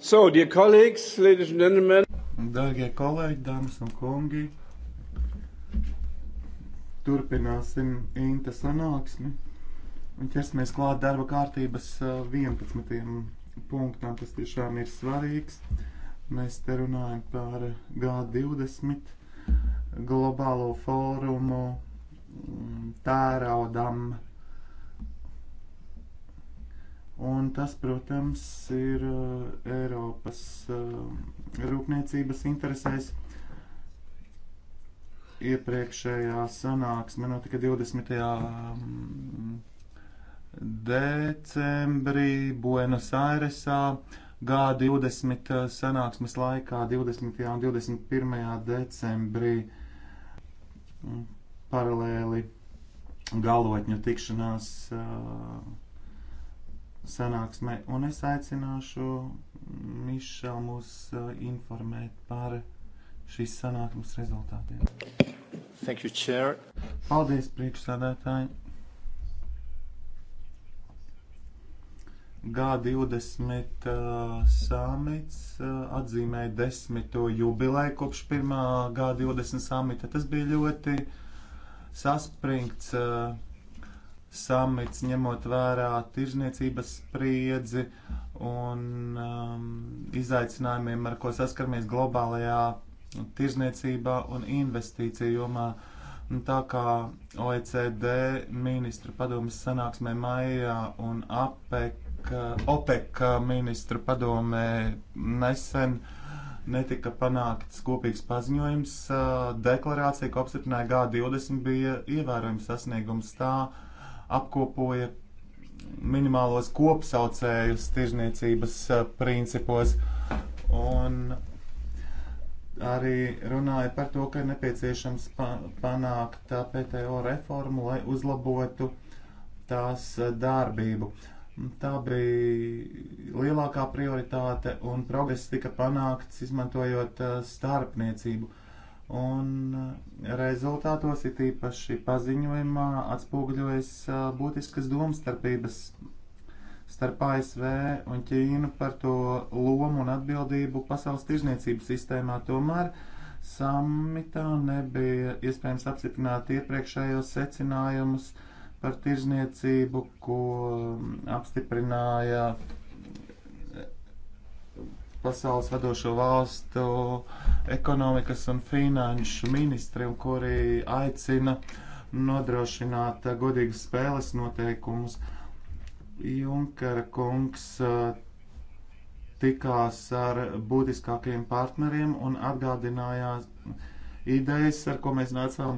So, dear colleagues, ladies and gentlemen. Dārgie kolēģi, dāmas un kungi, turpināsim Inta sanāksmi un ķersimies klāt darba kārtības 11. punktam. Tas tiešām ir svarīgs. Mēs te runājam par G20 globālo fórumu tēraudam Un tas, protams, ir eh, Eiropas eh, rūpniecības interesēs. Iepriekšējā sanāksme notika 20. Mm, decembrī Buenos Airesā. G20 eh, sanāksmes laikā 20. un 21. decembrī mm, paralēli galotņu tikšanās uh, sanāksmē, un es aicināšu Mišelu mūs uh, informēt par šīs sanāksmes rezultātiem. Thank you, Chair. Paldies, priekšsādātāji. G20 uh, samits uh, atzīmēja desmito jubileju kopš pirmā G20 samita. Tas bija ļoti saspringts uh, samits, ņemot vērā tirzniecības spriedzi un um, izaicinājumiem, ar ko saskaramies globālajā tirzniecībā un investīciju jomā. Un tā kā OECD ministru padomas sanāksmē maijā un APEC, OPEC ministru padomē nesen netika panākts kopīgs paziņojums, uh, deklarācija, ko apstiprināja G20, bija ievērojams sasniegums tā, uh, apkopoja minimālos kopsaucējus tirzniecības eh, principos. Un arī runāja par to, ka ir nepieciešams pa panākt PTO reformu, lai uzlabotu tās eh, darbību. Tā bija lielākā prioritāte, un progress tika panākts izmantojot eh, starpniecību. Un eh, rezultātos ir īpaši paziņojumā atspoguļojas eh, būtiskas domstarpības starp ASV un Ķīnu par to lomu un atbildību pasaules tirzniecības sistēmā. Tomēr samitā nebija iespējams apstiprināt iepriekšējos secinājumus par tirzniecību, ko mm, apstiprināja pasaules vadošo valstu ekonomikas un finanšu ministri, un kuri aicina nodrošināt godīgas spēles noteikumus. Junkara kungs eh, tikās ar būtiskākajiem partneriem un atgādinājās idejas, ar ko mēs nācām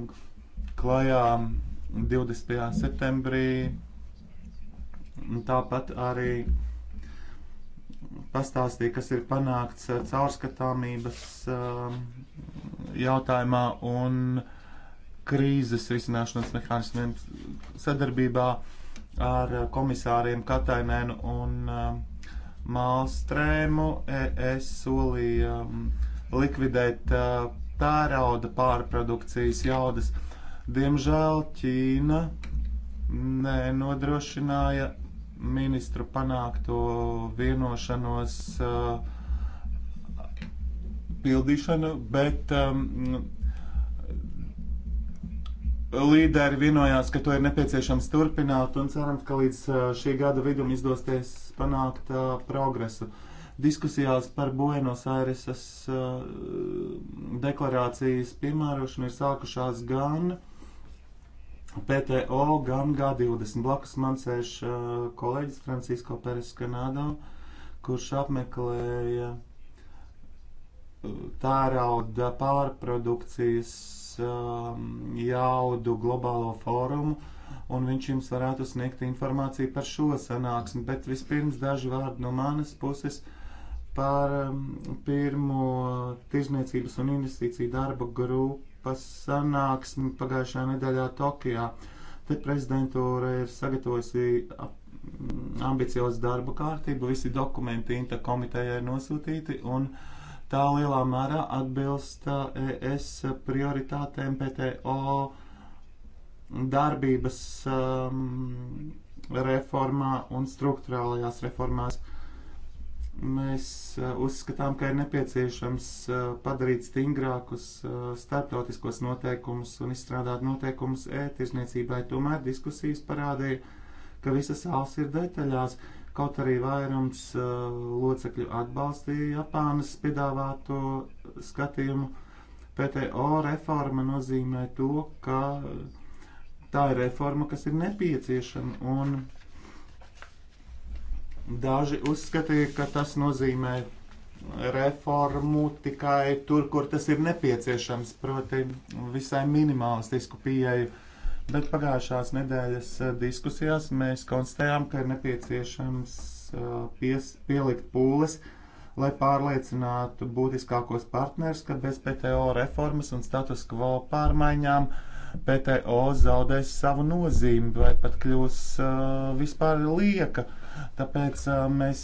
klajā 20. septembrī. Tāpat arī pastāstīja, kas ir panākts eh, caurskatāmības eh, jautājumā un krīzes risināšanas mehānismiem sadarbībā ar eh, komisāriem Katainēnu un Mālstrēmu. Es solīju mm, likvidēt tērauda pārprodukcijas jaudas. Diemžēl Ķīna nenodrošināja ministru panākto vienošanos uh, pildīšanu, bet um, līderi vienojās, ka to ir nepieciešams turpināt un cerams, ka līdz uh, šī gada vidum izdosies panākt uh, progresu. Diskusijās par Buenos Aireses uh, deklarācijas piemērošanu ir sākušās gan uh, PTO, gan G20. Blakus man sēž uh, kolēģis Francisko Peres Kanādo, kurš apmeklēja uh, tērauda pārprodukcijas um, jaudu globālo fórumu, un viņš jums varētu sniegt informāciju par šo sanāksmi. Bet vispirms daži vārdi no manas puses par um, pirmo tirzniecības un investīciju darba grupu sanāksmi pagājušajā nedēļā Tokijā. Te prezidentūra ir sagatavojusi mm, ambiciozu darbu kārtību, visi dokumenti Inta komitejai ir nosūtīti un tā lielā mērā atbilst ES prioritātēm PTO darbības um, reformā un struktūrālajās reformās. Mēs eh, uzskatām, ka ir nepieciešams eh, padarīt stingrākus eh, starptautiskos noteikumus un izstrādāt noteikumus ētirzniecībai. Tomēr diskusijas parādīja, ka visas sāls ir detaļās, kaut arī vairums locekļu atbalstīja Japānas piedāvāto skatījumu. PTO reforma nozīmē to, ka tā ir reforma, kas ir nepieciešama. Un Daži uzskatīja, ka tas nozīmē reformu tikai tur, kur tas ir nepieciešams, proti visai minimalistisku pieeju. Bet pagājušās nedēļas eh, diskusijās mēs konstatējām, ka ir nepieciešams eh, pies, pielikt pūles, lai pārliecinātu būtiskākos partners, ka bez PTO reformas un status quo pārmaiņām PTO zaudēs savu nozīmi vai pat kļūs uh, vispār lieka. Uh, Tāpēc mēs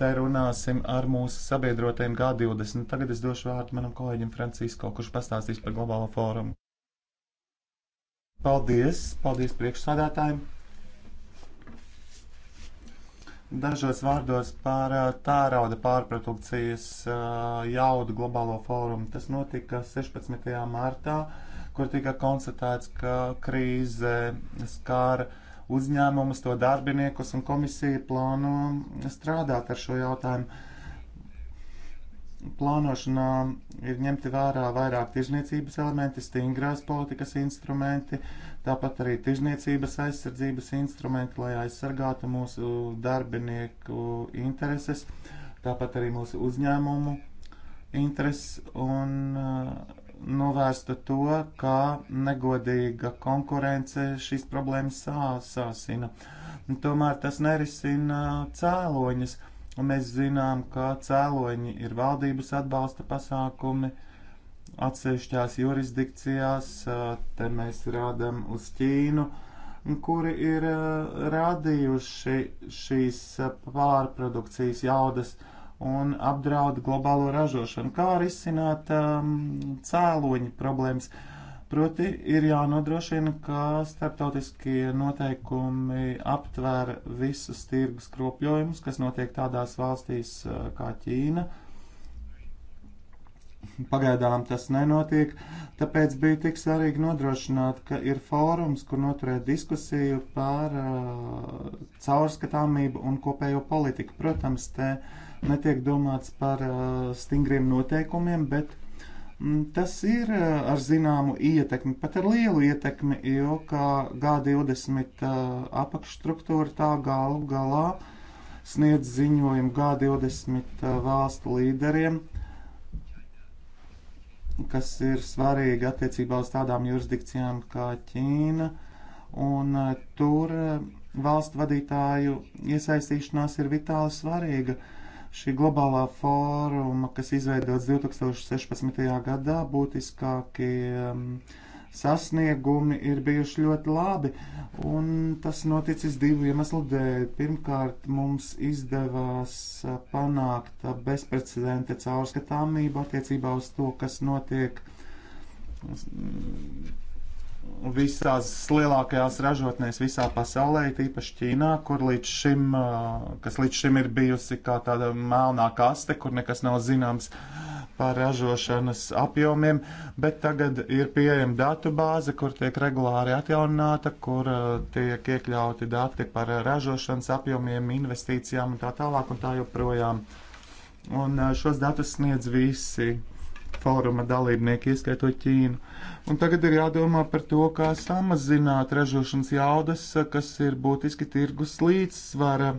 te runāsim ar mūsu sabiedrotajiem G20. Tagad es došu vārdu manam kolēģim Francisko, kurš pastāstīs par globālo fórumu. Paldies! Paldies priekšsādātājiem! dažos vārdos par tārauda pārprodukcijas jaudu globālo fórumu. Tas notika 16. martā, kur tika konstatēts, ka krīze skāra uzņēmumus, to darbiniekus, un komisija plāno strādāt ar šo jautājumu. Plānošanā ir ņemti vērā vairāk tirzniecības elementi, stingrās politikas instrumenti, tāpat arī tirzniecības aizsardzības instrumenti, lai aizsargātu mūsu darbinieku intereses, tāpat arī mūsu uzņēmumu intereses un uh, novērstu to, kā negodīga konkurence šīs problēmas sāsina. Tomēr tas nerisina cēloņus, un mēs zinām, ka cēloņi ir valdības atbalsta pasākumi atsevišķās jurisdikcijās, te mēs rādam uz Ķīnu, kuri ir eh, radījuši šīs eh, pārprodukcijas jaudas uh, un apdraud globālo ražošanu. Kā arī izsināt um, cēloņu problēmas? Proti ir jānodrošina, ka starptautiskie noteikumi aptver visus tirgus kropļojumus, kas notiek tādās valstīs uh, kā Ķīna. Pagaidām tas nenotiek, tāpēc bija tik svarīgi nodrošināt, ka ir fórums, kur noturēt diskusiju par uh, caurskatāmību un kopējo politiku. Protams, te uh, netiek domāts par uh, stingriem noteikumiem, bet mm, tas ir uh, ar zināmu ietekmi, pat ar lielu ietekmi, jo kā G20 uh, apakšstruktūra tā galu galā sniedz ziņojumu G20 valstu līderiem, kas ir svarīgi attiecībā uz tādām jurisdikcijām kā Ķīna, un tur valstu vadītāju iesaistīšanās ir vitāli svarīga Šī globālā fóruma, kas izveidots 2016. gadā, būtiskākie um, sasniegumi ir bijuši ļoti labi, un tas noticis divu iemeslu dēļ. Pirmkārt, mums izdevās uh, panākt uh, bezprecedenta caurskatāmību attiecībā uz to, kas notiek visās lielākajās ražotnēs visā pasaulē, tīpaši Ķīnā, kur līdz šim, kas līdz šim ir bijusi kā tāda melnā kaste, kur nekas nav zināms par ražošanas apjomiem, bet tagad ir pieejama datu bāze, kur tiek regulāri atjaunināta, kur tiek iekļauti dati par ražošanas apjomiem, investīcijām un tā tālāk un tā joprojām. Un šos datus sniedz visi fóruma dalībnieki, ieskaitot Ķīnu. Un tagad ir jādomā par to, kā samazināt ražošanas jaudas, kas ir būtiski tirgus līdzsvara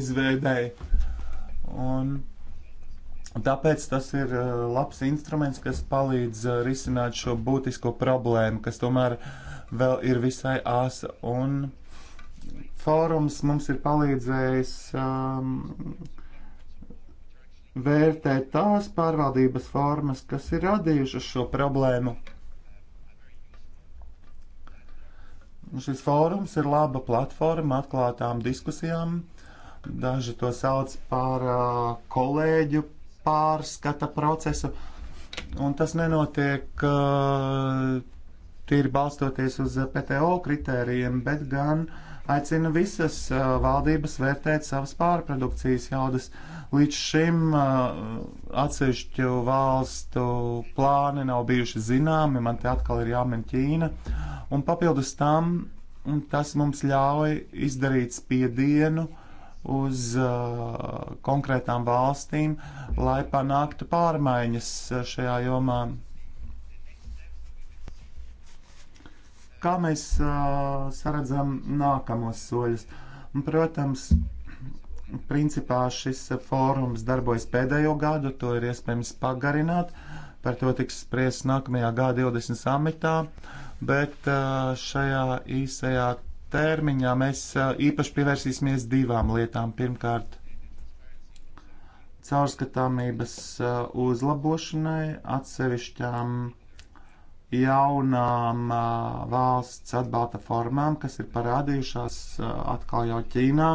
izveidēji. Un Tāpēc tas ir uh, labs instruments, kas palīdz uh, risināt šo būtisko problēmu, kas tomēr vēl ir visai āsa. Un fórums mums ir palīdzējis um, vērtēt tās pārvaldības formas, kas ir radījušas šo problēmu. Šis fórums ir laba platforma atklātām diskusijām. Daži to sauc par uh, kolēģu pārskata procesu, un tas nenotiek uh, tīri balstoties uz PTO kritērijiem, bet gan uh, aicina visas uh, valdības vērtēt savas pārprodukcijas jaudas. Līdz šim uh, atsevišķu valstu plāni nav bijuši zināmi, man te atkal ir jāmin Ķīna, un papildus tam tas mums ļauj izdarīt spiedienu uz uh, konkrētām valstīm, lai panāktu pārmaiņas uh, šajā jomā. Kā mēs uh, saredzam nākamos soļus? Protams, principā šis fórums darbojas pēdējo gadu, to ir iespējams pagarināt. Par to tiks spriest nākamajā G20 samitā, bet šajā īsajā termiņā mēs īpaši pievērsīsimies divām lietām. Pirmkārt, caurskatāmības uzlabošanai atsevišķām uh, jaunām valsts atbalsta formām, kas ir parādījušās atkal jau Ķīnā.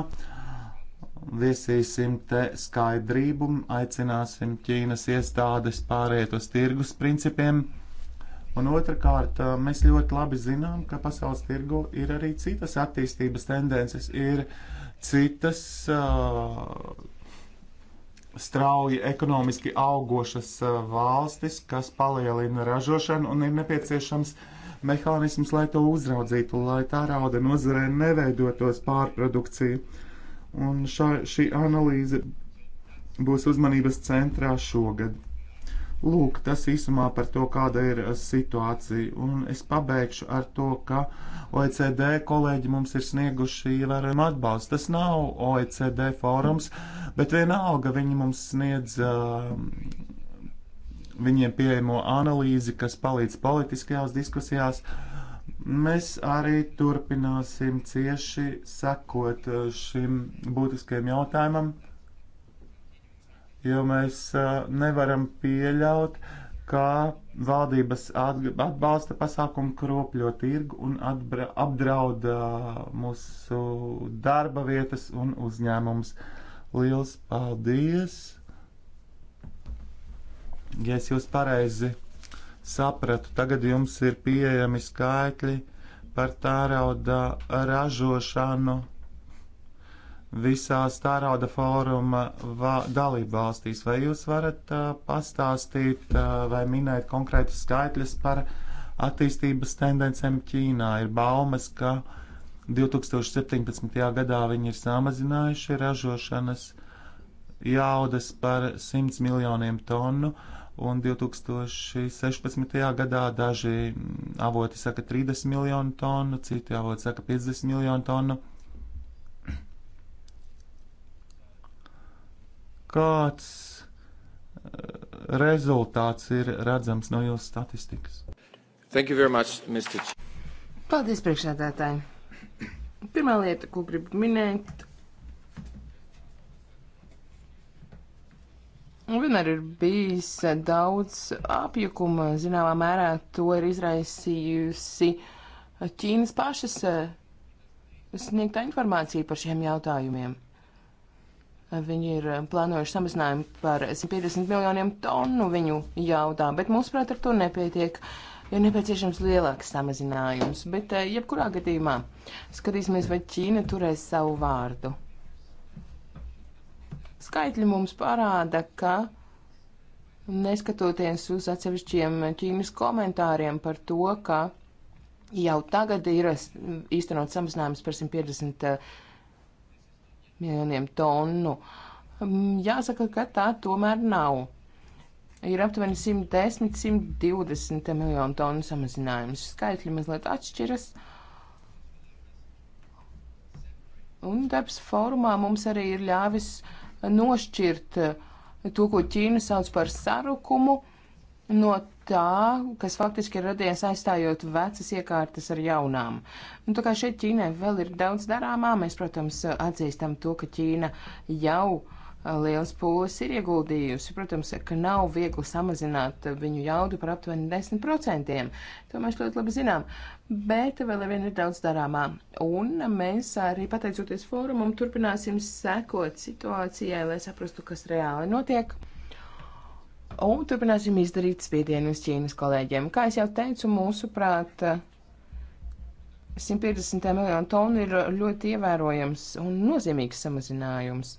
Viesīsim te skaidrību, aicināsim Ķīnas iestādes pāriet uz tirgus principiem. Un otrkārt, mēs ļoti labi zinām, ka pasaules tirgu ir arī citas attīstības tendences, ir citas uh, strauji ekonomiski augošas eh, valstis, kas palielina ražošanu un ir nepieciešams mehānisms, lai to uzraudzītu, lai tā rauda nozarē neveidotos pārprodukcija. Un šā, šī analīze būs uzmanības centrā šogad. Lūk, tas īsumā par to, kāda ir uh, situācija. Un es pabeigšu ar to, ka OECD kolēģi mums ir snieguši ievērojumu atbalstu. Tas nav OECD fórums, bet vienalga viņi mums sniedz. Uh, viņiem pieejamo analīzi, kas palīdz politiskajās diskusijās. Mēs arī turpināsim cieši sekot uh, šim būtiskajam jautājumam jo mēs nevaram pieļaut, kā valdības atbalsta pasākumu kropļo tirgu un apdraud mūsu darba vietas un uzņēmumus. Liels paldies! Ja es jūs pareizi sapratu, tagad jums ir pieejami skaitļi par tārauda ražošanu visās tārauda fóruma dalību valstīs. Vai jūs varat uh, pastāstīt uh, vai minēt konkrētas skaitļas par attīstības tendencēm Ķīnā? Ir baumas, ka 2017. gadā viņi ir samazinājuši ražošanas jaudas par 100 miljoniem tonu, un 2016. gadā daži avoti saka 30 miljonu tonu, citi avoti saka 50 miljonu tonu. kāds eh, rezultāts ir redzams no jūsu statistikas? Thank you very much, Mr. Ch Paldies, priekšsēdētāji. Pirmā lieta, ko gribu minēt, vienmēr ir bijis daudz apjukuma, zināmā mērā to ir izraisījusi Ķīnas pašas eh, sniegtā informācija par šiem jautājumiem. Viņi ir eh, plānojuši samazinājumu par 150 miljoniem tonu viņu jaudā, bet mūsuprāt ar to nepietiek. Ir nepieciešams lielāks samazinājums, bet eh, jebkurā gadījumā skatīsimies, vai Ķīna turēs savu vārdu. Skaitļi mums parāda, ka neskatoties uz atsevišķiem Ķīnas komentāriem par to, ka jau tagad ir īstenot samazinājums par 150 miljoniem tonu. Mm, jāsaka, ka tā tomēr nav. Ir aptuveni 110, 120 miljonu tonu samazinājums. Skaitļi mazliet atšķiras. Un darbs fórumā mums arī ir ļāvis nošķirt to, ko Ķīna sauc par sarukumu no tā, kas faktiski ir radies aizstājot vecas iekārtas ar jaunām. Nu, tā kā šeit Ķīnai vēl ir daudz darāmā, mēs, protams, atzīstam to, ka Ķīna jau uh, liels pūles ir ieguldījusi. Protams, ka nav viegli samazināt viņu jaudu par aptuveni 10%. To mēs ļoti labi zinām. Bet vēl ar vienu ir daudz darāmā. Un mēs arī pateicoties fórumam turpināsim sekot situācijai, lai saprastu, kas reāli notiek. Un turpināsim izdarīt spiedienu uz Ķīnas kolēģiem. Kā jau teicu, mūsuprāt, 150 miljonu tonu ir ļoti ievērojams un nozīmīgs samazinājums.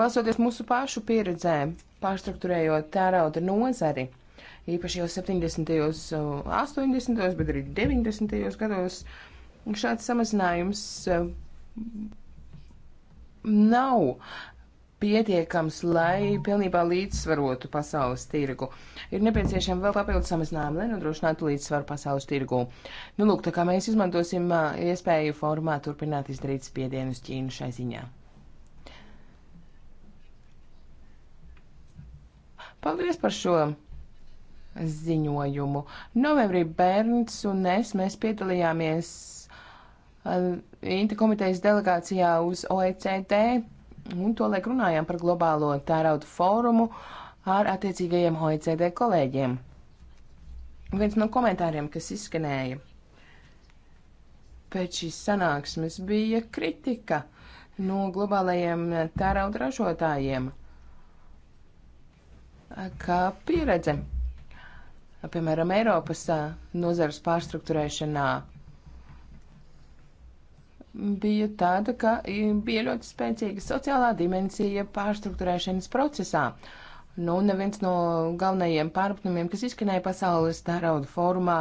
Balsoties mūsu pašu pieredzē, pārstruktūrējot tērauda nozari, īpaši jau 70., 80., bet arī 90. gados, šāds samazinājums nav pietiekams, lai pilnībā līdzsvarotu pasaules tirgu. Ir nepieciešama vēl papildus samazinājuma, lai nodrošinātu līdzsvaru pasaules tirgu. Nu, lūk, tā kā mēs izmantosim iespēju formā turpināt izdarīt spiedienu uz Ķīnu šai ziņā. Paldies par šo ziņojumu. Novembrī Bērns un es mēs piedalījāmies Inta komitejas delegācijā uz OECD Un to laik runājām par globālo tērauda fórumu ar attiecīgajiem OECD kolēģiem. Viens no komentāriem, kas izskanēja pēc šīs sanāksmes, bija kritika no globālajiem tērauda ražotājiem, kā pieredze, piemēram, Eiropas nozares pārstruktūrēšanā bija tāda, ka bija ļoti spēcīga sociālā dimensija pārstruktūrēšanas procesā. Nu, neviens no galvenajiem pārpratumiem, kas izskanēja pasaules tārauda fórumā,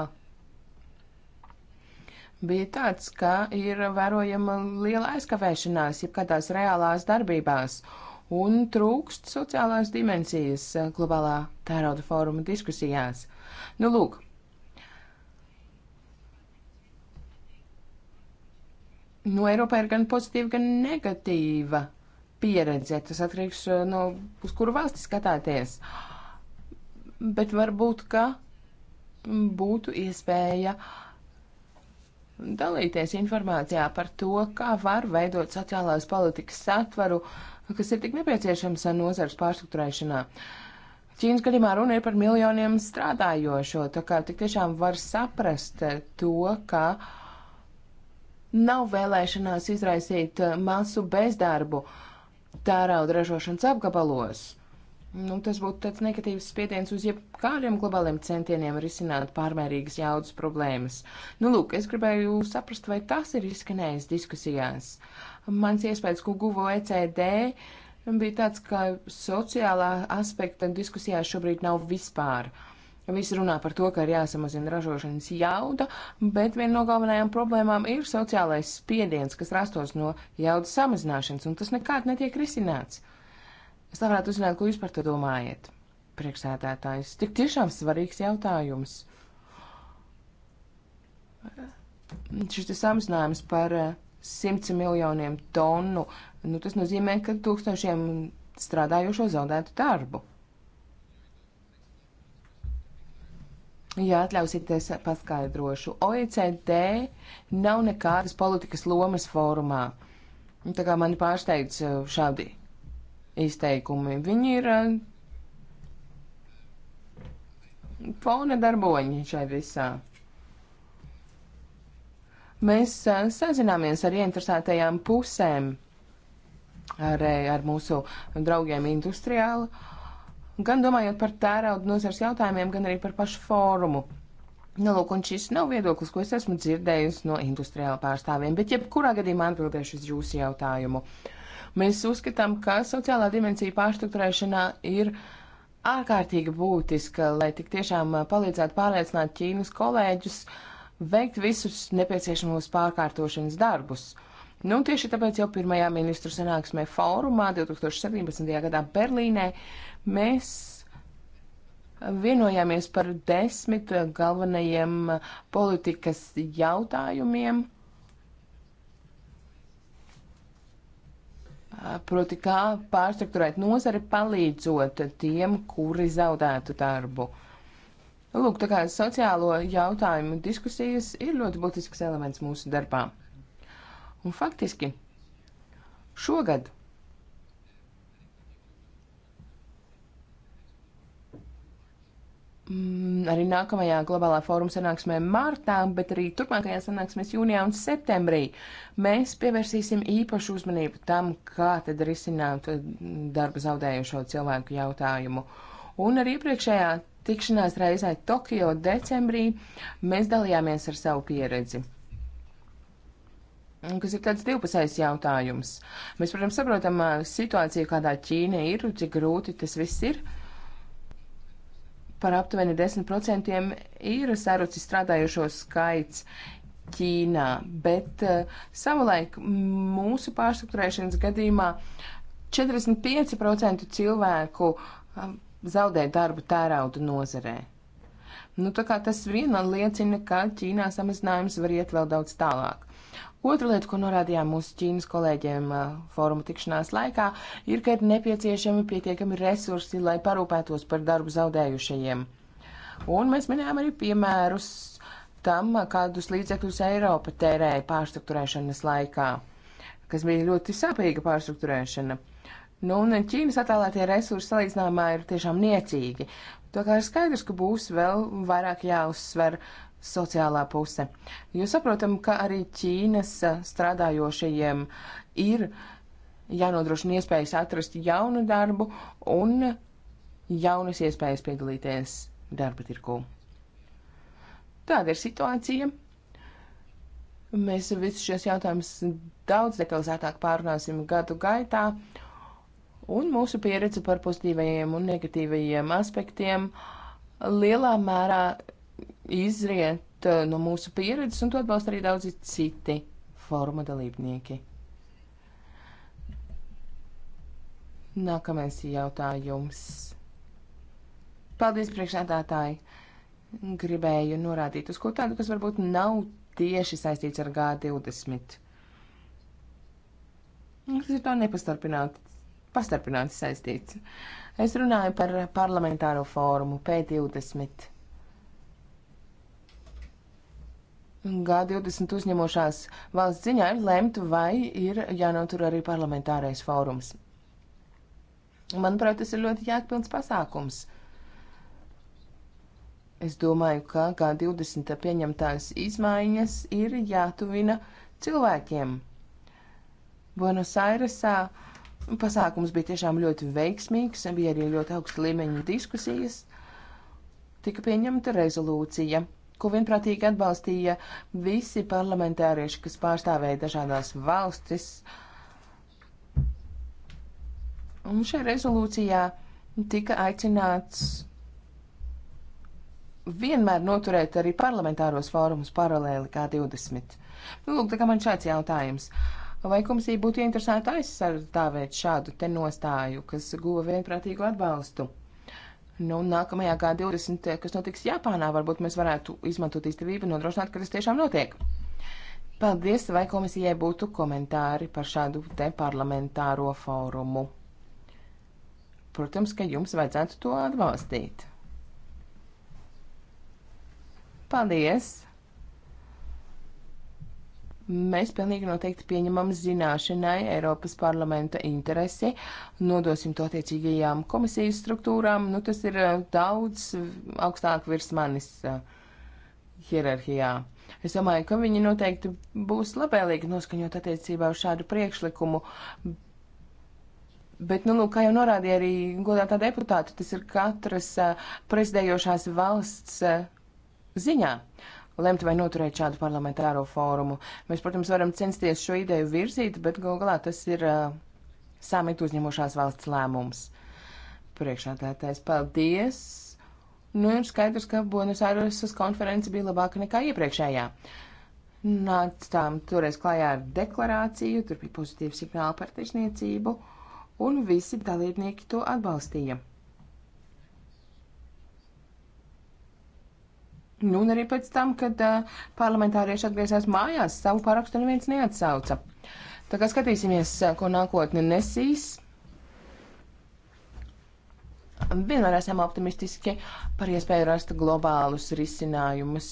bija tāds, ka ir vērojama liela aizkavēšanās, jeb kādās reālās darbībās, un trūkst sociālās dimensijas globālā tārauda fóruma diskusijās. Nu, lūk, Nu, Eiropā ir gan pozitīva, gan negatīva pieredze. Tas atkarīgs eh, no uz kuru valsti skatāties. Bet varbūt, ka būtu iespēja dalīties informācijā par to, kā var veidot sociālās politikas satvaru, kas ir tik nepieciešams nozars pārstruktūrēšanā. Ķīnas gadījumā runa ir par miljoniem strādājošo, tā kā tik tiešām var saprast to, ka uh, Nav vēlēšanās izraisīt uh, masu bezdarbu tērauda ražošanas apgabalos. Nu, tas būtu tāds negatīvs spiediens uz jebkādiem globāliem centieniem risināt pārmērīgas jaudas problēmas. Nu, lūk, es gribēju saprast, vai tas ir izskanējis diskusijās. Mans iespējas, ko guvo ECD, bija tāds, ka sociālā aspekta diskusijās šobrīd nav vispār. Uh, Visi runā par to, ka ir jāsamazina ražošanas jauda, bet viena no galvenajām problēmām ir sociālais spiediens, kas rastos no jaudas samazināšanas, un tas nekād netiek risināts. Es labprāt uzzinātu, ko jūs par to domājat, priekšsēdētājs. Tik tiešām svarīgs jautājums. Šis samazinājums par 100 eh, miljoniem tonu, nu, tas nozīmē, ka tūkstošiem strādājošo zaudētu darbu. Ja atļausieties, paskaidrošu. OECD nav nekādas politikas lomas fórumā. Tā kā mani pārsteidz uh, šādi izteikumi. Viņi ir uh, fona darboņi šai visā. Mēs uh, sazināmies ar ieinteresētajām pusēm, ar, ar mūsu draugiem industriāli gan domājot par tērauda nozars jautājumiem, gan arī par pašu fórumu. Nu, lūk, un šis nav viedoklis, ko es esmu dzirdējusi no industriāla pārstāvjiem, bet jebkurā gadījumā atbildēšu uz jūsu jautājumu. Mēs uzskatām, ka sociālā dimensija pārstruktūrēšanā ir ārkārtīgi būtiska, lai tik tiešām palīdzētu pārliecināt Ķīnas kolēģus veikt visus nepieciešamos pārkārtošanas darbus. Nu, tieši tāpēc jau pirmajā ministru sanāksmē fórumā 2017. gadā Berlīnē Mēs vienojāmies par desmit galvenajiem politikas jautājumiem. Proti, kā pārstruktūrēt nozari, palīdzot tiem, kuri zaudētu darbu. Lūk, tā kā sociālo jautājumu diskusijas ir ļoti būtisks elements mūsu darbā. Un faktiski šogad Mm, arī nākamajā globālā fóruma sanāksmē martā, bet arī turpmākajā sanāksmēs jūnijā un septembrī mēs pievērsīsim īpašu uzmanību tam, kā tad risināt eh, darba zaudējušo cilvēku jautājumu. Un arī iepriekšējā tikšanās reizē Tokio decembrī mēs dalījāmies ar savu pieredzi. Kas ir tāds divpusējs jautājums. Mēs, protams, saprotam eh, situāciju, kādā Ķīna ir, cik grūti tas viss ir. Uh, par aptuveni 10% ir sarucis strādājušo skaits Ķīnā, bet eh, savulaik mūsu pārstruktūrēšanas gadījumā 45% cilvēku eh, zaudē darbu tērauda nozarē. Nu, tā kā tas viena liecina, ka Ķīnā samazinājums var iet vēl daudz tālāk. Otra lieta, ko norādījām mūsu Ķīnas kolēģiem uh, fóruma tikšanās laikā, ir, ka ir nepieciešami pietiekami resursi, lai parūpētos par darbu zaudējušajiem. Un mēs minējām arī piemērus tam, kādus līdzekļus Eiropa tērēja pārstruktūrēšanas laikā, kas bija ļoti sāpīga pārstruktūrēšana. Nu, un Ķīnas attēlētie resursi salīdzinājumā ir tiešām niecīgi. Tā kā ir skaidrs, ka būs vēl vairāk jāuzsver uh, sociālā puse. Jo saprotam, ka arī Ķīnas strādājošajiem ir jānodrošina iespējas atrast jaunu darbu un jaunas iespējas piedalīties darba tirku. Tāda ir situācija. Mēs visus šos jautājumus daudz detalizētāk pārunāsim gadu gaitā, un mūsu pieredze par pozitīvajiem un negatīvajiem aspektiem lielā mērā izriet eh, no mūsu pieredzes, un to atbalsta arī daudzi citi fóruma dalībnieki. Nākamais jautājums. Paldies, priekšsēdētāji! Gribēju norādīt uz ko tādu, kas varbūt nav tieši saistīts ar G20. Tas ir tā nepastarpināti, pastarpināti saistīts. Es runāju par parlamentāro fórumu P20. G20 uzņemošās valsts ziņā ir lemt, vai ir jānotur arī parlamentārais fórums. Manuprāt, tas ir ļoti jēgpilns pasākums. Es domāju, ka G20 pieņemtās izmaiņas ir jātuvina cilvēkiem. Buenos Airesā pasākums bija tiešām ļoti veiksmīgs, bija arī ļoti augsta līmeņa diskusijas, tika pieņemta rezolūcija ko vienprātīgi atbalstīja visi parlamentārieši, kas pārstāvēja dažādās valstis. Un šajā rezolūcijā tika aicināts vienmēr noturēt arī parlamentāros fórumus paralēli kā 20. Nu, lūk, tā kā man šāds jautājums. Vai komisija būtu interesēta aizsargāt šādu te nostāju, kas guva vienprātīgu atbalstu? Nu, nākamajā G20, kas notiks Japānā, varbūt mēs varētu izmantot izdevību un nodrošināt, ka tas tiešām notiek. Paldies, vai komisijai būtu komentāri par šādu te parlamentāro fórumu? Protams, ka jums vajadzētu to atbalstīt. Paldies! Mēs pilnīgi noteikti pieņemam zināšanai Eiropas parlamenta interesi, nodosim to attiecīgajām komisijas struktūrām. Nu, tas ir eh, daudz augstāk virs manis eh, hierarhijā. Es domāju, ka viņi noteikti būs labēlīgi noskaņot attiecībā uz šādu priekšlikumu, Bet, nu, kā jau norādīja arī godātā deputāta, tas ir katras eh, prezidējošās valsts ziņā lemt vai noturēt šādu parlamentāro fórumu. Mēs, protams, varam censties šo ideju virzīt, bet galu galā tas ir uh, samit uzņemošās valsts lēmums. Priekšādātais, paldies! Nu, ir skaidrs, ka Buenos Aireses konference bija labāka nekā iepriekšējā. Nācām toreiz klājā ar deklarāciju, tur bija pozitīvi signāli par tirsniecību, un visi dalībnieki to atbalstīja. Nu, un arī pēc tam, kad uh, parlamentārieši atgriezās mājās, savu parakstu neviens neatsauca. Tā kā skatīsimies, ko nākotne nesīs. Vienmēr esam optimistiski par iespēju rast globālus risinājumus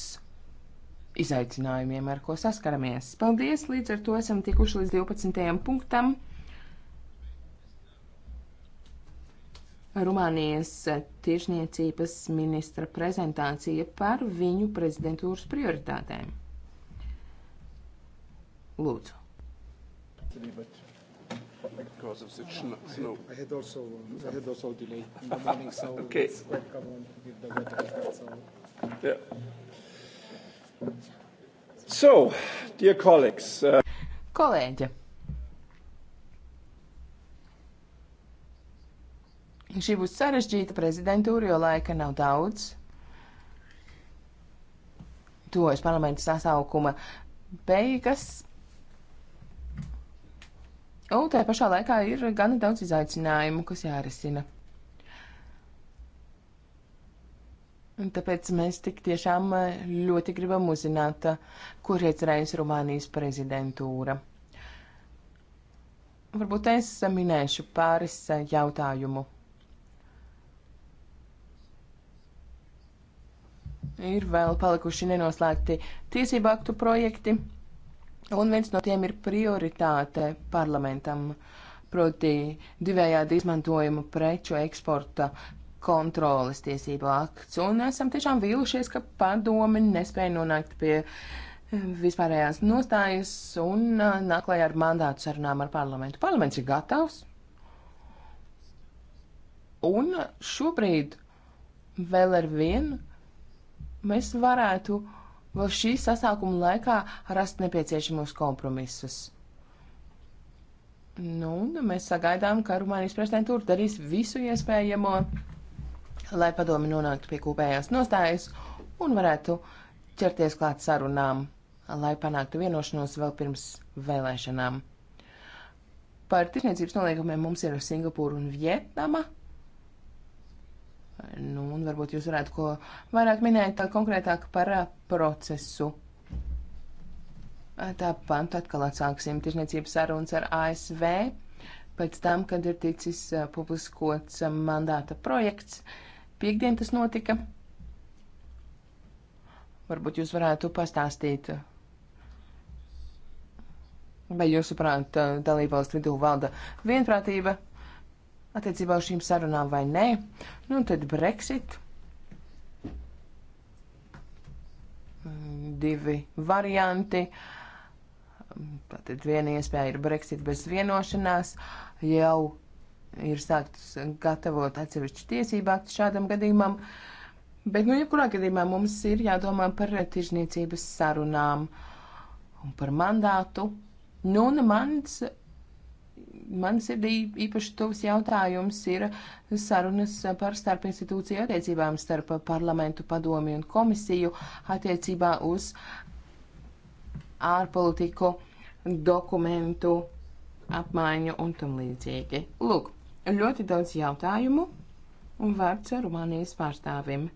izaicinājumiem, ar ko saskaramies. Paldies! Līdz ar to esam tikuši līdz 12. punktam. Rumānijas tiešniecības ministra prezentācija par viņu prezidentūras prioritātēm. Lūdzu. Because of the snow. I had, I had also I had also delay in the morning, so okay. it's quite common with the weather. So. Yeah. So, dear colleagues. Uh... Kolēģi, Šī būs sarežģīta prezidentūra, jo laika nav daudz. Tuvojas parlamenta sasaukuma beigas. Un tajā pašā laikā ir gana daudz izaicinājumu, kas jārisina. Un tāpēc mēs tik tiešām eh, ļoti gribam uzzināt, eh, ko ir iecerējusi Rumānijas prezidentūra. Varbūt es minēšu pāris eh, jautājumu. ir vēl palikuši nenoslēgti tiesību aktu projekti, un viens no tiem ir prioritāte parlamentam, proti divējādi izmantojuma preču eksporta kontroles tiesību akts, un esam tiešām vīlušies, ka padomi nespēja nonākt pie eh, vispārējās nostājas un eh, nāklājā ar mandātu sarunām ar parlamentu. Parlaments ir gatavs, un šobrīd vēl ar vienu mēs varētu vēl šī sasākuma laikā rast nepieciešamos kompromisus. Nu, nu, mēs sagaidām, ka Rumānijas prezidentūra darīs visu iespējamo, lai padomi nonāktu pie kopējās nostājas un varētu ķerties klāt sarunām, lai panāktu vienošanos vēl pirms vēlēšanām. Par tirsniecības nolīgumiem mums ir Singapūra un Vietnama. Nu, un varbūt jūs varētu ko vairāk minēt tā konkrētāk par procesu. Tā pantu atkal atsāksim tirzniecības sarunas ar ASV pēc tam, kad ir ticis publiskots mandāta projekts. Piektdien tas notika. Varbūt jūs varētu pastāstīt, vai jūsuprāt dalībvalstu vidū valda vienprātība attiecībā uz šīm sarunām vai nē. Nu, un tad Brexit. Mm, divi varianti. Tātad viena iespēja ir Brexit bez vienošanās. Jau ir sāktas gatavot atsevišķu tiesību aktu šādam gadījumam. Bet, nu, jebkurā gadījumā mums ir jādomā par tirzniecības sarunām un par mandātu. Nu, un mans man sirdī īpaši tuvs jautājums ir sarunas par starp institūciju attiecībām starp parlamentu padomi un komisiju attiecībā uz ārpolitiku dokumentu apmaiņu un tam līdzīgi. Lūk, ļoti daudz jautājumu un vārds Rumānijas pārstāvim.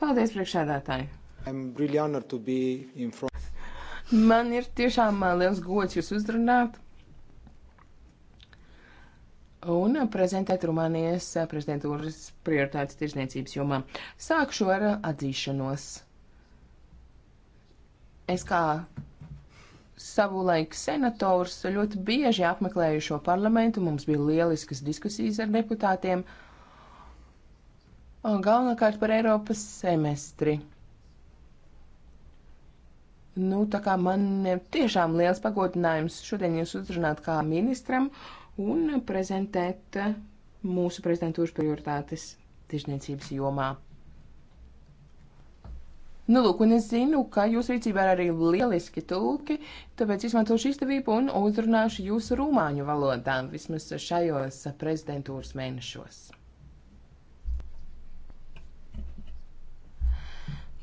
Paldies, priekšādātāji! Really Man ir tiešām liels gods jūs uzrunāt un prezentēt Rumānijas prezidentūras prioritātes tirzniecības jomā. Sākšu ar atzīšanos. Es kā savulaik senators ļoti bieži apmeklēju šo parlamentu, mums bija lieliskas diskusijas ar deputātiem, galvenokārt par Eiropas semestri. Nu, tā kā man tiešām liels pagodinājums šodien jūs uzrunāt kā ministram, uh, un prezentēt mūsu prezidentūras prioritātes tirzniecības jomā. Nu, lūk, un es zinu, ka jūs rīcībā ir arī lieliski tulki, tāpēc izmantošu izdevību un uzrunāšu jūsu rumāņu valodā vismaz šajos prezidentūras mēnešos.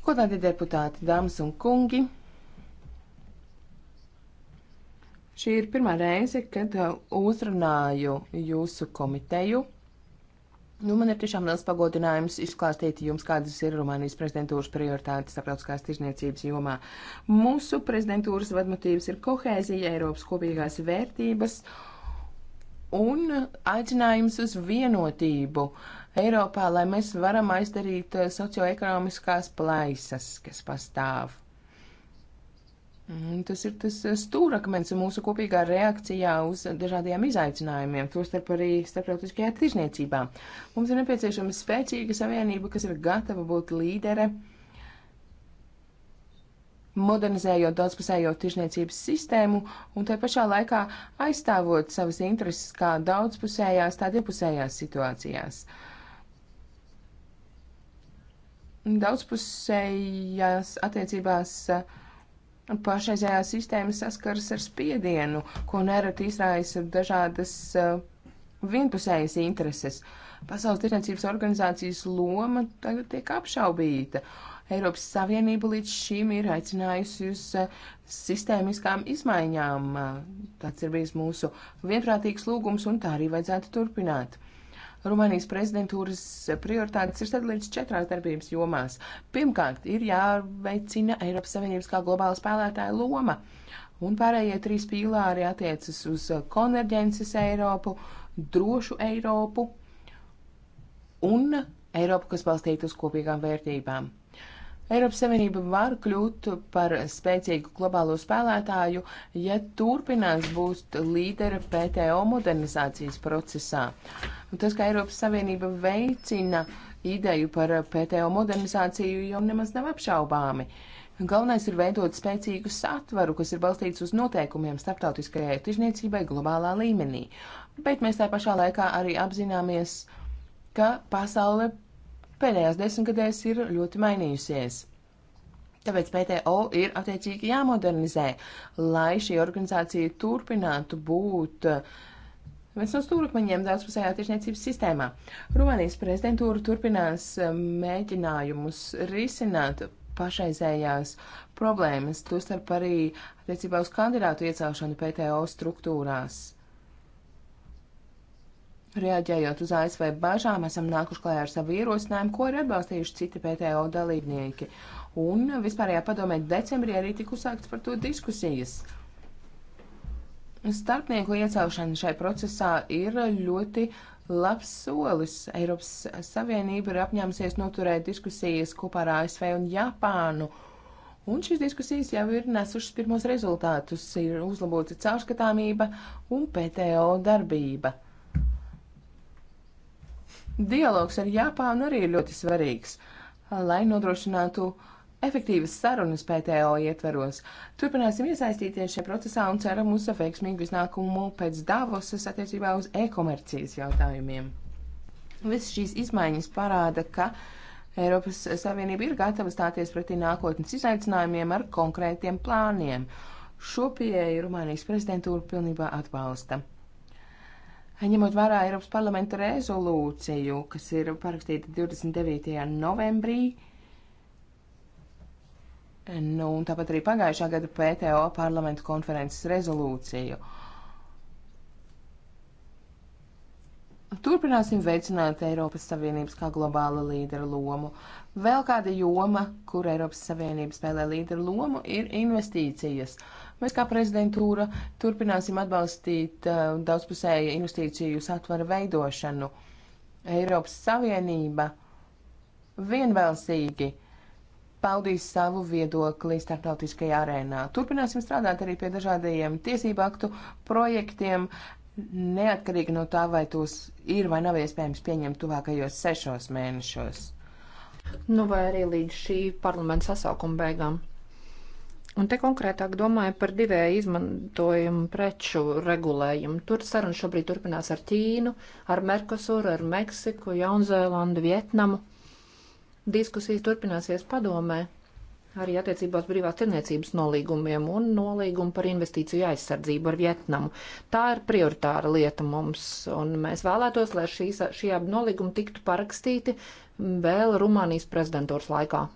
Godāti deputāti, dāmas un kungi! Šī ir pirmā reize, kad uh, uzrunāju jūsu komiteju. Nu, man ir tiešām liels pagodinājums izklāstīt jums, kādas ir Rumānijas prezidentūras prioritātes starptautiskās tirzniecības jomā. Mūsu prezidentūras vadmatības ir kohēzija, Eiropas kopīgās vērtības un aicinājums uz vienotību Eiropā, lai mēs varam aizdarīt uh, socioekonomiskās plaisas, kas pastāv. Mhm, tas ir tas eh, stūrakmens mūsu kopīgā reakcijā uz dažādiem izaicinājumiem, tostarp arī starptautiskajā tirzniecībā. Mums ir nepieciešama spēcīga savienība, kas ir gatava būt līdere, modernizējot daudzpusējo tirzniecības sistēmu un tai pašā laikā aizstāvot savas intereses kā daudzpusējās, tā divpusējās situācijās. Daudzpusējās attiecībās uh, pašreizējā sistēma saskaras ar spiedienu, ko nereti izraisa dažādas uh, vienpusējas intereses. Pasaules tirdzniecības organizācijas loma tagad tiek apšaubīta. Eiropas Savienība līdz šim ir aicinājusi uz uh, sistēmiskām izmaiņām. Uh, tāds ir bijis mūsu vienprātīgs lūgums, un tā arī vajadzētu turpināt. Rumānijas prezidentūras prioritātes ir sadalīts četrās darbības jomās. Pirmkārt, ir jāveicina Eiropas Savienības kā globāla spēlētāja loma, un pārējie trīs pīlāri attiecas uz konverģences Eiropu, drošu Eiropu un Eiropu, kas balstīta uz kopīgām vērtībām. Eiropas Savienība var kļūt par spēcīgu globālo spēlētāju, ja turpinās būt līdera PTO modernizācijas procesā. Un tas, ka Eiropas Savienība veicina ideju par PTO modernizāciju, jau nemaz nav apšaubāmi. Galvenais ir veidot spēcīgu satvaru, kas ir balstīts uz noteikumiem starptautiskajai tirzniecībai globālā līmenī. Bet mēs tā pašā laikā arī apzināmies, ka pasaule pēdējās desmitgadēs ir ļoti mainījusies. Tāpēc PTO ir attiecīgi jāmodernizē, lai šī organizācija turpinātu būt eh, viens no stūrakmeņiem daudzpusējā tirsniecības sistēmā. Rumānijas prezidentūra turpinās eh, mēģinājumus risināt pašreizējās problēmas, tostarp arī attiecībā uz kandidātu iecelšanu PTO struktūrās. Reaģējot uz ASV bažām, esam nākuši klājā ar savu ierosinājumu, ko ir atbalstījuši citi PTO dalībnieki. Un vispārējā padomē decembrī arī tika uzsākts par to diskusijas. Starpnieku iecelšana šai procesā ir ļoti labs solis. Eiropas Savienība ir apņēmusies noturēt diskusijas kopā ar ASV un Japānu. Un šīs diskusijas jau ir nesušas pirmos rezultātus, ir uzlabota caurskatāmība un PTO darbība. Dialogs ar Japānu arī ir ļoti svarīgs, lai nodrošinātu efektīvas sarunas PTO ietveros. Turpināsim iesaistīties šajā procesā un ceram uz veiksmīgu iznākumu pēc Davosas attiecībā uz e-komercijas jautājumiem. Visas šīs izmaiņas parāda, ka Eiropas Savienība ir gatava stāties pretī nākotnes izaicinājumiem ar konkrētiem plāniem. Šo pieeju Rumānijas prezidentūra pilnībā atbalsta. Ņemot vērā Eiropas parlamenta rezolūciju, kas ir parakstīta 29. novembrī, nu, un tāpat arī pagājušā gada PTO parlamenta konferences rezolūciju. Turpināsim veicināt Eiropas Savienības kā globāla līdera lomu. Vēl kāda joma, kur Eiropas Savienība spēlē līdera lomu, ir investīcijas. Uh, Mēs kā prezidentūra turpināsim atbalstīt uh, daudzpusēju investīciju satvara veidošanu. Eiropas Savienība vienbalsīgi paudīs savu viedokli starptautiskajā arēnā. Turpināsim strādāt arī pie dažādajiem tiesību aktu projektiem, neatkarīgi no tā, vai tos ir vai nav iespējams pieņemt tuvākajos sešos mēnešos. Nu, vai arī līdz šī parlamenta sasaukuma beigām. Un te konkrētāk domāju par divēju izmantojumu preču regulējumu. Tur saruna šobrīd turpinās ar Ķīnu, ar Merkosuru, ar Meksiku, Jaunzēlandu, Vietnamu. Diskusijas turpināsies padomē arī attiecībās brīvās tirniecības nolīgumiem un nolīgumu par investīciju aizsardzību ar Vietnamu. Tā ir prioritāra lieta mums, un mēs vēlētos, lai šīs, šie abi nolīgumi tiktu parakstīti vēl Rumānijas prezidentūras laikā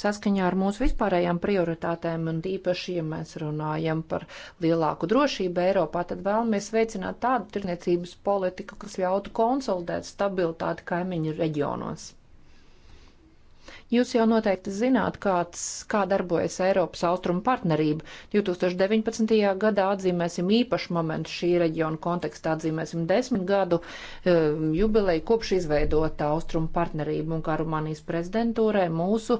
saskaņā ar mūsu vispārējām prioritātēm, un īpaši, ja mēs runājam par lielāku drošību Eiropā, tad vēlamies veicināt tādu tirniecības politiku, kas ļautu konsolidēt stabilitāti kaimiņu reģionos. Jūs jau noteikti zināt, kāds, kā darbojas Eiropas austrumu partnerība. 2019. gadā atzīmēsim īpašu momentu šī reģiona kontekstā, atzīmēsim desmit gadu um, jubileju kopš izveidota austrumu partnerība un kā Rumānijas prezidentūrē mūsu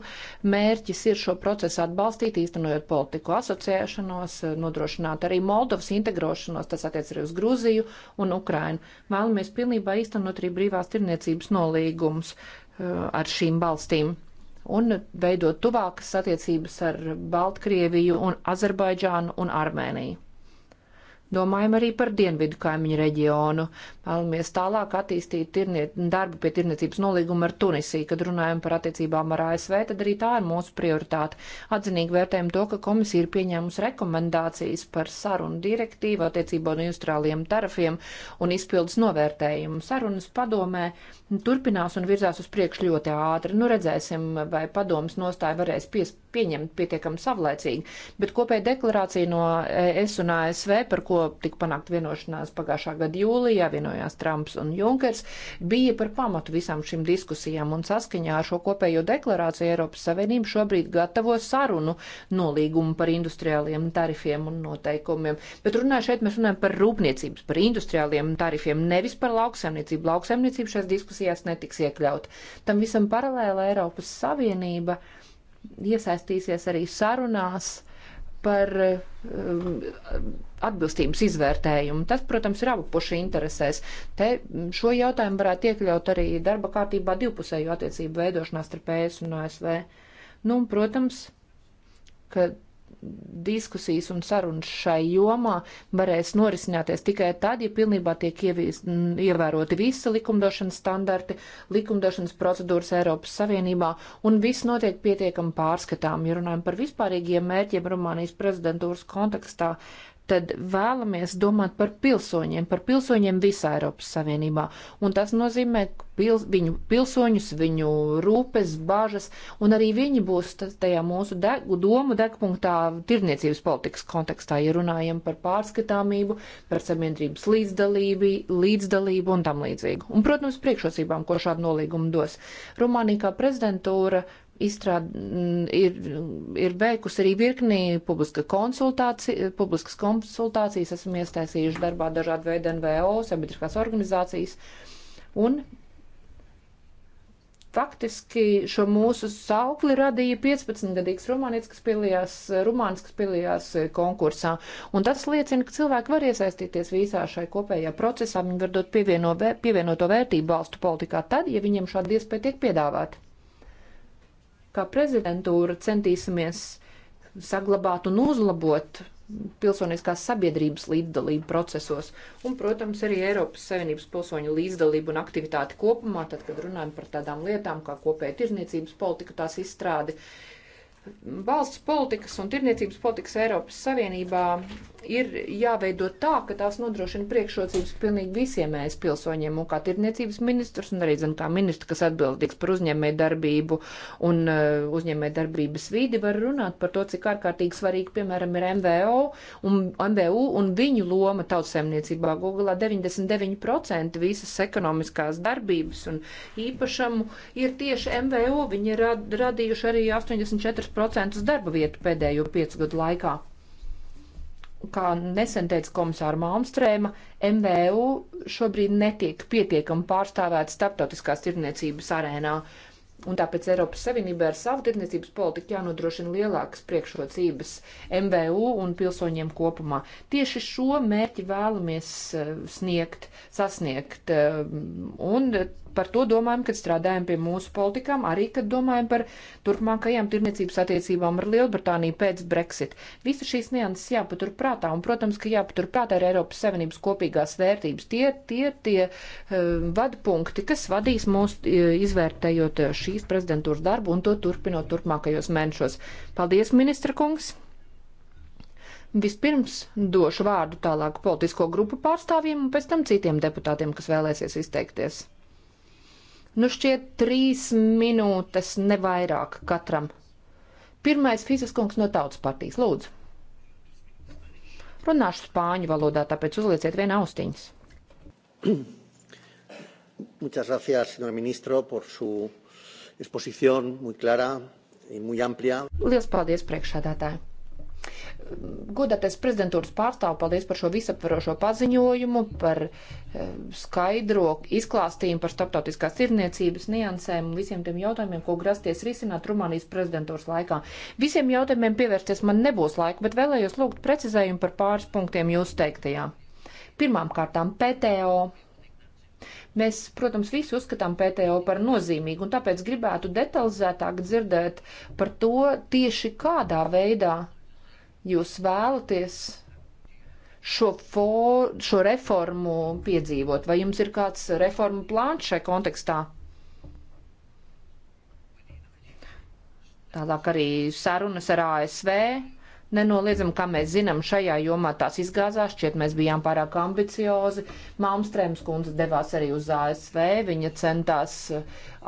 mērķis ir šo procesu atbalstīt, īstenojot politiku asociēšanos, eh, nodrošināt arī Moldovas integrošanos, tas attiec arī uz Gruziju un Ukrainu. Vēlamies pilnībā īstenot arī brīvās tirniecības nolīgumus eh, ar šīm valstīm un veidot tuvākas attiecības ar Baltkrieviju un Azerbaidžānu un Armēniju. Domājam arī par dienvidu kaimiņu reģionu. Vēlamies tālāk attīstīt tirniet, darbu pie tirniecības nolīguma ar Tunisiju, kad runājam par attiecībām ar ASV, tad arī tā ir mūsu prioritāte. Atzinīgi vērtējam to, ka komisija ir pieņēmusi rekomendācijas par sarunu direktīvu attiecībā no industriāliem tarifiem un izpildus novērtējumu. Sarunas padomē turpinās un virzās uz priekšu ļoti ātri. Nu, redzēsim, vai padomas nostāja varēs pies, pieņemt pietiekami savlaicīgi, bet kopēja deklarācija no ES un ASV, par ko tikko tika panākt vienošanās pagājušā gada jūlijā, vienojās Trumps un Junkers, bija par pamatu visām šīm diskusijām un saskaņā ar šo kopējo deklarāciju Eiropas Savienība šobrīd gatavo sarunu nolīgumu par industriāliem tarifiem un noteikumiem. Bet runāju šeit, mēs runājam par rūpniecības, par industriāliem tarifiem, nevis par lauksaimniecību. Lauksaimniecība šajās diskusijās netiks iekļaut. Tam visam paralēli Eiropas Savienība iesaistīsies arī sarunās par um, atbilstības izvērtējumu. Tas, protams, ir abu pušu interesēs. Te šo jautājumu varētu iekļaut arī darba kārtībā divpusēju attiecību veidošanā starp ES un ASV. Nu, un, protams, ka diskusijas un sarunas šai jomā varēs norisināties tikai tad, ja pilnībā tiek ievies, ievēroti visi likumdošanas standarti, likumdošanas procedūras Eiropas Savienībā un viss notiek pietiekami pārskatām. Ja runājam par vispārīgiem mērķiem Rumānijas prezidentūras kontekstā, tad vēlamies domāt par pilsoņiem, par pilsoņiem visā Eiropas Savienībā. Un tas nozīmē pil, viņu pilsoņus, viņu rūpes, bažas, un arī viņi būs tajā mūsu deg, domu degpunktā tirniecības politikas kontekstā, ja runājam par pārskatāmību, par sabiedrības līdzdalību, līdzdalību un tam līdzīgu. Un, protams, priekšrocībām, ko šāda nolīguma dos. Rumānija kā prezidentūra izstrād, mm, ir, ir beigusi arī virknī publiska konsultācija, publiskas konsultācijas, esam iestaisījuši darbā dažādu veidu NVO, sabiedriskās organizācijas, un faktiski šo mūsu saukli radīja 15-gadīgs rumānis, kas piedalījās, rumānis, kas piedalījās konkursā. Un tas liecina, ka cilvēki var iesaistīties visā šai kopējā procesā, viņi var dot pievieno, pievienoto vērtību valstu politikā tad, ja viņiem šāda iespēja tiek piedāvāta. Kā prezidentūra centīsimies saglabāt un uzlabot pilsoniskās sabiedrības līdzdalību procesos un, protams, arī Eiropas Savienības pilsoņu līdzdalību un aktivitāti kopumā, tad, kad runājam par tādām lietām kā kopēja tirzniecības politika, tās izstrādi. Valsts politikas un tirzniecības politikas Eiropas Savienībā ir jāveido tā, ka tās nodrošina priekšrocības pilnīgi visiem ēs pilsoņiem, un kā tirniecības ministrs, un arī, zin, kā ministrs, kas atbildīgs par uzņēmē darbību un uh, uzņēmē darbības vīdi, var runāt par to, cik ārkārtīgi svarīgi, piemēram, ir MVO un MVU un viņu loma tautsēmniecībā. Googlā 99% visas ekonomiskās darbības un īpašumu ir tieši MVO. Viņi ir rad, radījuši arī 84% darba vietu pēdējo piecu gadu laikā kā nesen teica komisāra Malmstrēma, MVU šobrīd netiek pietiekami pārstāvēta starptautiskās tirniecības arēnā. Un tāpēc Eiropas Savienībā ar savu tirdzniecības politiku jānodrošina lielākas priekšrocības MVU un pilsoņiem kopumā. Tieši šo mērķi vēlamies eh, sniegt, sasniegt. Eh, un par to domājam, kad strādājam pie mūsu politikām, arī, kad domājam par turpmākajām tirniecības attiecībām ar Lielbritāniju pēc Brexit. Visu šīs nianses jāpatur prātā, un, protams, ka jāpatur prātā arī Eiropas Savienības kopīgās vērtības. Tie ir tie, tie uh, vadpunkti, kas vadīs mūs uh, izvērtējot eh, šīs prezidentūras darbu un to turpinot turpmākajos mēnešos. Paldies, ministra kungs! Vispirms došu vārdu tālāk politisko grupu pārstāvjiem un pēc tam citiem deputātiem, kas vēlēsies izteikties. Nu šķiet trīs minūtes nevairāk katram. Pirmais fiziskungs no tautas partijas, lūdzu. Runāšu spāņu valodā, tāpēc uzlieciet vienu austiņas. Muchas gracias, señor ministro, por su exposición muy clara y muy amplia. Lielas paldies, priekšādātāji! Godātais prezidentūras pārstāv, paldies par šo visaptverošo paziņojumu, par eh, skaidro izklāstījumu par starptautiskās tirniecības niansēm un visiem tiem jautājumiem, ko grasties risināt Rumānijas prezidentūras laikā. Visiem jautājumiem pievērsties man nebūs laika, bet vēlējos lūgt precizējumu par pāris punktiem jūs teiktajā. Pirmām kārtām PTO. Mēs, protams, visi uzskatām PTO par nozīmīgu, un tāpēc gribētu detalizētāk dzirdēt par to tieši kādā veidā jūs vēlaties šo, for, šo reformu piedzīvot? Vai jums ir kāds reformu plāns šai kontekstā? Tālāk arī sarunas ar ASV. Nenoliedzam, kā mēs zinām, šajā jomā tās izgāzās, šķiet mēs bijām pārāk ambiciozi. Malmstrēms kundze devās arī uz ASV, viņa centās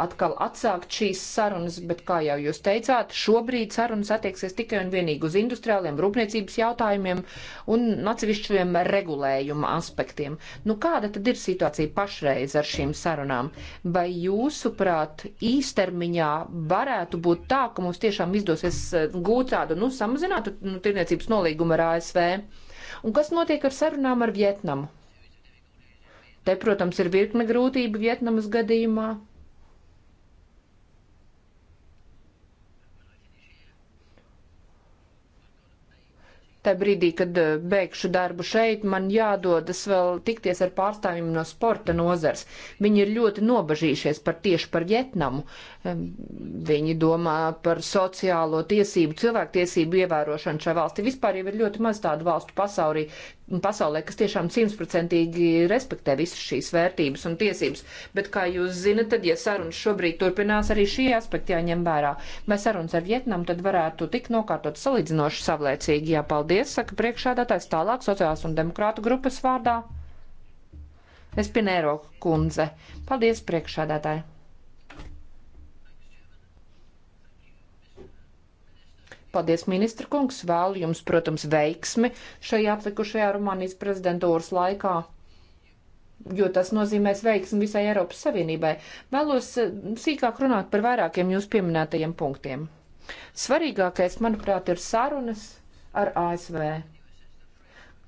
atkal atsākt šīs sarunas, bet, kā jau jūs teicāt, šobrīd sarunas attieksies tikai un vienīgi uz industriāliem rūpniecības jautājumiem un atsevišķiem regulējuma aspektiem. Nu, kāda tad ir situācija pašreiz ar šīm sarunām? Vai jūsuprāt, īstermiņā varētu būt tā, ka mums tiešām izdosies eh, gūt tādu, nu, samazinātu nu, tirniecības nolīgumu ar ASV? Un kas notiek ar sarunām ar Vietnamu? Te, protams, ir virkne grūtība Vietnamas gadījumā. Tā brīdī, kad eh, beigšu darbu šeit, man jādodas vēl tikties ar pārstāvjiem no sporta nozars. Viņi ir ļoti nobažījušies par tieši par Vietnamu, Viņi domā par sociālo tiesību, cilvēktiesību ievērošanu šai valstī. Vispār jau ir ļoti maz tādu valstu pasaulī, pasaulē, kas tiešām simtprocentīgi respektē visas šīs vērtības un tiesības. Bet, kā jūs zinat, tad, ja sarunas šobrīd turpinās, arī šie aspekti jāņem vērā. Vai sarunas ar Vietnamu tad varētu tik nokārtot salīdzinoši savlaicīgi? Jā, paldies, saka priekšādātājs tālāk sociālās un demokrātu grupas vārdā. Es Pinēro kundze. Paldies, priekšādātāji! Paldies, ministra kungs. Vēlu jums, protams, veiksmi šajā atlikušajā Rumānijas prezidentūras laikā jo tas nozīmēs veiksmi visai Eiropas Savienībai. Vēlos eh, sīkāk runāt par vairākiem jūs pieminētajiem punktiem. Svarīgākais, manuprāt, ir sarunas ar ASV.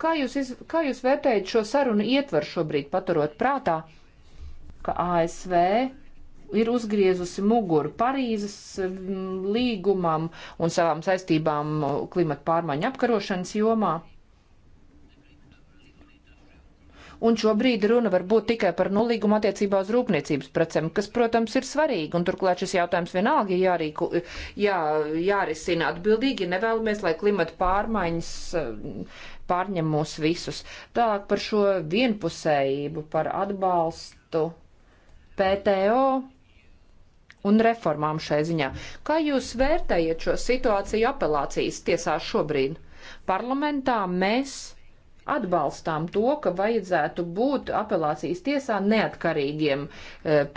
Kā jūs, iz, kā jūs vērtējat šo sarunu ietvaru šobrīd, paturot prātā, ka ASV ir uzgriezusi muguru Parīzes eh, līgumam un savām saistībām eh, klimata pārmaiņu apkarošanas jomā. Un šobrīd runa var būt tikai par nolīgumu attiecībā uz rūpniecības precēm, kas, protams, ir svarīgi. Un turklāt šis jautājums vienalga ir jārīku, jā, jārisina atbildīgi, ja nevēlamies, lai klimata pārmaiņas eh, pārņem mūs visus. Tālāk par šo vienpusējību, par atbalstu PTO un reformām šai ziņā. Kā jūs vērtējat šo situāciju apelācijas tiesā šobrīd? Parlamentā mēs atbalstām to, ka vajadzētu būt apelācijas tiesā neatkarīgiem e,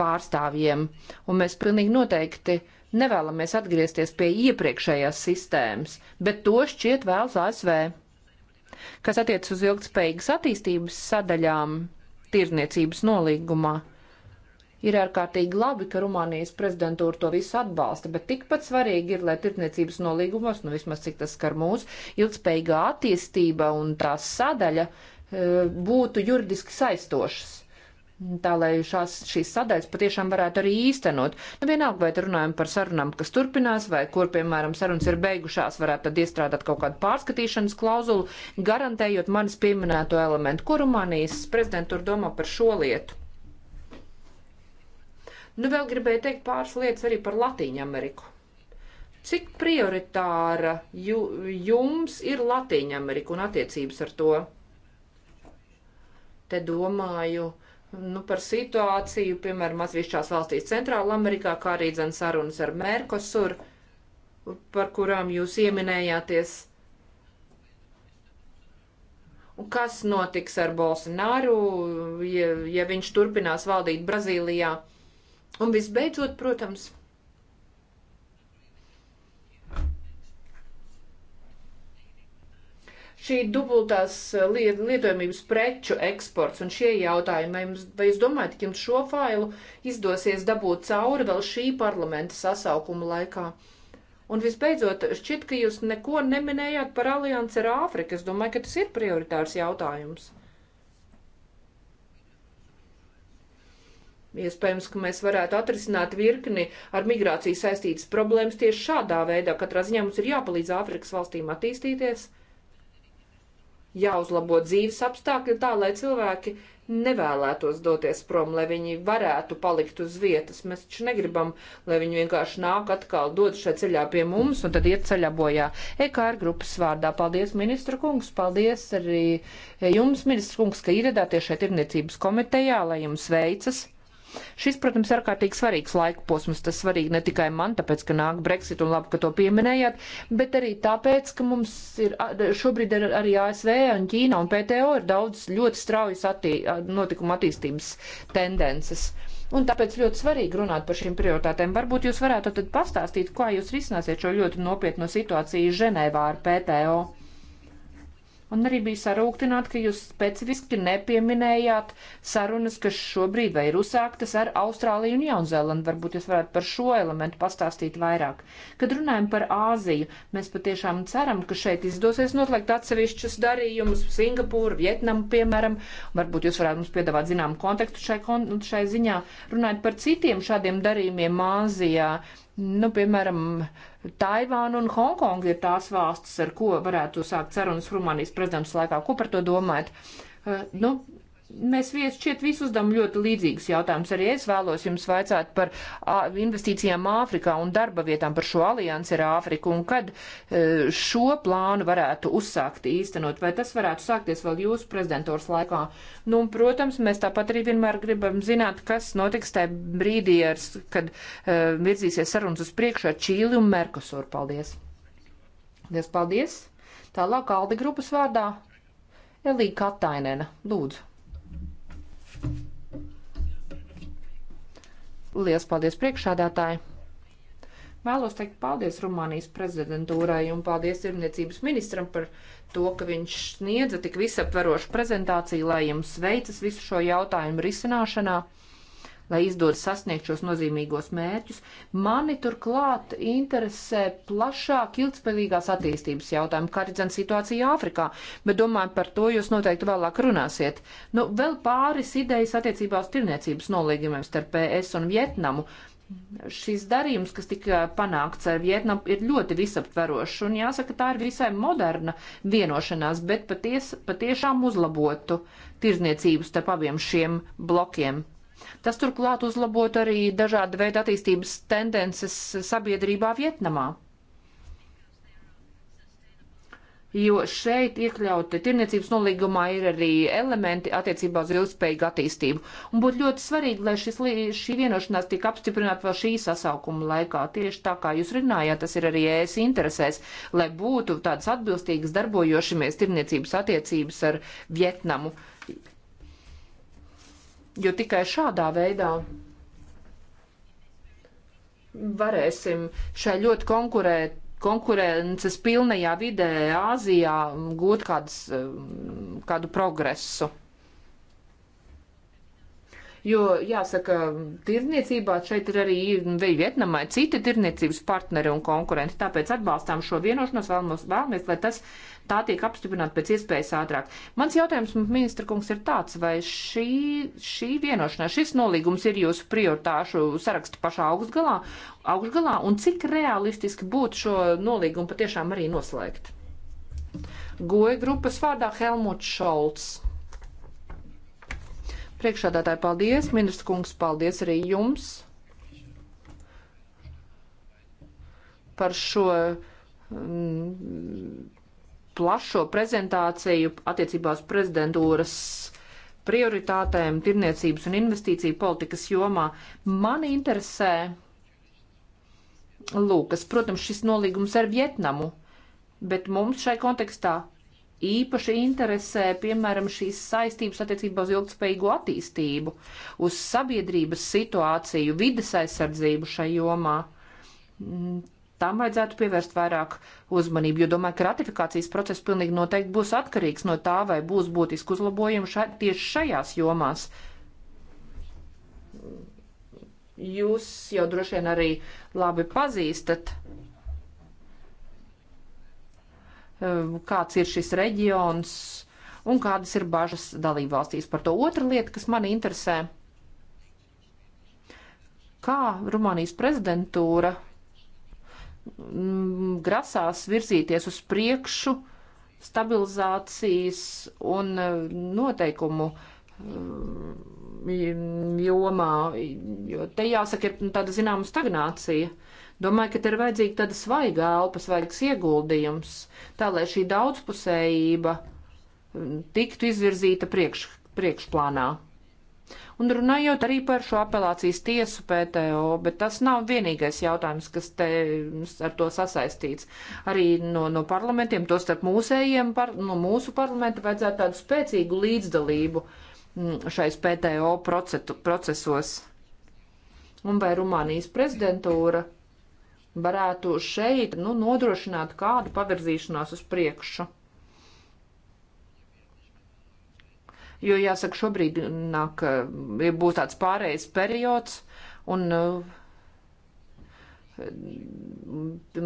pārstāvjiem. Un mēs pilnīgi noteikti nevēlamies atgriezties pie iepriekšējās sistēmas, bet to šķiet vēlas ASV. Kas attiec uz ilgtspējīgas attīstības sadaļām tirniecības nolīgumā, Ir ārkārtīgi labi, ka Rumānijas prezidentūra to visu atbalsta, bet tikpat svarīgi ir, lai tirdzniecības nolīgumos, nu vismaz cik tas skar mūs, ilgspējīgā attīstība un tās sadaļa eh, būtu juridiski saistošas. Tā lai šās, šīs sadaļas patiešām varētu arī īstenot. Nu, vienalga, vai runājam par sarunām, kas turpinās, vai kur, piemēram, sarunas ir beigušās, varētu tad iestrādāt kaut kādu pārskatīšanas klauzulu, garantējot manis pieminēto elementu. Ko Rumānijas prezidentūra domā par šo lietu? Nu, vēl gribēju teikt pāris lietas arī par Latīņu Ameriku. Cik prioritāra ju, jums ir Latīņa Amerika un attiecības ar to? Te domāju nu, par situāciju, piemēram, atsevišķās valstīs Centrāla Amerikā, kā arī dzen sarunas ar Mērkosur, par kurām jūs ieminējāties. Un kas notiks ar Bolsonaru, ja, ja viņš turpinās valdīt Brazīlijā? Un visbeidzot, protams, šī dubultās lietojamības preču eksports un šie jautājumi, vai, jums, vai jūs domājat, ka jums šo failu izdosies dabūt cauri vēl šī parlamenta sasaukuma laikā? Un visbeidzot, šķiet, ka jūs neko neminējāt par alianci ar Āfriku. Es domāju, ka tas ir prioritārs jautājums. Iespējams, ka mēs varētu atrisināt virkni ar migrāciju saistītas problēmas tieši šādā veidā. Katrā ziņā mums ir jāpalīdz Āfrikas valstīm attīstīties, jāuzlabo dzīves apstākļi tā, lai cilvēki nevēlētos doties prom, lai viņi varētu palikt uz vietas. Mēs taču negribam, lai viņi vienkārši nāk atkal dod šai ceļā pie mums un tad iet ceļā bojā. EKR grupas vārdā paldies, ministra kungs, paldies arī jums, ministra kungs, ka ieradāties šeit tirniecības komitejā, lai jums veicas. Šis, protams, ir ārkārtīgi svarīgs laika posms. Tas svarīgi ne tikai man, tāpēc, ka nāk Brexit un labi, ka to pieminējāt, bet arī tāpēc, ka mums ir šobrīd ir arī ASV un Ķīna un PTO ir daudz ļoti straujas attī, notikuma attīstības tendences. Un tāpēc ļoti svarīgi runāt par šīm prioritātēm. Varbūt jūs varētu tad pastāstīt, kā jūs risināsiet šo ļoti nopietno situāciju Ženēvā ar PTO. Un arī bija sarūktināti, ka jūs specifiski nepieminējāt sarunas, kas šobrīd vai ir uzsāktas ar Austrāliju un Jaunzēlandu. Varbūt jūs varētu par šo elementu pastāstīt vairāk. Kad runājam par Āziju, mēs patiešām ceram, ka šeit izdosies noslēgt atsevišķus darījumus Singapūru, Vietnamu, piemēram. Varbūt jūs varētu mums piedāvāt zinām kontekstu šai, kon šai ziņā. Runājot par citiem šādiem darījumiem Āzijā, nu, piemēram, uh, Taivāna un Hongkonga ir tās valstis, ar ko varētu sākt sarunas Rumānijas prezidents laikā. Ko par to domājat? Uh, nu, Mēs vies, šķiet visu uzdam ļoti līdzīgus jautājumus. Arī es vēlos jums vaicāt par investīcijām Āfrikā un darba vietām par šo aliansi ar Āfriku un kad e, šo plānu varētu uzsākt īstenot. Vai tas varētu sākties vēl jūsu prezidentūras laikā? Nu, un, protams, mēs tāpat arī vienmēr gribam zināt, kas notiks tajā brīdī, ar, kad uh, virzīsies sarunas uz priekšu ar Čīli un Merkusuru. Paldies! Paldies! paldies. Tālāk Aldi grupas vārdā Elīka Katainena. Lūdzu! Lielas paldies priekšādātāji! Vēlos teikt paldies Rumānijas prezidentūrai un paldies Irniecības ministram par to, ka viņš sniedza tik visaptverošu prezentāciju, lai jums veicas visu šo jautājumu risināšanā lai izdodas sasniegt šos nozīmīgos mērķus. Mani turklāt interesē plašāk ilgspējīgās attīstības jautājumi, kā arī dzen situācija Āfrikā, bet domāju par to jūs noteikti vēlāk runāsiet. Nu, vēl pāris idejas attiecībā uz tirniecības nolīgumiem starp PS e un Vietnamu. Šis darījums, kas tika panākts ar Vietnamu, ir ļoti visaptverošs, un jāsaka, tā ir visai moderna vienošanās, bet paties, patiešām uzlabotu tirzniecības starp abiem šiem blokiem. Tas turklāt uzlabot arī dažāda veida attīstības tendences sabiedrībā Vietnamā. Jo šeit iekļauti tirniecības nolīgumā ir arī elementi attiecībā uz ilgspējīgu attīstību. Un būtu ļoti svarīgi, lai šis, šī vienošanās tiek apstiprināta vēl šī sasaukuma laikā. Tieši tā kā jūs runājāt, tas ir arī es interesēs, lai būtu tādas atbilstīgas darbojošamies tirniecības attiecības ar Vietnamu jo tikai šādā veidā varēsim šai ļoti konkurēt, konkurences pilnajā vidē Āzijā gūt kādas, eh, kādu progresu. Jo, jāsaka, tirniecībā šeit ir arī Vietnamai citi tirniecības partneri un konkurenti. Tāpēc atbalstām šo vienošanos, vēlamies, vēlamies lai tas tā tiek apstiprināta pēc iespējas ātrāk. Mans jautājums, ministra kungs, ir tāds, vai šī, šī vienošanās, šis nolīgums ir jūsu prioritāšu saraksta pašā augstgalā, augstgalā, un cik realistiski būtu šo nolīgumu patiešām arī noslēgt? Goja grupas vārdā Helmuts Šolts. Priekšādātāji, paldies, ministra kungs, paldies arī jums par šo. Mm, plašo prezentāciju attiecībā uz prezidentūras prioritātēm tirniecības un investīciju politikas jomā. Man interesē, lūkas, protams, šis nolīgums ar Vietnamu, bet mums šai kontekstā īpaši interesē, piemēram, šīs saistības attiecībā uz ilgspējīgu attīstību, uz sabiedrības situāciju, vides aizsardzību šai jomā. Tām vajadzētu pievērst vairāk uzmanību, jo domāju, ka ratifikācijas process pilnīgi noteikti būs atkarīgs no tā, vai būs būtiski uzlabojumi šā, tieši šajās jomās. Jūs jau droši vien arī labi pazīstat ehm, kāds ir šis reģions un kādas ir bažas dalībvalstīs. Par to otra lieta, kas mani interesē, kā Rumānijas prezidentūra Mm, grasās virzīties uz priekšu stabilizācijas un mm, noteikumu mm, jomā, jo te jāsaka, ir tāda zināma stagnācija. Domāju, ka te ir vajadzīga tāda svaiga elpas, vajadzīgs ieguldījums, tā lai šī daudzpusējība tiktu izvirzīta priekš, priekšplānā. Un runājot arī par šo apelācijas tiesu PTO, bet tas nav vienīgais jautājums, kas te ar to sasaistīts. Arī no, no parlamentiem, to starp mūsējiem, par, no mūsu parlamenta vajadzētu tādu spēcīgu līdzdalību mm, šais PTO procetu, procesos. Un vai Rumānijas prezidentūra varētu šeit nu, nodrošināt kādu pavirzīšanos uz priekšu? jo jāsaka, šobrīd nāk, eh, būs tāds pārējais periods, un eh,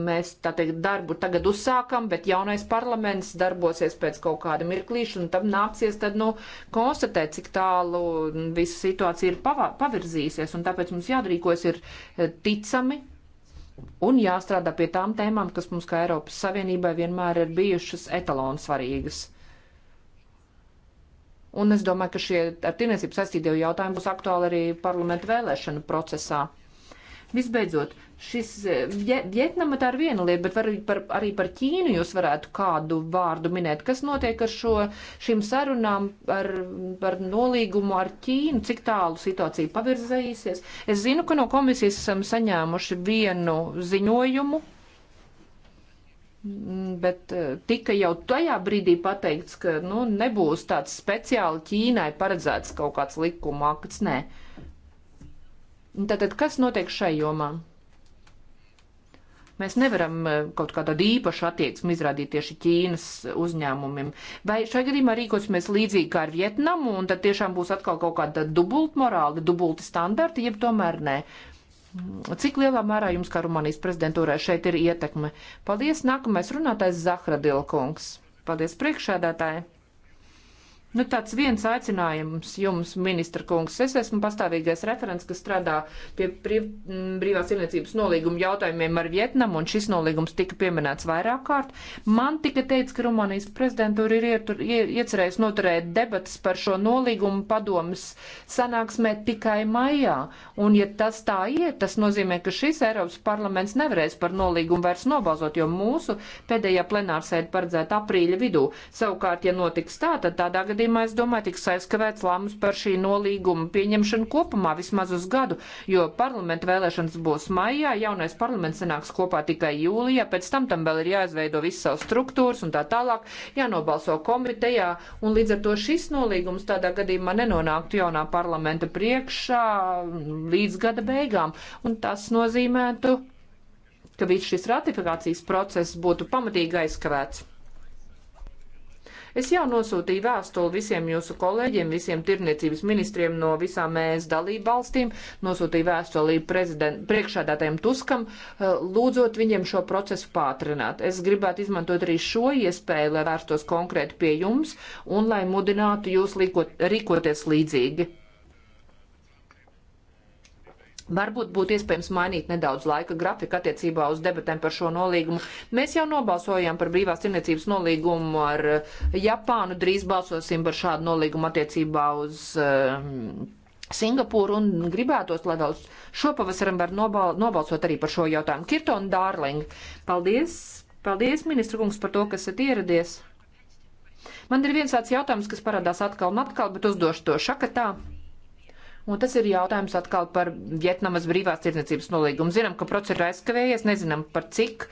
mēs tā teikt darbu tagad uzsākam, bet jaunais parlaments darbosies pēc kaut kāda mirklīša, un tam nāksies tad, nu, konstatēt, cik tālu mm, visa situācija ir pavirzīsies, un tāpēc mums jādrīkojas ir eh, ticami un jāstrādā pie tām tēmām, kas mums kā Eiropas Savienībai vienmēr ir bijušas etalons svarīgas. Un es domāju, ka šie ar tirniecību saistītie jautājumi būs aktuāli arī parlamentu vēlēšanu procesā. Visbeidzot, šis e, Vietnama tā ir viena lieta, bet var, par, arī par Ķīnu jūs varētu kādu vārdu minēt. Kas notiek ar šo, šīm sarunām par, par nolīgumu ar Ķīnu, cik tālu situācija pavirzējusies? Es zinu, ka no komisijas esam saņēmuši vienu ziņojumu bet eh, tika jau tajā brīdī pateikts, ka nu, nebūs tāds speciāli Ķīnai paredzēts kaut kāds likuma akts. Nē. Tātad, kas notiek šai jomā? Mēs nevaram eh, kaut kādā īpaša attieksme izrādīt tieši Ķīnas uzņēmumiem. Vai šai gadījumā rīkosimies līdzīgi kā ar Vietnamu, un tad tiešām būs atkal kaut kāda dubultmorāla, dubulti standarti, jeb tomēr nē. Cik lielā mērā jums, kā Rumānijas prezidentūrē, šeit ir ietekme? Paldies, nākamais runātājs Zahradilkungs. Paldies, priekšēdētāji! Nu, tāds viens aicinājums jums, ministra kungs. Es esmu pastāvīgais referents, kas strādā pie brīvās ilniecības nolīguma jautājumiem ar Vietnamu, un šis nolīgums tika pieminēts vairāk kārt. Man tika teica, ka Rumānijas prezidentūra ir ietur, ie, iecerējis noturēt debatas par šo nolīgumu padomas sanāksmē tikai maijā. Un, ja tas tā iet, tas nozīmē, ka šis Eiropas parlaments nevarēs par nolīgumu vairs nobalsot, jo mūsu pēdējā plenārsēde paredzēta aprīļa vidū. Savukārt, ja notiks tā, tad tādā gadījumā gadījumā, es domāju, tiks aizkavēts lēmums par šī nolīguma pieņemšanu kopumā vismaz uz gadu, jo parlamenta vēlēšanas būs maijā, jaunais parlaments sanāks kopā tikai jūlijā, pēc tam tam vēl ir jāizveido viss savs struktūras un tā tālāk, jānobalso komitejā, un līdz ar to šis nolīgums tādā gadījumā nenonāktu jaunā parlamenta priekšā līdz gada beigām, un tas nozīmētu ka viss šis ratifikācijas process būtu pamatīgi aizkavēts. Es jau nosūtīju vēstuli visiem jūsu kolēģiem, visiem tirniecības ministriem no visām ES dalību valstīm, nosūtīju vēstuli priekšādātājiem Tuskam, eh, lūdzot viņiem šo procesu pātrināt. Es gribētu izmantot arī šo iespēju, lai vērstos konkrēti pie jums un lai mudinātu jūs likot, rīkoties līdzīgi. Varbūt būtu iespējams mainīt nedaudz laika grafika attiecībā uz debatēm par šo nolīgumu. Mēs jau nobalsojām par brīvās tirniecības nolīgumu ar eh, Japānu, drīz balsosim par šādu nolīgumu attiecībā uz. Um, Singapūru un gribētos, lai vēl šopavasaram var nobal nobalsot arī par šo jautājumu. Kirton Dārling, paldies, paldies, ministra kungs, par to, kas esat ieradies. Man ir viens tāds jautājums, kas parādās atkal un atkal, bet uzdošu to šakatā. Un tas ir jautājums atkal par Vietnamas brīvās tirdzniecības nolīgumu. Zinām, ka process ir aizkavējies, nezinām par cik,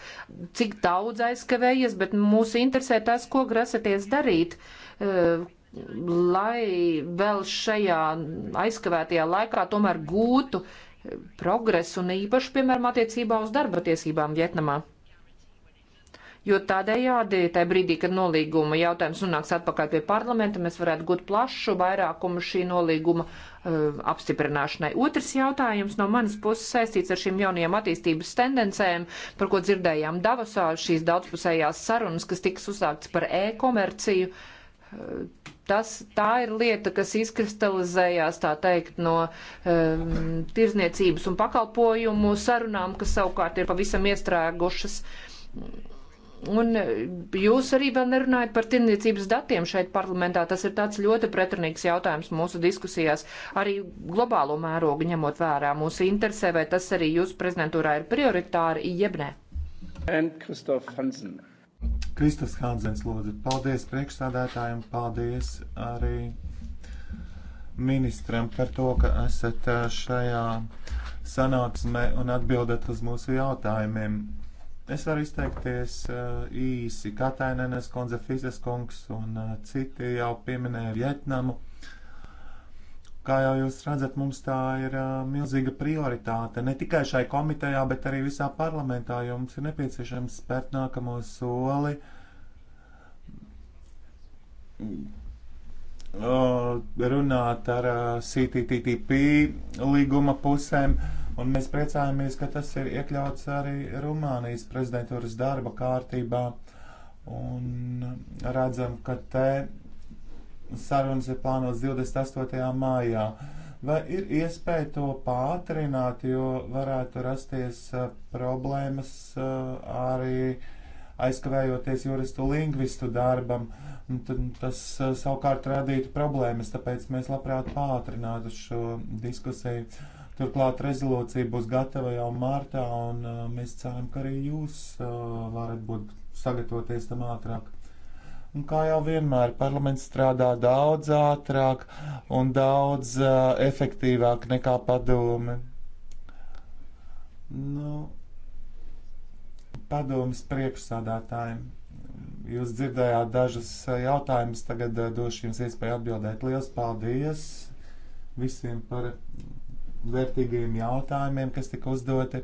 cik daudz aizkavējies, bet mūs interesē tas, ko grasaties darīt, eh, lai vēl šajā aizkavētajā laikā tomēr gūtu eh, progresu un īpaši, piemēram, attiecībā uz darba tiesībām Vietnamā. Jo tādējādi, tajā brīdī, kad nolīguma jautājums nonāks atpakaļ pie parlamenta, mēs varētu gūt plašu vairākumu šī nolīguma uh, Uh, apstiprināšanai. Otrs jautājums no manas puses saistīts ar šīm jaunajām attīstības tendencēm, par ko dzirdējām Davosā šīs daudzpusējās sarunas, kas tiks uzsāktas par e-komerciju. Uh, tas, tā ir lieta, kas izkristalizējās, tā teikt, no um, tirzniecības un pakalpojumu sarunām, kas savukārt ir pavisam iestrēgušas. Um, Un jūs arī vēl nerunājat par tirniecības datiem šeit parlamentā. Tas ir tāds ļoti pretrunīgs jautājums mūsu diskusijās. Arī globālo mērogu ņemot vērā mūsu interesē, vai tas arī jūsu prezidentūrā ir prioritāri, jeb nē. Kristof Hansen. Kristofs Hansens, lūdzu, paldies priekšstādātājiem, paldies arī ministram par to, ka esat šajā sanāksmē un atbildat uz mūsu jautājumiem Es varu izteikties uh, īsi. Katainenes kundze, Fizes kungs un uh, citi jau pieminēja Vietnamu. Kā jau jūs redzat, mums tā ir uh, milzīga prioritāte ne tikai šai komitejā, bet arī visā parlamentā, jo mums ir nepieciešams spērt nākamo soli. Runāt ar CTTP līguma pusēm. Uh, Un mēs priecājamies, ka tas ir iekļauts arī Rumānijas prezidentūras darba kārtībā. Un redzam, ka te sarunas ir plānotas 28. maijā. Vai ir iespēja to pātrināt, jo varētu rasties e, problēmas e, arī aizkavējoties juristu lingvistu darbam? Tas e, savukārt radītu problēmas, tāpēc mēs labprāt pātrinātu šo diskusiju. Turklāt rezolūcija būs gatava jau martā, un uh, mēs ceram, ka arī jūs uh, varat būt sagatavoties tam ātrāk. Un kā jau vienmēr, parlaments strādā daudz ātrāk un daudz uh, efektīvāk nekā padome. Nu, padomas priekšsādātājiem. Jūs dzirdējāt dažus uh, jautājumus, tagad uh, došu jums iespēju atbildēt. Lielas paldies visiem par vērtīgiem jautājumiem, kas tika uzdoti,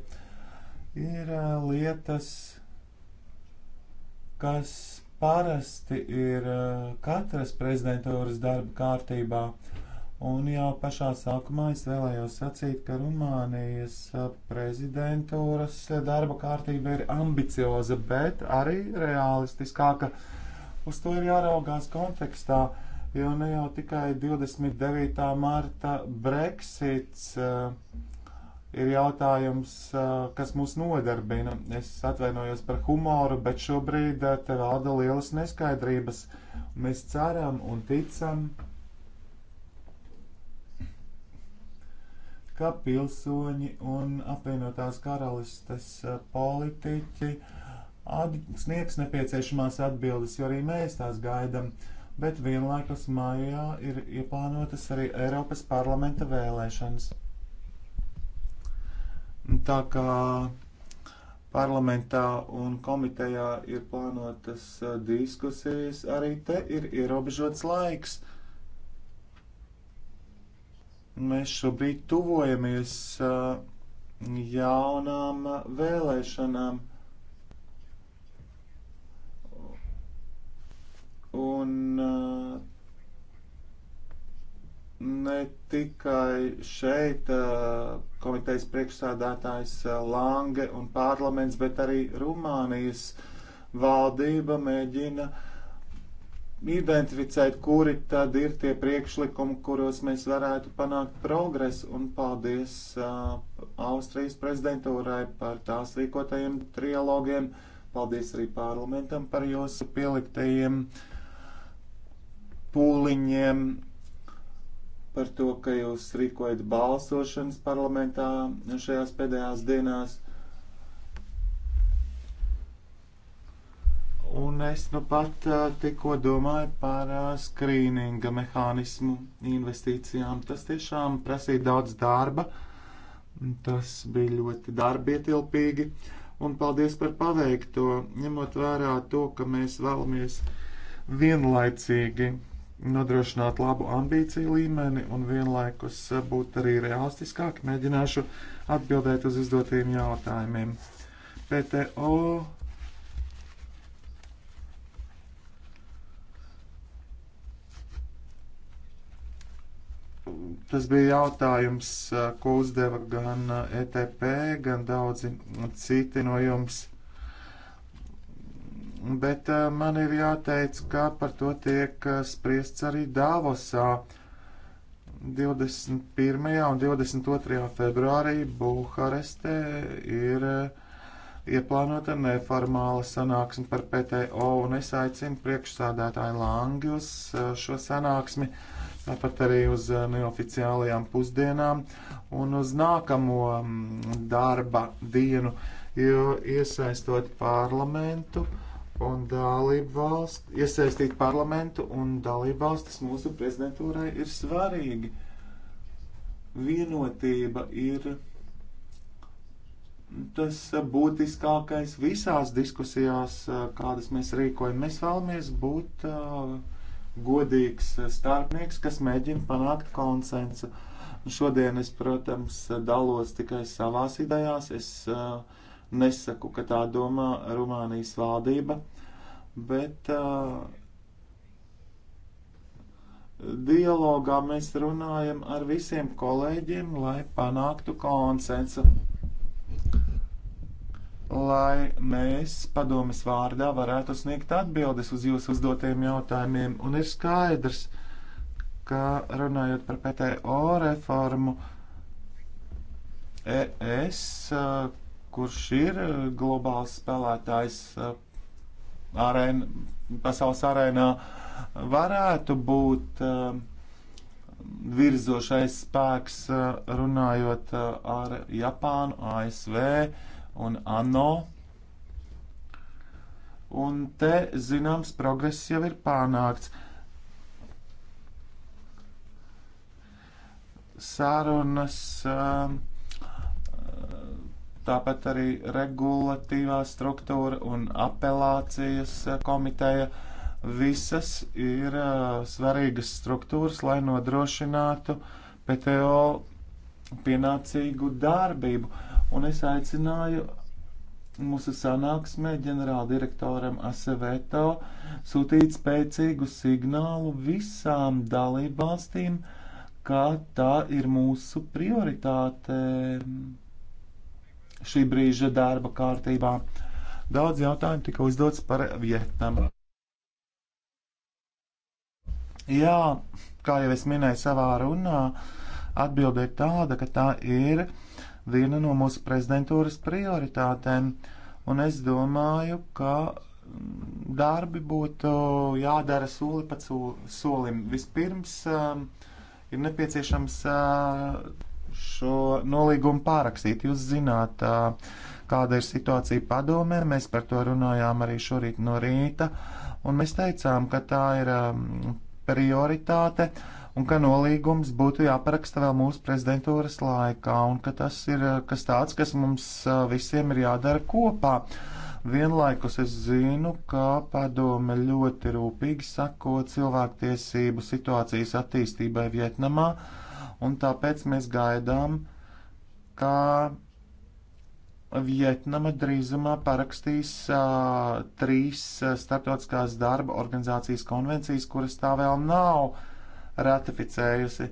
ir lietas, kas parasti ir katras prezidentūras darba kārtībā. Un jau pašā sākumā es vēlējos sacīt, ka Rumānijas prezidentūras darba kārtība ir ambicioza, bet arī realistiskāka. Uz to ir jāraugās kontekstā. Uh, jo ne jau tikai 29. marta Brexits eh, ir jautājums, eh, kas mūs nodarbina. Es atvainojos par humoru, bet šobrīd eh, te valda lielas neskaidrības. Mēs ceram un ticam, ka pilsoņi un apvienotās karalistes politiķi sniegs nepieciešamās atbildes, jo arī mēs tās gaidām. Uh, bet vienlaikus maijā ir ieplānotas arī Eiropas parlamenta vēlēšanas. Tā kā parlamentā un komitejā ir plānotas eh, diskusijas, arī te ir ierobežots laiks. Mēs šobrīd tuvojamies eh, jaunām vēlēšanām Un uh, ne tikai šeit uh, komitejas priekšsādātājs uh, Lange un parlaments, bet arī Rumānijas valdība mēģina identificēt, kuri tad ir tie priekšlikumi, kuros mēs varētu panākt progresu. Un paldies uh, Austrijas prezidentūrai par tās rīkotajiem trialogiem. Paldies arī parlamentam par jūsu pieliktajiem uh, pūliņiem, par to, ka jūs rīkojat balsošanas parlamentā šajās pēdējās dienās. Un es nu pat tikko domāju par skrīninga mehānismu investīcijām. Tas tiešām prasīja daudz darba. Tas bija ļoti darbietilpīgi. Un paldies par paveikto, ņemot vērā to, ka mēs vēlamies vienlaicīgi nodrošināt labu ambīciju līmeni un vienlaikus eh, būt arī realistiskāk. Mēģināšu atbildēt uz uzdotiem jautājumiem. PTO Tas bija jautājums, eh, ko uzdeva gan ETP, eh, e gan daudzi citi no jums bet eh, man ir jāteic, ka par to tiek eh, spriests arī Davosā. 21. un 22. februārī Buharestē ir eh, ieplānota neformāla sanāksme par PTO, un es aicinu priekšsādātāju Langi uz šo sanāksmi, tāpat arī uz neoficiālajām pusdienām un uz nākamo mm, darba dienu, jo iesaistot parlamentu. Uh, un dalību valsts, iesaistīt parlamentu un dalību valstis mūsu prezidentūrai ir svarīgi. Vienotība ir tas būtiskākais visās diskusijās, kādas mēs rīkojam. Mēs vēlamies būt uh, godīgs starpnieks, kas mēģina panākt konsensu. Šodien es, protams, dalos tikai savās idejās. Es uh, Nesaku, ka tā domā Rumānijas valdība, bet uh, dialogā mēs runājam ar visiem kolēģiem, lai panāktu konsensu. Lai mēs padomis vārdā varētu sniegt atbildes uz jūsu uzdotiem jautājumiem, un ir skaidrs, ka runājot par PTO reformu, ES kurš ir eh, globāls spēlētājs eh, arēn, pasaules arēnā, varētu būt eh, virzošais spēks runājot ar Japānu, ASV un ANO. Un te zināms progress jau ir panākts. Sārunas uh, tāpat arī regulatīvā struktūra un apelācijas komiteja. Visas ir svarīgas struktūras, lai nodrošinātu PTO pienācīgu darbību. Un es aicināju mūsu sanāksmē ģenerāldirektoram Aseveto sūtīt spēcīgu signālu visām dalībvalstīm, ka tā ir mūsu prioritāte šī brīža darba kārtībā. Daudz jautājumu tika uzdots par Vietnamu. Jā, kā jau es minēju savā runā, atbilde ir tāda, ka tā ir viena no mūsu prezidentūras prioritātēm. Un es domāju, ka darbi būtu jādara soli pa solim. Vispirms um, ir nepieciešams uh, šo nolīgumu pārakstīt. Jūs zināt, kāda ir situācija padomē, mēs par to runājām arī šorīt no rīta, un mēs teicām, ka tā ir prioritāte un ka nolīgums būtu jāparaksta vēl mūsu prezidentūras laikā, un ka tas ir kas tāds, kas mums visiem ir jādara kopā. Vienlaikus es zinu, ka padome ļoti rūpīgi sako cilvēktiesību situācijas attīstībai Vietnamā, uh, un tāpēc mēs gaidām, ka Vietnama drīzumā parakstīs uh, trīs starptautiskās darba organizācijas konvencijas, kuras tā vēl nav ratificējusi.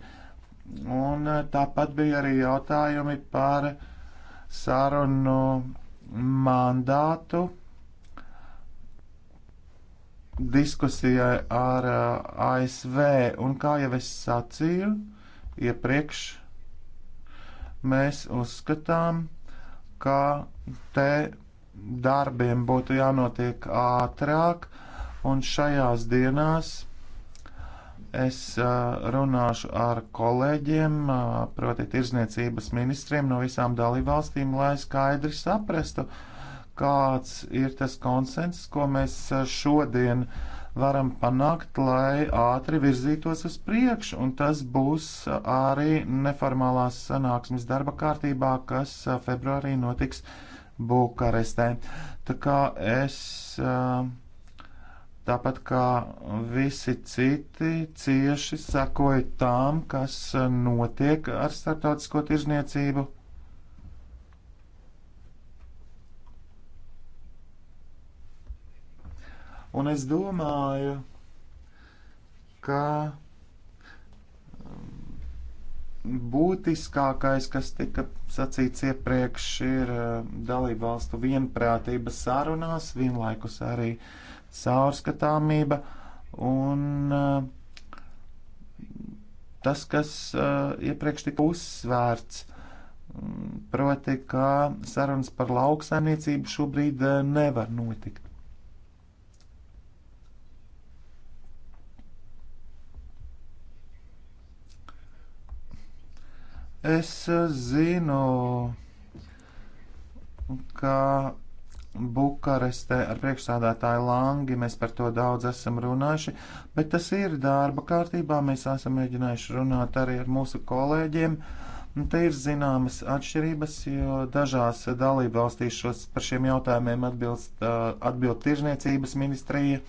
Un uh, tāpat bija arī jautājumi par sarunu mandātu diskusijai ar uh, ASV. Un kā jau es sacīju, uh, iepriekš, mēs uzskatām, ka te darbiem būtu jānotiek ātrāk, un šajās dienās es runāšu ar kolēģiem, proti tirzniecības ministriem no visām dalībvalstīm, lai skaidri saprastu, kāds ir tas konsens, ko mēs šodien varam panākt, lai ātri virzītos uz priekšu, un tas būs arī neformālās sanāksmes darba kārtībā, kas februārī notiks Bukarestē. Tā kā es. Uh, tāpat kā visi citi cieši sakoja tām, kas notiek ar starptautisko tirzniecību. Un es domāju, ka um, būtiskākais, kas tika sacīts iepriekš, ir um, dalību valstu vienprātība sarunās, vienlaikus arī caurskatāmība un um, tas, kas uh, iepriekš tika uzsvērts. Proti, ka sarunas par lauksaimniecību šobrīd uh, nevar notikt. Es eh, zinu, ka Bukarestē ar priekšsādātāju Langi mēs par to daudz esam runājuši, bet tas ir darba kārtībā. Mēs esam mēģinājuši runāt arī ar mūsu kolēģiem. Te ir zināmas atšķirības, jo dažās dalībvalstīs šos par šiem jautājumiem atbilst, eh, atbild tirzniecības ministrija,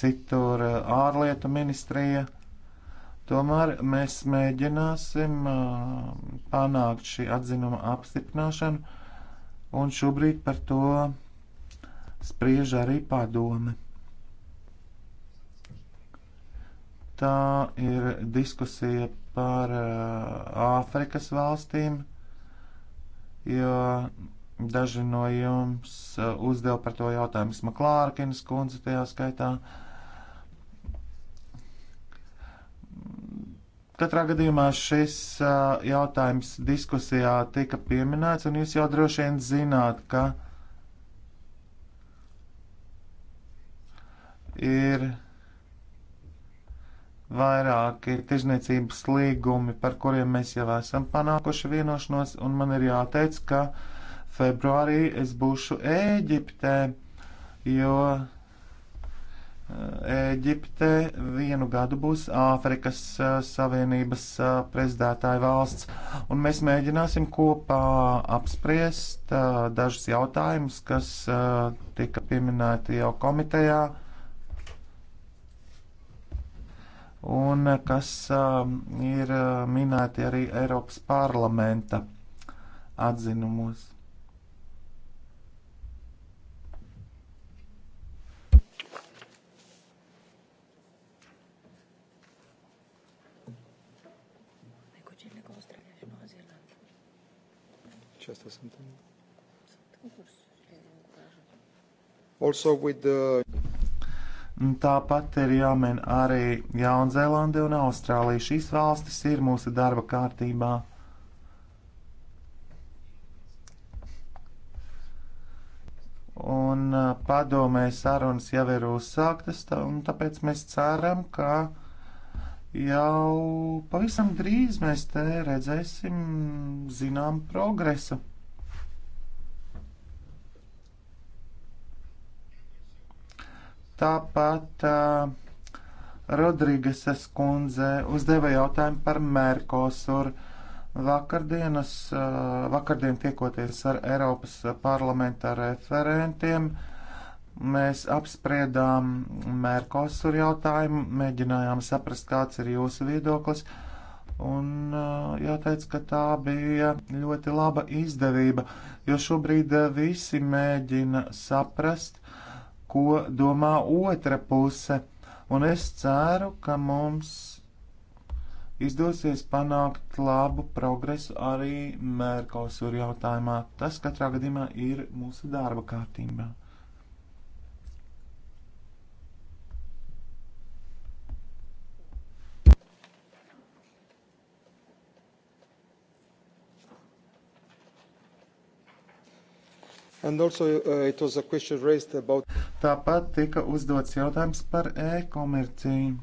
citur eh, ārlietu ministrija. Uh, Tomēr mēs mēģināsim panākt šī atzinuma apstiprināšanu, un šobrīd par to spriež arī padome. Tā ir diskusija par Āfrikas valstīm, jo daži no jums uzdeva par to jautājumu Smaklārkinas kundze tajā skaitā. Uh, Katrā gadījumā šis uh, jautājums diskusijā tika pieminēts, un jūs jau droši vien zināt, ka ir vairāki tirzniecības līgumi, par kuriem mēs jau esam panākuši vienošanos, un man ir jāteic, ka februārī es būšu Ēģiptē, jo Ēģipte vienu gadu būs Āfrikas eh, Savienības eh, prezidētāja valsts, un mēs mēģināsim kopā apspriest eh, dažus jautājumus, kas tika pieminēti jau komitejā, un kas ir minēti arī Eiropas parlamenta atzinumos. Just as something. Also with the. Tāpat ir jāmin arī Jaunzēlande un Austrālija. Šīs valstis ir mūsu darba kārtībā. Un padomē sarunas jau ir uzsāktas, un tāpēc mēs ceram, ka Jau pavisam drīz mēs te redzēsim zinām progresu. Tāpat uh, Rodrīgeses kundze uzdeva jautājumu par Merkosuru. Vakardienas, uh, vakardien tiekoties ar Eiropas parlamenta referentiem, uh, mēs apspriedām Mērkosur jautājumu, mēģinājām saprast, kāds ir jūsu viedoklis, un uh, jāteic, ka tā bija ļoti laba izdevība, jo šobrīd uh, visi mēģina saprast, ko domā otra puse, un es ceru, ka mums izdosies panākt labu progresu arī Mērkosur jautājumā. Tas katrā gadījumā ir mūsu darba kārtībā. Also, uh, about... Tāpat tika uzdots jautājums par e-komerciju.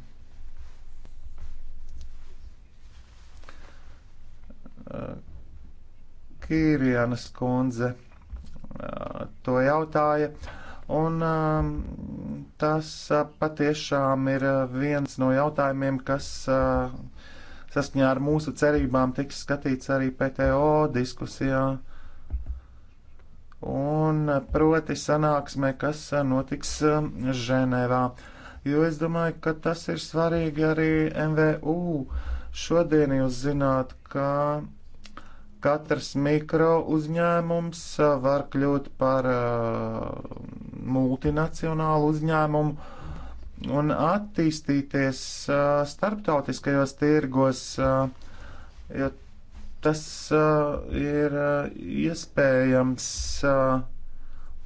Uh, Kīrienas kundze uh, to jautāja, un um, tas uh, patiešām ir viens no jautājumiem, kas saskaņā ar mūsu cerībām tiks skatīts arī PTO diskusijā un proti sanāksmē, kas eh, notiks eh, Ženēvā. Jo es domāju, ka tas ir svarīgi arī MVU. Šodien jūs zināt, ka katrs mikro uzņēmums eh, var kļūt par uh, multinacionālu uzņēmumu un attīstīties uh, starptautiskajos tirgos, uh, jo tas uh, ir uh, iespējams uh,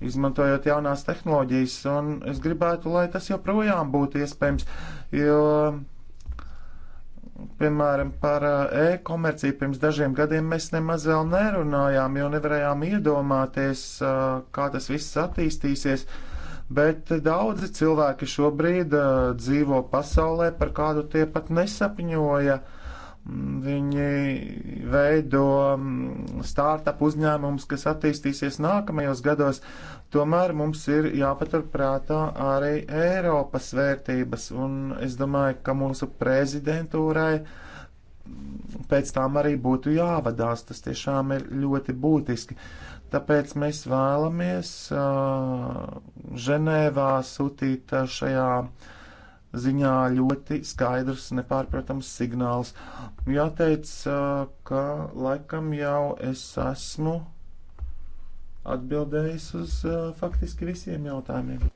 izmantojot jaunās tehnoloģijas, un es gribētu, lai tas joprojām būtu iespējams, jo, piemēram, par uh, e-komerciju pirms dažiem gadiem mēs nemaz vēl nerunājām, jo nevarējām iedomāties, uh, kā tas viss attīstīsies, bet daudzi cilvēki šobrīd uh, dzīvo pasaulē, par kādu tie pat nesapņoja. Uh, Viņi veido mm, startup uzņēmumus, kas attīstīsies nākamajos gados. Tomēr mums ir jāpatur prātā arī Eiropas vērtības, un es domāju, ka mūsu prezidentūrai mm, pēc tām arī būtu jāvadās. Tas tiešām ir ļoti būtiski. Tāpēc mēs vēlamies uh, Ženēvā sūtīt šajā uh, ziņā ļoti skaidrs, nepārprotams signāls. Jāteic, ka laikam jau es esmu atbildējis uz faktiski visiem jautājumiem.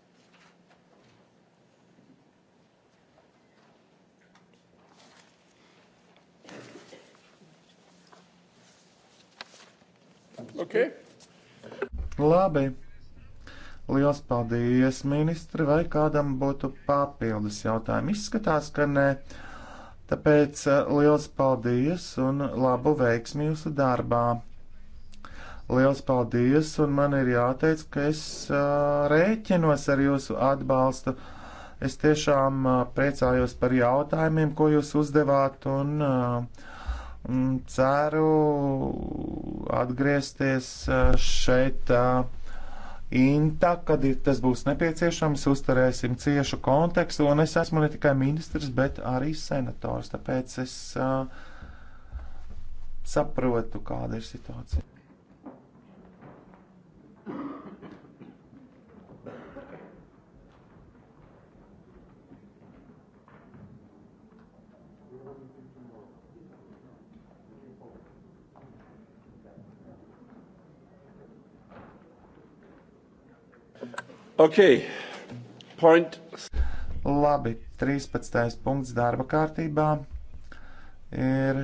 Okay. Labi. Liels paldies, ministri, vai kādam būtu papildus jautājumi? Izskatās, ka nē. Tāpēc eh, liels paldies un labu veiksmi jūsu darbā. Liels paldies, un man ir jāteic, ka es uh, rēķinos ar jūsu atbalstu. Es tiešām uh, priecājos par jautājumiem, ko jūs uzdevāt, un uh, ceru atgriezties šeit. Uh, Inta, kad tas būs nepieciešams, uzturēsim ciešu kontekstu, un es esmu ne tikai ministrs, bet arī senators, tāpēc es uh, saprotu, kāda ir situācija. Ok, point. Labi, 13. punkts darba kārtībā ir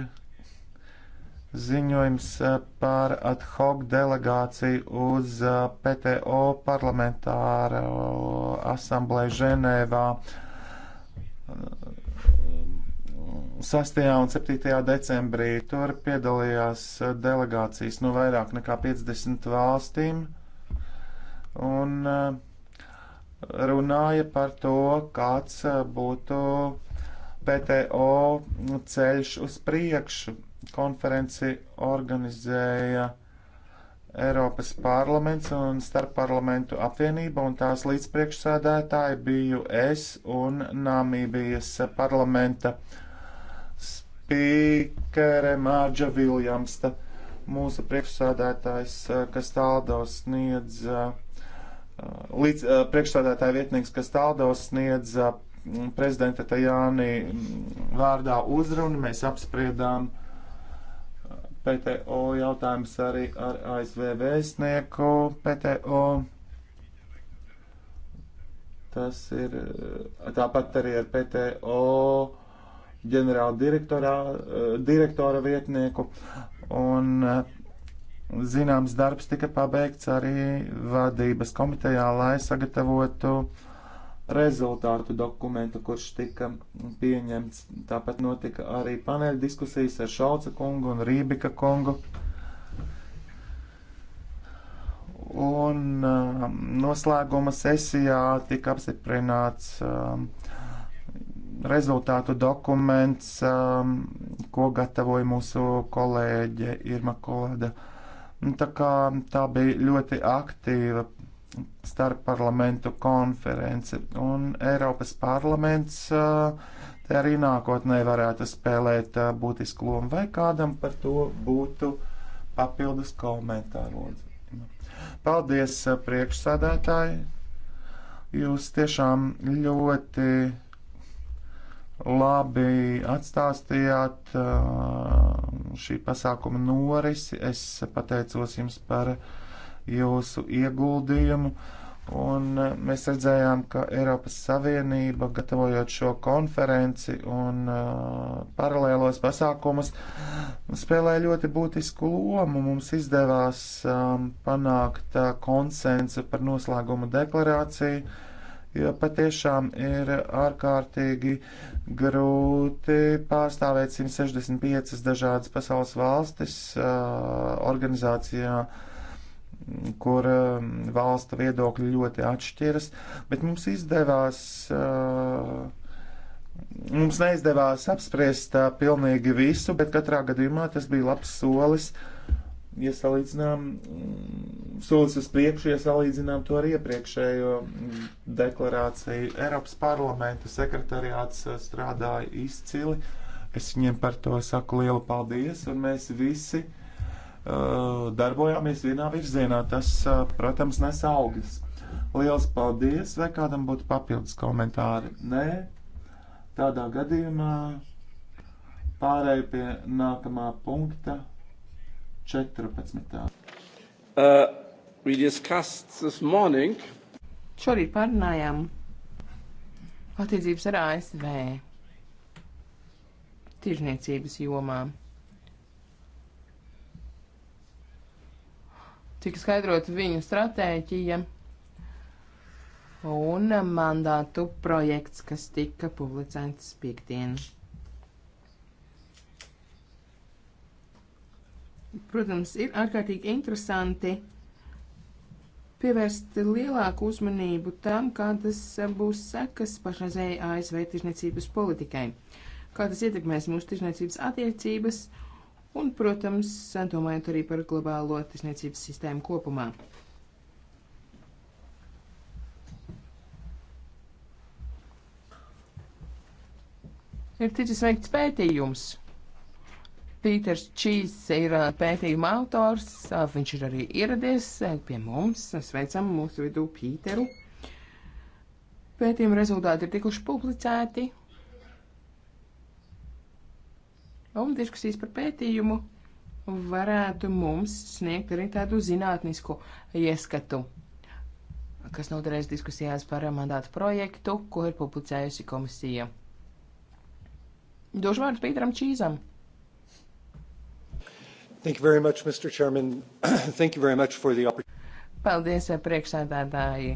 ziņojums eh, par ad hoc delegāciju uz eh, PTO parlamentāro asamblēju Ženēvā 6. Eh, un 7. decembrī. Tur piedalījās delegācijas no vairāk nekā 50 valstīm. Un uh, runāja par to, kāds eh, būtu PTO ceļš uz priekšu. Konferenci organizēja Eiropas parlaments un starpparlamentu apvienība, un tās līdzpriekšsēdētāji biju es un Namībijas parlamenta spīkere Mārģa Viljamsta. Mūsu priekšsēdētājs eh, Kastaldos sniedz uh, Uh, līdz uh, priekšstādātāja vietnieks, kas tāldos sniedz uh, prezidenta Tajāni vārdā uzrunu, mēs apspriedām PTO jautājums arī ar ASV vēstnieku PTO. Tas ir tāpat arī ar PTO ģenerāla direktora vietnieku. Un uh, zināms darbs tika pabeigts arī vadības komitejā, lai sagatavotu rezultātu dokumentu, kurš tika pieņemts. Tāpat notika arī paneļa diskusijas ar Šauca kungu un Rībika kungu. Un uh, noslēguma sesijā tika apstiprināts uh, rezultātu dokuments, um, ko gatavoja mūsu kolēģe Irma Kolada. Uh, Nu, tā kā tā bija ļoti aktīva starp parlamentu konference, un Eiropas parlaments te arī nākotnē varētu spēlēt būtisku lomu, vai kādam par to būtu papildus komentāru. Paldies, priekšsādātāji! Jūs tiešām ļoti labi atstāstījāt šī pasākuma norisi. Es pateicos jums par jūsu ieguldījumu. Un mēs redzējām, ka Eiropas Savienība, gatavojot šo konferenci un paralēlos pasākumus, spēlē ļoti būtisku lomu. Mums izdevās panākt konsensu par noslēgumu deklarāciju jo patiešām ir ārkārtīgi grūti pārstāvēt 165 dažādas pasaules valstis organizācijā, kur valsta viedokļi ļoti atšķiras, bet mums izdevās. Mums neizdevās apspriest pilnīgi visu, bet katrā gadījumā tas bija labs solis uh, ja salīdzinām mm, solis uz priekšu, ja salīdzinām to ar iepriekšējo mm, deklarāciju. Eiropas parlamenta sekretariāts eh, strādāja izcili. Es viņiem par to saku lielu paldies, un mēs visi uh, darbojāmies vienā virzienā. Tas, uh, protams, nes augļus. Liels paldies, vai kādam būtu papildus komentāri? Nē, tādā gadījumā pārēju pie nākamā punkta. 14. Uh, Šorīt pārunājām attiecības ar ASV tirzniecības jomā. Tika skaidrot viņu stratēģija un mandātu projekts, kas tika publicēts piekdien. Protams, ir ārkārtīgi interesanti pievērst lielāku uzmanību tam, kādas būs sekas pašreizējai ASV tirzniecības politikai, kā tas ietekmēs mūsu tirzniecības attiecības un, protams, domājot arī par globālo tirzniecības sistēmu kopumā. Ir ticis veikts pētījums Pīters Čīs ir pētījuma autors, viņš ir arī ieradies pie mums. Sveicam mūsu vidū Pīteru. Pētījuma rezultāti ir tikuši publicēti. Un diskusijas par pētījumu varētu mums sniegt arī tādu zinātnisku ieskatu, kas noderēs diskusijās par mandātu projektu, ko ir publicējusi komisija. Došu vārdu Pīteram Čīzam. Thank you very much, Mr. Chairman. Thank you very much for the opportunity. Paldies, eh, priekšsēdētāji.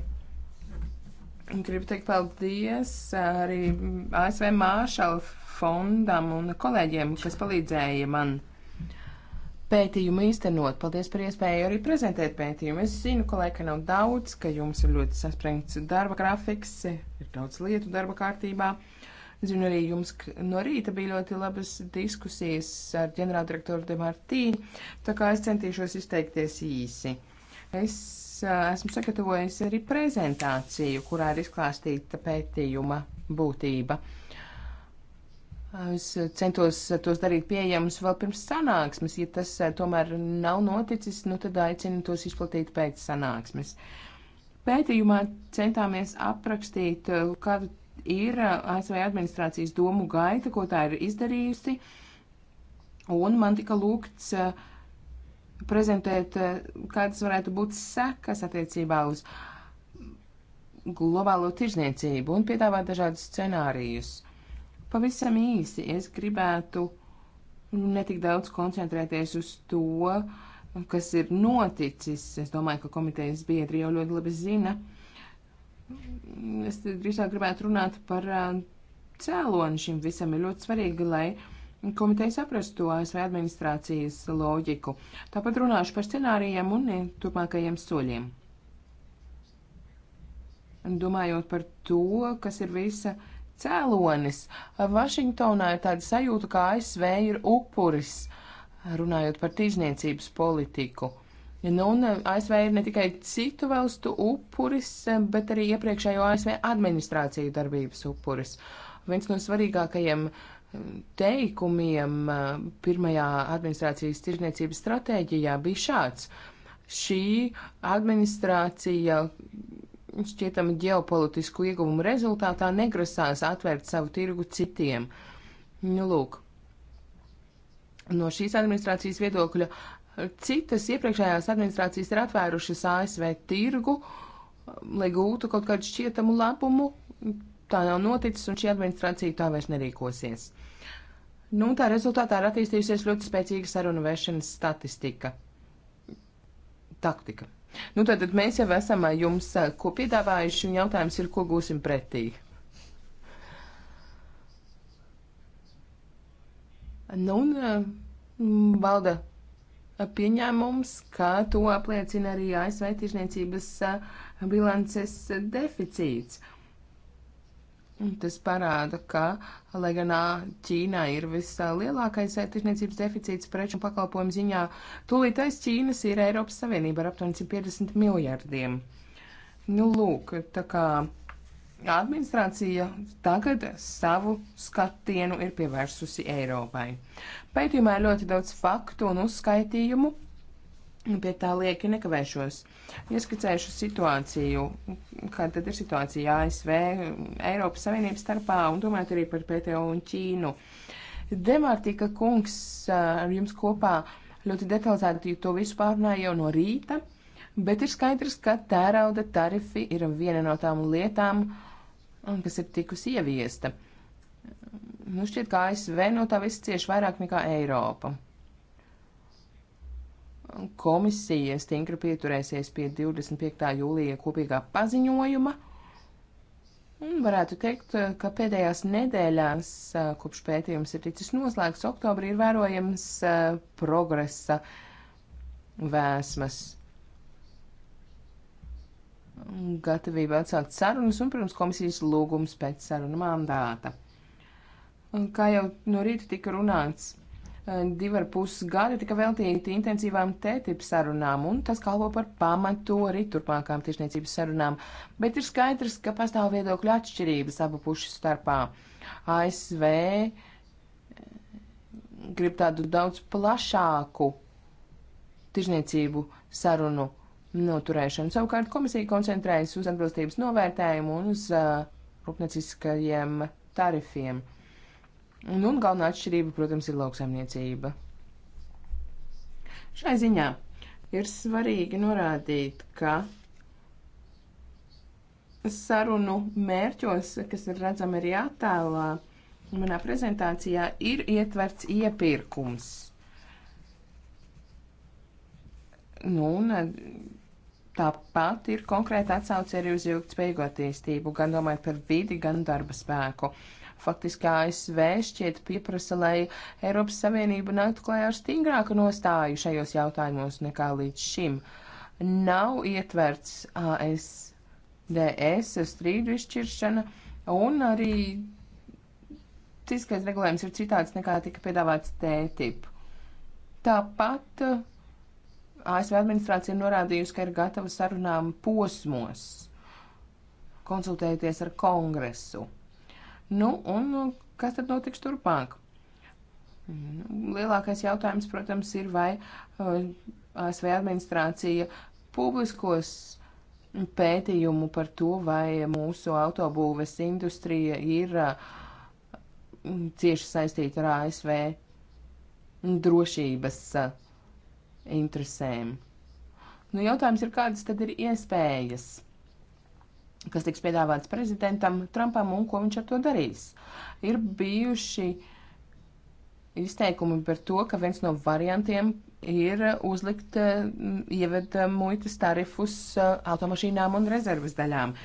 Gribu teikt paldies arī mm, ASV Māršala fondam un kolēģiem, kas palīdzēja man pētījumu īstenot. Paldies par iespēju arī prezentēt pētījumu. Es zinu, ka laika nav daudz, ka jums ir ļoti saspringts darba grafiks, ir daudz lietu darba kārtībā. Uh, Zinu, arī jums no rīta bija ļoti labas diskusijas ar ģenerāldirektoru Demartī, tā kā es centīšos izteikties īsi. Es esmu sagatavojis arī prezentāciju, kurā ir izklāstīta pētījuma būtība. Es centos tos darīt pieejamus vēl pirms sanāksmes. Ja tas tomēr nav noticis, nu tad aicinu tos izplatīt pēc sanāksmes. Pētījumā centāmies aprakstīt, kādu ir uh, ASV administrācijas domu gaita, ko tā ir izdarījusi, un man tika lūgts uh, prezentēt, uh, kādas varētu būt sekas attiecībā uz globālo tirzniecību un piedāvāt dažādus scenārijus. Pavisam īsi es gribētu netik daudz koncentrēties uz to, kas ir noticis. Es domāju, ka komitejas biedri jau ļoti labi zina, uh, Es drīzāk gribētu runāt par cēloni šim visam. Ir ļoti svarīgi, lai komiteja saprastu ASV administrācijas loģiku. Tāpat runāšu par scenārijiem un turpmākajiem soļiem. Domājot par to, kas ir visa cēlonis, Vašingtonā ir tāda sajūta, ka ASV ir upuris, runājot par tīzniecības politiku. Nu, un eh, ASV ir ne tikai citu valstu upuris, eh, bet arī iepriekšējo ASV administrāciju darbības upuris. Viens no svarīgākajiem eh, teikumiem pirmajā administrācijas tirzniecības stratēģijā bija šāds. Šī administrācija šķietami ģeopolitisku ieguvumu rezultātā negrasās atvērt savu tirgu citiem. Nu, lūk, no šīs administrācijas viedokļa Citas iepriekšējās administrācijas ir atvērušas ASV tirgu, um, lai gūtu kaut kādu šķietamu labumu. Tā nav noticis, un šī administrācija tā vairs nerīkosies. Nu, tā rezultātā ir attīstījusies ļoti spēcīga sarunu vēršanas statistika, taktika. Nu, tad mēs jau esam jums ko piedāvājuši, un jautājums ir, ko gūsim pretī. Nu, un valda pieņēmums, ka to apliecina arī ASV tirzniecības bilances deficīts. Tas parāda, ka, lai gan Ķīnā ir vislielākais tirsniecības deficīts preču un pakalpojumu ziņā, tūlīt aiz Ķīnas ir Eiropas Savienība ar aptuveni 150 miljardiem. Nu, lūk, tā kā uh, Administrācija tagad savu skatienu ir pievērsusi Eiropai. Pētījumā ir ļoti daudz faktu un uzskaitījumu, un pie tā lieki nekavēšos. Ieskicējuši situāciju, kāda tad ir situācija ASV, Eiropas Savienības starpā, un domājot arī par PTO un Ķīnu. Demārtika kungs ar jums kopā ļoti detalizēti to visu pārunāja jau no rīta, bet ir skaidrs, ka tērauda tarifi ir viena no tām lietām, uh, un kas ir tikusi ieviesta. Nu, šķiet, ka ASV no tā viss cieši vairāk nekā Eiropa. Komisija stingri pieturēsies pie 25. jūlija kopīgā paziņojuma. Un varētu teikt, ka pēdējās nedēļās, kopš pētījums ir ticis noslēgts, oktobrī ir vērojams progresa vēsmas gatavību atsākt sarunas un, protams, komisijas lūgums pēc saruna mandāta. Un, kā jau no rīta tika runāts, eh, divi ar pus gadi tika veltīti intensīvām tētip sarunām, un tas kalpo par pamatu arī turpmākām tiešniecības sarunām, bet ir skaidrs, ka pastāv viedokļu atšķirības abu pušu starpā. ASV eh, grib tādu daudz plašāku tiešniecību sarunu noturēšanu. Savukārt komisija koncentrējas uz atbilstības novērtējumu un uz uh, rūpnieciskajiem tarifiem. Un, un galvenā atšķirība, protams, ir lauksaimniecība. Šai ziņā ir svarīgi norādīt, ka sarunu mērķos, kas ir redzami arī attēlā, manā prezentācijā ir ietverts iepirkums. Nu, un Tāpat ir konkrēta atsauce arī uz ilgtspējīgu attīstību, gan domājot par vidi, gan darba spēku. Faktiski ASV šķiet pieprasa, lai Eiropas Savienība nāktu klajā ar stingrāku nostāju šajos jautājumos nekā līdz šim. Nav ietverts ASDS strīdu izšķiršana un arī tiskais regulējums ir citāds nekā tika piedāvāts tētip. Tāpat uh, ASV administrācija norādījusi, ka ir gatava sarunām posmos, konsultējoties ar kongresu. Nu, un nu, kas tad notiks turpmāk? Nu, lielākais jautājums, protams, ir, vai uh, ASV administrācija publiskos pētījumu par to, vai mūsu autobūves industrija ir uh, cieši saistīta ar ASV drošības uh, interesēm. Nu, jautājums ir, kādas tad ir iespējas, kas tiks piedāvāts prezidentam Trumpam un ko viņš ar to darīs? Ir bijuši izteikumi par to, ka viens no variantiem ir uzlikt, eh, ieved muitas tarifus eh, automašīnām un rezerves daļām.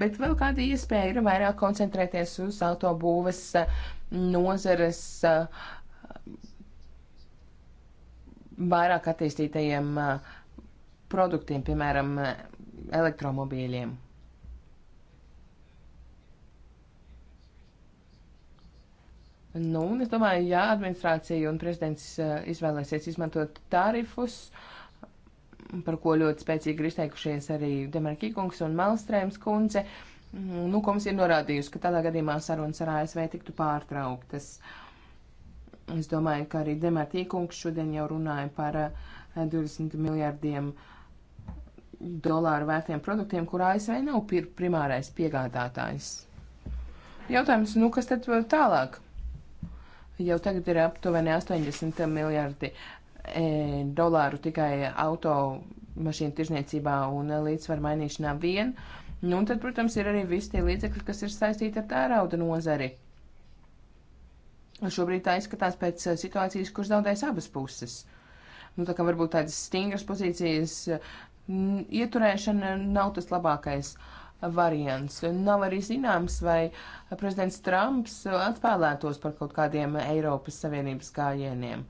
Bet vēl kāda iespēja ir vairāk koncentrēties uz autobūves eh, nozares uh, vairāk attīstītajiem uh, produktiem, piemēram, elektromobīļiem. Nu, un es domāju, ja administrācija un prezidents uh, izvēlēsies izmantot tarifus, par ko ļoti spēcīgi ir izteikušies arī Demarkī kungs un Malstrēms kundze, nu, komisija ir norādījusi, ka tādā gadījumā sarunas ar ASV tiktu pārtrauktas. Uh, Es domāju, ka arī Demēta Iekungs šodien jau runāja par 20 eh, miljardiem dolāru vērtiem produktiem, kur ASV nav primārais piegādātājs. Jautājums, nu kas tad tālāk? Jau tagad ir aptuveni 80 miljardi e, dolāru tikai auto mašīnu tirzniecībā un līdzsvaru mainīšanā vien. Nu, un tad, protams, ir arī visi tie līdzekļi, kas ir saistīti ar tērauda nozari. Šobrīd tā izskatās pēc eh, situācijas, kuras zaudēs abas puses. Nu, tā kā varbūt tādas stingras pozīcijas mm, ieturēšana nav tas labākais variants. Nav arī zināms, vai prezidents Trumps atspēlētos par kaut kādiem Eiropas Savienības gājieniem.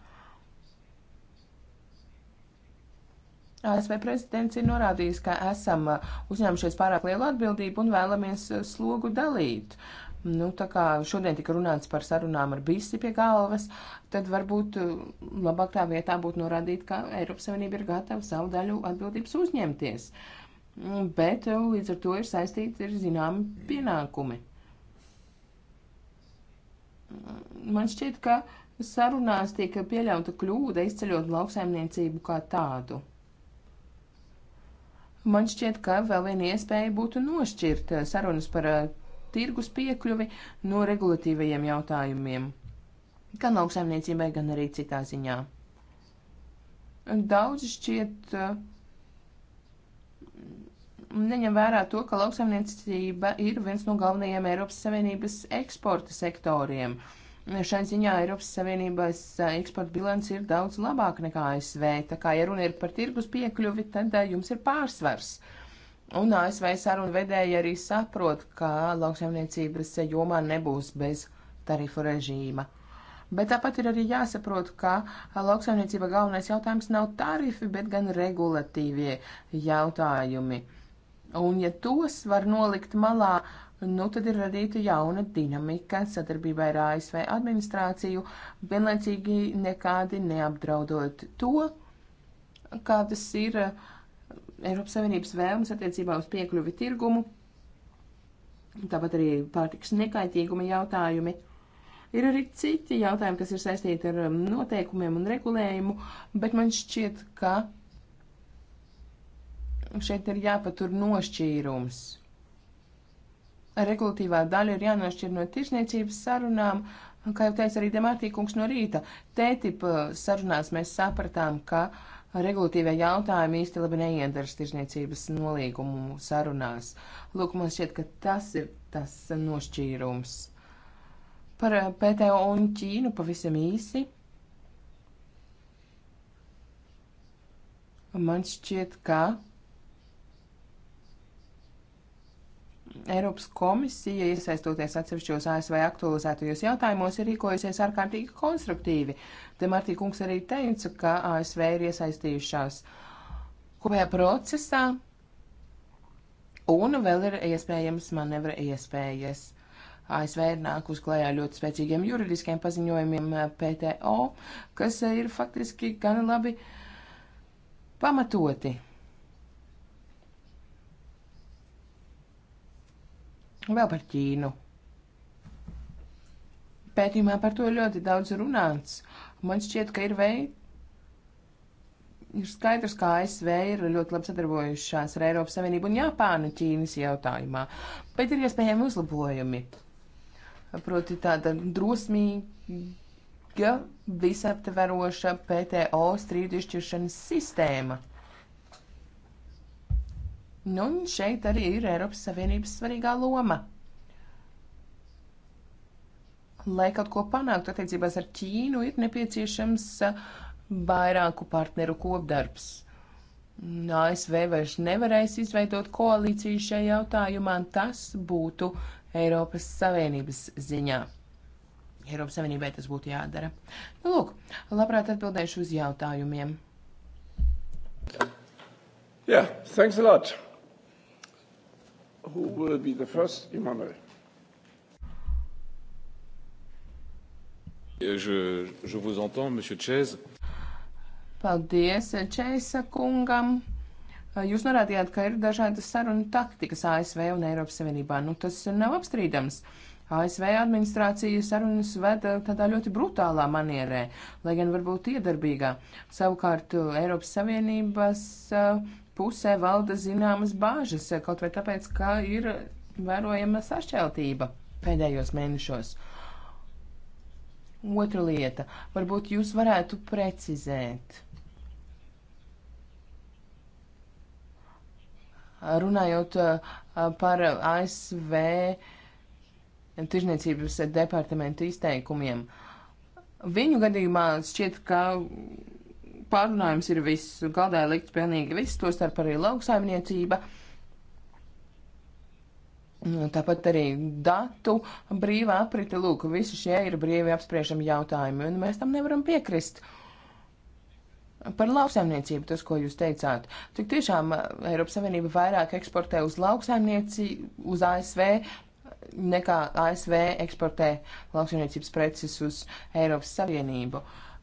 ASV prezidents ir norādījis, ka esam uzņēmušies pārāk lielu atbildību un vēlamies slogu dalīt. Uh, Nu, tā kā šodien tika runāts par sarunām ar bisi pie galvas, tad varbūt uh, labāk tā vietā būtu norādīt, ka Eiropas Savienība ir gatava savu daļu atbildības uzņemties. Mm, bet uh, līdz ar to ir saistīti ir zināmi pienākumi. Mm, man šķiet, ka sarunās tiek pieļauta kļūda izceļot lauksaimniecību kā tādu. Man šķiet, ka vēl viena iespēja būtu nošķirt uh, sarunas par tirgus piekļuvi no regulatīvajiem jautājumiem, gan lauksaimniecībai, gan arī citā ziņā. Daudzi šķiet uh, neņem vērā to, ka lauksaimniecība ir viens no galvenajiem Eiropas Savienības eksporta sektoriem. Šai ziņā Eiropas Savienības uh, eksporta bilants ir daudz labāk nekā ASV, tā kā, ja runa ir par tirgus piekļuvi, tad uh, jums ir pārsvars. Uh, Un ASV sarunvedēji arī saprot, ka lauksaimniecības jomā nebūs bez tarifu režīma. Bet tāpat ir arī jāsaprot, ka lauksaimniecība galvenais jautājums nav tarifi, bet gan regulatīvie jautājumi. Un ja tos var nolikt malā, nu tad ir radīta jauna dinamika sadarbībā ar ASV administrāciju, vienlaicīgi nekādi neapdraudot to, kā tas ir uh, Eiropas Savienības vēlmes attiecībā uz piekļuvi tirgumu, tāpat arī pārtiks nekaitīguma jautājumi. Ir arī citi jautājumi, kas ir saistīti ar um, noteikumiem un regulējumu, bet man šķiet, ka šeit ir jāpatur nošķīrums. Regulatīvā daļa ir jānošķir no tirsniecības sarunām, kā jau teica arī Demārtīkungs no rīta. Tētip sarunās mēs sapratām, ka uh, regulatīvie jautājumi īsti labi neiedarst tirzniecības nolīgumu sarunās. Lūk, man šķiet, ka tas ir tas nošķīrums. Par eh, PTO un Ķīnu pavisam īsi. Man šķiet, ka Eiropas komisija, iesaistoties atsevišķos ASV aktualizētajos jautājumos, ir rīkojusies ārkārtīgi konstruktīvi. Te Martī kungs arī teica, ka ASV ir iesaistījušās kopējā procesā un vēl ir iespējams manevra iespējas. ASV ir nākus klajā ļoti spēcīgiem juridiskiem paziņojumiem PTO, kas ir faktiski gan labi pamatoti. Un vēl par Ķīnu. Pētījumā par to ļoti daudz runāts. Man šķiet, ka ir veids. Ir skaidrs, ka ASV ir ļoti labi sadarbojušās ar Eiropas Savienību un Japānu Ķīnas jautājumā, bet ir iespējami uzlabojumi. Proti tāda drosmīga, visaptveroša PTO strīdu izšķiršanas sistēma. Nu, un šeit arī ir Eiropas Savienības svarīgā loma. Lai kaut ko panāktu attiecībās ar Ķīnu, ir nepieciešams uh, vairāku partneru kopdarbs. ASV vairs nevarēs izveidot koalīciju šajā jautājumā, tas būtu Eiropas Savienības ziņā. Eiropas Savienībai tas būtu jādara. Nu, lūk, labprāt atbildēšu uz jautājumiem. Jā, yeah, thanks a lot. Who will be the first? Emmanuel. Je, je vous entends, monsieur Čez. Paldies Čeisa kungam. Jūs norādījāt, ka ir dažādas sarunu taktikas ASV un Eiropas Savienībā. Nu, tas nav apstrīdams. ASV administrācija sarunas veda tādā ļoti brutālā manierē, lai gan varbūt iedarbīgā. Savukārt Eiropas Savienības pusē valda zināmas bāžas, kaut vai tāpēc, ka ir vērojama sašķeltība pēdējos mēnešos. Otra lieta - varbūt jūs varētu precizēt. Runājot uh, par ASV tirzniecības departamentu izteikumiem, viņu gadījumā šķiet, ka pārrunājums ir viss, un kādai likt pilnīgi viss, to starp arī lauksaimniecība. Tāpat arī datu brīvā aprite, lūk, visi šie ir brīvi apspriešami jautājumi, un mēs tam nevaram piekrist. Par lauksaimniecību, tas, ko jūs teicāt, tik tiešām uh, Eiropas Savienība vairāk eksportē uz lauksaimniecību, uz ASV, nekā ASV eksportē lauksaimniecības preces uz Eiropas Savienību. Uh,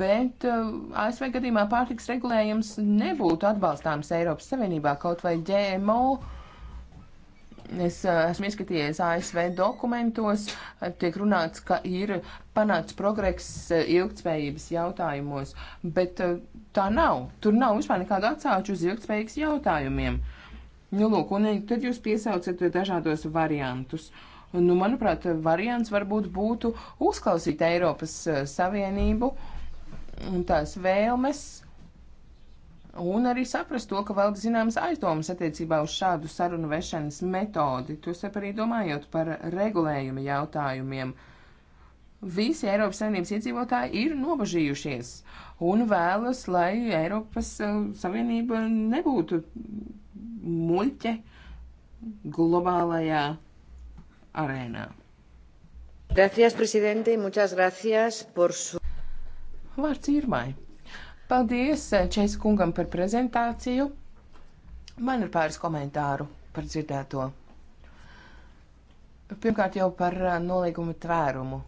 bet uh, ASV gadījumā pārtiks regulējums nebūtu atbalstāms Eiropas Savienībā, kaut vai GMO. Es uh, esmu ieskatījies ASV dokumentos, uh, tiek runāts, ka ir panācis progress ilgtspējības jautājumos, bet tā nav. Tur nav vispār nekādu atsauču uz ilgtspējīgas jautājumiem. Nu, lūk, un tad jūs piesaucat dažādos variantus. Nu, manuprāt, variants varbūt būtu uzklausīt Eiropas Savienību uh, un tās vēlmes, un arī saprast to, ka valda zināmas aizdomas attiecībā uz šādu sarunu vešanas metodi, tostarp arī domājot par regulējuma jautājumiem. Visi Eiropas Savienības iedzīvotāji ir nobažījušies un vēlas, lai Eiropas eh, Savienība nebūtu muļķe globālajā arēnā. Gracias, presidente, muchas gracias por su. Vārds Irmai. Paldies eh, Čeisa kungam par prezentāciju. Man ir pāris komentāru par dzirdēto. Pirmkārt jau par eh, nolīguma tvērumu.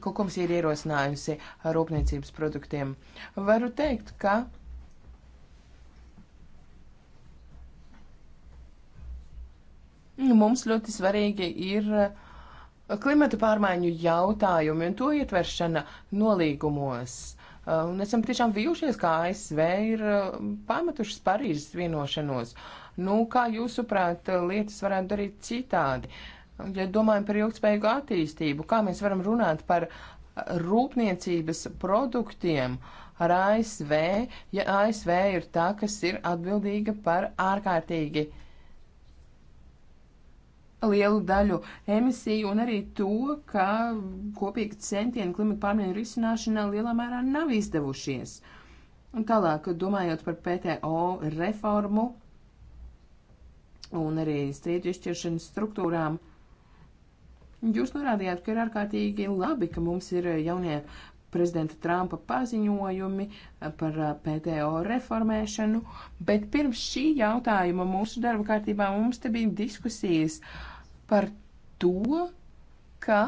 Ko mums ir ierosinājusi ar rūpniecības produktiem? Varu teikt, ka mums ļoti svarīgi ir uh, klimatu pārmaiņu jautājumi un to ietveršana nolīgumos. Uh, un esam tiešām vīlušies, kā ASV ir uh, pametušas Parīzes vienošanos. Nu, kā jūsuprāt, uh, lietas varētu darīt citādi? Ja domājam par ilgspējīgu attīstību, kā mēs varam runāt par rūpniecības produktiem ar ASV, ja ASV ir tā, kas ir atbildīga par ārkārtīgi lielu daļu emisiju un arī to, ka kopīgi centieni klimata pārmaiņu risināšanā lielā mērā nav izdevušies. Un tālāk, domājot par PTO reformu un arī strīdu izšķiršanas struktūrām, jūs norādījāt, ka ir ārkārtīgi labi, ka mums ir jaunie prezidenta Trumpa paziņojumi par PTO reformēšanu, bet pirms šī jautājuma mūsu darba kārtībā mums te bija diskusijas par to, ka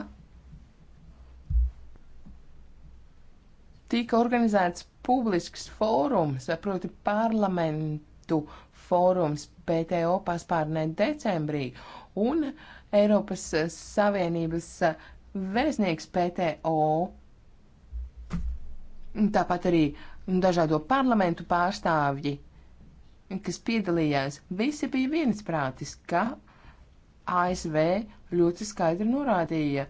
tika organizēts publisks fórums, proti parlamentu fórums PTO paspārnē decembrī, un Eiropas Savienības vēstnieks PTO. Tāpat arī dažādo parlamentu pārstāvji, kas piedalījās, visi bija viensprātis, ka ASV ļoti skaidri norādīja,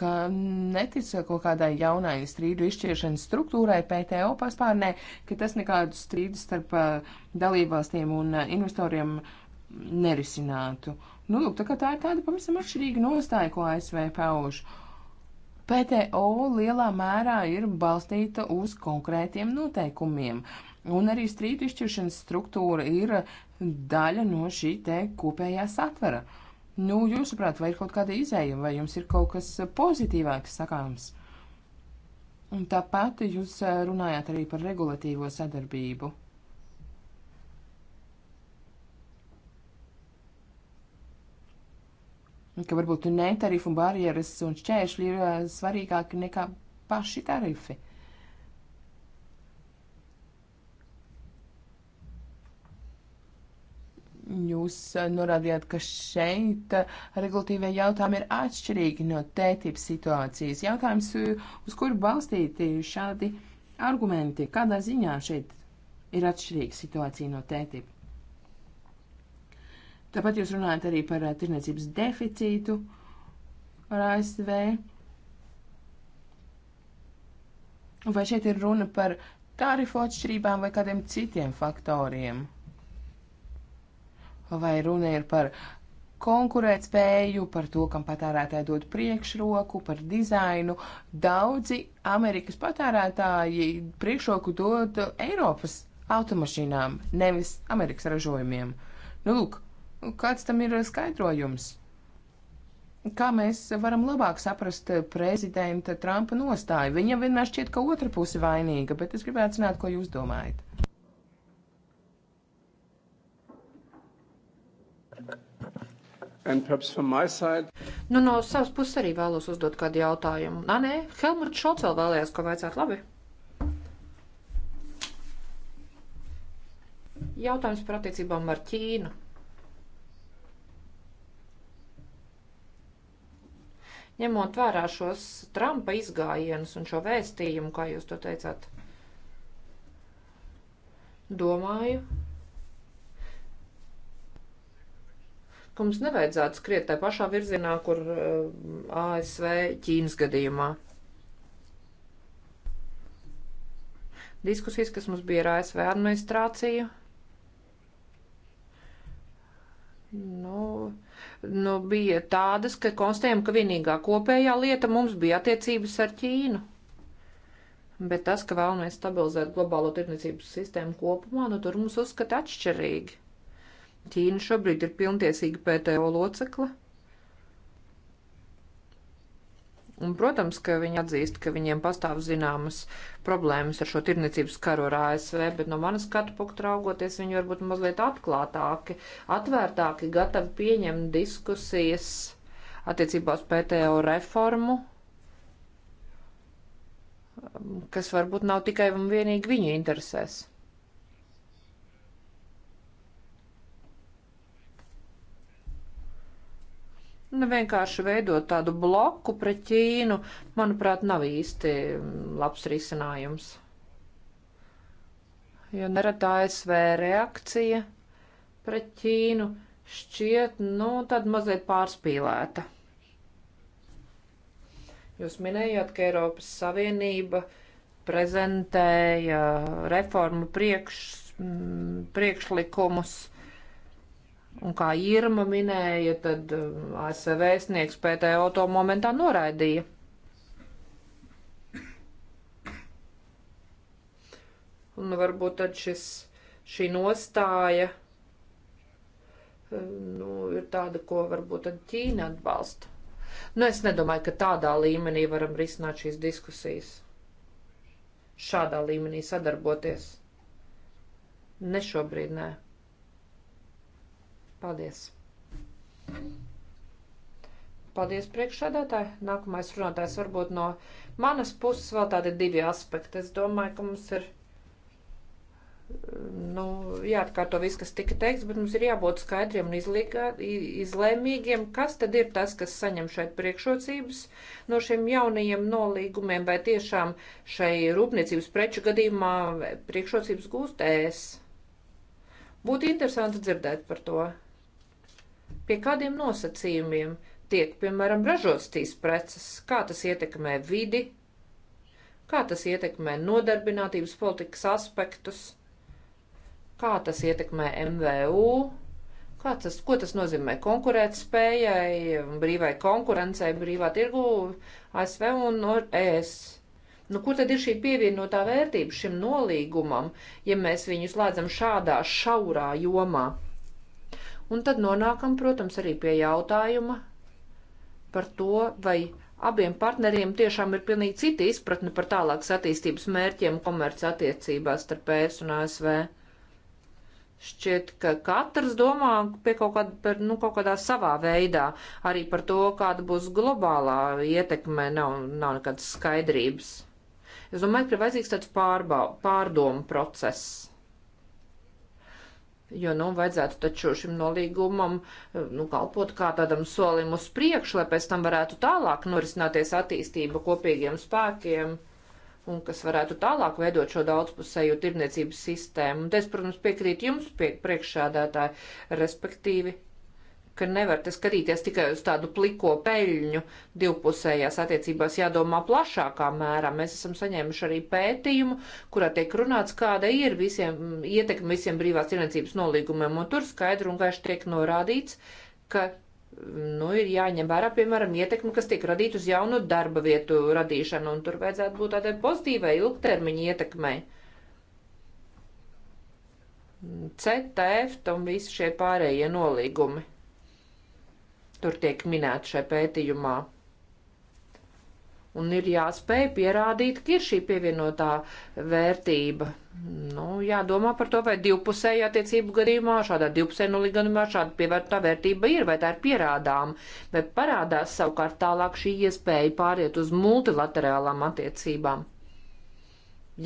ka netic kaut kādai jaunai strīdu izšķiršanas struktūrai PTO paspārnē, ka tas nekādu strīdu starp dalībvalstīm un investoriem nerisinātu. Nu, lūk, tā kā tā ir tāda pavisam atšķirīga nostāja, ko ASV pauž. PTO lielā mērā ir balstīta uz konkrētiem noteikumiem. Un arī strīdu izšķiršanas struktūra ir daļa no šī te kopējā satvera. Nu, jūsuprāt, vai ir kaut kāda izēja, vai jums ir kaut kas pozitīvāks sakāms? Un tāpat jūs eh, runājāt arī par regulatīvo sadarbību. Ka varbūt netarifu barjeras un šķēršļi ir eh, svarīgāki nekā paši tarifi. Jūs eh, norādījāt, ka šeit eh, regulatīvie jautājumi ir atšķirīgi no tētības situācijas. Jautājums, eh, uz kuru balstīti šādi argumenti, kādā ziņā šeit ir atšķirīga situācija no tētība. Tāpat jūs runājat arī par tirniecības deficītu ar ASV. Vai šeit ir runa par tarifu atšķirībām vai kādiem citiem faktoriem? vai runa ir par konkurētspēju, par to, kam patērētāji dod priekšroku, par dizainu. Daudzi Amerikas patērētāji priekšroku dod Eiropas automašīnām, nevis Amerikas ražojumiem. Nu, lūk, kāds tam ir skaidrojums? Kā mēs varam labāk saprast prezidenta Trumpa nostāju? Viņam vienmēr šķiet, ka otra puse vainīga, bet es gribētu zināt, ko jūs domājat. Side... Nu, no savas puses arī vēlos uzdot kādu jautājumu. Nā, nē, Helmuts Šots vēl vēlējās, ko vajadzētu labi. Jautājums par attiecībām ar Ķīnu. Ņemot vērā šos Trumpa izgājienus un šo vēstījumu, kā jūs to teicāt, domāju, ka mums nevajadzētu skriet tā pašā virzienā, kur uh, eh, ASV Ķīnas gadījumā. Diskusijas, kas mums bija ar ASV administrāciju. Nu, nu, bija tādas, ka konstatējām, ka vienīgā kopējā lieta mums bija attiecības ar Ķīnu. Bet tas, ka vēlamies stabilizēt globālo tirdzniecības sistēmu kopumā, nu tur mums uzskata atšķirīgi. Ķīna šobrīd ir pilntiesīga PTO locekle. Un, protams, ka viņi atzīst, ka viņiem pastāv zināmas problēmas ar šo tirnicības karu ar ASV, bet no manas skatu punktu raugoties, viņi varbūt mazliet atklātāki, atvērtāki, gatavi pieņemt diskusijas attiecībā uz PTO reformu, kas varbūt nav tikai un vienīgi viņu interesēs. Nu, vienkārši veidot tādu bloku pret Ķīnu, manuprāt, nav īsti labs risinājums. Jo neretā ASV reakcija pret Ķīnu šķiet, nu, tad mazliet pārspīlēta. Jūs minējāt, ka Eiropas Savienība prezentēja reformu priekš, priekšlikumus Un kā Irma minēja, tad uh, ASV vēstnieks PTO to momentā noraidīja. Un varbūt tad šis, šī nostāja uh, nu, ir tāda, ko varbūt tad Ķīna atbalsta. Nu, es nedomāju, ka tādā līmenī varam risināt šīs diskusijas. Šādā līmenī sadarboties. Ne šobrīd, nē. Ne. Paldies! Paldies priekšsēdētāji. Nākamais runātājs varbūt no manas puses vēl tādi divi aspekti. Es domāju, ka mums ir nu, jāatkārto viss, kas tika teikts, bet mums ir jābūt skaidriem un izlīgā, izlēmīgiem, kas tad ir tas, kas saņem šeit priekšrocības no šiem jaunajiem nolīgumiem, vai tiešām šai rūpniecības preču gadījumā priekšrocības gūstēs. Būtu interesanti dzirdēt par to. Pie kādiem nosacījumiem tiek, piemēram, ražots šīs preces? Kā tas ietekmē vidi? Kā tas ietekmē nodarbinātības politikas aspektus? Kā tas ietekmē MVU? Kā tas, ko tas nozīmē konkurētspējai, brīvai konkurencei, brīvā tirgu ASV un ES? Nu, kur tad ir šī pievienotā vērtība šim nolīgumam, ja mēs viņu slēdzam šādā šaurā jomā? Un tad nonākam, protams, arī pie jautājuma par to, vai abiem partneriem tiešām ir pilnīgi cita izpratne par tālākas attīstības mērķiem komerc attiecībās starp ES un ASV. Šķiet, ka katrs domā pie kaut, kād, par, nu, kaut kādā savā veidā, arī par to, kāda būs globālā ietekme, nav, nav nekādas skaidrības. Es domāju, ka ir vajadzīgs tāds pārbau, pārdomu process. Jo, nu, vajadzētu taču šim nolīgumam, eh, nu, kalpot kā tādam solim uz priekšu, lai pēc tam varētu tālāk norisināties attīstība kopīgiem spēkiem un kas varētu tālāk veidot šo daudzpusēju tirniecības sistēmu. Un es, protams, piekrītu jums pie priekšādātāji, respektīvi ka nevar te skatīties tikai uz tādu pliko peļņu divpusējās attiecībās, jādomā plašākā mērā. Mēs esam saņēmuši arī pētījumu, kurā tiek runāts, kāda ir visiem ietekme visiem brīvās tirniecības nolīgumiem, un tur skaidri un gaiši tiek norādīts, ka nu, ir jāņem vērā, piemēram, ietekme, kas tiek radīta uz jaunu darba vietu radīšanu, un tur vajadzētu būt tādai pozitīvai ilgtermiņa ietekmei. CTF un visi šie pārējie nolīgumi tur tiek minēti šajā pētījumā. Un ir jāspēj pierādīt, ka ir šī pievienotā vērtība. Nu, jādomā par to, vai divpusēji attiecību gadījumā, šādā divpusē nolīgadījumā šāda pievienotā vērtība ir, vai tā ir pierādām, vai parādās savukārt tālāk šī iespēja pāriet uz multilaterālām attiecībām.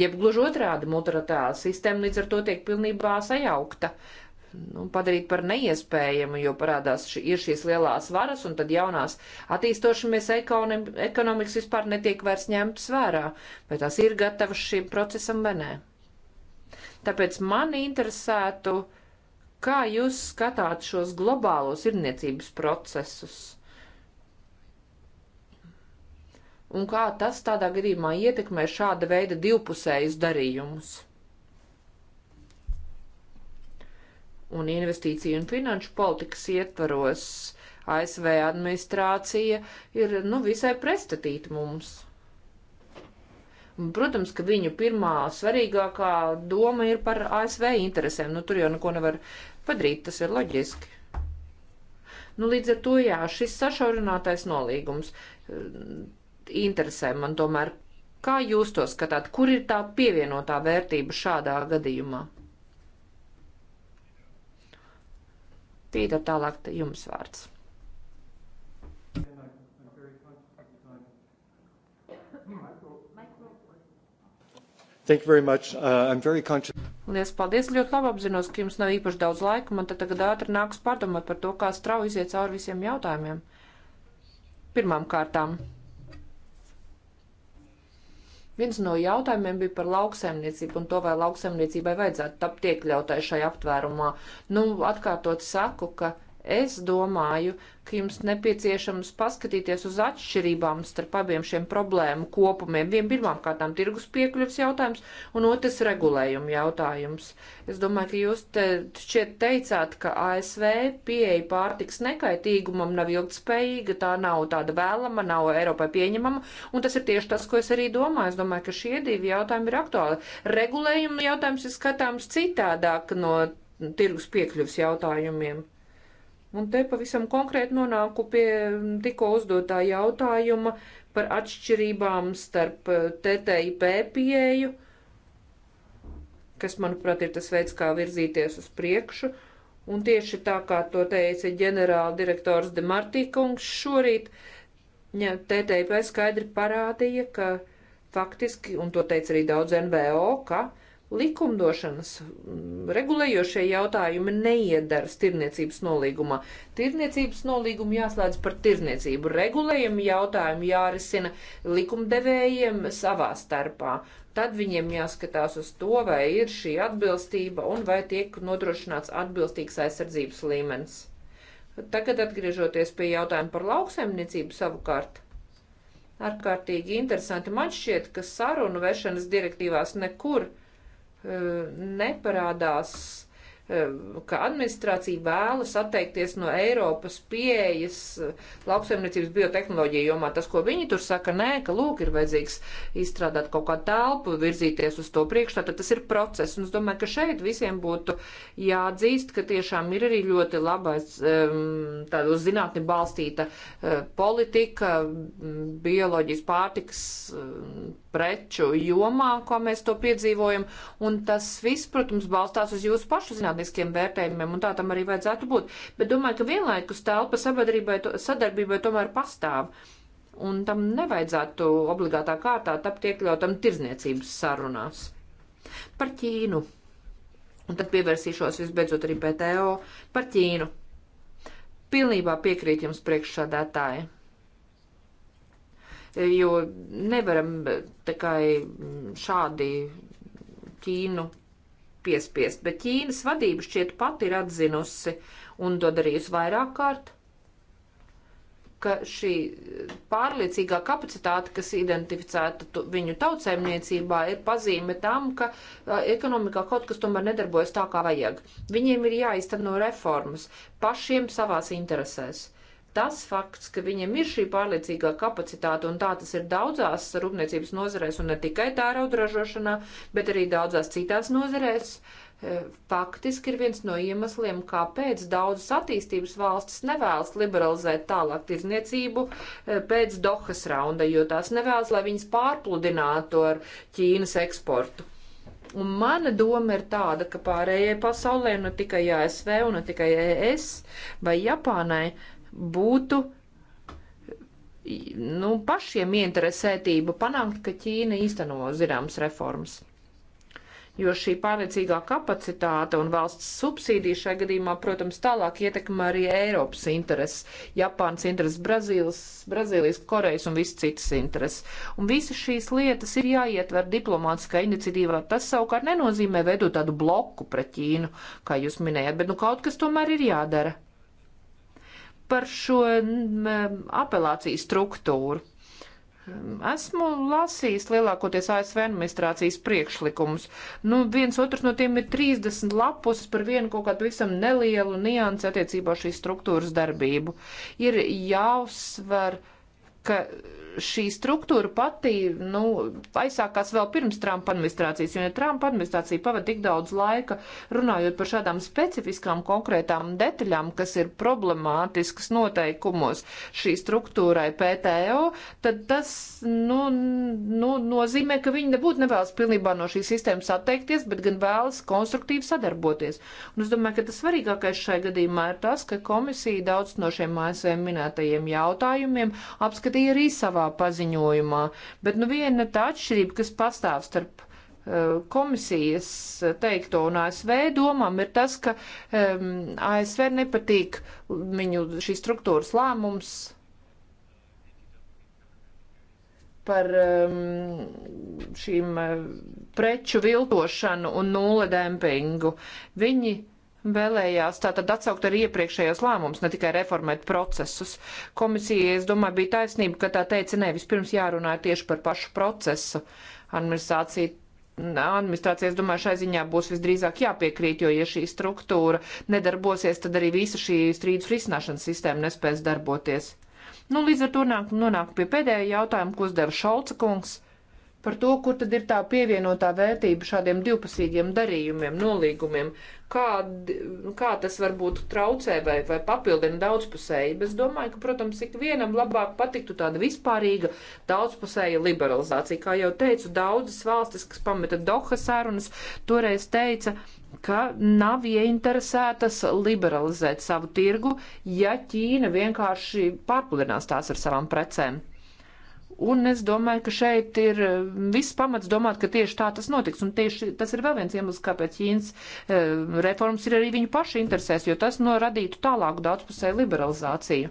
Jeb gluži otrādi, multilaterāla sistēma līdz ar to tiek pilnībā sajaukta nu, padarīt par neiespējamu, jo parādās ši, ir šīs lielās varas, un tad jaunās attīstošamies ekonim, ekonomikas vispār netiek vairs ņemtas vērā, vai tās ir gatavas šim procesam vai nē. Tāpēc man interesētu, kā jūs skatāt šos globālos irniecības procesus. Un kā tas tādā gadījumā ietekmē šāda veida divpusējus darījumus? un investīciju un finanšu politikas ietvaros ASV administrācija ir nu, visai prestatīta mums. Un, protams, ka viņu pirmā svarīgākā doma ir par ASV interesēm. Nu, tur jau neko nevar padarīt, tas ir loģiski. Nu, līdz ar to, jā, šis sašaurinātais nolīgums eh, interesē man tomēr. Kā jūs to skatāt? Kur ir tā pievienotā vērtība šādā gadījumā? Pīter, tālāk jums vārds. Thank you very much. Uh, I'm very conscious. Lielas paldies, ļoti labi apzinos, ka jums nav īpaši daudz laika. Man tad tagad ātri nāks padomāt par to, kā strauji iziet cauri visiem jautājumiem. Pirmām kārtām Viens no jautājumiem bija par lauksaimniecību un to, vai lauksaimniecībai vajadzētu tapt iekļautai šai aptvērumā. Nu, atkārtot saku, ka Es domāju, ka jums nepieciešams paskatīties uz atšķirībām starp abiem šiem problēmu kopumiem. Vien pirmām kārtām tirgus piekļuvs jautājums un otrs regulējuma jautājums. Es domāju, ka jūs te šķiet teicāt, ka ASV pieeja pārtiks nekaitīgumam nav ilgtspējīga, tā nav tāda vēlama, nav Eiropai pieņemama, un tas ir tieši tas, ko es arī domāju. Es domāju, ka šie divi jautājumi ir aktuāli. Regulējuma jautājums ir skatāms citādāk no tirgus piekļuvs jautājumiem. Un te pavisam konkrēti nonāku pie tikko uzdotā jautājuma par atšķirībām starp eh, TTIP pieeju, kas, manuprāt, ir tas veids, kā virzīties uz priekšu. Un tieši tā, kā to teica ģenerāla direktors Demartīkungs šorīt, ja, TTIP skaidri parādīja, ka faktiski, un to teica arī daudz NVO, ka uh, likumdošanas mm, regulējošie jautājumi neiedara tirniecības nolīgumā. Tirniecības nolīgumu jāslēdz par tirniecību. Regulējumi jautājumi jārisina likumdevējiem savā starpā. Tad viņiem jāskatās uz to, vai ir šī atbilstība un vai tiek nodrošināts atbilstīgs aizsardzības līmenis. Tagad atgriežoties pie jautājuma par lauksaimniecību savukārt. Ārkārtīgi interesanti man šķiet, ka sarunu vešanas direktīvās nekur uh, Eh, neparādās, eh, ka administrācija vēlas atteikties no Eiropas pieejas eh, lauksaimniecības biotehnoloģija jomā. Tas, ko viņi tur saka, nē, ka lūk, ir vajadzīgs izstrādāt kaut kā telpu, virzīties uz to priekšā, tad tas ir process. Un es domāju, ka šeit visiem būtu jāatzīst, ka tiešām ir arī ļoti labais ehm, tāda uz zinātni balstīta politika, bioloģijas pārtiks preču jomā, kā mēs to piedzīvojam, un tas viss, protams, balstās uz jūsu pašu zinātniskiem vērtējumiem, un tā tam arī vajadzētu būt. Bet domāju, ka vienlaikus telpa sabiedrībai, sadarbībai tomēr pastāv. Un tam nevajadzētu obligātā kārtā tapt iekļautam tirzniecības sarunās. Par Ķīnu. Un tad pievērsīšos visbeidzot arī PTO par Ķīnu. Pilnībā piekrīt jums priekšsādātāji jo nevaram eh, tikai eh, šādi Ķīnu piespiest, bet Ķīnas vadība šķiet pati ir atzinusi un to darījusi vairāk kārt, ka šī eh, pārliecīgā kapacitāte, kas identificēta tu, viņu tautsēmniecībā, ir pazīme tam, ka ekonomikā kaut kas tomēr nedarbojas tā, kā vajag. Viņiem ir jāizteno reformas pašiem savās interesēs tas fakts, ka viņiem ir šī pārliecīgā kapacitāte, un tā tas ir daudzās rūpniecības nozarēs, un ne tikai tā raudražošanā, bet arī daudzās citās nozarēs, e, faktiski ir viens no iemesliem, kāpēc daudzas attīstības valstis nevēlas liberalizēt tālāk tirzniecību e, pēc Dohas raunda, jo tās nevēlas, lai viņas pārpludinātu ar Ķīnas eksportu. Un mana doma ir tāda, ka pārējai pasaulē, ne nu tikai ASV un ne nu tikai ES vai Japānai, būtu nu, pašiem interesētība panākt, ka Ķīna īsteno zināmas reformas. Jo šī pārliecīgā kapacitāte un valsts subsīdija šajā gadījumā, protams, tālāk ietekmē arī Eiropas intereses, Japānas intereses, Brazīles, Brazīlijas, Korejas un visas citas intereses. Un visas šīs lietas ir jāietver diplomātiskā iniciatīvā. Tas savukārt nenozīmē veidot tādu bloku pret Ķīnu, kā jūs minējat, bet nu kaut kas tomēr ir jādara par šo mm, eh, apelāciju struktūru. Esmu lasījis lielākoties ASV administrācijas priekšlikumus. Nu, viens otrs no tiem ir 30 lapus par vienu kaut kādu visam nelielu niansi attiecībā šīs struktūras darbību. Ir jāuzsver. Uh, ka šī struktūra pati nu, aizsākās vēl pirms Trumpa administrācijas, jo ja Trumpa administrācija pavada tik daudz laika runājot par šādām specifiskām konkrētām detaļām, kas ir problemātiskas noteikumos šī struktūrai PTO, tad tas nu, nu, nozīmē, ka viņi nebūtu nevēlas pilnībā no šīs sistēmas atteikties, bet gan vēlas konstruktīvi sadarboties. Un es domāju, ka tas svarīgākais šajā gadījumā ir tas, ka komisija daudz no šiem ASV minētajiem jautājumiem apskatīs uzskatīja arī savā paziņojumā. Bet nu viena tā atšķirība, kas pastāv starp eh, komisijas eh, teikto un ASV domām ir tas, ka um, ehm, ASV nepatīk viņu šīs struktūras lēmums par um, šīm eh, preču viltošanu un nulle dempingu. Viņi vēlējās tātad atsaukt arī iepriekšējos lēmumus, ne tikai reformēt procesus. Komisija, es domāju, bija taisnība, ka tā teica, ne, vispirms jārunā tieši par pašu procesu. Administrācija administrācijas, domāju, šai ziņā būs visdrīzāk jāpiekrīt, jo, ja šī struktūra nedarbosies, tad arī visa šī strīdus risināšanas sistēma nespēs darboties. Nu, līdz ar to nonāk, nonāk pie pēdējā jautājuma, ko uzdeva Šolca kungs par to, kur tad ir tā pievienotā vērtība šādiem divpusīgiem darījumiem, nolīgumiem, kā, kā tas varbūt traucē vai, vai papildina daudzpusēju. Es domāju, ka, protams, ik vienam labāk patiktu tāda vispārīga daudzpusēja liberalizācija. Kā jau teicu, daudzas valstis, kas pameta Doha sarunas, toreiz teica, ka nav ieinteresētas liberalizēt savu tirgu, ja Ķīna vienkārši pārpludinās tās ar savām precēm. Un es domāju, ka šeit ir eh, viss pamats domāt, ka tieši tā tas notiks. Un tieši tas ir vēl viens iemesls, kāpēc Ķīnas e, reformas ir arī viņu pašu interesēs, jo tas noradītu tālāku daudzpusēju liberalizāciju.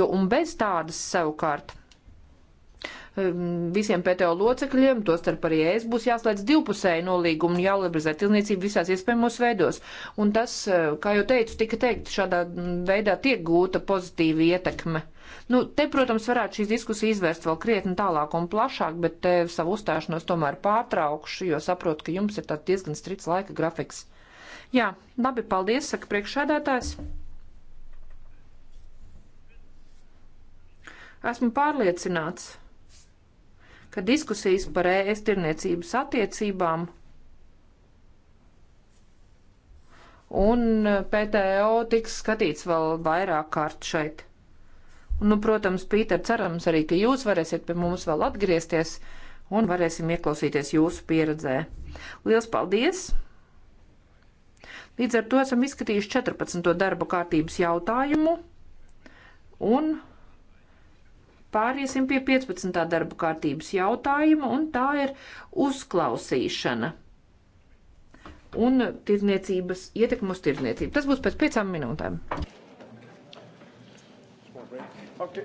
Jo un bez tādas savukārt ehm, visiem PTO locekļiem, tostarp arī es, būs jāslēdz divpusēji nolīgumi un jāliberalizē tilniecība visās iespējamos veidos. Un tas, eh, kā jau teicu, tika teikt, šādā veidā tiek gūta pozitīva ietekme. Uh, Nu, te, protams, varētu šīs diskusijas izvērst vēl krietni tālāk un plašāk, bet te savu uzstāšanos tomēr pārtraukšu, jo saprotu, ka jums ir tāds diezgan strits laika grafiks. Jā, labi, paldies, saka priekšsēdētājs. Esmu pārliecināts, ka diskusijas par ēst e tirniecības attiecībām un PTO e tiks skatīts vēl vairāk kārt šeit. Un, nu, protams, Pīter, cerams arī, ka jūs varēsiet pie mums vēl atgriezties un varēsim ieklausīties jūsu pieredzē. Lielas paldies! Līdz ar to esam izskatījuši 14. darba kārtības jautājumu un pāriesim pie 15. darba kārtības jautājuma, un tā ir uzklausīšana un tirniecības ietekmu uz tirniecību. Tas būs pēc piecām minūtēm. Okay.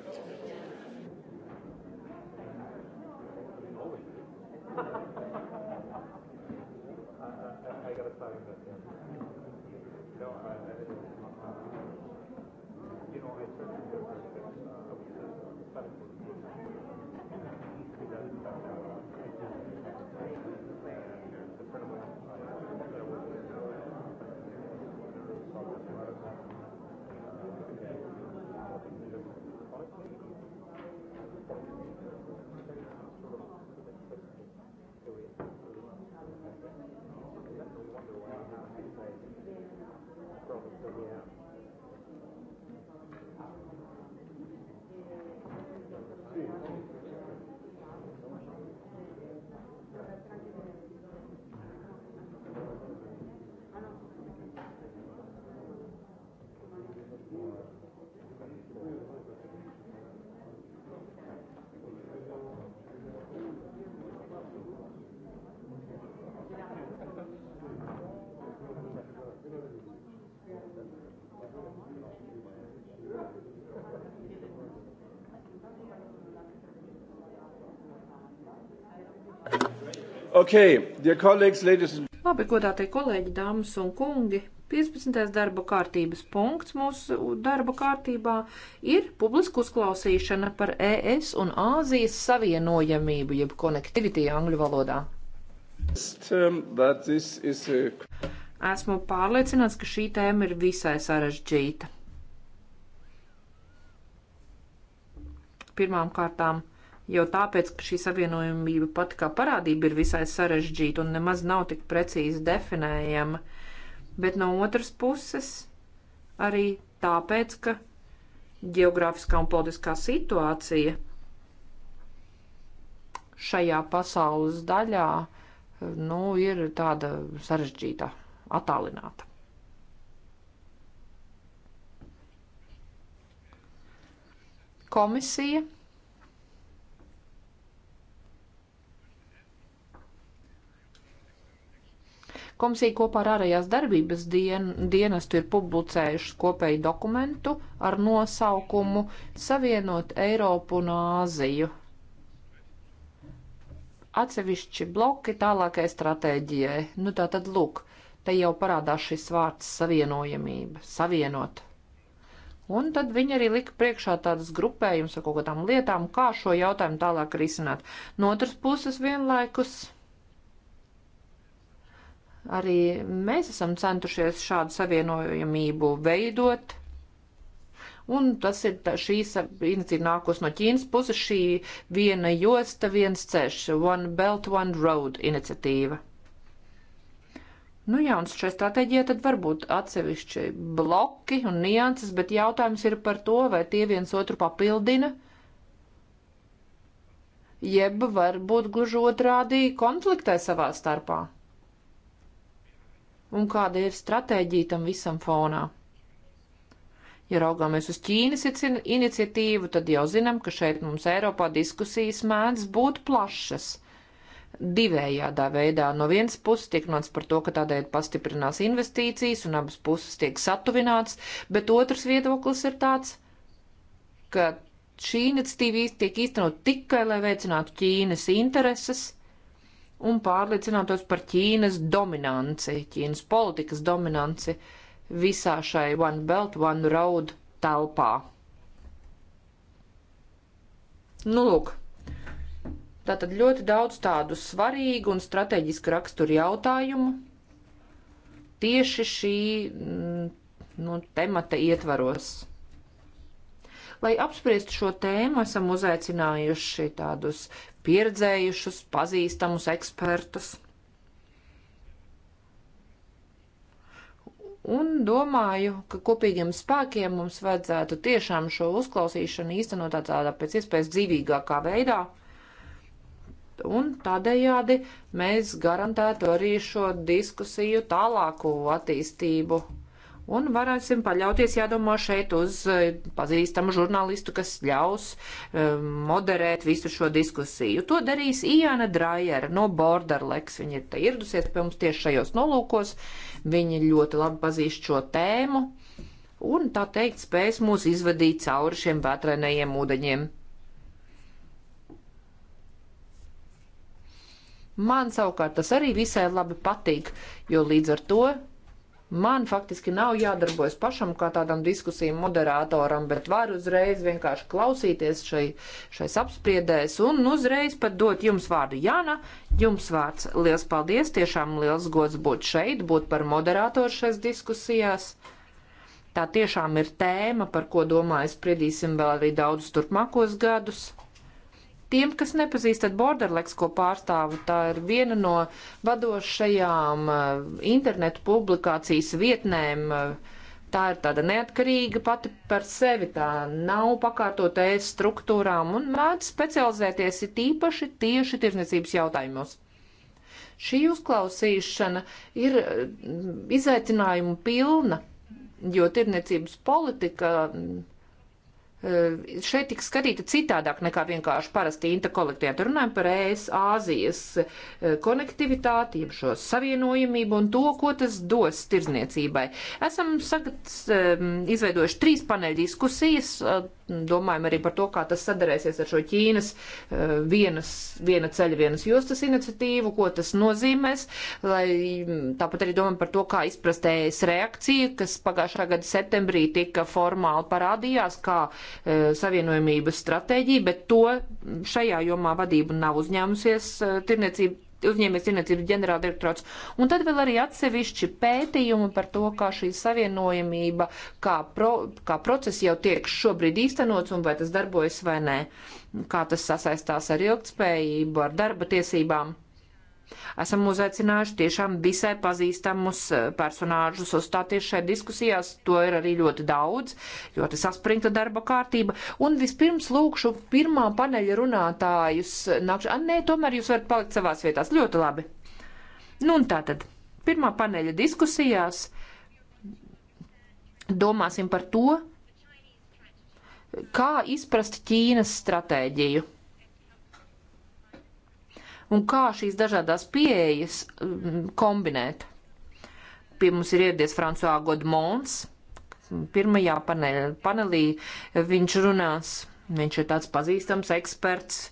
Okay, dear colleagues, ladies and... Labi, godātie kolēģi, dāmas un kungi, 15. darba kārtības punkts mūsu darba kārtībā ir publisku uzklausīšana par ES un Āzijas savienojamību, jeb konektivitī angļu valodā. Um, Esmu pārliecināts, ka šī tēma ir visai sarežģīta. Pirmām kārtām jo tāpēc, ka šī savienojumība pat kā parādība ir visai sarežģīta un nemaz nav tik precīzi definējama, bet no otras puses arī tāpēc, ka geogrāfiskā un politiskā situācija šajā pasaules daļā nu, ir tāda sarežģīta, attālināta. Komisija Komisija kopā ar ārējās darbības dien, dienestu ir publicējuši kopēju dokumentu ar nosaukumu Savienot Eiropu un Āziju. Atsevišķi bloki tālākai stratēģijai. Nu tā tad lūk, te jau parādās šis vārds savienojamība, savienot. Un tad viņi arī lika priekšā tādas grupējumus ar kaut kādām lietām, kā šo jautājumu tālāk risināt. No otras puses vienlaikus Arī mēs esam centušies šādu savienojamību veidot. Un tas ir tā, šī iniciatīva nākos no Ķīnas puses, šī viena josta, viens ceļš, One Belt, One Road iniciatīva. Nu jā, un šai stratēģijai tad varbūt atsevišķi bloki un nianses, bet jautājums ir par to, vai tie viens otru papildina, jeb varbūt gluži otrādī konfliktē savā starpā un kāda ir stratēģija tam visam fonā. Ja raugāmies uz Ķīnas iniciatīvu, tad jau zinām, ka šeit mums Eiropā diskusijas mēdz būt plašas. Divējādā veidā no vienas puses tiek runāts par to, ka tādēļ pastiprinās investīcijas un abas puses tiek satuvināts, bet otrs viedoklis ir tāds, ka šī iniciatīva tiek īstenot tikai, lai veicinātu Ķīnas intereses un pārliecinātos par Ķīnas dominanci, Ķīnas politikas dominanci visā šai One Belt, One Road telpā. Nu, lūk, tātad ļoti daudz tādu svarīgu un strateģisku raksturu jautājumu tieši šī mm, nu, temata ietvaros. Lai apspriestu šo tēmu, esam uzaicinājuši tādus pieredzējušus, pazīstamus ekspertus. Un domāju, ka kopīgiem spēkiem mums vajadzētu tiešām šo uzklausīšanu īstenot tādā pēc iespējas dzīvīgākā veidā. Un tādējādi mēs garantētu arī šo diskusiju tālāku attīstību Un varēsim paļauties, jādomā, šeit uz eh, pazīstamu žurnālistu, kas ļaus eh, moderēt visu šo diskusiju. To darīs Iana Drajera no Borderlex. Viņa ir te ieradusies pie mums tieši šajos nolūkos. Viņa ļoti labi pazīst šo tēmu un, tā teikt, spēs mūs izvadīt cauri šiem vētrainajiem ūdeņiem. Man savukārt tas arī visai labi patīk, jo līdz ar to Man faktiski nav jādarbojas pašam kā tādam diskusiju moderatoram, bet var uzreiz vienkārši klausīties šai, šais apspriedēs un uzreiz pat dot jums vārdu. Jana, jums vārds. Liels paldies, tiešām liels gods būt šeit, būt par moderātoru šais diskusijās. Tā tiešām ir tēma, par ko, domāju, spriedīsim vēl arī daudz turpmākos gadus. Tiem, kas nepazīstat Borderleks, ko pārstāvu, tā ir viena no vadošajām eh, internetu publikācijas vietnēm. Tā ir tāda neatkarīga pati par sevi, tā nav pakārtota ēst struktūrām un mēdz specializēties it īpaši tieši tirzniecības jautājumos. Šī uzklausīšana ir eh, izaicinājumu pilna, jo tirzniecības politika Eh, šeit tiks skatīta citādāk nekā vienkārši parasti interkolektīvā. Tur runājam par ES Āzijas eh, konektivitāti, šo savienojumību un to, ko tas dos tirzniecībai. Esam sagats, eh, izveidojuši trīs paneļa diskusijas domājam arī par to, kā tas sadarēsies ar šo Ķīnas eh, vienas, viena ceļa, vienas jostas iniciatīvu, ko tas nozīmēs, lai mm, tāpat arī domājam par to, kā izprastējas e reakcija, kas pagājušā gada septembrī tika formāli parādījās kā eh, savienojumības stratēģija, bet to šajā jomā vadība nav uzņēmusies eh, tirniecība uzņēmējdarbības ģenerāldirektorāts. Un tad vēl arī atsevišķi pētījumi par to, kā šī savienojamība, kā, pro, kā process jau tiek šobrīd īstenots un vai tas darbojas vai nē, kā tas sasaistās ar ilgtspējību, ar darba tiesībām. Esam uzaicinājuši tiešām visai pazīstamus eh, personāžus uzstāties šai diskusijās. To ir arī ļoti daudz, ļoti saspringta darba kārtība. Un vispirms lūkšu pirmā paneļa runātājus nākšu. Nē, tomēr jūs varat palikt savās vietās. Ļoti labi. Nu un tātad, pirmā paneļa diskusijās domāsim par to, kā izprast Ķīnas stratēģiju un kā šīs dažādās pieejas mm, kombinēt. Pie mums ir ieradies François Godmons. Pirmajā panelī viņš runās. Viņš ir tāds pazīstams eksperts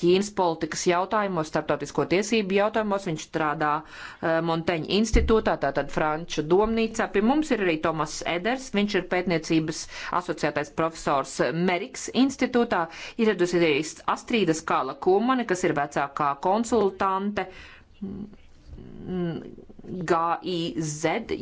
Ķīnas politikas jautājumos, starptautisko tiesību jautājumos. Viņš strādā eh, Monteņa institūtā, tātad Franču domnīcā. Pie mums ir arī Tomas Eders, viņš ir pētniecības asociētais profesors Meriks institūtā. Ir arī Astrīdas Kāla Kumane, kas ir vecākā konsultante. GIZ,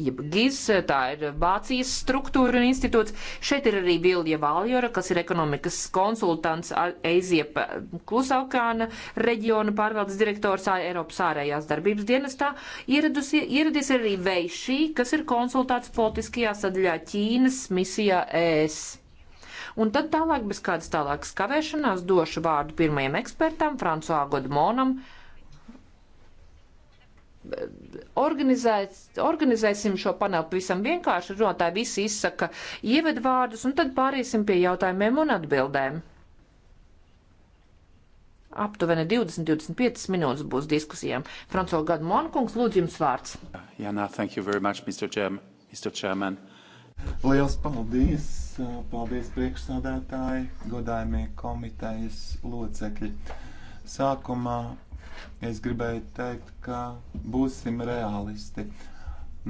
jeb GIZ, tā ir Vācijas struktūra un institūts. Šeit ir arī Vilja Valjora, kas ir ekonomikas konsultants Eiziepa Klusaukāna reģiona pārvaldes direktors Eiropas ārējās darbības dienestā. Ieradusi, ieradies arī Veišī, kas ir konsultāts politiskajā sadaļā Ķīnas misijā ES. Un tad tālāk, bez kādas tālākas kavēšanās, došu vārdu pirmajam ekspertam, Francoā Godmonam, organizēsim šo panelu pavisam vienkārši, runātāji visi izsaka ievedvārdus, un tad pāriesim pie jautājumiem un atbildēm. Aptuveni 20-25 minūtes būs diskusijām. Franco Gadu Monkungs, lūdzu jums vārds. Yeah, no, thank you very much, Mr. Chairman. Mr. Chairman. Liels paldies! Paldies priekšsādātāji, godājumie komitejas locekļi. Sākumā Es gribēju teikt, ka būsim realisti.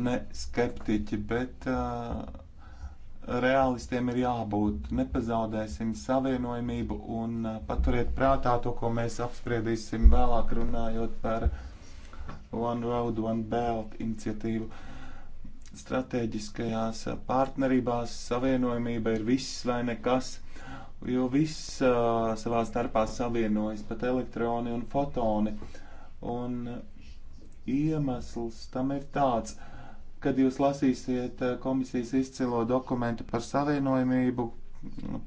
Ne skeptiķi, bet uh, realistiem ir jābūt. Nepazaudēsim savienojumību un uh, paturiet prātā to, ko mēs apspriedīsim vēlāk runājot par One Road, One Belt iniciatīvu. Uh, stratēģiskajās partnerībās savienojumība ir viss vai nekas jo viss uh, savā starpā savienojas pat elektroni un fotoni. Un iemesls tam ir tāds, kad jūs lasīsiet komisijas izcilo dokumentu par savienojumību,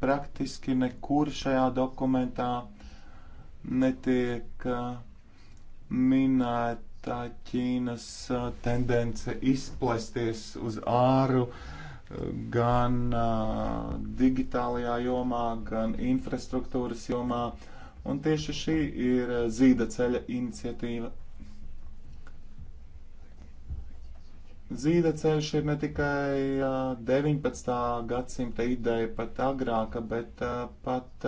praktiski nekur šajā dokumentā netiek uh, minēta Ķīnas uh, tendence izplesties uz āru. Uh, gan uh, digitālajā jomā, gan infrastruktūras jomā. Un tieši šī ir zīda ceļa iniciatīva. Zīda ceļš ir ne tikai uh, 19. gadsimta ideja, pat agrāka, bet uh, pat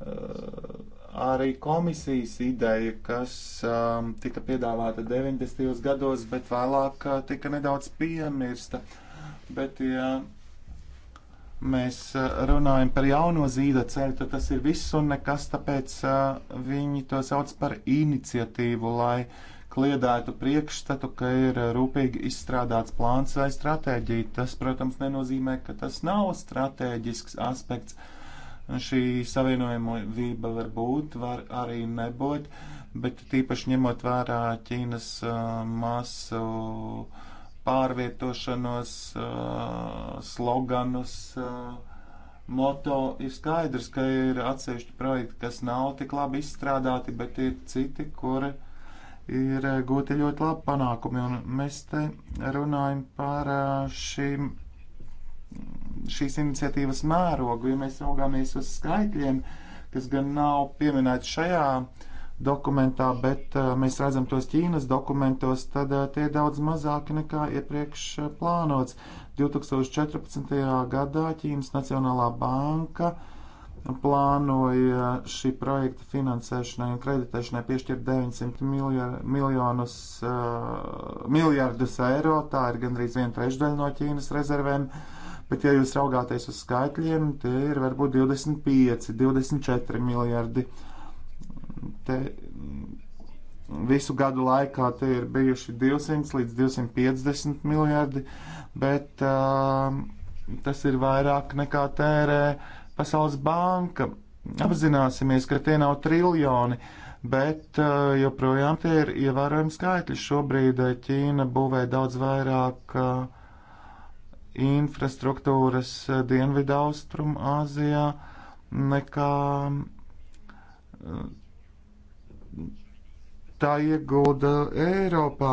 arī komisijas ideja, kas um, tika piedāvāta 90. gados, bet vēlāk tika nedaudz piemirsta. Uh, Bet, ja mēs eh, runājam par jauno zīda ceļu, tad tas ir viss un nekas, tāpēc eh, viņi to sauc par iniciatīvu, lai kliedētu priekšstatu, ka ir eh, rūpīgi izstrādāts plāns vai stratēģija. Tas, protams, nenozīmē, ka tas nav stratēģisks aspekts. Šī savienojumība var būt, var arī nebūt, bet tīpaši ņemot vērā Ķīnas uh, masu uh, pārvietošanos, sloganus, moto. Ir skaidrs, ka ir atsevišķi projekti, kas nav tik labi izstrādāti, bet ir citi, kuri ir gūti ļoti labi panākumi. Un mēs te runājam par šīm, šīs iniciatīvas mērogu, ja mēs raugāmies uz skaitļiem, kas gan nav pieminēti šajā uh, dokumentā, bet uh, mēs redzam tos Ķīnas dokumentos, tad uh, tie ir daudz mazāki nekā iepriekš uh, plānots. 2014. gadā Ķīnas Nacionālā banka plānoja šī projekta finansēšanai un kreditēšanai piešķirt 900 miljonus, uh, miljardus eiro. Tā ir gandrīz viena trešdaļa no Ķīnas rezervēm. Bet, ja jūs raugāties uz skaitļiem, tie ir varbūt 25, 24 miljardi eiro Te mm, visu gadu laikā te ir bijuši 200 līdz 250 miljardi, bet uh, tas ir vairāk nekā tērē Pasaules banka. Apzināsimies, ka tie nav triljoni, bet uh, joprojām tie ir ievērojami skaitļi. Šobrīd Ķīna būvē daudz vairāk uh, infrastruktūras Dienvidaustrum Āzijā nekā tā iegulda Eiropā.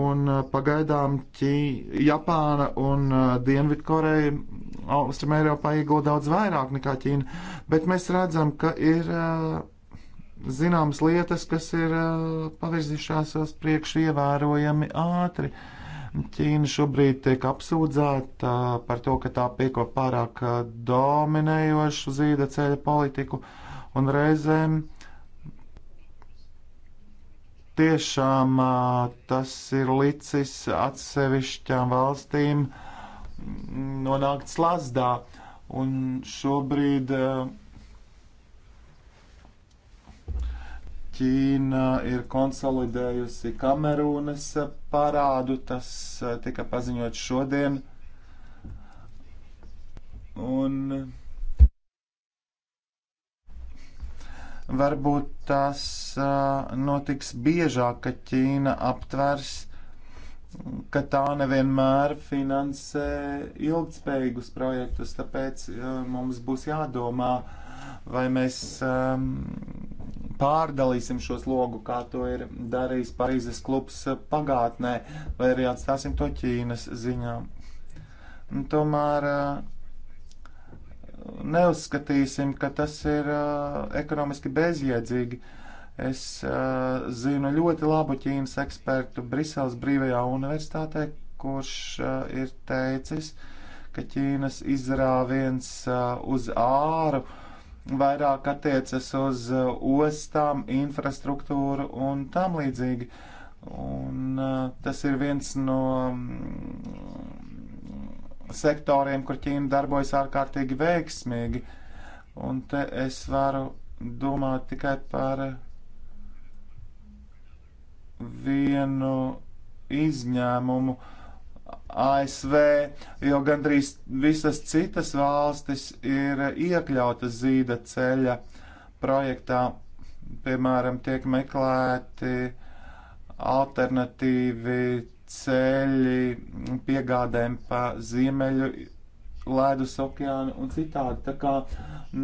Un uh, pagaidām ķī, Japāna un uh, Dienvidkoreja Austrum Eiropā iegulda daudz vairāk nekā Ķīna. Bet mēs redzam, ka ir uh, zināmas lietas, kas ir pavirzījušās uz priekšu ievērojami ātri. Ķīna šobrīd tiek apsūdzēta par to, ka tā pieko pārāk dominējošu zīda ceļa politiku, un reizēm tiešām tas ir licis atsevišķām valstīm nonākt slazdā. Un šobrīd Ķīna ir konsolidējusi Kamerūnas parādu, tas tika paziņots šodien. Un Varbūt tas notiks biežāk, ka Ķīna aptvers, ka tā nevienmēr finansē ilgspējīgus projektus, tāpēc mums būs jādomā, vai mēs pārdalīsim šo slogu, kā to ir darījis Parīzes klubs pagātnē, vai arī atstāsim to Ķīnas ziņā. Un tomēr neuzskatīsim, ka tas ir uh, ekonomiski bezjēdzīgi. Es uh, zinu ļoti labu ķīnas ekspertu Briseles Brīvajā universitātē, kurš uh, ir teicis, ka Ķīnas izrāviens uh, uz āru vairāk attiecas uz uh, ostām, infrastruktūru un tam līdzīgi. Un uh, tas ir viens no um, sektoriem, kur Ķīna darbojas ārkārtīgi veiksmīgi. Un te es varu domāt tikai par vienu izņēmumu ASV, jo gandrīz visas citas valstis ir iekļautas zīda ceļa projektā. Piemēram, tiek meklēti alternatīvi ceļi piegādēm pa ziemeļu ledus okeānu un citādi. Tā kā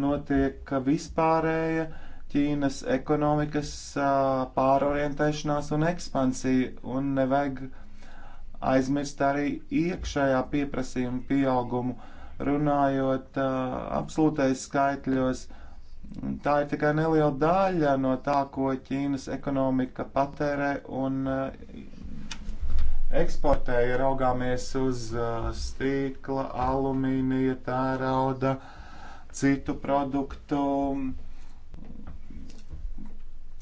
notiek vispārēja Ķīnas ekonomikas pārorientēšanās un ekspansija, un nevajag aizmirst arī iekšējā pieprasījuma pieaugumu, runājot absolūtais skaitļos. Tā ir tikai neliela daļa no tā, ko Ķīnas ekonomika patērē un uh, eksportē, ja raugāmies uz uh, stīkla, alumīnija, tērauda, citu produktu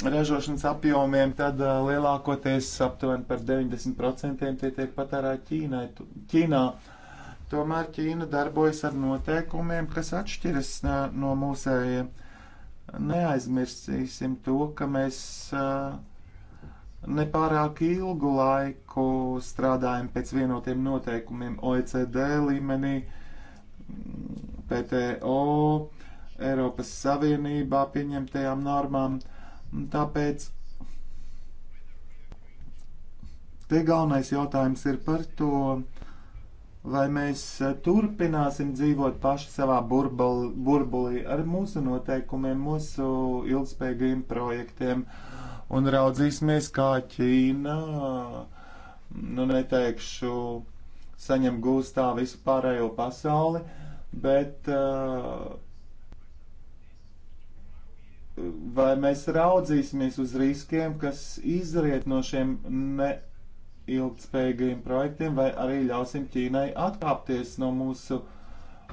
ražošanas apjomiem, tad uh, lielākoties aptuveni par 90% tie tiek patērēti Ķīnai, Ķīnā. Tomēr Ķīna darbojas ar noteikumiem, kas atšķiras uh, no mūsējiem. Neaizmirsīsim to, ka mēs uh, nepārāk ilgu laiku strādājam pēc vienotiem noteikumiem OECD līmenī, PTO, Eiropas Savienībā pieņemtajām normām. Tāpēc te galvenais jautājums ir par to, vai mēs turpināsim dzīvot paši savā burbulī ar mūsu noteikumiem, mūsu ilgspējīgiem projektiem. Uh, un raudzīsimies, kā Ķīna, nu neteikšu, saņem gūstā visu pārējo pasauli, bet uh, vai mēs raudzīsimies uz riskiem, kas izriet no šiem neilgtspējīgiem projektiem, vai arī ļausim Ķīnai atkāpties no mūsu eh,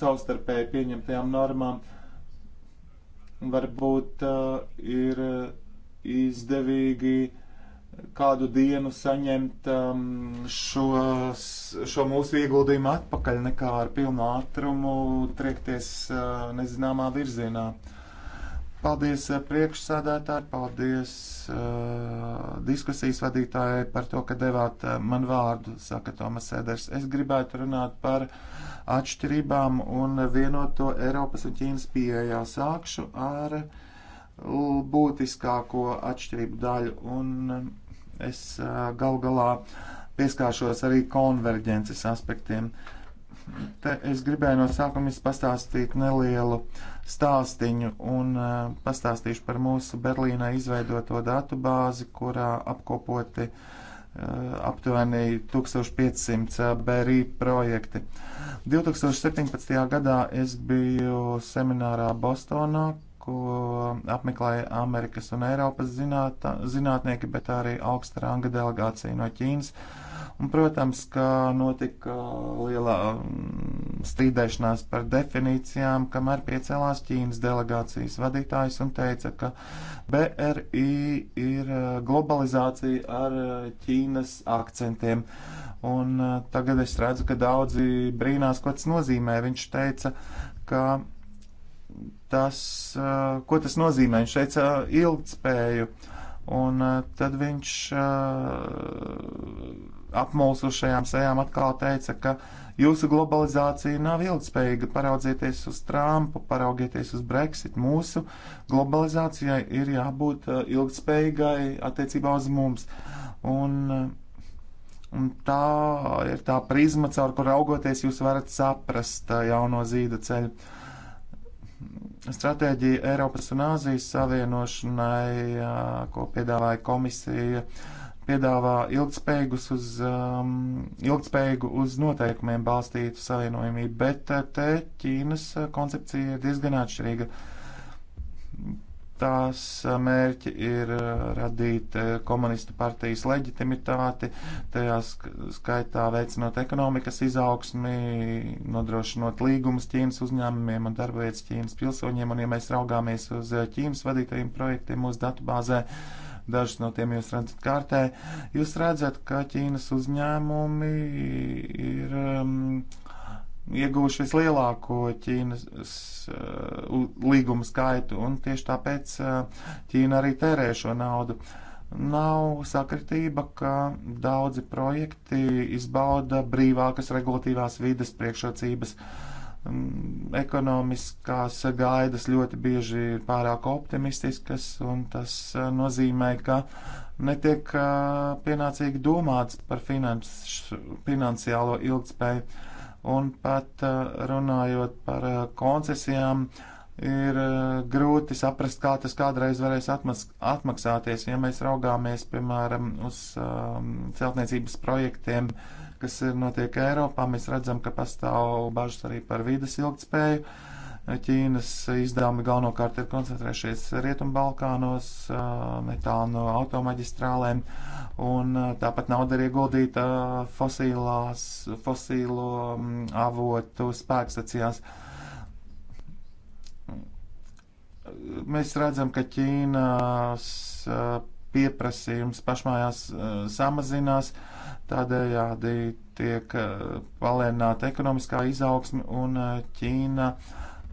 savstarpēji pieņemtajām normām. Varbūt uh, ir izdevīgi kādu dienu saņemt um, šos, šo mūsu ieguldījumu atpakaļ nekā ar pilnu ātrumu triekties uh, nezināmā virzienā. Paldies uh, priekšsādātāji, paldies uh, diskusijas vadītāji par to, ka devāt uh, man vārdu, saka Tomas Eders. Es gribētu runāt par atšķirībām un vienoto Eiropas un Ķīnas pieejā. Sākšu ar uh, būtiskāko atšķirību daļu, un um, es uh, gal galā pieskāršos arī konverģences aspektiem. Te es gribēju no sākuma pastāstīt nelielu stāstiņu un uh, pastāstīšu par mūsu Berlīnai izveidoto datu bāzi, kurā apkopoti uh, aptuveni 1500 BRI projekti. 2017. gadā es biju seminārā Bostonā, ko apmeklēja Amerikas un Eiropas zinātā, zinātnieki, bet arī augsta ranga delegācija no Ķīnas. Un, protams, ka notika uh, liela um, strīdēšanās par definīcijām, kamēr piecēlās Ķīnas delegācijas vadītājs un teica, ka BRI ir uh, globalizācija ar uh, Ķīnas akcentiem. Un tagad es redzu, ka daudzi brīnās, ko tas nozīmē. Viņš teica, ka tas, ko tas nozīmē. Viņš teica ilgtspēju, un tad viņš apmulsušajām sejām atkal teica, ka jūsu globalizācija nav ilgspējīga. Paraudzieties uz Trumpu, paraugieties uz Brexit. Mūsu globalizācijai ir jābūt ilgspējīgai attiecībā uz mums. Un, un tā ir tā prizma, caur kur augoties jūs varat saprast jauno zīda ceļu stratēģija Eiropas un Āzijas savienošanai, ko piedāvāja komisija, piedāvā ilgspējīgus uz, um, ilgspējīgu uz noteikumiem balstītu savienojumību, bet te Ķīnas koncepcija ir diezgan atšķirīga tās mērķi ir radīt komunistu partijas leģitimitāti, tajā skaitā veicinot ekonomikas izaugsmi, nodrošinot līgumus Ķīnas uzņēmumiem un darbvietas Ķīnas pilsoņiem. Un, ja mēs raugāmies uz Ķīnas vadītajiem projektiem mūsu datubāzē, dažus no tiem jūs redzat kārtē, jūs redzat, ka Ķīnas uzņēmumi ir. Um, ieguvuši vislielāko Ķīnas uh, līgumu skaitu, un tieši tāpēc uh, Ķīna arī tērē šo naudu. Nav sakritība, ka daudzi projekti izbauda brīvākas regulatīvās vides priekšrocības. Um, ekonomiskās gaidas ļoti bieži ir pārāk optimistiskas, un tas uh, nozīmē, ka netiek uh, pienācīgi domāts par finans, finansiālo ilgspēju un pat uh, runājot par uh, koncesijām, ir uh, grūti saprast, kā tas kādreiz varēs atmaksāties. Ja mēs raugāmies, piemēram, uz um, celtniecības projektiem, kas notiek Eiropā, mēs redzam, ka pastāv bažas arī par vidas ilgtspēju Ķīnas izdevumi galvenokārt ir koncentrējušies Rietumbalkānos, metānu automaģistrālēm, un tāpat nauda ir ieguldīta fosīlās, fosīlo avotu spēkstacijās. Mēs redzam, ka Ķīnas pieprasījums pašmājās samazinās, tādējādi tiek palielināta ekonomiskā izaugsme un Ķīna uh,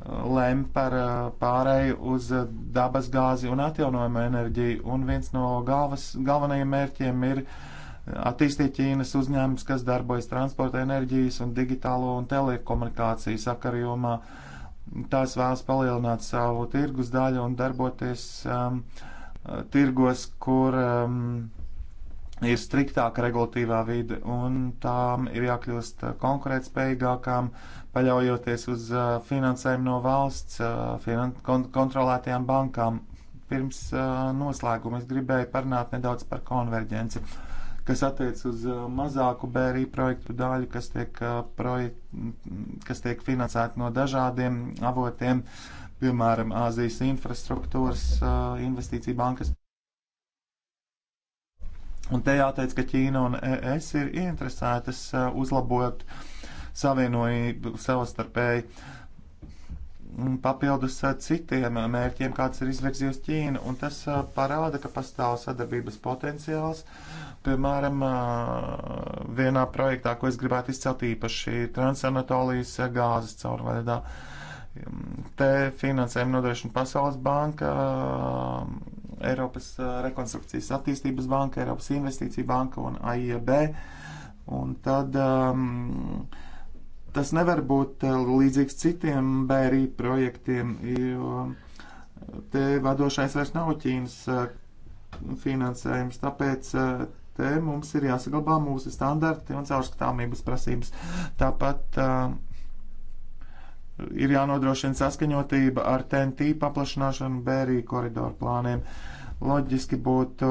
lem par eh, pārēju uz eh, dabas gāzi un atjaunojumu enerģiju, un viens no galvas, galvenajiem mērķiem ir eh, attīstīt Ķīnas uzņēmums, kas darbojas transporta enerģijas un digitālo un telekomunikāciju sakarījumā. Tās vēlas palielināt savu tirgus daļu un darboties um, tirgos, kur um, ir striktāka regulatīvā vide, un tām ir jākļūst konkurētspējīgākām. Uh, paļaujoties uz uh, finansējumu no valsts uh, finan kontrolētajām bankām. Pirms uh, noslēguma es gribēju parunāt nedaudz par konverģenci, kas attiec uz mazāku bērī projektu daļu, kas tiek, projekt, kas tiek finansēta no dažādiem avotiem, piemēram, Āzijas infrastruktūras investīcija bankas. Un te jāteic, ka Ķīna un ES ir interesētas uzlabot uh, savienojību savstarpēji papildus eh, citiem eh, mērķiem, kāds ir izvirzījis Ķīna. Un tas eh, parāda, ka pastāv sadarbības potenciāls. Piemēram, vienā projektā, ko es gribētu izcelt īpaši, Transanatolijas gāzes caurvaļā. Mm, te finansējumu nodrošina Pasaules banka, Eiropas rekonstrukcijas attīstības banka, Eiropas investīcija banka un AIB. Un tad um, tas nevar būt eh, līdzīgs citiem bērī projektiem, jo eh, te vadošais vairs nav Ķīnas eh, finansējums, tāpēc te mums ir jāsaglabā mūsu standarti un caurskatāmības prasības. Tāpat uh, ir jānodrošina saskaņotība ar TNT paplašināšanu bērī koridoru plāniem. Uh, Loģiski būtu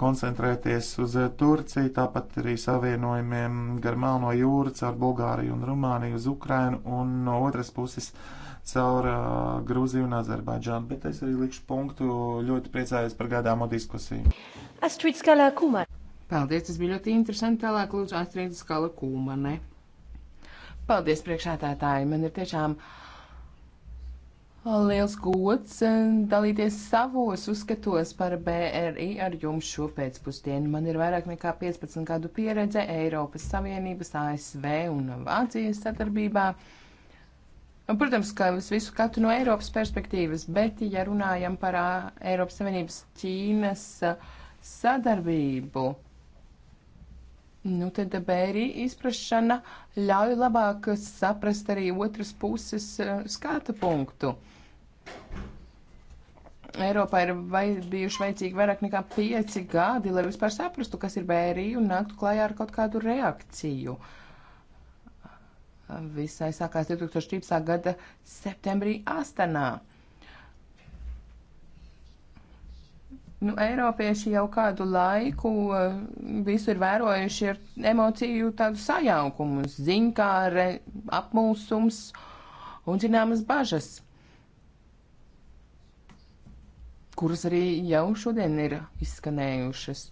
koncentrēties uz eh, Turciju, tāpat arī savienojumiem gar Melno jūru, caur Bulgāriju un Rumāniju uz Ukrainu un no otras puses caur uh, eh, Grūziju un Azerbaidžānu. Bet es arī likšu punktu, ļoti priecājos par gadāmo diskusiju. Astrid Skalā Kumar. Paldies, tas bija ļoti interesanti. Tālāk lūdzu Astrid Skalā Kumane. Paldies, priekšētātāji. Man ir tiešām. Uh, Liels gods eh, dalīties savos uzskatos par BRI ar jums šo pēcpusdienu. Man ir vairāk nekā 15 gadu pieredze Eiropas Savienības, ASV un Vācijas sadarbībā. Protams, ka es visu katru no Eiropas perspektīvas, bet ja runājam par Eiropas Savienības Ķīnas sadarbību, Nu, tad bērnu izpratne ļauj labāk saprast arī otras puses skatu punktu. Uh, Eiropā ir vai, bijuši vajadzīgi vairāk nekā pieci gadi, lai vispār saprastu, kas ir bērija un nāktu klajā ar kaut kādu reakciju. Visai sākās 2013. gada septembrī Astanā. Nu, Eiropieši jau kādu laiku eh, visu ir vērojuši ar emociju tādu sajaukumu, ziņkāre, apmulsums un zināmas bažas kuras arī jau šodien ir izskanējušas.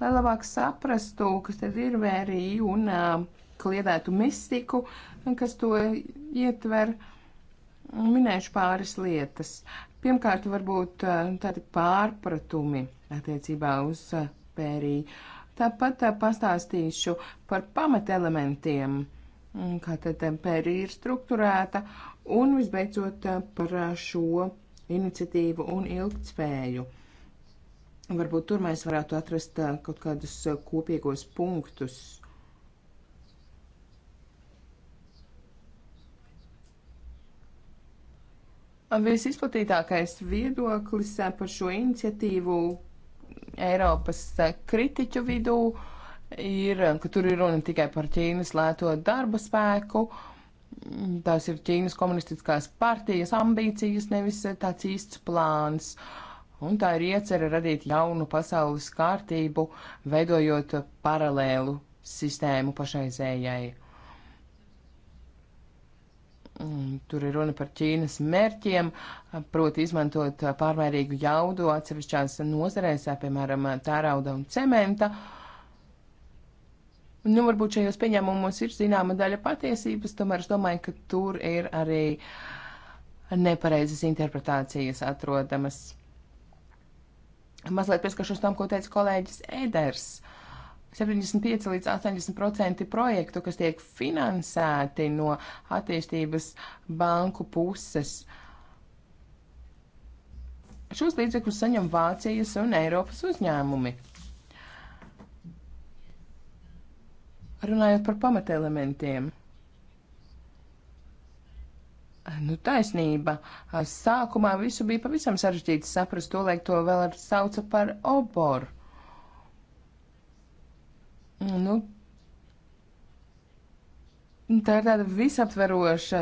Lai labāk saprastu, kas tad ir vērī un um, kliedētu mistiku, kas to ietver, minēšu pāris lietas. Pirmkārt, varbūt uh, tādi pārpratumi attiecībā uz uh, pērī. Tāpat uh, pastāstīšu par pamatelementiem, mm, kā tad pērī ir strukturēta, un visbeidzot par šo iniciatīvu un ilgtspēju. Varbūt tur mēs varētu atrast uh, kaut kādus uh, kopīgos punktus. Visizplatītākais viedoklis uh, par šo iniciatīvu Eiropas kritiķu vidū ir, ka tur ir runa tikai par Ķīnas lēto darba spēku, uh, Tās ir Ķīnas komunistiskās partijas ambīcijas, nevis tāds īsts plāns. Un tā ir iecerē radīt jaunu pasaules kārtību, veidojot paralēlu sistēmu pašaizējai. Mm, tur ir runa par Ķīnas mērķiem, proti izmantot pārmērīgu jaudu atsevišķās nozarēs, piemēram, tērauda un cementa. Uh, Nu, varbūt šajos pieņēmumos ir zināma daļa patiesības, tomēr es domāju, ka tur ir arī nepareizas interpretācijas atrodamas. Mazliet pieskaršos tam, ko teica kolēģis Eders. 75 līdz 80% projektu, kas tiek finansēti no attīstības banku puses. Šos līdzekļus saņem Vācijas un Eiropas uzņēmumi. Runājot par pamatelementiem. Nu, taisnība. Sākumā visu bija pavisam sarežģīti saprast, to laik to vēl ar sauca par oboru. Nu, Tā ir tāda visaptveroša,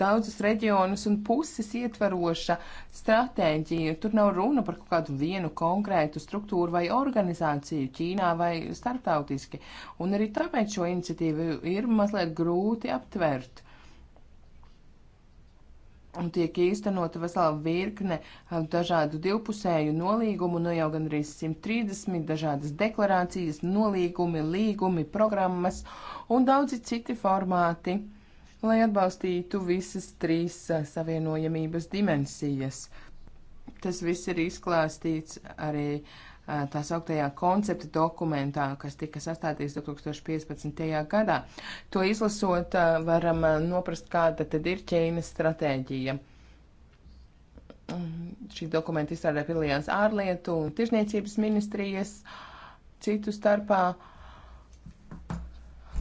daudzus reģionus un puses ietveroša stratēģija. Tur nav runa par kaut kādu vienu konkrētu struktūru vai organizāciju Ķīnā vai starptautiski. Un arī tāpēc šo iniciatīvu ir mazliet grūti aptvert un tiek īstenota vesela virkne dažādu divpusēju nolīgumu, no nu jau gan arī 130 dažādas deklarācijas, nolīgumi, līgumi, programmas un daudzi citi formāti, lai atbalstītu visas trīs savienojamības dimensijas. Tas viss ir izklāstīts arī uh, tā sauktajā koncepta dokumentā, kas tika sastādīts 2015. gadā. To izlasot, varam noprast, kāda tad ir Ķīnas stratēģija. Mm, šī dokumenta izstrādē piedalījās ārlietu un tirzniecības ministrijas citu starpā.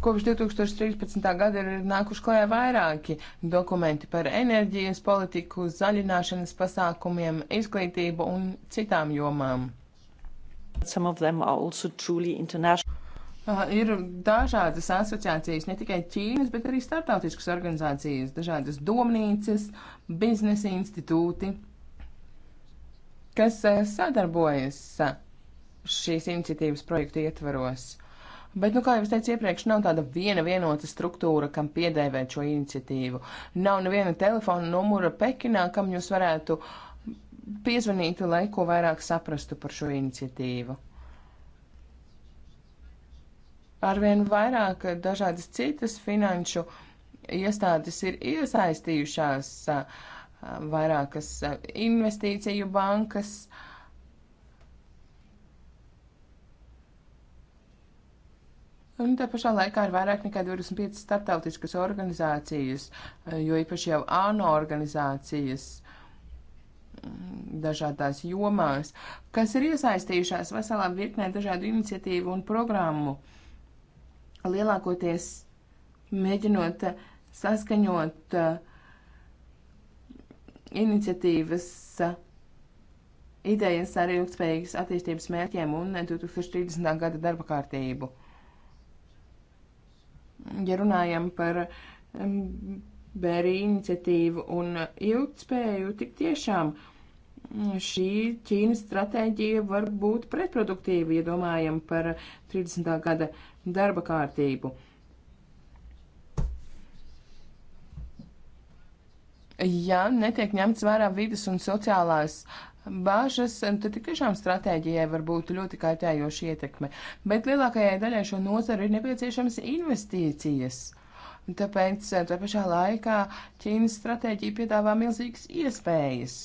Kopš 2013. gada ir nākuši klajā vairāki dokumenti par enerģijas politiku, zaļināšanas pasākumiem, izglītību un citām jomām. Uh, ir dažādas asociācijas, ne tikai Ķīnas, bet arī starptautiskas organizācijas, dažādas domnīcas, biznesa institūti, kas uh, sadarbojas uh, šīs iniciatīvas projektu ietvaros. Bet, nu, kā jau es teicu iepriekš, nav tāda viena vienota struktūra, kam piedēvēt šo iniciatīvu. Nav neviena telefona numura Pekinā, kam jūs varētu uh, piezvanītu, lai ko vairāk saprastu par šo iniciatīvu. Arvien vairāk dažādas citas finanšu iestādes ir iesaistījušās, vairākas investīciju bankas. Un tā pašā laikā ir vairāk nekā 25 starptautiskas organizācijas, jo īpaši jau ANO organizācijas dažādās jomās, kas ir iesaistījušās veselā virknē dažādu iniciatīvu un programmu, lielākoties mēģinot saskaņot uh, iniciatīvas uh, idejas ar ilgspējīgas attīstības mērķiem un 2030. Uh, gada darba kārtību. Ja runājam par um, bērnu iniciatīvu un ilgspēju, tik tiešām uh, šī Ķīnas stratēģija var būt pretproduktīva, ja domājam par 30. gada darba kārtību. Ja netiek ņemts vērā vidas un sociālās bāžas, tad tiešām stratēģijai var būt ļoti kaitējoša ietekme. Bet lielākajai daļai šo nozaru ir nepieciešamas investīcijas. Tāpēc tā pašā laikā Ķīnas stratēģija piedāvā milzīgas iespējas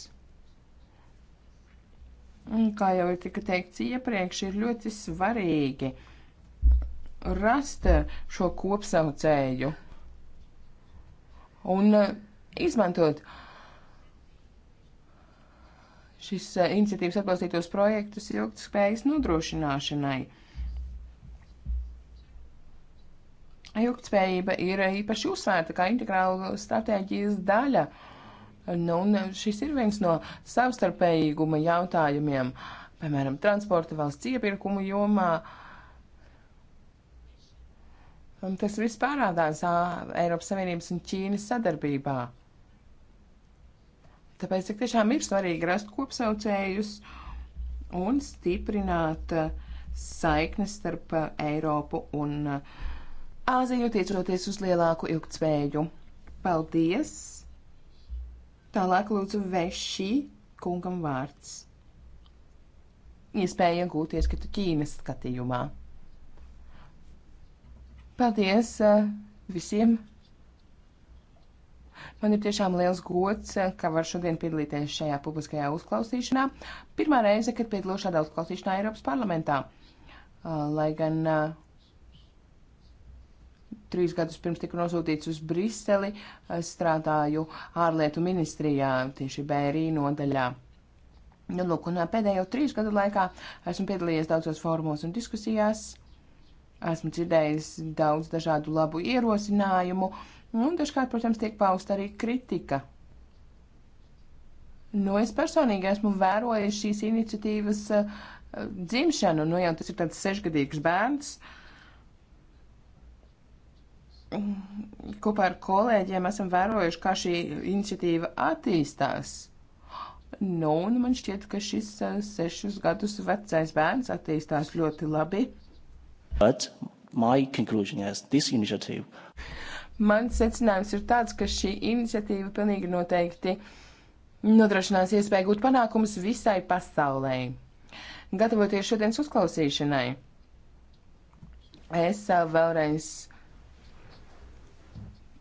kā jau ir tika teikts iepriekš, ir ļoti svarīgi rast šo kopsaucēju un eh, izmantot šis eh, iniciatīvas atbalstītos projektus ilgtspējas nodrošināšanai. Ilgtspējība ir eh, īpaši uzsvērta kā integrāla stratēģijas daļa. Uh, Nu, šis ir viens no savstarpējīguma jautājumiem, piemēram, transporta valsts iepirkumu jomā. Un tas viss parādās Eiropas Savienības un Ķīnas sadarbībā. Tāpēc tik tiešām ir svarīgi rast kopsaucējus un stiprināt saiknes starp Eiropu un Āziju, tiecoties uz lielāku ilgtspēju. Paldies! Tālāk lūdzu vešī kungam vārds. Iespēja iegūt ieskatu Ķīnas skatījumā. Paldies eh, visiem! Man ir tiešām liels gods, eh, ka var šodien piedalīties šajā publiskajā uzklausīšanā. Pirmā reize, kad piedalos šādā uzklausīšanā Eiropas parlamentā. Eh, lai gan Trīs gadus pirms tika nosūtīts uz Briseli, strādāju ārlietu ministrijā, tieši Bērī nodaļā. Nu, lūk, un pēdējo trīs gadu laikā esmu piedalījies daudzos formos un diskusijās, esmu dzirdējis daudz dažādu labu ierosinājumu, un dažkārt, protams, tiek pausta arī kritika. Nu, es personīgi esmu vērojis šīs iniciatīvas uh, dzimšanu, nu jau tas ir tāds sešgadīgs bērns, uh, kopā ar kolēģiem esam vērojuši, kā šī iniciatīva attīstās. Nu, un man šķiet, ka šis uh, sešus gadus vecais bērns attīstās ļoti labi. But my conclusion is this initiative. Mans secinājums ir tāds, ka šī iniciatīva pilnīgi noteikti nodrošinās iespēju gūt panākumus visai pasaulē. Gatavoties šodienas uzklausīšanai, es uh, vēlreiz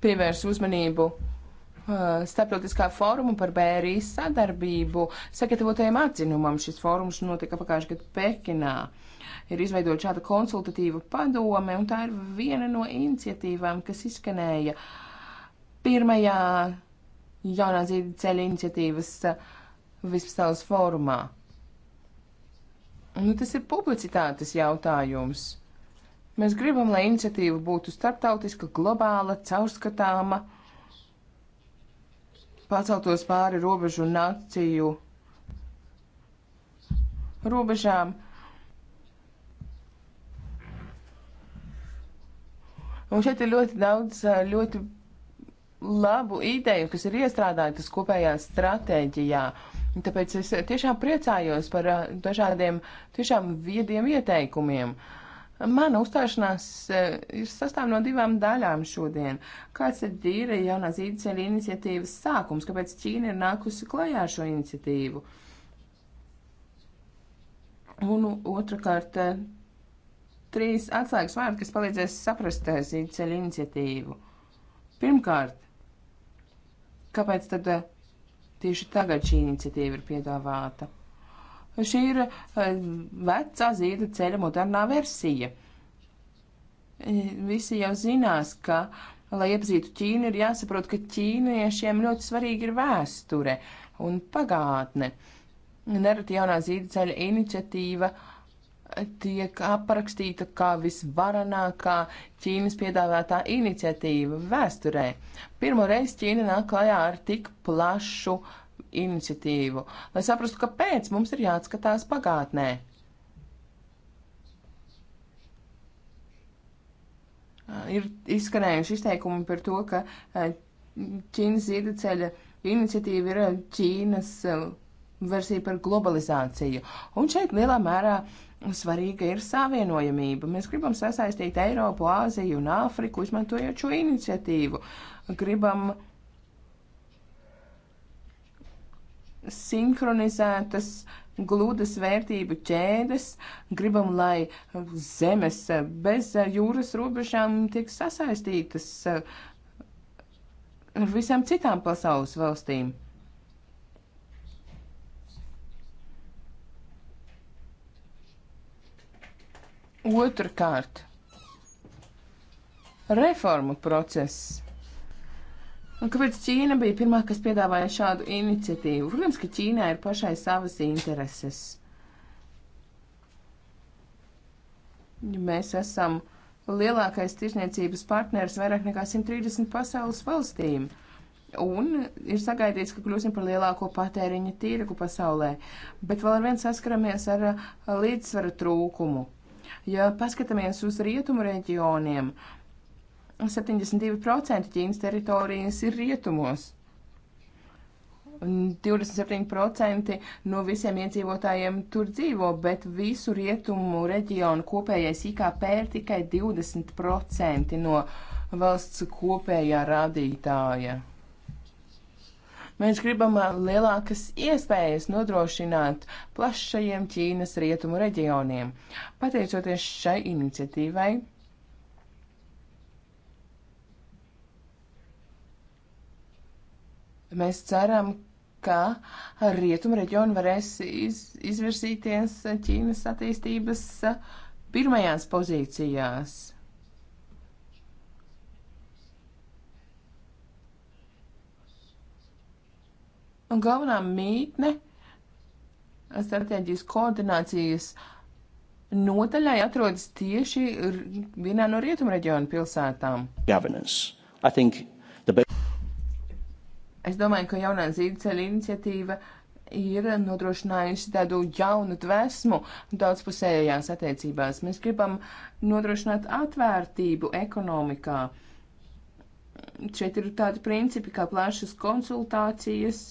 pievērs uzmanību uh, starptautiskā fóruma par BRI sadarbību sagatavotajam atzinumam. Šis fórums notika pagājušajā gadā Pekinā. Ir izveidota šāda konsultatīva padome, un tā ir viena no iniciatīvām, kas izskanēja pirmajā jaunā zīda ceļa iniciatīvas uh, vispasaules fórumā. Nu, tas ir publicitātes jautājums. Mēs gribam, lai iniciatīva būtu starptautiska, globāla, caurskatāma, paceltos pāri robežu un nāciju robežām. Un šeit ir ļoti daudz ļoti labu ideju, kas ir iestrādātas kopējā stratēģijā. Tāpēc es tiešām priecājos par dažādiem tiešām viediem ieteikumiem. Uh, Mana uzstāšanās e, ir sastāv no divām daļām šodien. Kāds tad ir jaunās īdceļa iniciatīvas sākums? Kāpēc Ķīna ir nākusi klajā ar šo iniciatīvu? Un otrakārt, e, trīs atslēgas vārdi, kas palīdzēs saprast e, īdceļa iniciatīvu. Pirmkārt, kāpēc tad tieši tagad šī iniciatīva ir piedāvāta? Šī ir eh, vecā zīda ceļa modernā versija. E, visi jau zinās, ka, lai iepazītu Ķīnu, ir jāsaprot, ka ķīniešiem ļoti svarīgi ir vēsture un pagātne. Nereti jaunā zīda ceļa iniciatīva e, tiek aprakstīta kā visvaranākā Ķīnas piedāvātā iniciatīva vēsturē. Pirmo reizi Ķīna nāk klajā ar tik plašu uh, iniciatīvu, lai saprastu, kāpēc mums ir jāatskatās pagātnē. Ir izskanējuši izteikumi par to, ka Ķīnas zīdeceļa iniciatīva ir Ķīnas versija par globalizāciju. Un šeit lielā mērā svarīga ir savienojamība. Mēs gribam sasaistīt Eiropu, Āziju un Āfriku, izmantojot šo iniciatīvu. Gribam uh, sinhronizētas gludas vērtību ķēdes, gribam, lai zemes bez jūras robežām tiek sasaistītas eh, ar visām citām pasaules valstīm. Otrakārt, reformu process Un kāpēc Ķīna bija pirmā, kas piedāvāja šādu iniciatīvu? Protams, ka Ķīnai ir pašai savas intereses. Mēs esam lielākais tirsniecības partners vairāk nekā 130 pasaules valstīm. Un ir sagaidīts, ka kļūsim par lielāko patēriņa tīrgu pasaulē. Bet vēl ar vien saskaramies ar līdzsvara trūkumu. Ja paskatāmies uz rietumu reģioniem, 72% Ķīnas teritorijas ir rietumos. Un 27% no visiem iedzīvotājiem tur dzīvo, bet visu rietumu reģionu kopējais IKP ir tikai 20% no valsts kopējā rādītāja. Mēs gribam lielākas iespējas nodrošināt plašajiem Ķīnas rietumu reģioniem. Pateicoties šai iniciatīvai, Mēs ceram, ka rietumu reģionu varēs iz, izvirzīties Ķīnas attīstības pirmajās pozīcijās. Un galvenā mītne strateģijas koordinācijas nodaļai atrodas tieši vienā no rietumu reģionu pilsētām. Governance. I think Es domāju, ka jaunā zīdceļa iniciatīva ir nodrošinājusi tādu jaunu dvēsmu daudzpusējās attiecībās. Mēs gribam nodrošināt atvērtību ekonomikā. Šeit ir tādi principi kā plašas konsultācijas,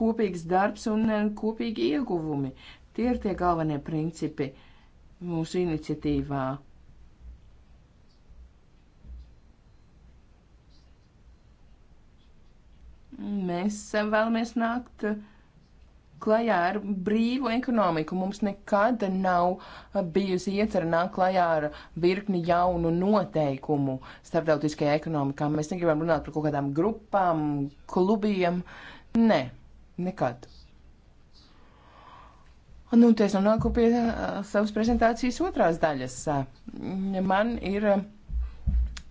kopīgs darbs un eh, kopīgi ieguvumi. Tie ir tie galvenie principi mūsu iniciatīvā. Mēs vēlamies nākt klajā ar brīvu ekonomiku. Mums nekad nav bijusi iecerē nākt klajā ar virkni jaunu noteikumu starptautiskajā ekonomikā. Mēs negribam runāt par kaut kādām grupām, klubiem. Nē, nekad. Nu, es nonāku pie uh, savas prezentācijas otrās daļas. Uh, man ir uh,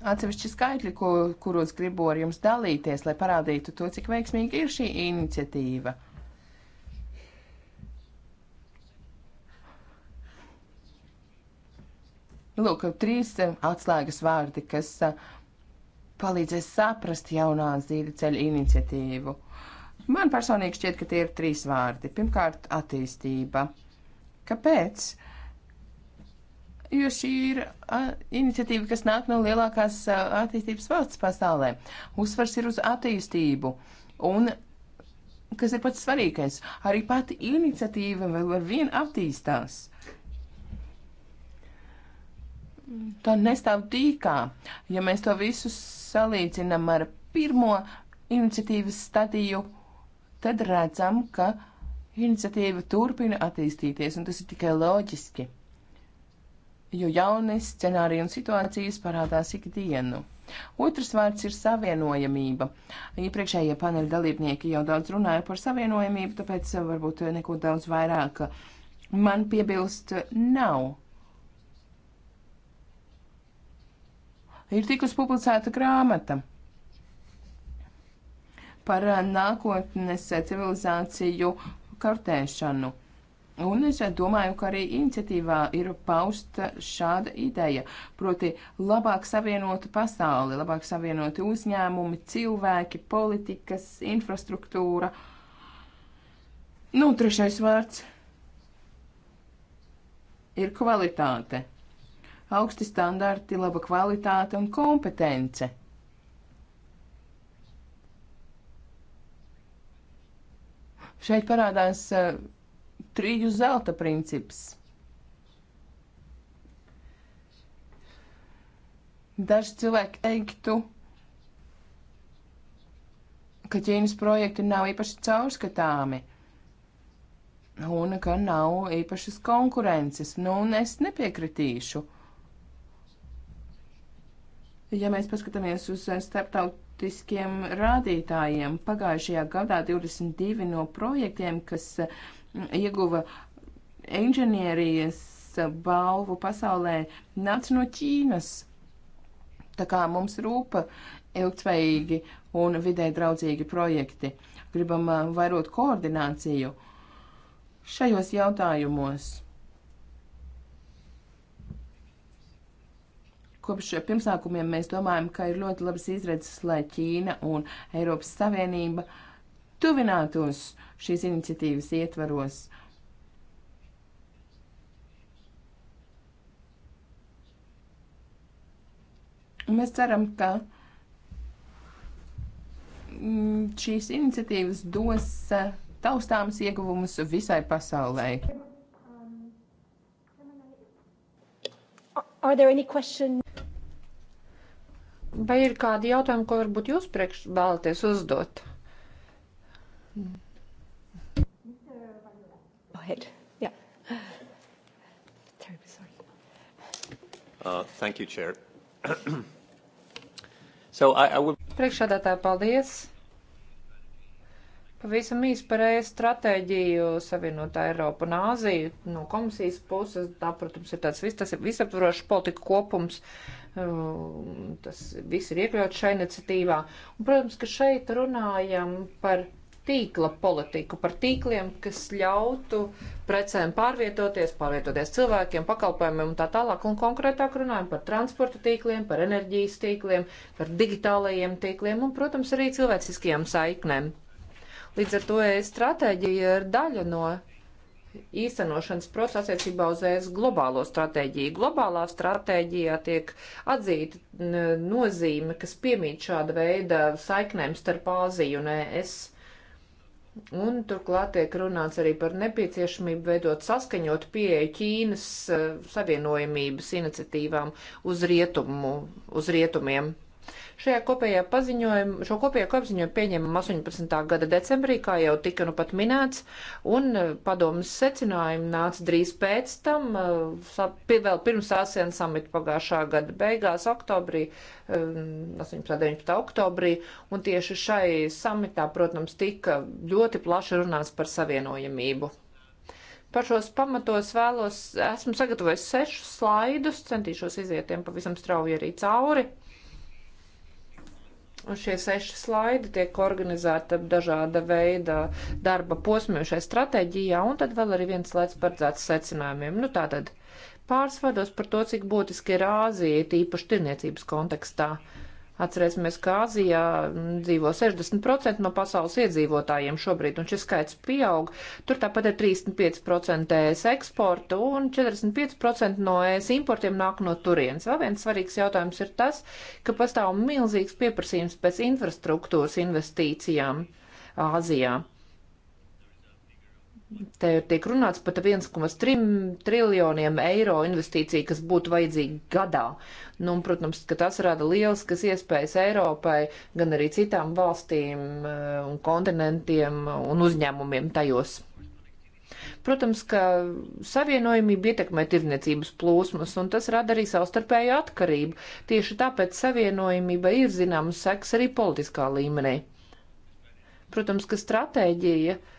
atsevišķi skaitļi, ko, kuros gribu ar jums dalīties, lai parādītu to, cik veiksmīga ir šī iniciatīva. Lūk, trīs eh, atslēgas vārdi, kas eh, palīdzēs saprast jaunā zīļa ceļa iniciatīvu. Man personīgi šķiet, ka tie ir trīs vārdi. Pirmkārt, attīstība. Kāpēc? jo šī ir uh, iniciatīva, kas nāk no lielākās uh, attīstības valsts pasaulē. Uzsvars ir uz attīstību. Un kas ir pats svarīgais, arī pati iniciatīva vēl ar vienu attīstās. Tā nestāv tīkā, ja mēs to visu salīdzinām ar pirmo iniciatīvas stadiju, tad redzam, ka iniciatīva turpina attīstīties, un tas ir tikai loģiski jo jauni scenāriji un situācijas parādās ikdienu. Otrs vārds ir savienojamība. Iepriekšējie paneļa dalībnieki jau daudz runāja par savienojamību, tāpēc varbūt neko daudz vairāk man piebilst nav. Ir tikus publicēta grāmata par nākotnes civilizāciju kartēšanu. Un es domāju, ka arī iniciatīvā ir pausta šāda ideja, proti labāk savienot pasauli, labāk savienot uzņēmumi, cilvēki, politikas, infrastruktūra. Nu, trešais vārds ir kvalitāte. Augsti standarti, laba kvalitāte un kompetence. Šeit parādās uh, triju zelta princips. Daži cilvēki teiktu, ka Ķīnas projekti nav īpaši caurskatāmi un ka nav īpašas konkurences. Nu, un es nepiekritīšu. Ja mēs paskatāmies uz starptautiskiem rādītājiem, pagājušajā gadā 22 no projektiem, kas uh, ieguva inženierijas balvu pasaulē, nāca no Ķīnas. Tā kā mums rūpa ilgtveigi un vidē draudzīgi projekti. Gribam uh, vairot koordināciju šajos jautājumos. Kopš pirmsākumiem mēs domājam, ka ir ļoti labas izredzes, lai Ķīna un Eiropas Savienība uh, tuvinātos šīs iniciatīvas ietvaros. Mēs ceram, ka mm, šīs iniciatīvas dos eh, taustāmas ieguvumus visai pasaulē. Are there any questions? Vai ir kādi jautājumi, ko varbūt jūs priekš vēlaties uzdot? Go ahead. Yeah. Terribly sorry. Uh, thank you, Chair. so I, I would... Priekšādātāji, paldies. Pavisam īsi par ES stratēģiju savienotā Eiropu un Āziju. No komisijas puses, tā, protams, ir tāds vis, tas ir visaptvarošs politika kopums. Um, tas viss ir iekļauts šai iniciatīvā. Un, protams, ka šeit runājam par tīkla politiku, par tīkliem, kas ļautu precēm pārvietoties, pārvietoties cilvēkiem, pakalpojumiem un tā tālāk. Un konkrētāk runājam par transporta tīkliem, par enerģijas tīkliem, par digitālajiem tīkliem un, protams, arī cilvēciskajām saiknēm. Līdz ar to e-stratēģija ir daļa no īstenošanas procesa attiecībā uz ES globālo stratēģiju. Globālā stratēģijā tiek atzīta nozīme, kas piemīt šāda veida saiknēm starp Āziju un ES. Un turklāt tiek runāts arī par nepieciešamību veidot saskaņot pieeju Ķīnas eh, savienojamības iniciatīvām uz, rietumu, uz rietumiem. Šajā kopējā paziņojuma, šo kopējo apziņojumu pieņemam 18. gada decembrī, kā jau tika nu pat minēts, un e, padomas secinājumi nāca drīz pēc tam, e, vēl pirms ASEAN samita pagājušā gada beigās, oktobrī, 18. E, 19. oktobrī, un tieši šai samitā, protams, tika ļoti plaši runāts par savienojamību par šos pamatos vēlos, esmu sagatavojis sešus slaidus, centīšos iziet tiem pavisam strauji arī cauri. Un šie seši slaidi tiek organizēti ap dažāda veida darba posmējušai stratēģijā, un tad vēl arī viens slaids paredzēts secinājumiem. Nu tātad pāris vārdos par to, cik būtiski ir Āzija, tīpaši tirniecības kontekstā. Uh, Atcerēsimies, ka Āzijā dzīvo 60% no pasaules iedzīvotājiem šobrīd, un šis skaits pieaug. Tur tāpat ir 35% ES eksporta un 45% no ES importiem nāk no turienes. Vēl viens svarīgs jautājums ir tas, ka pastāv milzīgs pieprasījums pēc infrastruktūras investīcijām Āzijā. Te ir tiek runāts par 1,3 triljoniem eiro investīciju, kas būtu vajadzīgi gadā. Nu, un, protams, ka tas rada liels, kas iespējas Eiropai, gan arī citām valstīm eh, un kontinentiem un uzņēmumiem tajos. Protams, ka savienojumība ietekmē tirdzniecības plūsmas, un tas rada arī savstarpēju atkarību. Tieši tāpēc savienojumība ir zināms seks arī politiskā līmenī. Protams, ka stratēģija uh,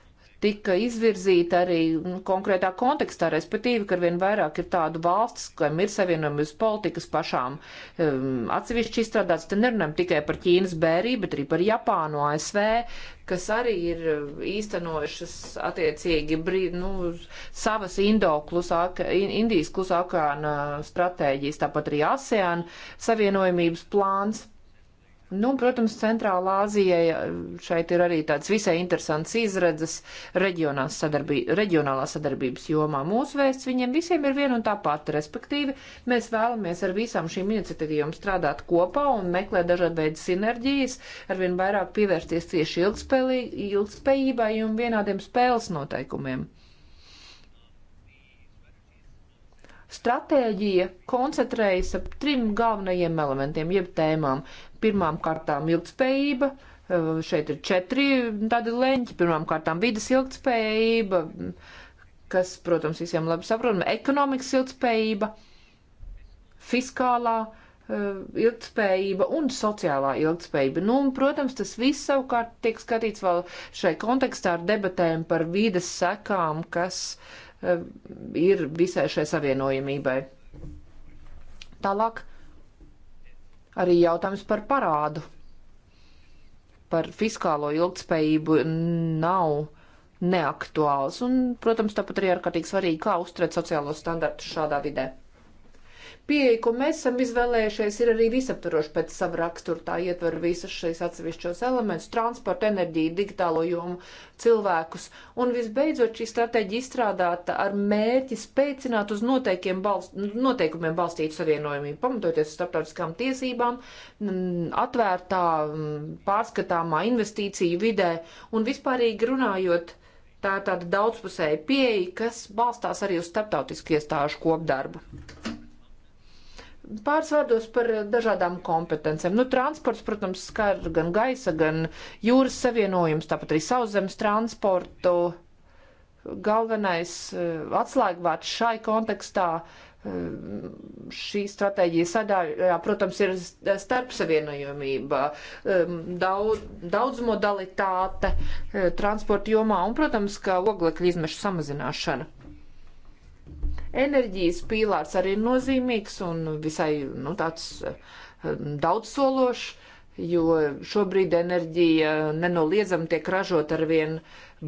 tika izvirzīta arī nu, konkrētā kontekstā, respektīvi, ka arvien vairāk ir tādu valstis, kam ir savienojumas politikas pašām um, atsevišķi izstrādāts. Te nerunājam tikai par Ķīnas bērību, bet arī par Japānu, ASV, kas arī ir um, īstenojušas attiecīgi brīd, nu, savas Indo klusāka, Indijas klusākā stratēģijas, tāpat arī ASEAN savienojumības plāns. Nu, protams, Centrālā Āzijai eh, šeit ir arī tāds visai interesants izredzes sadarbī, reģionālā sadarbības jomā. Mūsu vēsts viņiem visiem ir viena un tā pati, respektīvi, mēs vēlamies ar visām šīm iniciatīvām strādāt kopā un meklēt dažādu veidu sinerģijas, arvien vairāk pievērsties tieši ilgspējībai un vienādiem spēles noteikumiem. Stratēģija koncentrējas ap trim galvenajiem elementiem, jeb tēmām. Pirmām kārtām ilgspējība, eh, šeit ir četri tādi leņķi, pirmām kārtām vidas ilgspējība, kas, protams, visiem labi saprotama, ekonomikas ilgspējība, fiskālā eh, ilgspējība un sociālā ilgspējība. Nu, un, protams, tas viss savukārt tiek skatīts vēl šai kontekstā ar debatēm par vides sekām, kas uh, Um, ir visai šai savienojamībai. Tālāk arī jautājums par parādu. Par fiskālo ilgtspējību nav neaktuāls un, protams, tāpat arī ārkārtīgi svarīgi, kā uzturēt sociālos standartus šādā vidē pieeja, ko mēs esam izvēlējušies, ir arī visaptvaroša pēc sava rakstura. Tā ietver visus šīs atsevišķos elementus - transportu, enerģiju, digitālo jomu, cilvēkus. Un visbeidzot, šī stratēģija izstrādāta ar mērķi spēcināt uz balst, noteikumiem balstītu savienojumību, pamatoties uz starptautiskām tiesībām, atvērtā, pārskatāmā investīciju vidē un vispārīgi runājot. Tā ir tāda daudzpusēja pieeja, kas balstās arī uz starptautisku iestāžu kopdarbu. Pāris vārdos par dažādām kompetencijām. Nu, transports, protams, skar gan gaisa, gan jūras savienojums, tāpat arī sauszemes transportu. Galvenais eh, atslēgvārds šai kontekstā eh, šī stratēģija sadaļā, protams, ir starpsavienojumība, eh, daudz, daudzmodalitāte transporta jomā un, protams, ka oglekļa izmešu samazināšana. Enerģijas pīlārs arī ir nozīmīgs un visai nu, tāds eh, daudzsološs, jo šobrīd enerģija nenoliedzami tiek ražot ar vien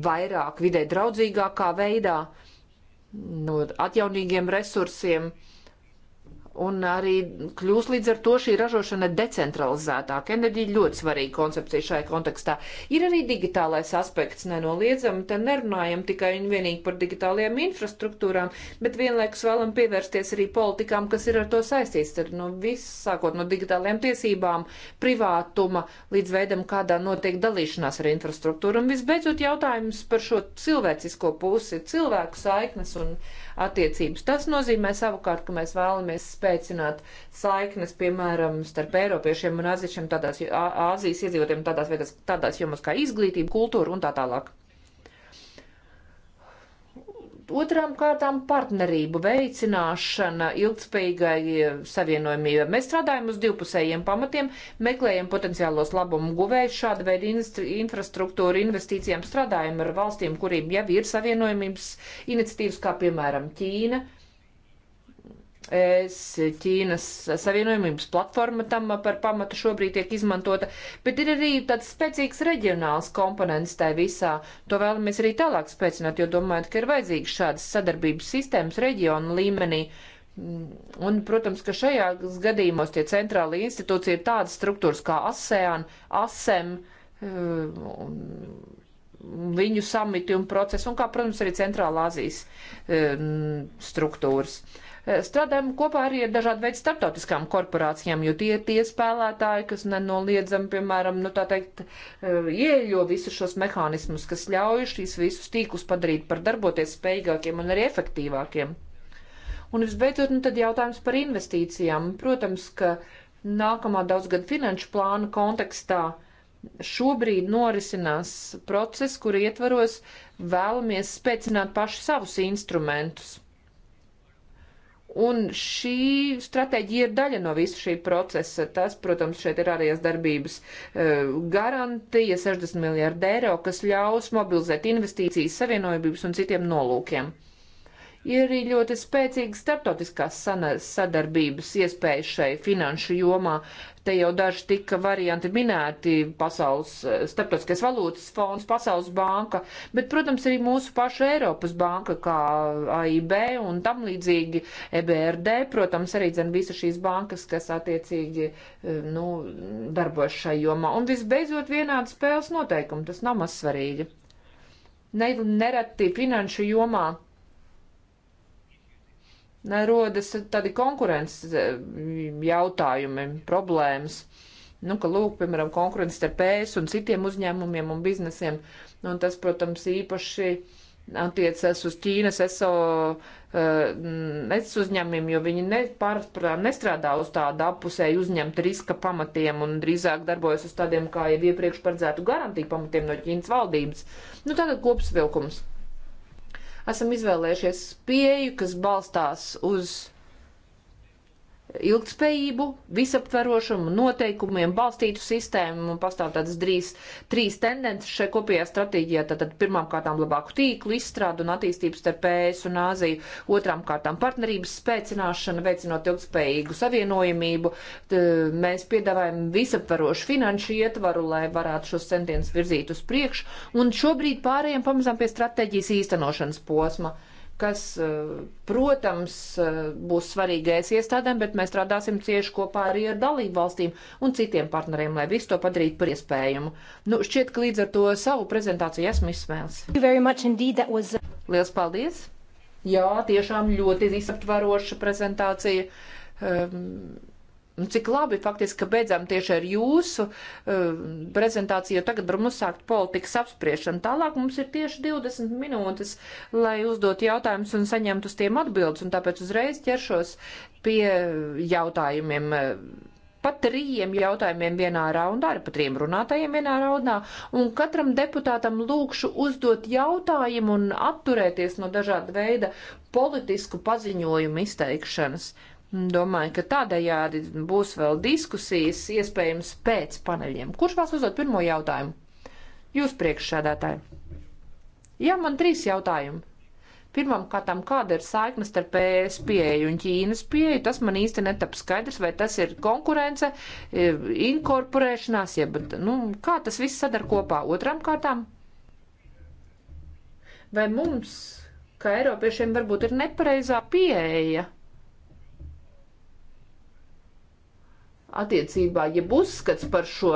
vairāk vidē draudzīgākā veidā no atjaunīgiem resursiem. Uh, Un arī kļūs līdz ar to šī ražošana decentralizētāka. Enerģija ļoti svarīga koncepcija šajā kontekstā. Ir arī digitālais aspekts nenoliedzami. Te nerunājam tikai un vienīgi par digitālajām infrastruktūrām, bet vienlaikus vēlam pievērsties arī politikām, kas ir ar to saistīts. Tad, nu, viss sākot no digitālajām tiesībām, privātuma līdz veidam, kādā notiek dalīšanās ar infrastruktūru. Un visbeidzot jautājums par šo cilvēcisko pusi, cilvēku saiknes un attiecības. Tas nozīmē savukārt, ka mēs vēlamies spēcināt saiknes, piemēram, starp Eiropiešiem un Aziešiem, tādās Āzijas iedzīvotiem tādās vietās, tādās jomās kā izglītība, kultūra un tā tālāk. Otrām kārtām partnerību veicināšana ilgspējīgai eh, savienojumībai. Mēs strādājam uz divpusējiem pamatiem, meklējam potenciālos labumu guvējus šāda veida infrastruktūru investīcijām, strādājam ar valstīm, kuriem jau ir savienojumības iniciatīvas, kā piemēram Ķīna, Es Ķīnas savienojumības platforma tam par pamatu šobrīd tiek izmantota, bet ir arī tāds spēcīgs reģionāls komponents tai visā. To vēlamies arī tālāk spēcināt, jo domājot, ka ir vajadzīgs šādas sadarbības sistēmas reģionu līmenī, Un, protams, ka šajās gadījumos tie centrāli institūcija ir tādas struktūras kā ASEAN, ASEM, um, viņu samiti un procesi, un kā, protams, arī centrāla Azijas um, struktūras. Strādājam kopā arī ar dažādu veidu starptautiskām korporācijām, jo tie ir tie spēlētāji, kas nenoliedzami, piemēram, nu tā teikt, eh, ieļo visus šos mehānismus, kas ļauj šīs visus tīklus padarīt par darboties spējīgākiem un arī efektīvākiem. Un visbeidzot, nu tad jautājums par investīcijām. Protams, ka nākamā daudzgad finanšu plāna kontekstā šobrīd norisinās process, kur ietvaros vēlamies spēcināt paši savus instrumentus. Un šī stratēģija ir daļa no visa šī procesa. Tas, protams, šeit ir ārējās darbības e, garantija 60 miljārdi eiro, kas ļaus mobilizēt investīcijas savienojumības un citiem nolūkiem. Ir arī ļoti spēcīga starptautiskās sadarbības iespējas šai finanšu jomā. Te jau daži tika varianti minēti - pasaules starptautiskais valūtas fonds, Pasaules banka, bet, protams, arī mūsu paša Eiropas banka, kā AIB un tam līdzīgi EBRD, protams, arī dzen visa šīs bankas, kas attiecīgi, eh, nu, darbojas šai jomā. Un visbeidzot, vienādi spēles noteikumi, tas nav maz svarīgi. Ne, nereti finanšu jomā rodas tādi konkurences eh, jautājumi, problēmas. Nu, ka lūk, piemēram, konkurence starp ES un citiem uzņēmumiem un biznesiem. Nu, un tas, protams, īpaši attiecas uz Ķīnas SO uh, eh, uzņēmumiem, jo viņi ne, pārsprā, nestrādā uz tādu apusēju uzņemta riska pamatiem un drīzāk darbojas uz tādiem, kā jau iepriekš paredzētu garantiju pamatiem no Ķīnas valdības. Nu, tātad kopsvilkums esam izvēlējušies pieju, kas balstās uz ilgtspējību, visaptverošumu, noteikumiem balstītu sistēmu un pastāv tādas drīz, trīs tendences šai kopējā stratēģijā. Tātad pirmām kārtām labāku tīklu izstrādu un attīstību starp ES un Āziju, otrām kārtām partnerības spēcināšana, veicinot ilgtspējīgu savienojamību. Tā, mēs piedāvājam visaptverošu finanšu ietvaru, lai varētu šos centienus virzīt uz priekšu un šobrīd pārējiem pamazām pie stratēģijas īstenošanas posma kas, eh, protams, eh, būs svarīgais iestādēm, bet mēs strādāsim cieši kopā arī ar dalību valstīm un citiem partneriem, lai visu to padarītu par iespējumu. Nu, šķiet, ka līdz ar to savu prezentāciju esmu izsmēlis. Lielas paldies! Jā, tiešām ļoti izaptvaroša prezentācija. Um, Un nu, cik labi faktiski, ka beidzām tieši ar jūsu uh, prezentāciju, jo tagad varam uzsākt politikas apspriešanu. Tālāk mums ir tieši 20 minūtes, lai uzdot jautājumus un saņemt uz tiem atbildes, un tāpēc uzreiz ķeršos pie jautājumiem. Pat trījiem jautājumiem vienā raundā, arī pat trim runātājiem vienā raundā, un katram deputātam lūkšu uzdot jautājumu un atturēties no dažāda veida politisku paziņojumu izteikšanas. Uh, Domāju, ka tādējādi būs vēl diskusijas, iespējams, pēc paneļiem. Kurš vēlas uzdot pirmo jautājumu? Jūs priekšsēdētāji. Jā, man trīs jautājumi. Pirmām kārtām, kāda ir saikne starp ES pieeju un Ķīnas pieeju, tas man īsti netap skaidrs, vai tas ir konkurence, e, inkorporēšanās, jeb, nu, kā tas viss sadar kopā. Otram kārtām, vai mums, kā Eiropiešiem, varbūt ir nepareizā pieeja? attiecībā, jeb uzskats par šo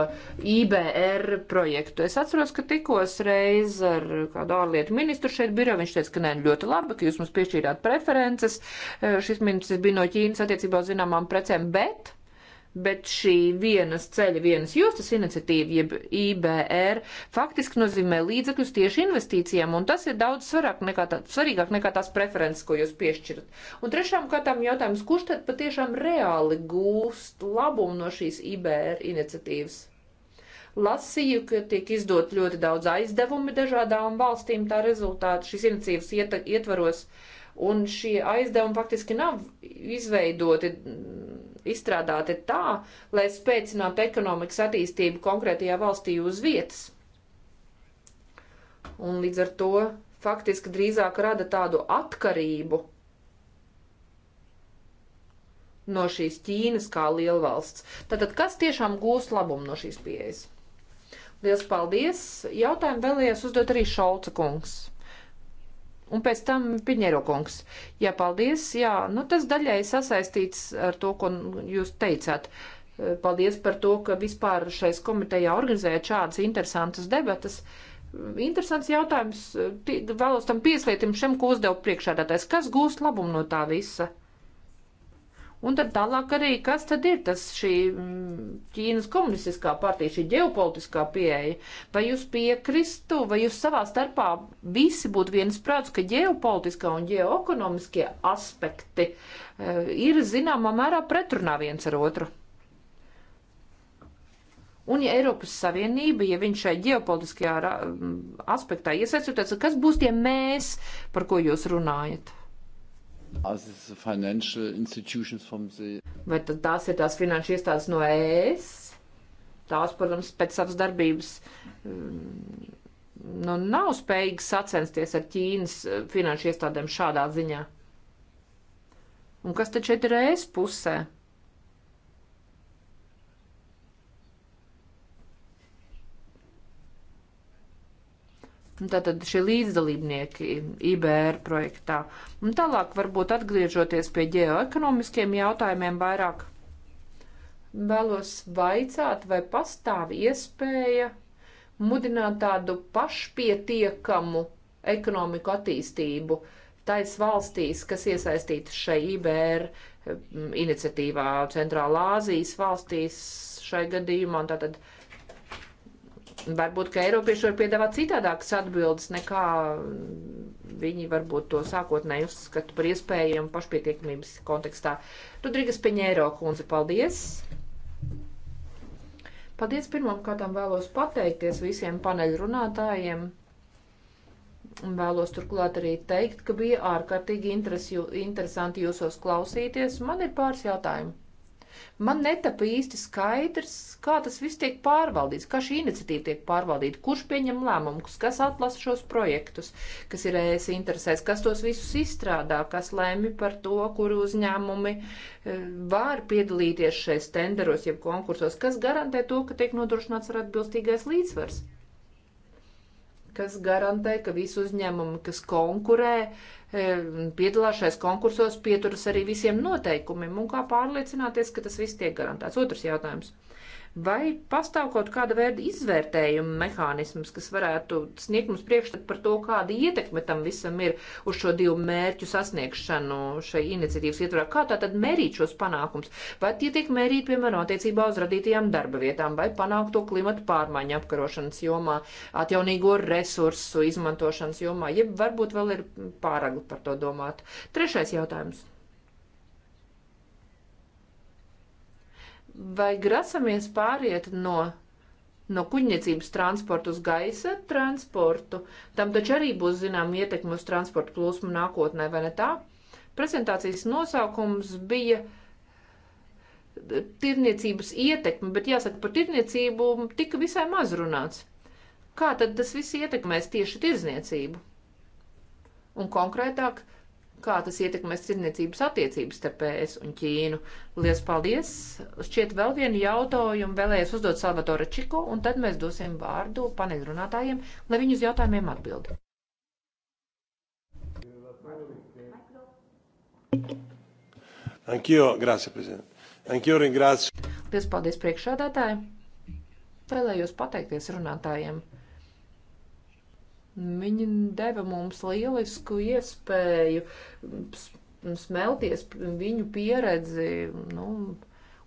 IBR projektu. Es atceros, ka tikos reiz ar kādu ārlietu ministru šeit biro, viņš teica, ka nē, ļoti labi, ka jūs mums piešķīrāt preferences. Šis ministrs bija no Ķīnas attiecībā uz zināmām precēm, bet bet šī vienas ceļa, vienas jostas iniciatīva, jeb IBR, faktiski nozīmē līdzekļus tieši investīcijām, un tas ir daudz svarāk nekā tā, svarīgāk nekā tās preferences, ko jūs piešķirat. Un trešām kārtām jautājums, kurš tad patiešām reāli gūst labumu no šīs IBR iniciatīvas? Lasīju, ka tiek izdot ļoti daudz aizdevumi dažādām valstīm tā rezultātu šīs iniciatīvas iet, ietvaros. Uh, un šie aizdevumi faktiski nav izveidoti, mm, izstrādāti tā, lai spēcinātu ekonomikas attīstību konkrētajā valstī uz vietas. Un līdz ar to faktiski drīzāk rada tādu atkarību no šīs Ķīnas kā lielvalsts. Tātad, kas tiešām gūs labumu no šīs pieejas? Lielas paldies! Jautājumu vēlējās uzdot arī Šalca kungs. Un pēc tam Piņero kungs. Jā, paldies. Jā, nu tas daļai sasaistīts ar to, ko jūs teicāt. Eh, paldies par to, ka vispār šais komitejā organizējat šādas interesantas debatas. Interesants jautājums. Eh, vēlos tam pieslietim šim, ko uzdevu priekšādātais. Kas gūst labumu no tā visa? Un tad tālāk arī, kas tad ir tas šī mm, Ķīnas komunistiskā partija, šī ģeopolitiskā pieeja? Vai jūs piekristu, vai jūs savā starpā visi būtu viensprāts, ka ģeopolitiskā un ģeoekonomiskie aspekti e, ir zināmā mērā pretrunā viens ar otru? Un ja Eiropas Savienība, ja viņš šai ģeopolitiskajā mm, aspektā iesaistītos, kas būs tie mēs, par ko jūs runājat? Vai tad tās ir tās finanšu iestādes no ES? Tās, protams, pēc savas darbības mm, nu, nav spējīgas sacensties ar Ķīnas eh, finanšu iestādēm šādā ziņā. Un kas tad šeit ir ES pusē? Nu, tātad šie līdzdalībnieki IBR projektā. Un tālāk varbūt atgriežoties pie ģeoekonomiskiem jautājumiem vairāk vēlos vaicāt, vai pastāv iespēja mudināt tādu pašpietiekamu ekonomiku attīstību tais valstīs, kas iesaistītas šai IBR mm, iniciatīvā, Centrālā Āzijas valstīs šai gadījumā, un tātad uh, Varbūt, ka Eiropieši var piedāvāt citādākas atbildes, nekā viņi varbūt to sākotnēji uzskata par iespējamu pašpietiekamības kontekstā. Rodrīgas Piņēro kundze, paldies! Paldies pirmam kārtām vēlos pateikties visiem paneļrunātājiem. Vēlos turklāt arī teikt, ka bija ārkārtīgi interesi, interesanti jūsos klausīties. Man ir pāris jautājumu. Man netapa īsti skaidrs, kā tas viss tiek pārvaldīts, kā šī iniciatīva tiek pārvaldīta, kurš pieņem lēmumus, kas atlasa šos projektus, kas ir ES interesēs, kas tos visus izstrādā, kas lēmi par to, kur uzņēmumi eh, var piedalīties šais tenderos, jeb konkursos, kas garantē to, ka tiek nodrošināts ar atbilstīgais līdzsvars kas garantē, ka visi uzņēmumi, kas konkurē, piedalās šais konkursos, pieturas arī visiem noteikumiem un kā pārliecināties, ka tas viss tiek garantēts. Otrs jautājums. Vai pastāv kaut kāda veida izvērtējuma mehānisms, kas varētu sniegt mums priekšstatu par to, kāda ietekme tam visam ir uz šo divu mērķu sasniegšanu šai iniciatīvas ietvarā? Kā tā tad mērīt šos panākums? Vai tie tiek mērīti, piemēram, attiecībā uz radītajām darba vietām vai panākto klimatu pārmaiņu apkarošanas jomā, atjaunīgo resursu izmantošanas jomā, ja varbūt vēl ir pāragli par to domāt? Trešais jautājums. vai grasamies pāriet no no kuģniecības transporta uz gaisa transportu. Tam taču arī būs zinām ietekme uz transporta plūsmu nākotnē, vai ne tā? Prezentācijas nosaukums bija eh, tirniecības ietekme, bet jāsaka, par tirniecību tika visai maz runāts. Kā tad tas viss ietekmēs tieši tirzniecību? Un konkrētāk, kā tas ietekmēs tirniecības attiecības starp ES un Ķīnu. Lielas paldies! Šķiet vēl vienu jautājumu vēlējos uzdot Salvatore Čiko, un tad mēs dosim vārdu paneļrunātājiem, lai viņi uz jautājumiem atbild. Anch'io, grazie, Presidente. Anch'io ringrazio. Lielas paldies priekšādātāji. Vēlējos pateikties runātājiem Viņi deva mums lielisku iespēju smelties viņu pieredzi, nu,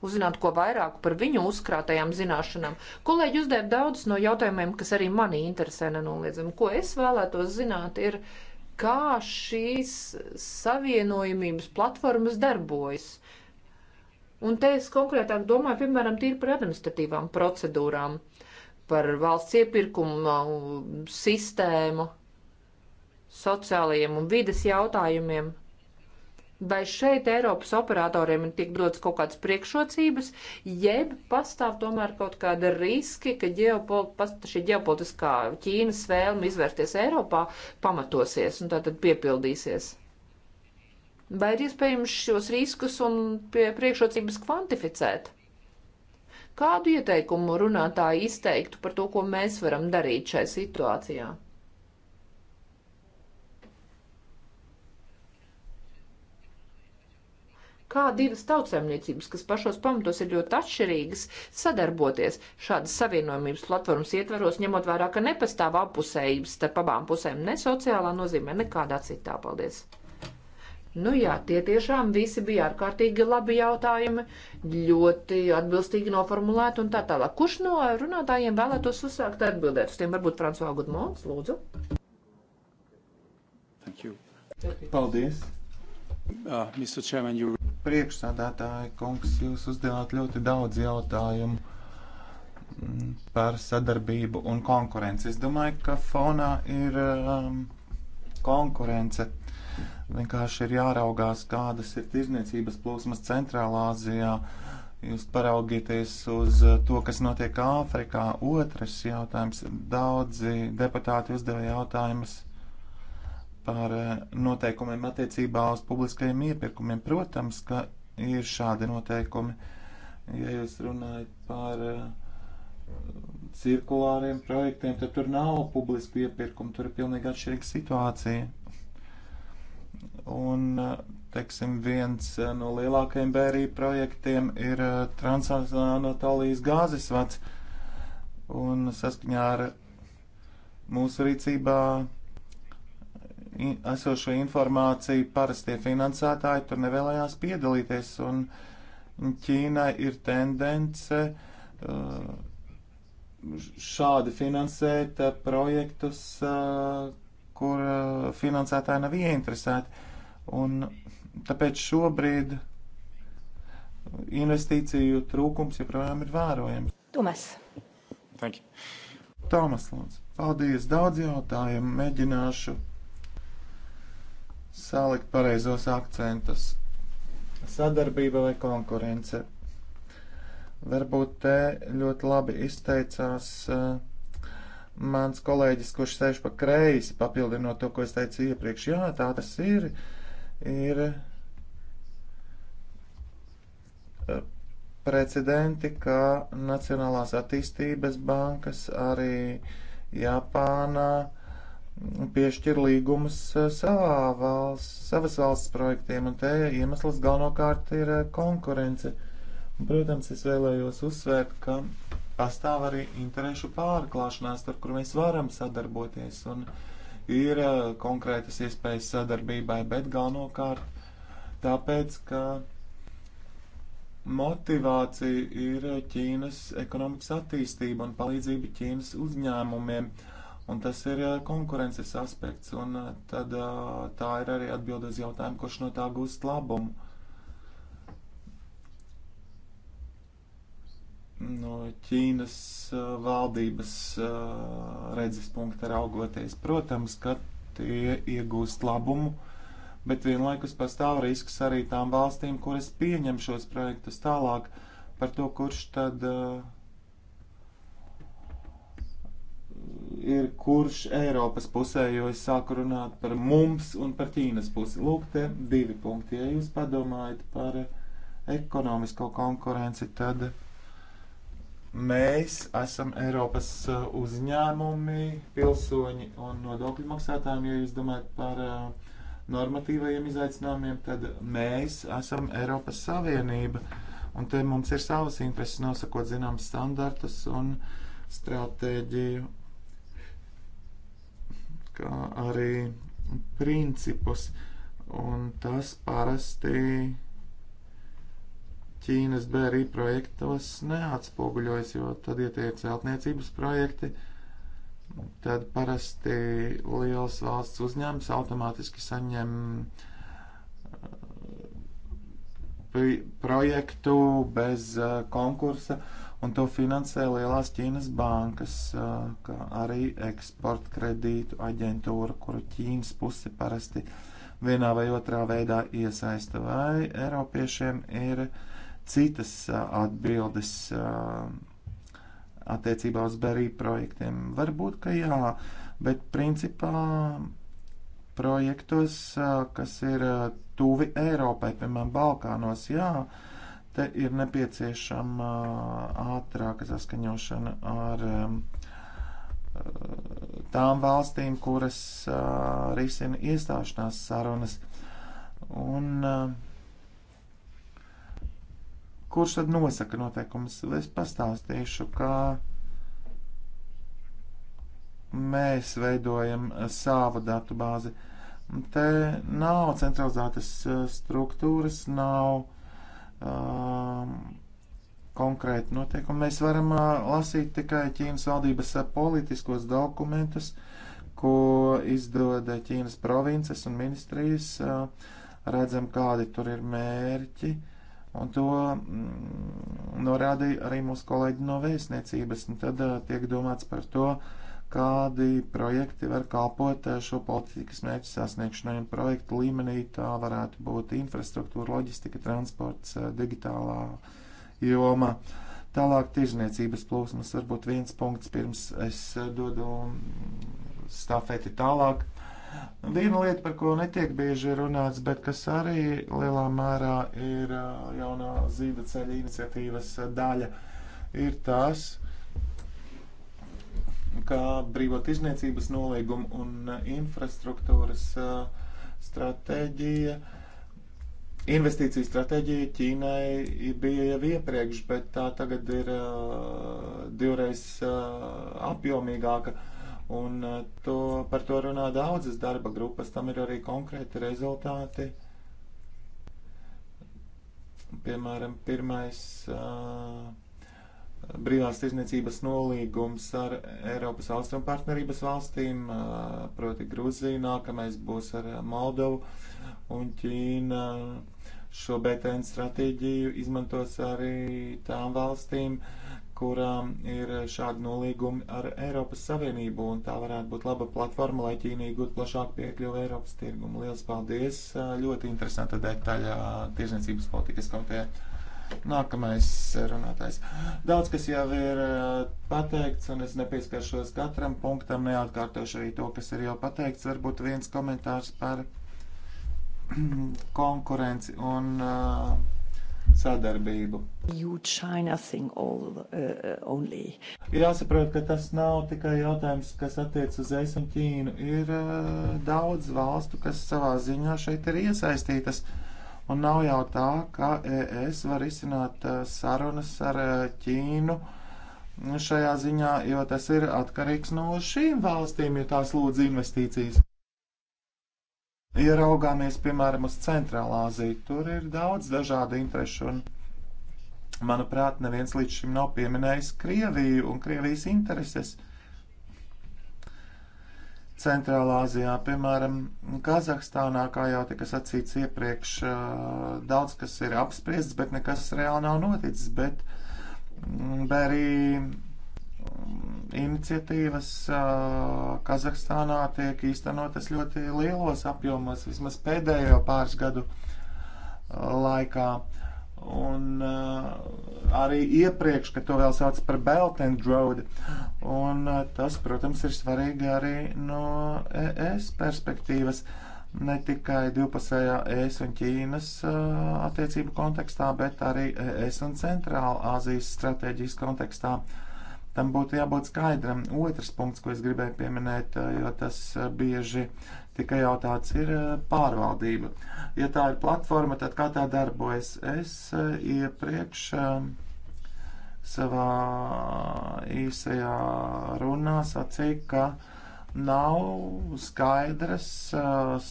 uzzināt ko vairāk par viņu uzkrātajām zināšanām. Kolēģi uzdev daudz no jautājumiem, kas arī mani interesē nenoliedzami. Ko es vēlētos zināt, ir, kā šīs savienojumības platformas darbojas. Un te es konkrētāk domāju, piemēram, tīri par administratīvām procedūrām. Uh, par valsts iepirkumu sistēmu, sociālajiem un vides jautājumiem. Vai šeit Eiropas operatoriem tiek dotas kaut kādas priekšrocības, jeb pastāv tomēr kaut kāda riski, ka ģeopol, past, šī ģeopolitiskā Ķīnas vēlme izvērsties Eiropā pamatosies un tātad piepildīsies? Vai ir iespējams šos riskus un priekšrocības kvantificēt? Kādu ieteikumu runātāji izteiktu par to, ko mēs varam darīt šai situācijā? Kā divas tautsēmniecības, kas pašos pamatos ir ļoti atšķirīgas, sadarboties šādas savienojumības platformas ietvaros, ņemot vērā, ka nepastāv apusējības starp abām pusēm ne sociālā nozīmē, ne kādā citā. Paldies! Nu jā, tie tiešām visi bija ārkārtīgi labi jautājumi, ļoti atbilstīgi noformulēti un tā tālāk. Kurš no runātājiem vēlētos uzsākt atbildēt uz tiem? Varbūt Fransuā Gudmons, lūdzu. Paldies. Uh, Mr. Chairman, you... Priekšsādātāji, kungs, jūs uzdevāt ļoti daudz jautājumu mm, par sadarbību un konkurenci. Es domāju, ka fonā ir um, konkurence. Vienkārši ir jāraugās, kādas ir tirzniecības plūsmas Centrālā Azijā. Jūs paraugieties uz to, kas notiek Āfrikā. Otrs jautājums. Daudzi deputāti uzdeva jautājumus par eh, noteikumiem attiecībā uz publiskajiem iepirkumiem. Protams, ka ir šādi noteikumi. Ja jūs runājat par eh, cirkulāriem projektiem, tad tur nav publisku iepirkumu, tur ir pilnīgi atšķirīga situācija. Un, teiksim, viens eh, no lielākajiem bērī projektiem ir eh, Transanatolijas gāzes vads. Un saskaņā ar mūsu rīcībā esošo informāciju parastie finansētāji tur nevēlējās piedalīties. Un Ķīnai ir tendence eh, šādi finansēt projektus, kur finansētāji nav ieinteresēti. Un tāpēc šobrīd investīciju trūkums joprojām ir vērojams. Tomas. Thank you. Tomas Lūdzu. Paldies, daudz jautājumu. Mēģināšu salikt pareizos akcentus. Sadarbība vai konkurence? Varbūt te ļoti labi izteicās uh, mans kolēģis, kurš sēž pa kreisi, papildinot to, ko es teicu iepriekš. Jā, tā tas ir. Uh, ir e, precedenti, kā Nacionālās attīstības bankas arī Japānā piešķir līgumus e, savā valsts, savas valsts projektiem, un te iemesls galvenokārt ir e, konkurence. Protams, es vēlējos uzsvērt, ka pastāv arī interešu pārklāšanās, tur, kur mēs varam sadarboties, un uh, ir eh, konkrētas iespējas sadarbībai, bet galvenokārt tāpēc, ka motivācija ir Ķīnas ekonomikas attīstība un palīdzība Ķīnas uzņēmumiem. Un tas ir eh, konkurences aspekts, un eh, tad tā ir arī atbildes jautājumu, kurš no tā gūst labumu. no Ķīnas valdības redzes punkta raugoties. Protams, ka tie iegūst labumu, bet vienlaikus pastāv risks arī tām valstīm, kuras pieņem šos projektus tālāk par to, kurš tad ir kurš Eiropas pusē, jo es sāku runāt par mums un par Ķīnas pusi. Lūk, te divi punkti. Ja jūs padomājat par ekonomisko konkurenci, tad. Uh, Mēs esam Eiropas uh, uzņēmumi, pilsoņi un nodokļu maksātājiem. Ja jūs domājat par uh, normatīvajiem izaicinājumiem, tad mēs esam Eiropas Savienība. Un te mums ir savas intereses nosakot zināmas standartus un stratēģiju, kā arī principus. Un tas parasti Ķīnas BRI projektos neatspoguļojas, jo tad ietiek celtniecības projekti, tad parasti liels valsts uzņēmums automātiski saņem uh, projektu bez uh, konkursa, un to finansē lielās Ķīnas bankas, uh, kā arī eksporta kredītu aģentūra, kuru Ķīnas puse parasti vienā vai otrā veidā iesaista. Vai Eiropiešiem ir uh, citas atbildes attiecībā uz Berija projektiem. Varbūt, ka jā, bet principā projektos, kas ir tuvi Eiropai, piemēram, Balkānos, jā, te ir nepieciešama ātrāka saskaņošana ar tām valstīm, kuras risina iestāšanās sarunas. Un uh, Kurš tad nosaka noteikumus? Es pastāstīšu, ka mēs veidojam savu datu bāzi. Te nav centralizētas eh, struktūras, nav um, konkrēti noteikumi. Mēs varam uh, lasīt tikai Ķīnas valdības eh, politiskos dokumentus, ko izdod Ķīnas provinces un ministrijas. Uh, redzam, kādi tur ir mērķi. Uh, Un to mm, norādīja arī mūsu kolēģi no vēstniecības. Un tad tiek domāts par to, kādi projekti var kalpot šo politikas mērķu sasniegšanai. Un projektu līmenī tā varētu būt infrastruktūra, loģistika, transports, digitālā joma. Tālāk tirzniecības plūsmas varbūt viens punkts pirms es dodu stafeti tālāk. Viena lieta, par ko netiek bieži runāts, bet kas arī lielā mērā ir jaunā zīda ceļa iniciatīvas daļa, ir tas, ka brīvot izniecības nolīgumu un infrastruktūras stratēģija investīciju stratēģija Ķīnai bija jau iepriekš, bet tā tagad ir uh, divreiz uh, apjomīgāka. Uh, Un eh, to, par to runā daudzas darba grupas, tam ir arī konkrēti rezultāti. Piemēram, pirmais uh, brīvās tirzniecības nolīgums ar Eiropas austrumu partnerības valstīm, eh, proti Gruziju, nākamais būs ar Moldovu un Ķīna. Šo BTN stratēģiju izmantos arī tām valstīm, kurām ir šādi nolīgumi ar Eiropas Savienību, un tā varētu būt laba platforma, lai Ķīna iegūtu plašāku piekļuvu Eiropas tirgumu. Lielas paldies! Ļoti interesanta detaļa tirzniecības politikas komitē. Nākamais runātājs. Daudz kas jau ir pateikts, un es nepieskaršos katram punktam, neatkārtošu arī to, kas ir jau pateikts. Varbūt viens komentārs par konkurenci un uh, sadarbību. All, uh, uh Jāsaprot, ka tas nav tikai jautājums, kas attiec uz es un Ķīnu. Ir uh, daudz valstu, kas savā ziņā šeit ir iesaistītas. Un nav jau tā, ka ES var izsināt uh, sarunas ar uh, Ķīnu šajā ziņā, jo tas ir atkarīgs no šīm valstīm, ja tās lūdz investīcijas ieraugāmies, piemēram, uz Centrālā Aziju, tur ir daudz dažādu interešu un, manuprāt, neviens līdz šim nav pieminējis Krieviju un Krievijas intereses. Centrālā Azijā, piemēram, Kazahstānā, kā jau tika sacīts iepriekš, daudz kas ir apspriests, bet nekas reāli nav noticis. Bet, mm, bet arī iniciatīvas Kazahstānā tiek īstenotas ļoti lielos apjomos, vismaz pēdējo pāris gadu laikā. Un arī iepriekš, kad to vēl sauc par Belt and Road. Un tas, protams, ir svarīgi arī no ES perspektīvas, ne tikai divpusējā ES un Ķīnas attiecību kontekstā, bet arī ES un Centrāla Āzijas stratēģijas kontekstā. Uh, Tam būtu jābūt skaidram. Otrs punkts, ko es gribēju pieminēt, jo tas bieži tika jautāts, ir pārvaldība. Ja tā ir platforma, tad kā tā darbojas? Es iepriekš savā īsajā runā sacīju, ka nav skaidras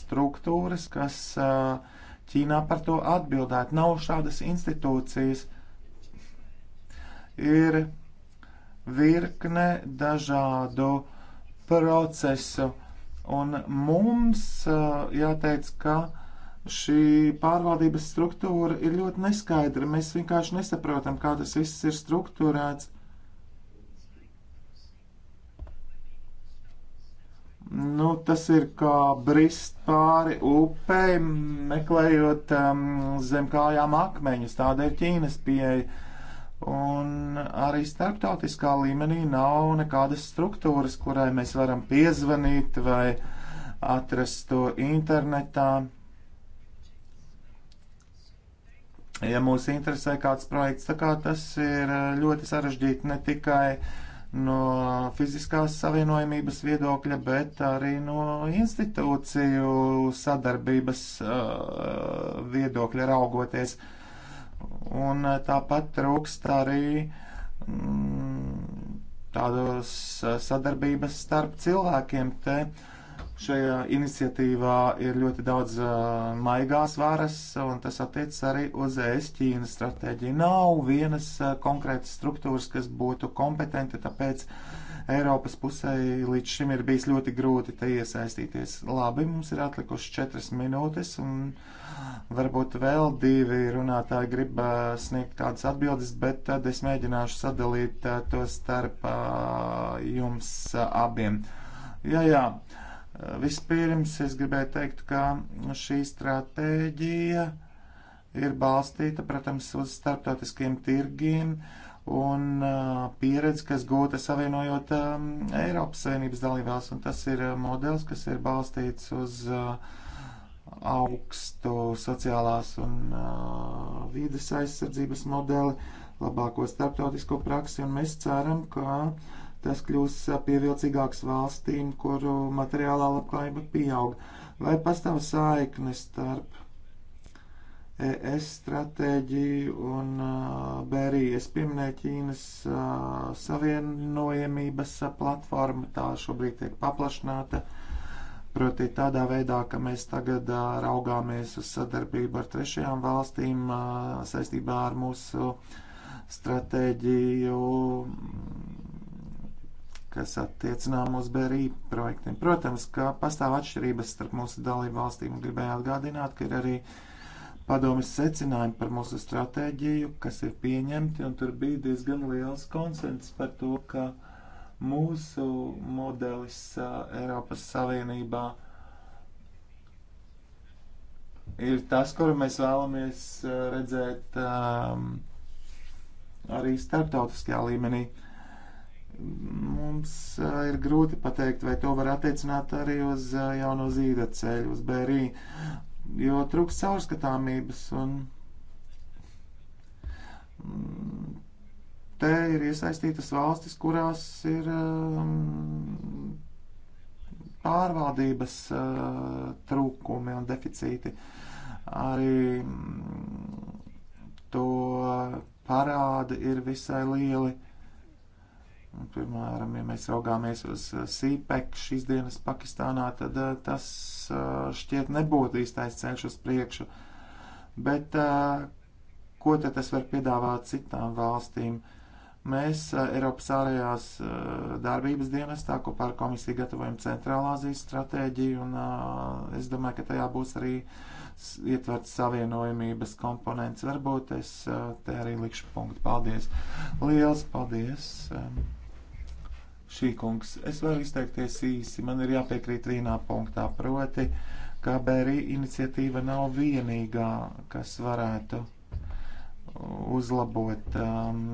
struktūras, kas Ķīnā par to atbildētu. Nav šādas institūcijas. Ir virkne dažādu procesu. Un mums eh, jāteic, ka šī pārvaldības struktūra ir ļoti neskaidra. Mēs vienkārši nesaprotam, kā tas viss ir struktūrēts. Nu, tas ir kā brist pāri upei, meklējot um, zem kājām akmeņus. Tāda ir Ķīnas pieeja. Un arī starptautiskā līmenī nav nekādas struktūras, kurai mēs varam piezvanīt vai atrast to internetā. Ja mūs interesē kāds projekts, tā kā tas ir ļoti sarežģīti ne tikai no fiziskās savienojumības viedokļa, bet arī no institūciju sadarbības uh, viedokļa raugoties. Uh, Un eh, tāpat trūkst arī mm, tādas sadarbības starp cilvēkiem. Te šajā iniciatīvā ir ļoti daudz uh, maigās varas, un tas attiecas arī uz ES-Ķīnas stratēģiju. Nav vienas uh, konkrētas struktūras, kas būtu kompetenti, tāpēc uh, Eiropas pusē līdz šim ir bijis ļoti grūti te iesaistīties. Labi, mums ir atlikušas četras minūtes, un varbūt vēl divi runātāji grib sniegt kādas atbildes, bet tad es mēģināšu sadalīt to starp jums abiem. Jā, jā. Vispirms es gribēju teikt, ka šī stratēģija ir balstīta, protams, uz starptautiskiem tirgiem. Uh, un pieredze, kas gūta savienojot Eiropas Savienības dalībās, un tas ir modelis, kas ir balstīts uz augstu sociālās un vides aizsardzības modeli, labāko starptautisko praksi, un mēs ceram, ka tas kļūs pievilcīgāks valstīm, kuru materiālā labklājība pieaug. Vai pastāv saiknes starp ES stratēģiju un Bērijas pieminē Ķīnas savienojamības platforma. Tā šobrīd tiek paplašināta. Proti tādā veidā, ka mēs tagad raugāmies uz sadarbību ar trešajām valstīm saistībā ar mūsu stratēģiju, kas attiecinām uz BRI projektiem. Protams, ka pastāv atšķirības starp mūsu dalību valstīm. Gribēju atgādināt, ka ir arī uh, padomis secinājumi par mūsu stratēģiju, kas ir pieņemti, un tur bija diezgan liels konsens par to, ka mūsu modelis Eiropas Savienībā ir tas, kuru mēs vēlamies redzēt arī starptautiskajā līmenī. Mums ir grūti pateikt, vai to var attiecināt arī uz jauno zīda ceļu, uz Bēriju jo trūks caurskatāmības. Un mm, te ir iesaistītas valstis, kurās ir mm, pārvaldības eh, trūkumi un deficīti. Arī mm, to parādi ir visai lieli. Piemēram, ja mēs raugāmies uz SIPEK uh, šīs dienas Pakistānā, tad uh, tas uh, šķiet nebūtu īstais ceļš uz priekšu. Bet ko tad tas var piedāvāt citām valstīm? Mēs Eiropas ārējās darbības dienestā kopā ar komisiju gatavojam centrālāzijas stratēģiju, un es domāju, ka tajā būs arī ietverts savienojumības komponents. Varbūt es te arī likšu punktu. Paldies! Liels paldies! Um, Šī kungs, es varu izteikties īsi, man ir jāpiekrīt vienā punktā, proti, ka Bērī iniciatīva nav vienīgā, kas varētu uzlabot um,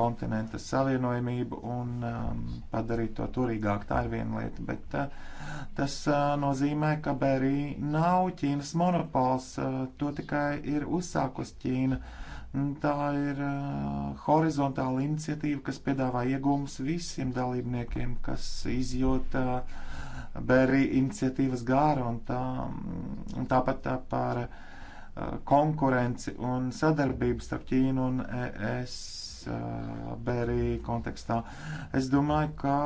kontinenta savienojamību un um, padarīt to turīgāk. Tā ir viena lieta, bet uh, tas uh, nozīmē, ka Bērī nav Ķīnas monopols, uh, to tikai ir uzsākus Ķīna. Uh, Tā ir uh, horizontāla iniciatīva, kas piedāvā iegūmus visiem dalībniekiem, kas izjūt uh, bērnu iniciatīvas gāru un, tā, un tāpat tā par uh, konkurenci un sadarbību starp Ķīnu un ES bērnu kontekstā. Es domāju, ka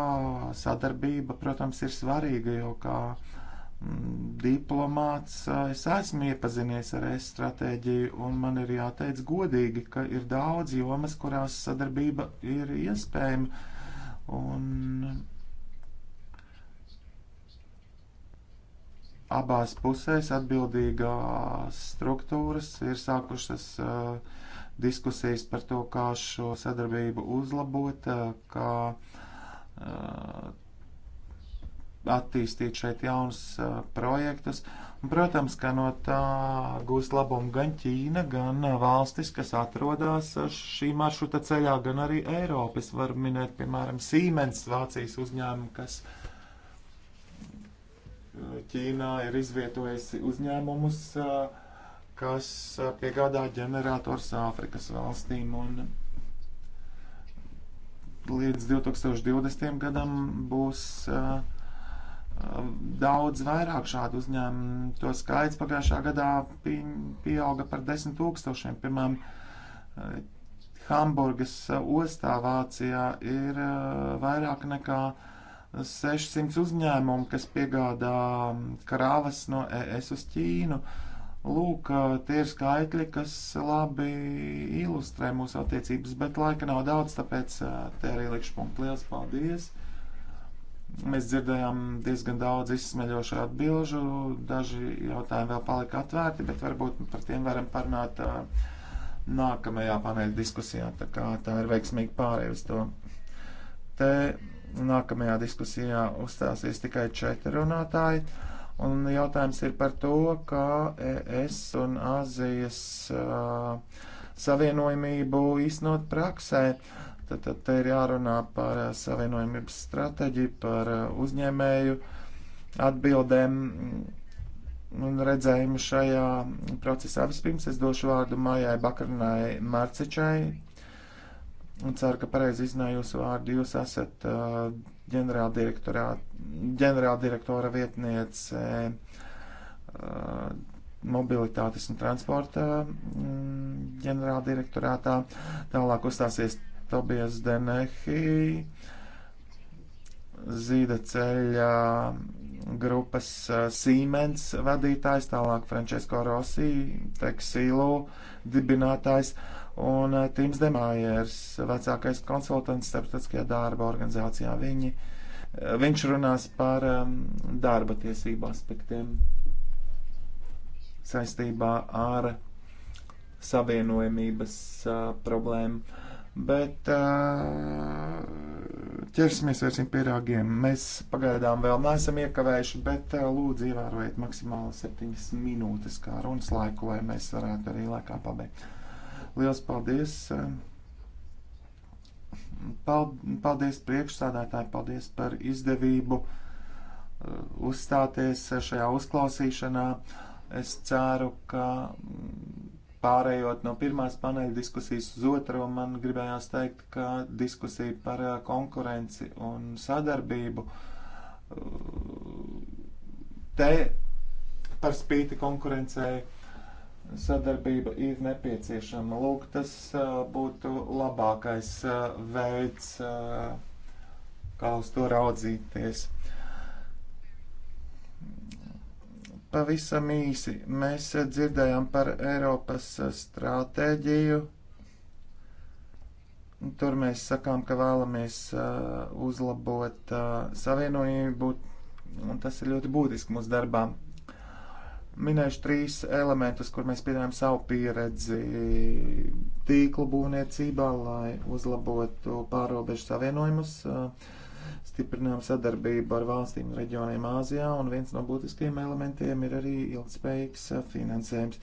sadarbība, protams, ir svarīga, jo kā uh, diplomāts, es esmu iepazinies ar es stratēģiju, un man ir jāteic godīgi, ka ir daudz jomas, kurās sadarbība ir iespējama. Un abās pusēs atbildīgās struktūras ir sākušas uh, diskusijas par to, kā šo sadarbību uzlabot, uh, kā uh, attīstīt šeit jaunus uh, projektus. Un, protams, ka no tā gūs labumu gan Ķīna, gan valstis, kas atrodas šī maršruta ceļā, gan arī Eiropas. Var minēt, piemēram, Siemens, Vācijas uzņēmumu, kas Ķīnā ir izvietojusi uzņēmumus, kas piegādā ģenerators Āfrikas valstīm. Un, līdz 2020. gadam būs uh, daudz vairāk šādu uzņēmumu. To skaits pagājušā gadā pieauga par desmit tūkstošiem. Piemēram, Hamburgas uh, ostā Vācijā ir uh, vairāk nekā 600 uzņēmumu, kas piegādā um, krāvas no ES uz Ķīnu. Lūk, uh, tie ir skaitļi, kas labi ilustrē mūsu attiecības, bet laika nav daudz, tāpēc te arī likšu punktu. Lielas paldies! Mēs dzirdējām diezgan daudz izsmeļošu atbilžu, daži jautājumi vēl palika atvērti, bet varbūt par tiem varam parunāt nākamajā paneļa diskusijā, tā kā tā ir veiksmīgi pārēj uz to. Te nākamajā diskusijā uzstāsies tikai četri runātāji, un jautājums ir par to, kā ES un Azijas uh, savienojumību īstenot praksē. Uh, Tad, tad te ir jārunā par eh, savienojumības stratēģiju, par eh, uzņēmēju atbildēm un redzējumu šajā procesā. Vispirms es došu vārdu Mājai Bakarnai Marcečai. Un ceru, ka pareizi izrunāju jūsu vārdu. Jūs esat uh, ģenerāldirektora vietniece uh, mobilitātes un transporta um, ģenerāldirektorātā. Tālāk uzstāsies Tobijas Denehi, Zīda ceļa grupas eh, Siemens vadītājs, tālāk Francesco Rossi, Teksilu dibinātājs un eh, Tims Demājers, vecākais konsultants starptautiskajā darba organizācijā. Viņi, eh, viņš runās par darba tiesību aspektiem saistībā ar savienojamības problēmu bet ķersimies vērsim pie rāgiem. Mēs pagaidām vēl neesam iekavējuši, bet lūdzu ievērojiet maksimāli septiņas minūtes kā runas laiku, lai mēs varētu arī laikā pabeigt. Liels paldies! Paldies priekšsādātāji, paldies par izdevību uzstāties šajā uzklausīšanā. Es ceru, ka Pārējot no pirmās paneļa diskusijas uz otro, man gribējās teikt, ka diskusija par eh, konkurenci un sadarbību eh, te par spīti konkurencei sadarbība ir nepieciešama. Lūk, tas uh, būtu labākais uh, veids, uh, kā uz to raudzīties. Pavisam īsi mēs dzirdējām par Eiropas stratēģiju. Tur mēs sakām, ka vēlamies uh, uzlabot uh, savienojību, un tas ir ļoti būtiski mūsu darbā. Minēšu trīs elementus, kur mēs pieņēmām savu pieredzi tīklu būvniecībā, lai uzlabotu pārobežu savienojumus. Uh, stiprinām sadarbību ar valstīm un reģioniem Āzijā, un viens no būtiskajiem elementiem ir arī ilgspējīgs eh, finansējums.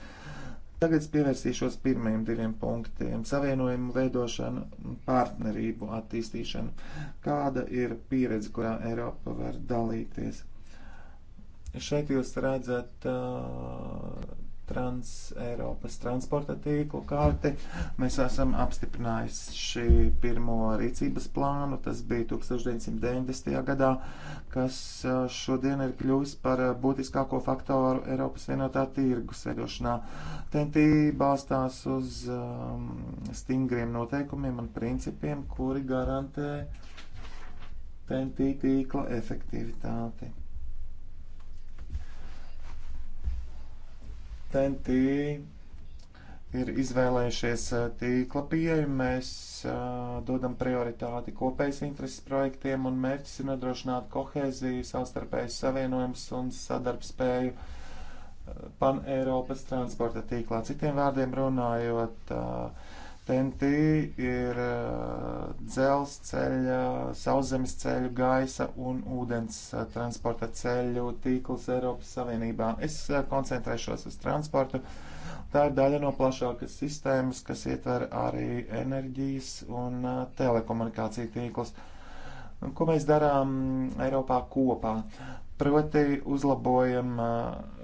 Tagad es pievērsīšos pirmajiem diviem punktiem - savienojumu veidošanu un partnerību attīstīšanu. Kāda ir pieredze, kurā Eiropa var dalīties? Šeit jūs redzat uh, trans Eiropas transporta tīklu karti. Mēs esam apstiprinājuši pirmo rīcības plānu, tas bija 1990. gadā, kas šodien ir kļuvis par būtiskāko faktoru Eiropas vienotā tirgus veidošanā. TNT balstās uz um, stingriem noteikumiem un principiem, kuri garantē TNT tīkla efektivitāti. TNT ir izvēlējušies eh, tīkla pieeju, mēs eh, dodam prioritāti kopējas intereses projektiem un mērķis ir nodrošināt kohēziju, savstarpējas savienojums un sadarbspēju eh, pan-Eiropas transporta tīklā. Citiem vārdiem runājot, uh, TNT ir eh, dzelzceļa, sauszemes ceļu, gaisa un ūdens eh, transporta ceļu tīkls Eiropas Savienībā. Es eh, koncentrēšos uz transportu. Tā ir daļa no plašākas sistēmas, kas ietver arī enerģijas un telekomunikāciju tīklus. Ko mēs darām mm, Eiropā kopā? Proti uzlabojam uh,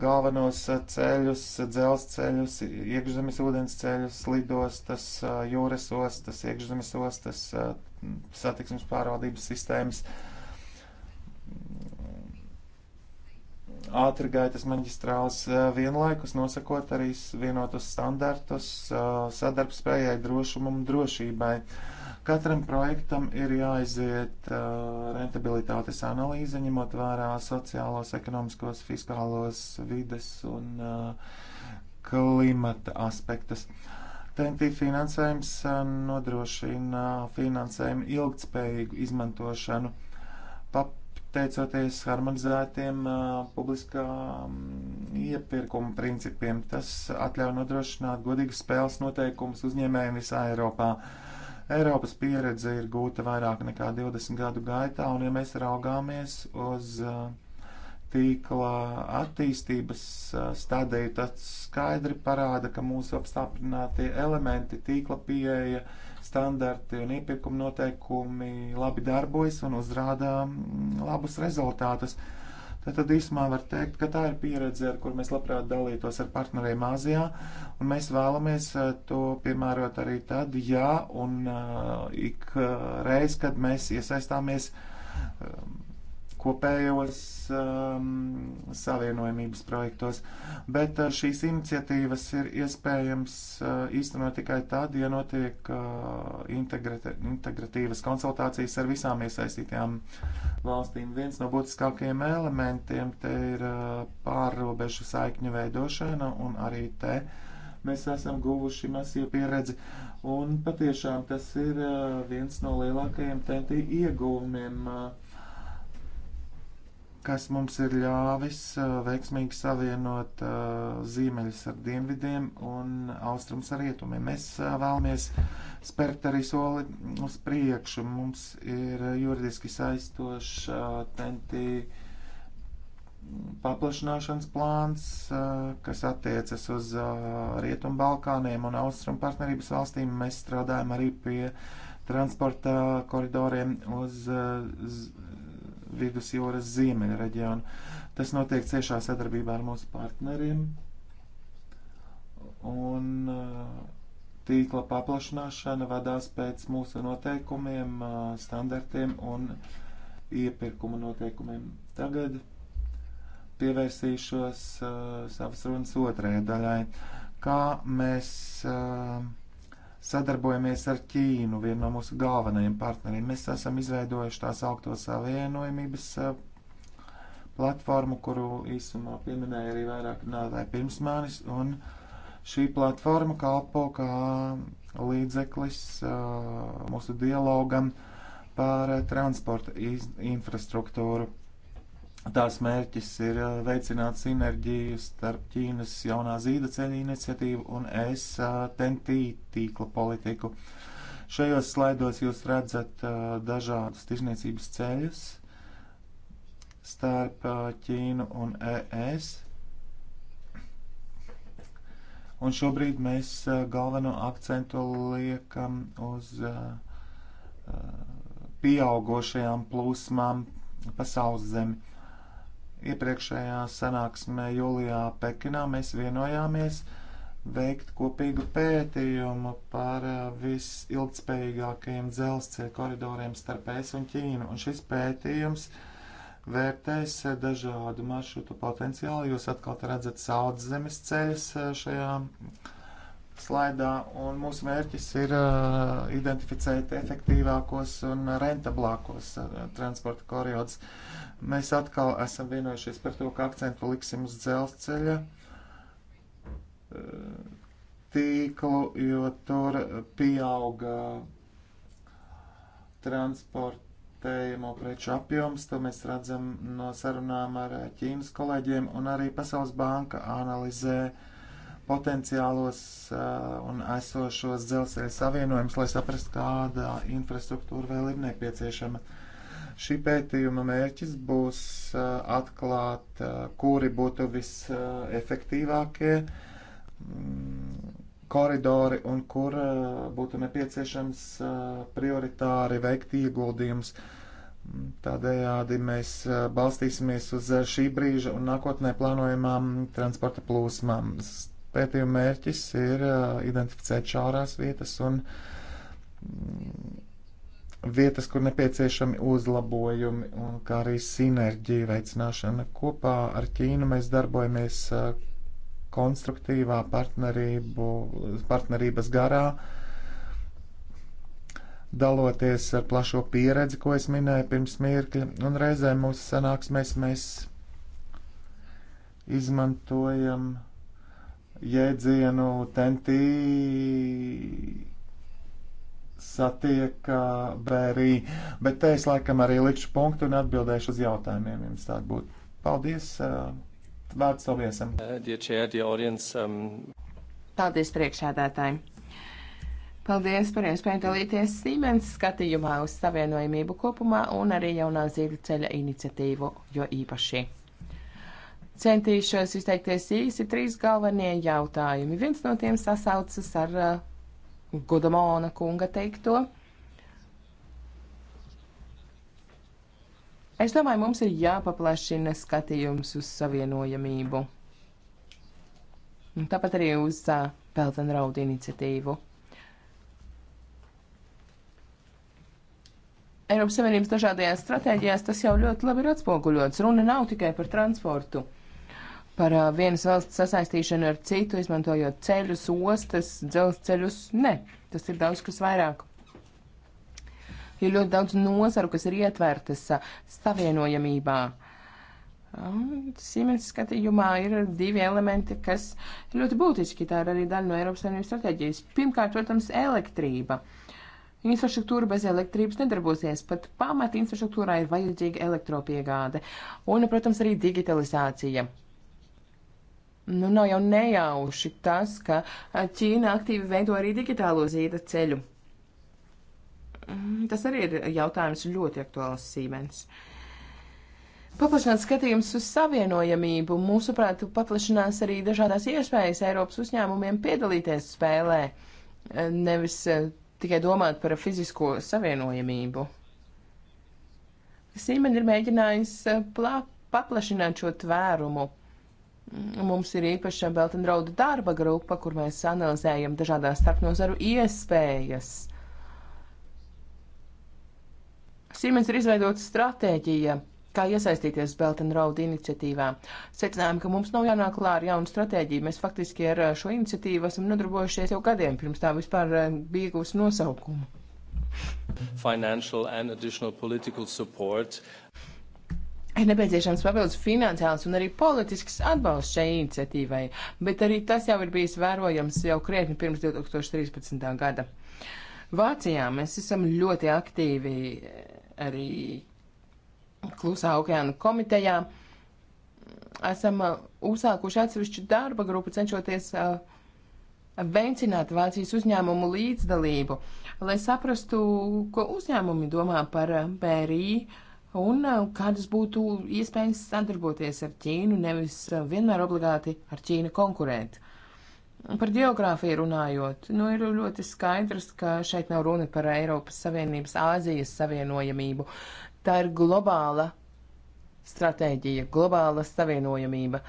galvenos eh, ceļus, eh, dzelzceļus, iekšzemes ūdens ceļus, lidostas, eh, jūras ostas, iekšzemes ostas, satiksmes pārvaldības sistēmas, ātrgaitas maģistrāls vienlaikus nosakot arī vienotus standartus sadarbspējai, drošumam, drošībai. drošībai Katram projektam ir jāiziet uh, rentabilitātes analīze, ņemot vērā sociālos, ekonomiskos, fiskālos, vides un uh, klimata aspektus. TNT finansējums uh, nodrošina finansējumu ilgtspējīgu izmantošanu, pateicoties harmonizētiem uh, publiskā um, iepirkuma principiem. Tas atļauj nodrošināt godīgas spēles noteikumus uzņēmējiem visā Eiropā. Uh, Eiropas pieredze ir gūta vairāk nekā 20 gadu gaitā, un ja mēs raugāmies uz uh, tīkla attīstības uh, stadiju, tad skaidri parāda, ka mūsu apstāpinātie elementi, tīkla pieeja, standarti un iepirkuma noteikumi labi darbojas un uzrādā mm, labus rezultātus. Uh, Tad īsumā var teikt, ka tā ir pieredze, ar kur mēs labprāt dalītos ar partneriem Āzijā, un mēs vēlamies eh, to piemērot arī tad, ja un eh, ik eh, reiz, kad mēs iesaistāmies kopējos um, savienojumības projektos. Bet uh, šīs iniciatīvas ir iespējams uh, īstenot tikai tad, ja notiek uh, integratīvas konsultācijas ar visām iesaistītajām valstīm. Viens no būtiskākajiem elementiem te ir uh, pārrobežu saikņu veidošana un arī te. Mēs esam guvuši masīvu pieredzi, un patiešām tas ir uh, viens no lielākajiem TNT ieguvumiem. Uh, kas mums ir ļāvis uh, veiksmīgi savienot uh, ziemeļus ar dienvidiem un austrums ar rietumiem. Mēs uh, vēlamies spērt arī soli uz priekšu. Mums ir juridiski saistošs tentī paplašināšanas plāns, kas attiecas uz Rietumbalkāniem un Austrum partnerības valstīm. Mēs strādājam arī pie transporta koridoriem uz vidusjūras ziemeļa reģionu. Tas notiek ciešā sadarbībā ar mūsu partneriem un uh, tīkla paplašināšana vadās pēc mūsu noteikumiem, uh, standartiem un iepirkuma noteikumiem. Tagad pievērsīšos uh, savas runas otrajai daļai. Kā mēs uh, sadarbojamies ar Ķīnu, vienu no mūsu galvenajiem partneriem. Mēs esam izveidojuši tās augto savienojumības eh, platformu, kuru īsumā pieminēja arī vairāk nādāji pirms manis, un šī platforma kalpo kā līdzeklis eh, mūsu dialogam par eh, transporta infrastruktūru. Tās mērķis ir uh, veicināt sinerģiju starp Ķīnas jaunā zīda ceļa iniciatīvu un es uh, tentī tīkla politiku. Šajos slaidos jūs redzat uh, dažādus tirzniecības ceļus starp Ķīnu un ES. Un šobrīd mēs galveno akcentu liekam uz pieaugošajām plūsmām pasaules zemi Iepriekšējā sanāksmē jūlijā Pekinā mēs vienojāmies veikt kopīgu pētījumu par uh, visilgtspējīgākajiem dzelzceļa koridoriem starp ES un Ķīnu. Un šis pētījums vērtēs uh, dažādu maršrutu potenciālu. Jūs atkal redzat saudzemes ceļus uh, šajā slaidā, un mūsu mērķis ir uh, identificēt efektīvākos un rentablākos uh, transporta koridorus. Mēs atkal esam vienojušies par to, ka akcentu paliksim uz dzelzceļa e, tīklu, jo tur pieauga transportējamo preču apjoms. To mēs redzam no sarunām ar Ķīnas kolēģiem, un arī Pasaules banka analizē potenciālos e, un esošos dzelzceļa savienojumus, lai saprastu, kāda infrastruktūra vēl ir nepieciešama. Uh, Šī pētījuma mērķis būs atklāt, kuri būtu visefektīvākie mm, koridori un kur būtu nepieciešams prioritāri veikt ieguldījumus. Mm, tādējādi mēs balstīsimies uz šī brīža un nākotnē plānojamām transporta plūsmām. Pētījuma mērķis ir identificēt šaurās vietas un mm, vietas, kur nepieciešami uzlabojumi, un kā arī sinerģija veicināšana. Kopā ar Ķīnu mēs darbojamies konstruktīvā partnerības garā, daloties ar plašo pieredzi, ko es minēju pirms mirkļa, un reizēm mūsu sanāksmēs mēs izmantojam jēdzienu tentī satiek Bērī, bet te es laikam arī likšu punktu un atbildēšu uz jautājumiem, jums tādu būtu. Paldies! Eh, vārds tev viesam. Uh, um, Paldies priekšādātājiem! Paldies par iespēju dalīties Siemens skatījumā uz savienojumību kopumā un arī jaunā zīļu ceļa iniciatīvu, jo īpaši. Centīšos izteikties īsi trīs galvenie jautājumi. Viens no tiem sasaucas ar uh, Gudamona kunga teikto. Es domāju, mums ir jāpaplašina skatījums uz savienojamību. Un tāpat arī uz uh, Peltenrauda iniciatīvu. Eiropas Savienības dažādajās stratēģijās tas jau ļoti labi ir atspoguļots. Runa nav tikai par transportu par vienas valsts sasaistīšanu ar citu, izmantojot ceļus, ostas, dzelzceļus. Nē, tas ir daudz kas vairāk. Ir ļoti daudz nozaru, kas ir ietvērtas savienojamībā. Siemens skatījumā ir divi elementi, kas ir ļoti būtiski. Tā ir arī daļa no Eiropas Savienības stratēģijas. Pirmkārt, protams, elektrība. Infrastruktūra bez elektrības nedarbosies, pat pamat infrastruktūrā ir vajadzīga elektropiegāde un, protams, arī digitalizācija. Nu, nav jau nejauši tas, ka Ķīna aktīvi veido arī digitālo zīda ceļu. Tas arī ir jautājums ļoti aktuāls Siemens. Paplašināt skatījums uz savienojamību, mūsuprāt, paplašinās arī dažādās iespējas Eiropas uzņēmumiem piedalīties spēlē, nevis eh, tikai domāt par fizisko savienojamību. Siemens ir mēģinājis eh, paplašināt šo tvērumu Mums ir īpaša Belt and Road darba grupa, kur mēs analizējam dažādās starpnozaru iespējas. Siemens ir izveidota stratēģija, kā iesaistīties Belt and Road iniciatīvā. Secinājām, ka mums nav jānāk klāt ar jaunu stratēģiju. Mēs faktiski ar eh, šo iniciatīvu esam nodarbojušies jau gadiem, pirms tā vispār eh, bija iegūst nosaukumu. Financial and additional political support. Ir nepieciešams papildus finansiāls un arī politisks atbalsts šai iniciatīvai, bet arī tas jau ir bijis vērojams jau krietni pirms 2013. gada. Vācijā mēs esam ļoti aktīvi eh, arī Klusā okeāna komitejā. Esam eh, uzsākuši atsevišķu darba grupu, cenšoties uh, veicināt Vācijas uzņēmumu līdzdalību, lai saprastu, ko uzņēmumi domā par BRI. Uh, un uh, kādas būtu iespējas sadarboties ar Ķīnu, nevis uh, vienmēr obligāti ar Ķīnu konkurēt. Par geogrāfiju runājot, nu ir ļoti skaidrs, ka šeit nav runa par Eiropas Savienības, Āzijas savienojamību. Tā ir globāla stratēģija, globāla savienojamība.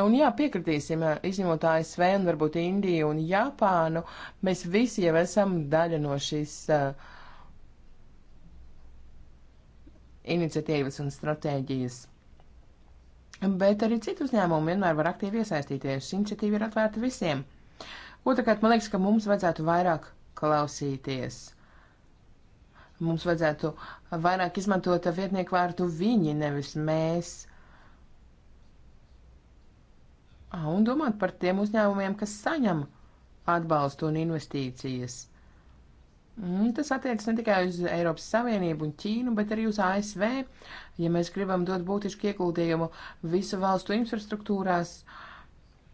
Un jā, piekritīsim, uh, izņemot ASV un varbūt Indiju un Japānu, mēs visi jau esam daļa no šīs uh, iniciatīvas un stratēģijas. Bet arī citu uzņēmumu vienmēr var aktīvi iesaistīties. Iniciatīva ir atvērta visiem. Otrakārt, man liekas, ka mums vajadzētu vairāk klausīties. Mums vajadzētu vairāk izmantot vietnieku vārdu viņi, nevis mēs. Un domāt par tiem uzņēmumiem, kas saņem atbalstu un investīcijas. Un mm, tas attiecas ne tikai uz Eiropas Savienību un Ķīnu, bet arī uz ASV. Ja mēs gribam dot būtisku ieguldījumu visu valstu infrastruktūrās,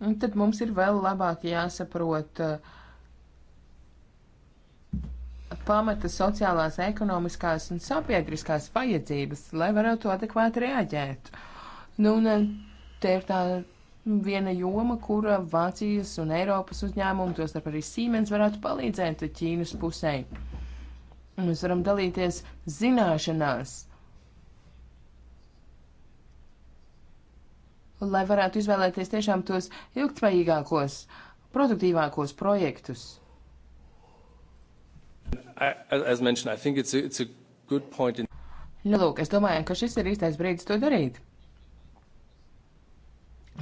mm, tad mums ir vēl labāk jāsaprot uh, pamata sociālās, ekonomiskās un sabiedriskās vajadzības, lai varētu adekvāti reaģēt. Nu, un uh, te ir tā viena joma, kura Vācijas un Eiropas uzņēmumi, tostarp arī Siemens, varētu palīdzēt Ķīnas pusē. Mēs varam dalīties zināšanās, lai varētu izvēlēties tiešām tos ilgtspējīgākos, produktīvākos projektus. As mentioned, I think it's a, it's a good point. In... Nu, lūk, es domāju, ka šis ir īstais brīdis to darīt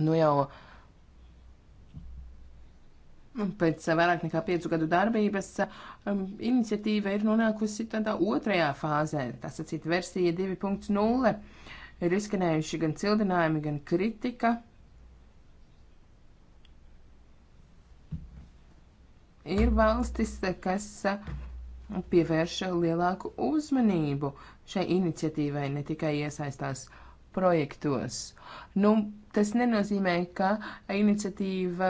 nu jau pēc vairāk nekā piecu gadu darbības um, iniciatīva ir nonākusi tādā otrajā fāzē, tā sacīt versija 2.0. Ir izskanējuši gan cildinājumi, gan kritika. Ir valstis, kas pievērš lielāku uzmanību šai iniciatīvai, ne tikai iesaistās uh, projektos. Nu, tas nenozīmē, ka iniciatīva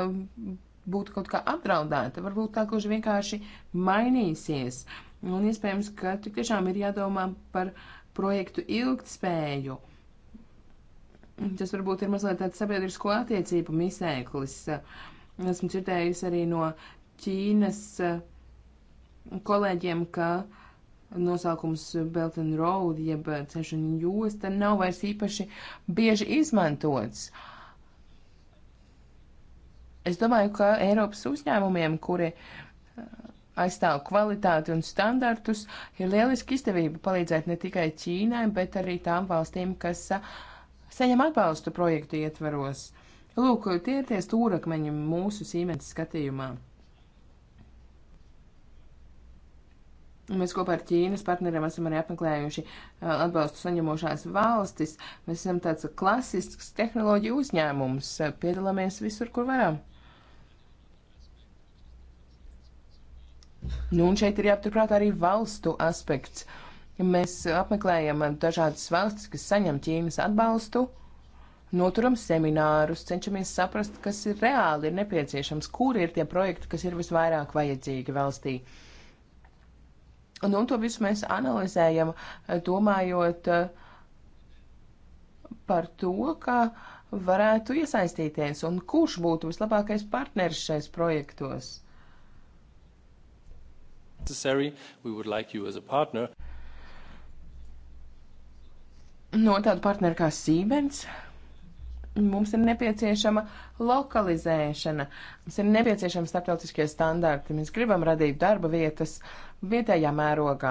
būtu kaut kā apdraudēta. Varbūt tā gluži vienkārši mainīsies. Un iespējams, ka tik tiešām ir jādomā par projektu ilgtspēju. Tas varbūt ir mazliet tāds sabiedrisko attiecību misēklis. Esmu dzirdējusi arī no Ķīnas kolēģiem, ka uh, nosaukums Belt and Road, jeb ceļšana josta, nav vairs īpaši bieži izmantots. Es domāju, ka Eiropas uzņēmumiem, kuri eh, aizstāv kvalitāti un standartus, ir lieliski izdevība palīdzēt ne tikai Ķīnai, bet arī tām valstīm, kas eh, saņem atbalstu projektu ietvaros. Lūk, tie ir tie stūrakmeņi mūsu sīmenes skatījumā. Mēs kopā ar Ķīnas partneriem esam arī apmeklējuši uh, atbalstu saņemošās valstis. Mēs esam tāds klasisks tehnoloģiju uzņēmums, uh, piedalāmies visur, kur varam. Nu, un šeit ir jāpaturprāt arī valstu aspekts. Mēs apmeklējam dažādas valstis, kas saņem Ķīnas atbalstu, noturam seminārus, cenšamies saprast, kas ir reāli ir nepieciešams, kur ir tie projekti, kas ir visvairāk vajadzīgi valstī. Uh, Un, un to visu mēs analizējam, eh, domājot eh, par to, ka varētu iesaistīties un kurš būtu vislabākais partneris šais projektos. No tāda partnera kā Siemens mums ir nepieciešama lokalizēšana, mums ir nepieciešama starptautiskie standarti, mēs gribam radīt darba vietas, uh, vietējā mērogā.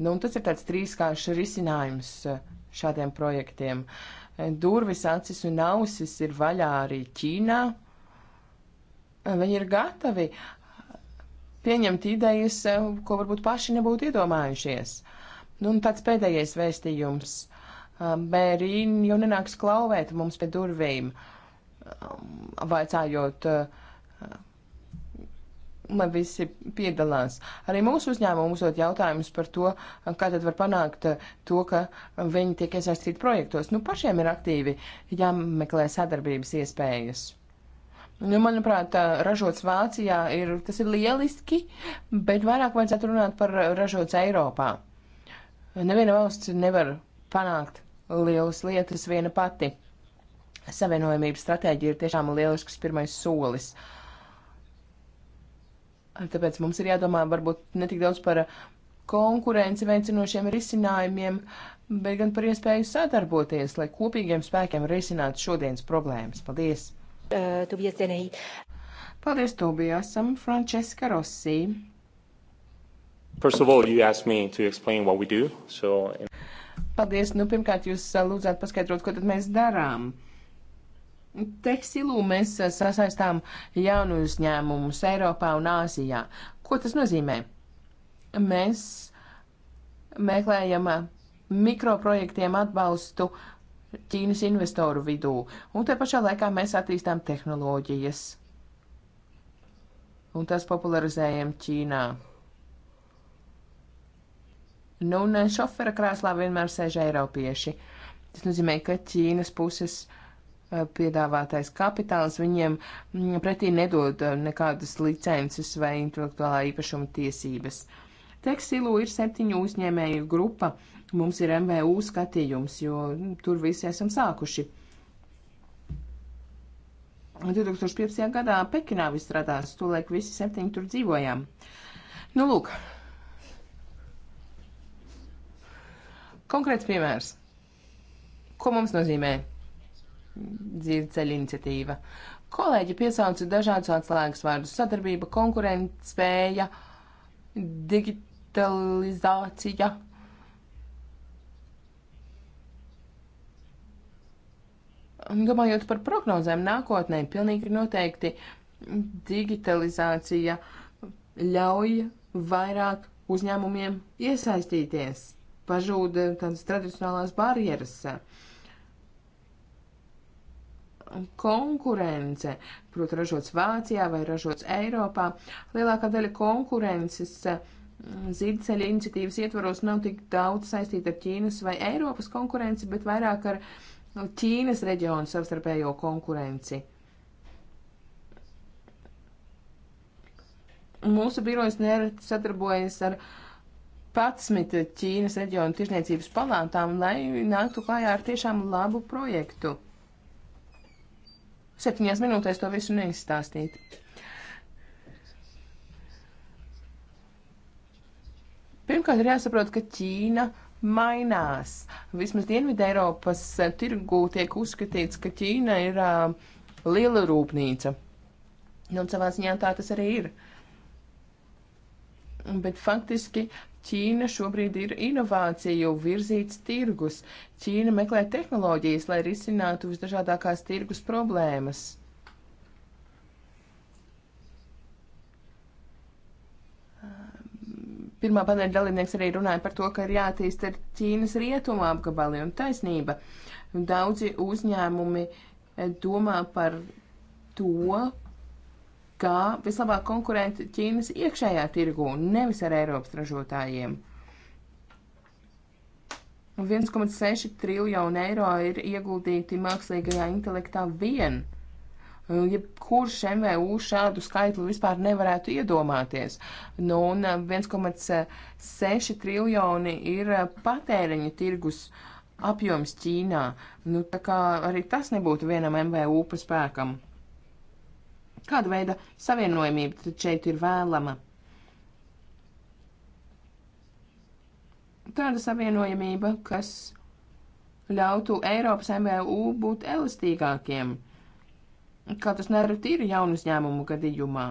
Nu, tas ir tāds trīskāršs risinājums eh, šādiem projektiem. Eh, durvis, acis un ausis ir vaļā arī Ķīnā. Eh, viņi ir gatavi pieņemt idejas, ko varbūt paši nebūtu iedomājušies. Nu, un tāds pēdējais vēstījums. Bērīni jau nenāks klauvēt mums pie durvīm, vaicājot uh, lai visi piedalās. Arī mūsu uzņēmumu uzdot jautājumus par to, kā tad var panākt eh, to, ka viņi tiek iesaistīti projektos. Nu, pašiem ir aktīvi jāmeklē sadarbības iespējas. Nu, manuprāt, eh, ražots Vācijā ir, tas ir lieliski, bet vairāk vajadzētu runāt par ražots Eiropā. Neviena valsts nevar panākt lielas lietas viena pati. Savienojumības stratēģija ir tiešām lielisks pirmais solis. Uh, Tāpēc mums ir jādomā varbūt ne tik daudz par konkurenci veicinošiem risinājumiem, bet gan par iespēju sadarboties, lai kopīgiem spēkiem risinātu šodienas problēmas. Paldies! Uh, Tobijas Denei. Paldies, Tobijasam, Franceska Rossi. First of all, you asked me to explain what we do, so... Paldies, nu pirmkārt jūs uh, lūdzētu paskaidrot, ko tad mēs darām. Uh, Tekstilu mēs eh, sasaistām jaunu uzņēmumus Eiropā un Āzijā. Ko tas nozīmē? Mēs meklējam eh, mikroprojektiem atbalstu Ķīnas investoru vidū, un te pašā laikā mēs attīstām tehnoloģijas, un tās popularizējam Ķīnā. Nu, un eh, šofera krēslā vienmēr sēž eiropieši. Tas nozīmē, ka Ķīnas puses uh, piedāvātais kapitāls viņiem mm, pretī nedod uh, nekādas licences vai intelektuālā īpašuma tiesības. Tekstilu ir septiņu uzņēmēju grupa, mums ir MVU skatījums, jo mm, tur visi esam sākuši. 2015. gadā Pekinā viss radās, tolaik visi septiņi tur dzīvojām. Nu, lūk. Konkrēts piemērs. Ko mums nozīmē dzīves ceļa iniciatīva. Kolēģi piesauca dažādus atslēgas vārdus - sadarbība, konkurentspēja, digitalizācija. Domājot par prognozēm nākotnē, pilnīgi noteikti digitalizācija ļauj vairāk uzņēmumiem iesaistīties, pažūda tādas tradicionālās barjeras. Uh, konkurence, proti ražots Vācijā vai ražots Eiropā. Lielākā daļa konkurences mm, zīdceļa iniciatīvas ietvaros nav tik daudz saistīta ar Ķīnas vai Eiropas konkurenci, bet vairāk ar nu, Ķīnas reģionu savstarpējo konkurenci. Mūsu birojas nereti sadarbojas ar 11 Ķīnas reģionu tirzniecības palātām, lai nāktu klājā ar tiešām labu projektu septiņās minūtēs to visu neizstāstīt. Pirmkārt, ir jāsaprot, ka Ķīna mainās. Vismaz Dienvidē Eiropas eh, tirgū tiek uzskatīts, ka Ķīna ir uh, liela rūpnīca. Nu, savā ziņā tā tas arī ir. Bet faktiski Ķīna šobrīd ir inovāciju virzīts tirgus. Ķīna meklē tehnoloģijas, lai risinātu visdažādākās tirgus problēmas. Pirmā paneļa dalībnieks arī runāja par to, ka ir jātīst ar Ķīnas rietumu apgabali un taisnība. Daudzi uzņēmumi eh, domā par to, ka vislabāk konkurēt Ķīnas iekšējā tirgū, nevis ar Eiropas ražotājiem. 1,6 triljonu eiro ir ieguldīti mākslīgajā intelektā vien. Uh, jebkurš ja MVU šādu skaitli vispār nevarētu iedomāties. Nu, un 1,6 uh, triljoni ir uh, patēriņa tirgus apjoms Ķīnā. Nu, tā kā arī tas nebūtu vienam MVU pa spēkam. Kāda veida savienojamība šeit ir vēlama? Tāda savienojamība, kas ļautu Eiropas MVU būt elastīgākiem, kā tas nereti ir jaunu uzņēmumu gadījumā.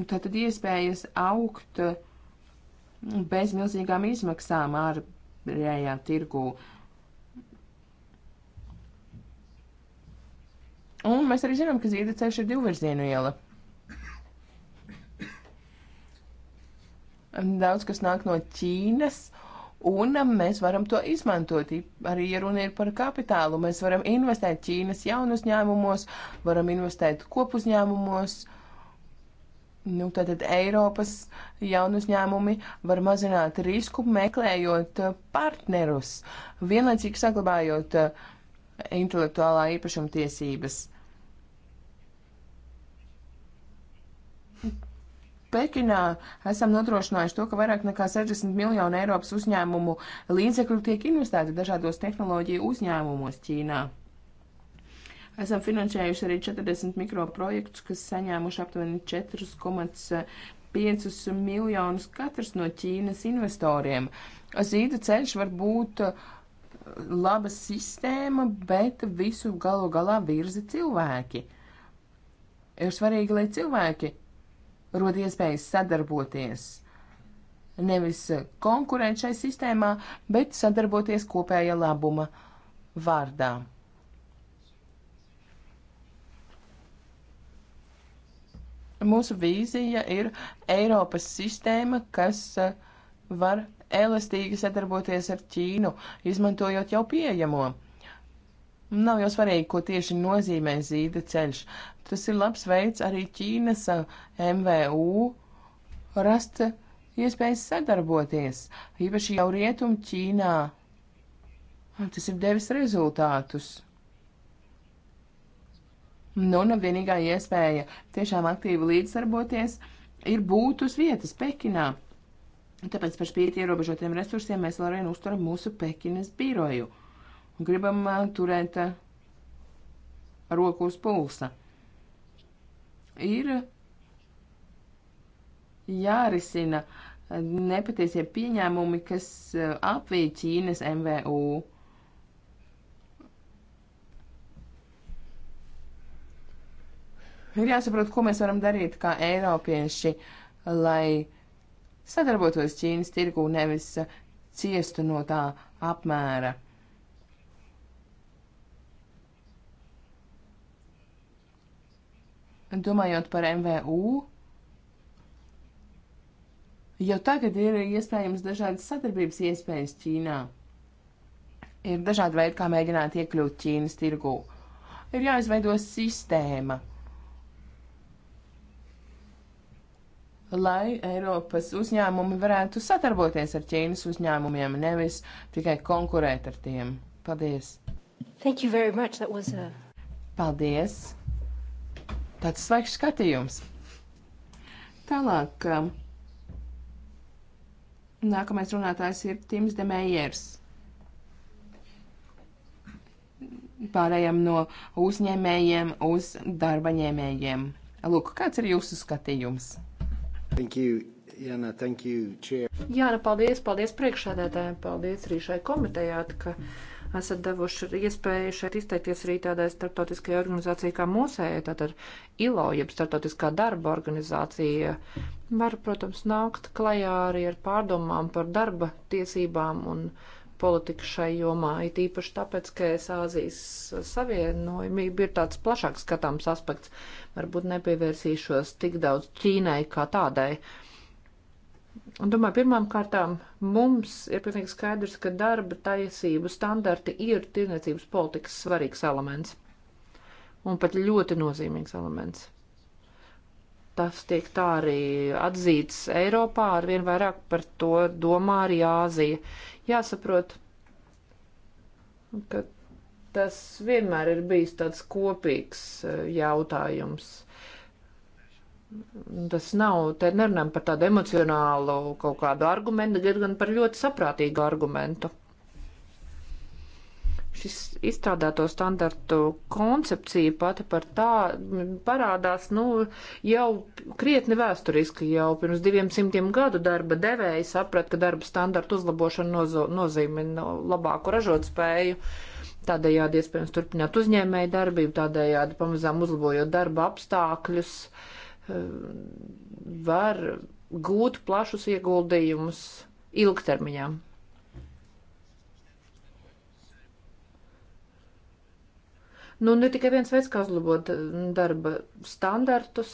Un tad iespējas augt bez milzīgām izmaksām ārējā tirgū. Un mēs arī zinām, ka zīda ceļš ir divvirzienu iela. Daudz kas nāk no Ķīnas, un mēs varam to izmantot. Arī, ja runa ir par kapitālu, mēs varam investēt Ķīnas jaunu uzņēmumos, varam investēt kopuzņēmumos. Nu, tātad Eiropas jaunu uzņēmumi var mazināt risku, meklējot uh, partnerus, vienlaicīgi saglabājot uh, intelektuālā īpašuma tiesības. Pekinā esam nodrošinājuši to, ka vairāk nekā 60 miljonu Eiropas uzņēmumu līdzekļu tiek investēti dažādos tehnoloģiju uzņēmumos Ķīnā. Esam finansējuši arī 40 mikroprojektus, kas saņēmuši aptuveni 4,5 miljonus katrs no Ķīnas investoriem. Zīda ceļš var būt uh, laba sistēma, bet visu galu galā virza cilvēki. Ir svarīgi, lai cilvēki rod iespējas sadarboties. Nevis konkurēt šai sistēmā, bet sadarboties kopēja labuma vārdā. Mūsu vīzija ir Eiropas sistēma, kas uh, var elastīgi sadarboties ar Ķīnu, izmantojot jau pieejamo. Nav jau svarīgi, ko tieši nozīmē zīda ceļš. Tas ir labs veids arī Ķīnas eh, MVU rast iespējas sadarboties, īpaši jau rietum Ķīnā. Tas ir devis rezultātus. Nu, un vienīgā iespēja tiešām aktīvi līdzdarboties ir būt uz vietas Pekinā. Tāpēc par spīti ierobežotiem resursiem mēs vēl vien uzturam mūsu Pekinas biroju gribam uh, turēt uh, roku uz pulsa. Ir jārisina uh, nepatiesie pieņēmumi, kas apvīja Ķīnas MVU. Ir jāsaprot, ko mēs varam darīt kā eiropieši, lai sadarbotos Ķīnas tirgu, nevis ciestu no tā apmēra. Domājot par MVU, jau tagad ir iespējams dažādas sadarbības iespējas Ķīnā. Ir dažādi veidi, kā mēģināt iekļūt Ķīnas tirgū. Ir jāizveido sistēma, lai Eiropas uzņēmumi varētu sadarboties ar Ķīnas uzņēmumiem, nevis tikai konkurēt ar tiem. Paldies! Thank you very much. That was a... Paldies! Tāds svaigs skatījums. Tālāk. Um, nākamais runātājs ir Tims Demējers. Pārējām no uzņēmējiem uz darba ņēmējiem. Lūk, kāds ir jūsu skatījums? Thank you, Jana, thank you, chair. Jāna, paldies, paldies priekšsēdētājiem, paldies arī šai komitejāt, ka esat devuši iespēju šeit izteikties arī tādai starptautiskajai organizācijai kā mūsēja, tātad ILO, jeb starptautiskā darba organizācija. Var, protams, nākt klajā arī ar pārdomām par darba tiesībām un politika šai jomā, it īpaši tāpēc, ka es Āzijas savienojumība ir tāds plašāks skatāms aspekts, varbūt nepievērsīšos tik daudz Ķīnai kā tādai. Uh, Un domāju, pirmām kārtām mums ir pilnīgi skaidrs, ka darba taisību standarti ir tirniecības politikas svarīgs elements. Un pat ļoti nozīmīgs elements. Tas tiek tā arī atzīts Eiropā, arvien vairāk par to domā arī Āzija. Jāsaprot, ka tas vienmēr ir bijis tāds kopīgs e, jautājums Tas nav, te nerunājam par tādu emocionālu kaut kādu argumentu, bet gan par ļoti saprātīgu argumentu. Šis izstrādāto standartu koncepcija pati par tā parādās, nu, jau krietni vēsturiski, jau pirms diviem simtiem gadu darba devēji saprat, ka darba standartu uzlabošana nozo, nozīmē nu, labāku ražotspēju. Tādējādi iespējams turpināt uzņēmēju darbību, tādējādi pamazām uzlabojot darba apstākļus. Uh, Eh, var gūt plašus ieguldījumus ilgtermiņā. Nu, ne tikai viens veids, kā uzlabot eh, darba standartus,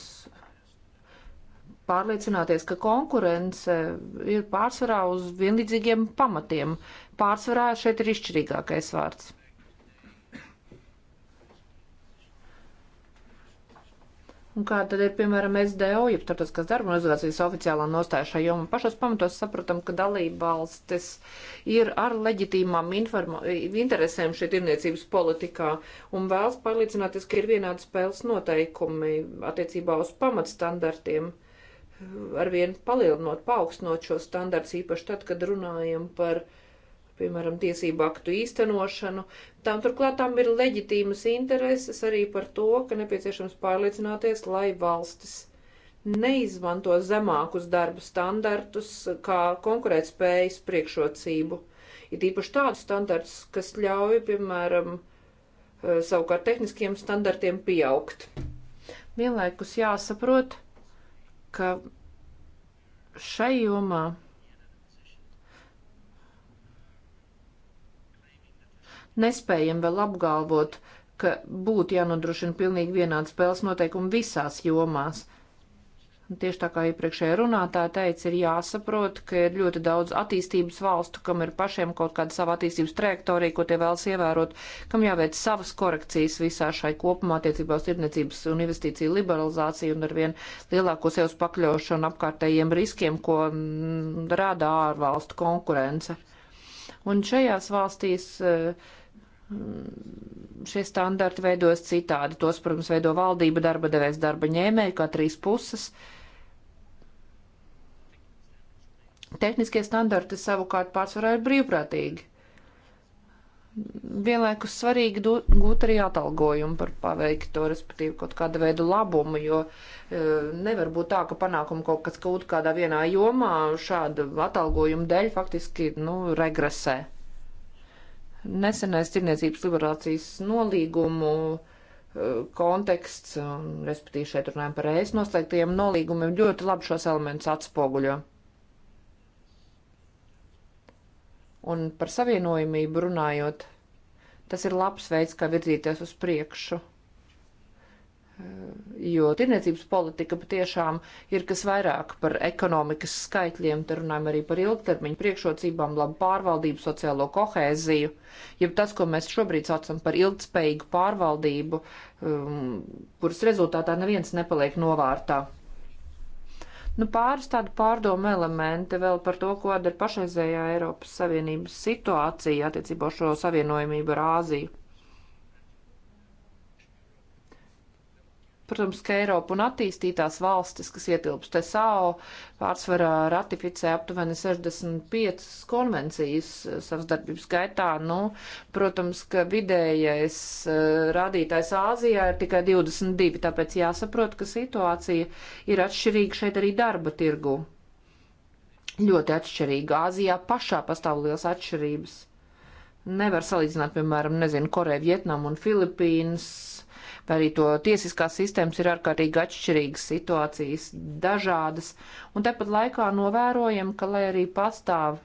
pārliecināties, ka konkurence ir pārsvarā uz vienlīdzīgiem pamatiem. Pārsvarā šeit ir izšķirīgākais vārds. Un kā tad ir, piemēram, SDO, ja starptautiskās darba organizācijas oficiālā nostāja šajā jomā? Pašos pamatos sapratam, ka dalībvalstis ir ar leģitīmām interesēm šeit tirniecības politikā un vēlas pārliecināties, ka ir vienādi spēles noteikumi attiecībā uz pamatstandartiem, arvien palielinot, paaugstinot šo standarts, īpaši tad, kad runājam par uh, piemēram, tiesību aktu īstenošanu. Tām turklāt tam ir leģitīmas intereses arī par to, ka nepieciešams pārliecināties, lai valstis neizmanto zemākus darba standartus kā konkurētspējas priekšrocību. Ir īpaši tādus standartus, kas ļauj, piemēram, eh, savukārt tehniskiem standartiem pieaugt. Vienlaikus jāsaprot, ka šai jomā nespējam vēl apgalvot, ka būtu jānodrošina pilnīgi vienāds spēles noteikumi visās jomās. Tieši tā kā iepriekšējā runātāja teica, ir jāsaprot, ka ir ļoti daudz attīstības valstu, kam ir pašiem kaut kāda sava attīstības trajektorija, ko tie vēlas ievērot, kam jāveic savas korekcijas visā šai kopumā attiecībā uz tirdzniecības un investīciju liberalizāciju un ar vien lielāko sev pakļaušanu apkārtējiem riskiem, ko mm, rada ārvalstu konkurence. Un šajās valstīs uh, Mm, šie standarti veidojas citādi. Tos, protams, veido valdība, darba devējs, darba ņēmēji, kā trīs puses. Tehniskie standarti savukārt pārsvarā ir brīvprātīgi. Vienlaikus svarīgi gūt arī atalgojumu par paveikto, respektīvi kaut kāda veida labumu, jo e, nevar būt tā, ka panākuma kaut kas kaut kādā vienā jomā šāda atalgojuma dēļ faktiski nu, regresē nesenais tirniecības liberācijas nolīgumu eh, konteksts, un, respektīvi, šeit runājam par ēst noslēgtajiem nolīgumiem, ļoti labi šos elementus atspoguļo. Un par savienojumību runājot, tas ir labs veids, kā virzīties uz priekšu jo tirniecības politika patiešām ir kas vairāk par ekonomikas skaitļiem, te runājam arī par ilgtermiņu priekšrocībām, labu pārvaldību, sociālo kohēziju, jeb tas, ko mēs šobrīd saucam par ilgspējīgu pārvaldību, um, kuras rezultātā neviens nepaliek novārtā. Nu, pāris tādu pārdomu elementi vēl par to, ko dara pašreizējā Eiropas Savienības situācija attiecībā šo savienojumību ar Āziju. Protams, ka Eiropa un attīstītās valstis, kas ietilpst SAO, pārsvarā ratificē aptuveni 65 konvencijas eh, savas darbības gaitā. Nu, protams, ka vidējais eh, rādītājs Āzijā ir tikai 22, tāpēc jāsaprot, ka situācija ir atšķirīga šeit arī darba tirgu. Ļoti atšķirīga. Āzijā pašā pastāv liels atšķirības. Nevar salīdzināt, piemēram, nezinu, Koreju, Vietnamu un Filipīnas vai arī to tiesiskās sistēmas ir ārkārtīgi atšķirīgas situācijas, dažādas. Un tāpat laikā novērojam, ka, lai arī pastāv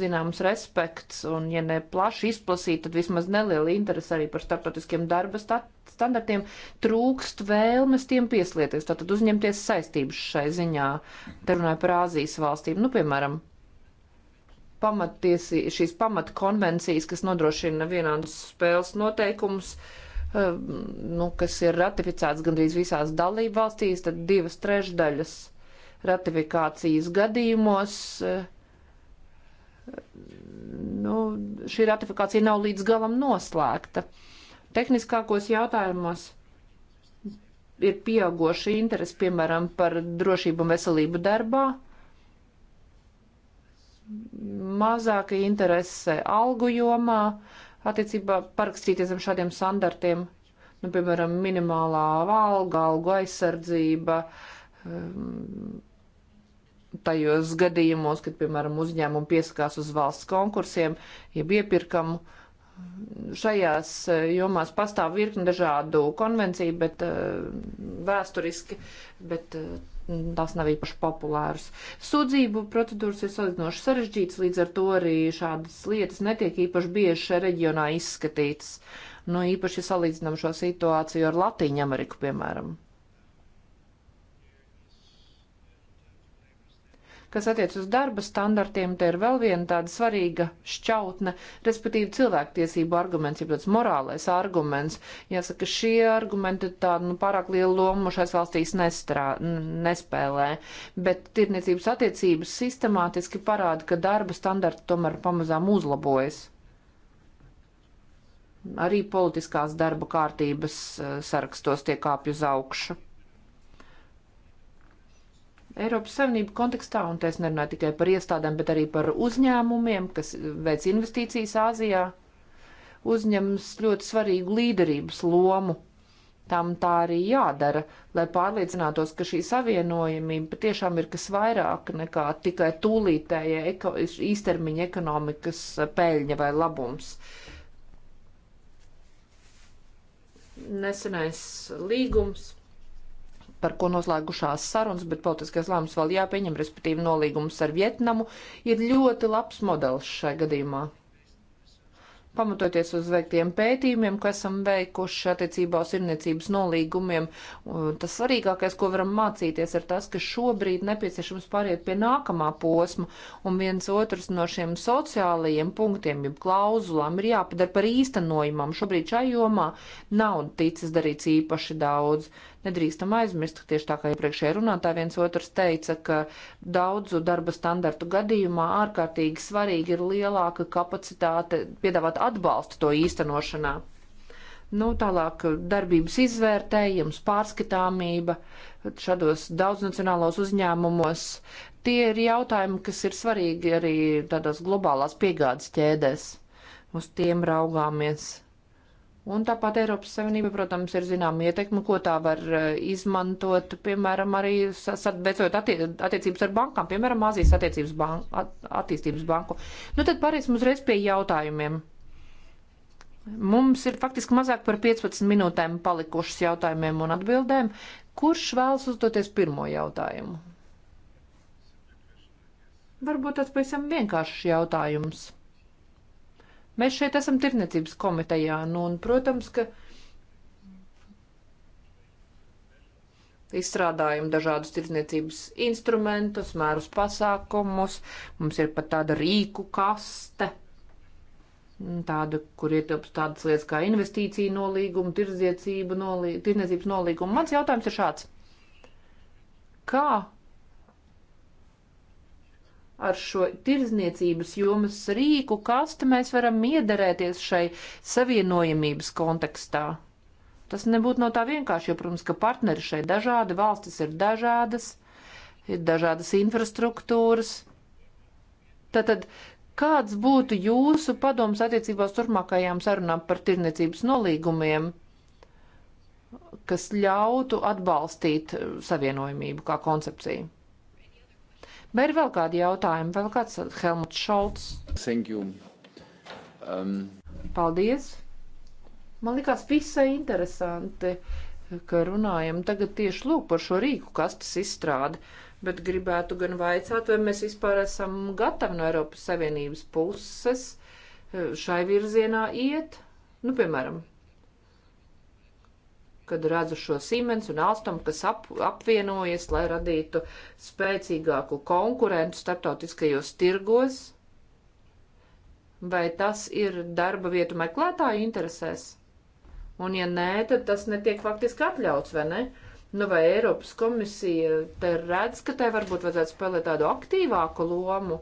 zināms respekts un, ja ne plaši izplasīt, tad vismaz neliela interese arī par starptautiskiem darba standartiem, trūkst vēlmes tiem pieslieties, tātad uzņemties saistības šai ziņā. Te runāju par Āzijas valstīm, nu, piemēram, pamatiesi, šīs pamatkonvencijas, kas nodrošina vienādus spēles noteikumus, eh, nu, kas ir ratificēts gandrīz visās dalību valstīs, tad divas trešdaļas ratifikācijas gadījumos. Eh, nu, šī ratifikācija nav līdz galam noslēgta. Tehniskākos jautājumos ir pieaugoši interesi, piemēram, par drošību un veselību darbā mazāka interese algu jomā attiecībā parakstīties ar šādiem standartiem, nu, piemēram, minimālā alga, algu aizsardzība, um, tajos gadījumos, kad, piemēram, uzņēmumi piesakās uz valsts konkursiem, jeb iepirkamu. Šajās eh, jomās pastāv virkni dažādu konvenciju, bet eh, vēsturiski, bet eh, Mm, tās nav īpaši populāras. Sūdzību procedūras ir salīdzinoši sarežģītas, līdz ar to arī šādas lietas netiek īpaši bieži šajā reģionā izskatītas. Nu, īpaši salīdzinām šo situāciju ar Latīņu Ameriku, piemēram. Kas attiec uz darba standartiem, te ir vēl viena tāda svarīga šķautne, respektīvi cilvēktiesību arguments, ja tāds morālais arguments. Jāsaka, šie argumenti tādu nu, pārāk lielu lomu šais valstīs nestrā, nespēlē, bet tirniecības attiecības sistemātiski parāda, ka darba standarti tomēr pamazām uzlabojas arī politiskās darba kārtības eh, sarakstos tiek kāpju uz augšu. Eiropas Savienību kontekstā, un te es nerunāju tikai par iestādēm, bet arī par uzņēmumiem, kas veic investīcijas Āzijā, uzņems ļoti svarīgu līderības lomu. Tam tā arī jādara, lai pārliecinātos, ka šī savienojamība patiešām ir kas vairāk nekā tikai tūlītēja eko, īstermiņa ekonomikas peļņa vai labums. Nesenais līgums par ko noslēgušās sarunas, bet politiskais lēmums vēl jāpieņem, respektīvi nolīgums ar Vietnamu, ir ļoti labs modelis šai gadījumā. Pamatoties uz veiktiem pētījumiem, ko esam veikuši attiecībā uz irniecības nolīgumiem, tas svarīgākais, ko varam mācīties, ir tas, ka šobrīd nepieciešams pāriet pie nākamā posma, un viens otrs no šiem sociālajiem punktiem, jeb klauzulām, ir jāpadara par īstenojumam. Šobrīd šai jomā nav ticis darīts īpaši daudz. Uh, Nedrīkstam aizmirst, ka tieši tā kā iepriekšējā runātā viens otrs teica, ka daudzu darba standartu gadījumā ārkārtīgi svarīgi ir lielāka kapacitāte piedāvāt atbalstu to īstenošanā. Nu, tālāk darbības izvērtējums, pārskatāmība šādos daudznacionālos uzņēmumos. Tie ir jautājumi, kas ir svarīgi arī tādās globālās piegādes ķēdēs. Uz tiem raugāmies Un tāpat Eiropas Savienība, protams, ir zināma ietekme, ko tā var eh, izmantot, piemēram, arī veicot attie attiecības ar bankām, piemēram, Azijas attiecības banku, at attīstības banku. Nu tad pāriesim uzreiz pie jautājumiem. Mums ir faktiski mazāk par 15 minūtēm palikušas jautājumiem un atbildēm. Kurš vēlas uzdoties pirmo jautājumu? Varbūt tas pavisam vienkāršs jautājums. Mēs šeit esam tirniecības komitejā, nu, un, protams, ka izstrādājam dažādus tirniecības instrumentus, mērus pasākumus, mums ir pat tāda rīku kaste, tāda, kur ietilps tādas lietas kā investīcija nolīguma, tirdzniecība nolīguma, tirniecības nolīguma. Mans jautājums ir šāds. Kā ar šo tirdzniecības jomas rīku kastu mēs varam iederēties šai savienojamības kontekstā. Tas nebūtu no tā vienkārši, jo, protams, ka partneri šeit dažādi, valstis ir dažādas, ir dažādas infrastruktūras. Tātad, kāds būtu jūsu padoms attiecībās turpmākajām sarunām par tirdzniecības nolīgumiem, kas ļautu atbalstīt savienojumību kā koncepciju? Vai ir vēl kādi jautājumi? Vēl kāds Helmuts Šolts? Thank you. Um... Paldies! Man likās visai interesanti, ka runājam tagad tieši lūk par šo rīku kastes izstrādi, bet gribētu gan vaicāt, vai mēs vispār esam gatavi no Eiropas Savienības puses šai virzienā iet, nu, piemēram, kad redzu šo Siemens un Alstom, kas ap, apvienojas, lai radītu spēcīgāku konkurentu starptautiskajos tirgos? Vai tas ir darba vietu meklētāju interesēs? Un ja nē, tad tas netiek faktiski atļauts, vai ne? Nu, vai Eiropas komisija te redz, ka tai varbūt vajadzētu spēlēt tādu aktīvāku lomu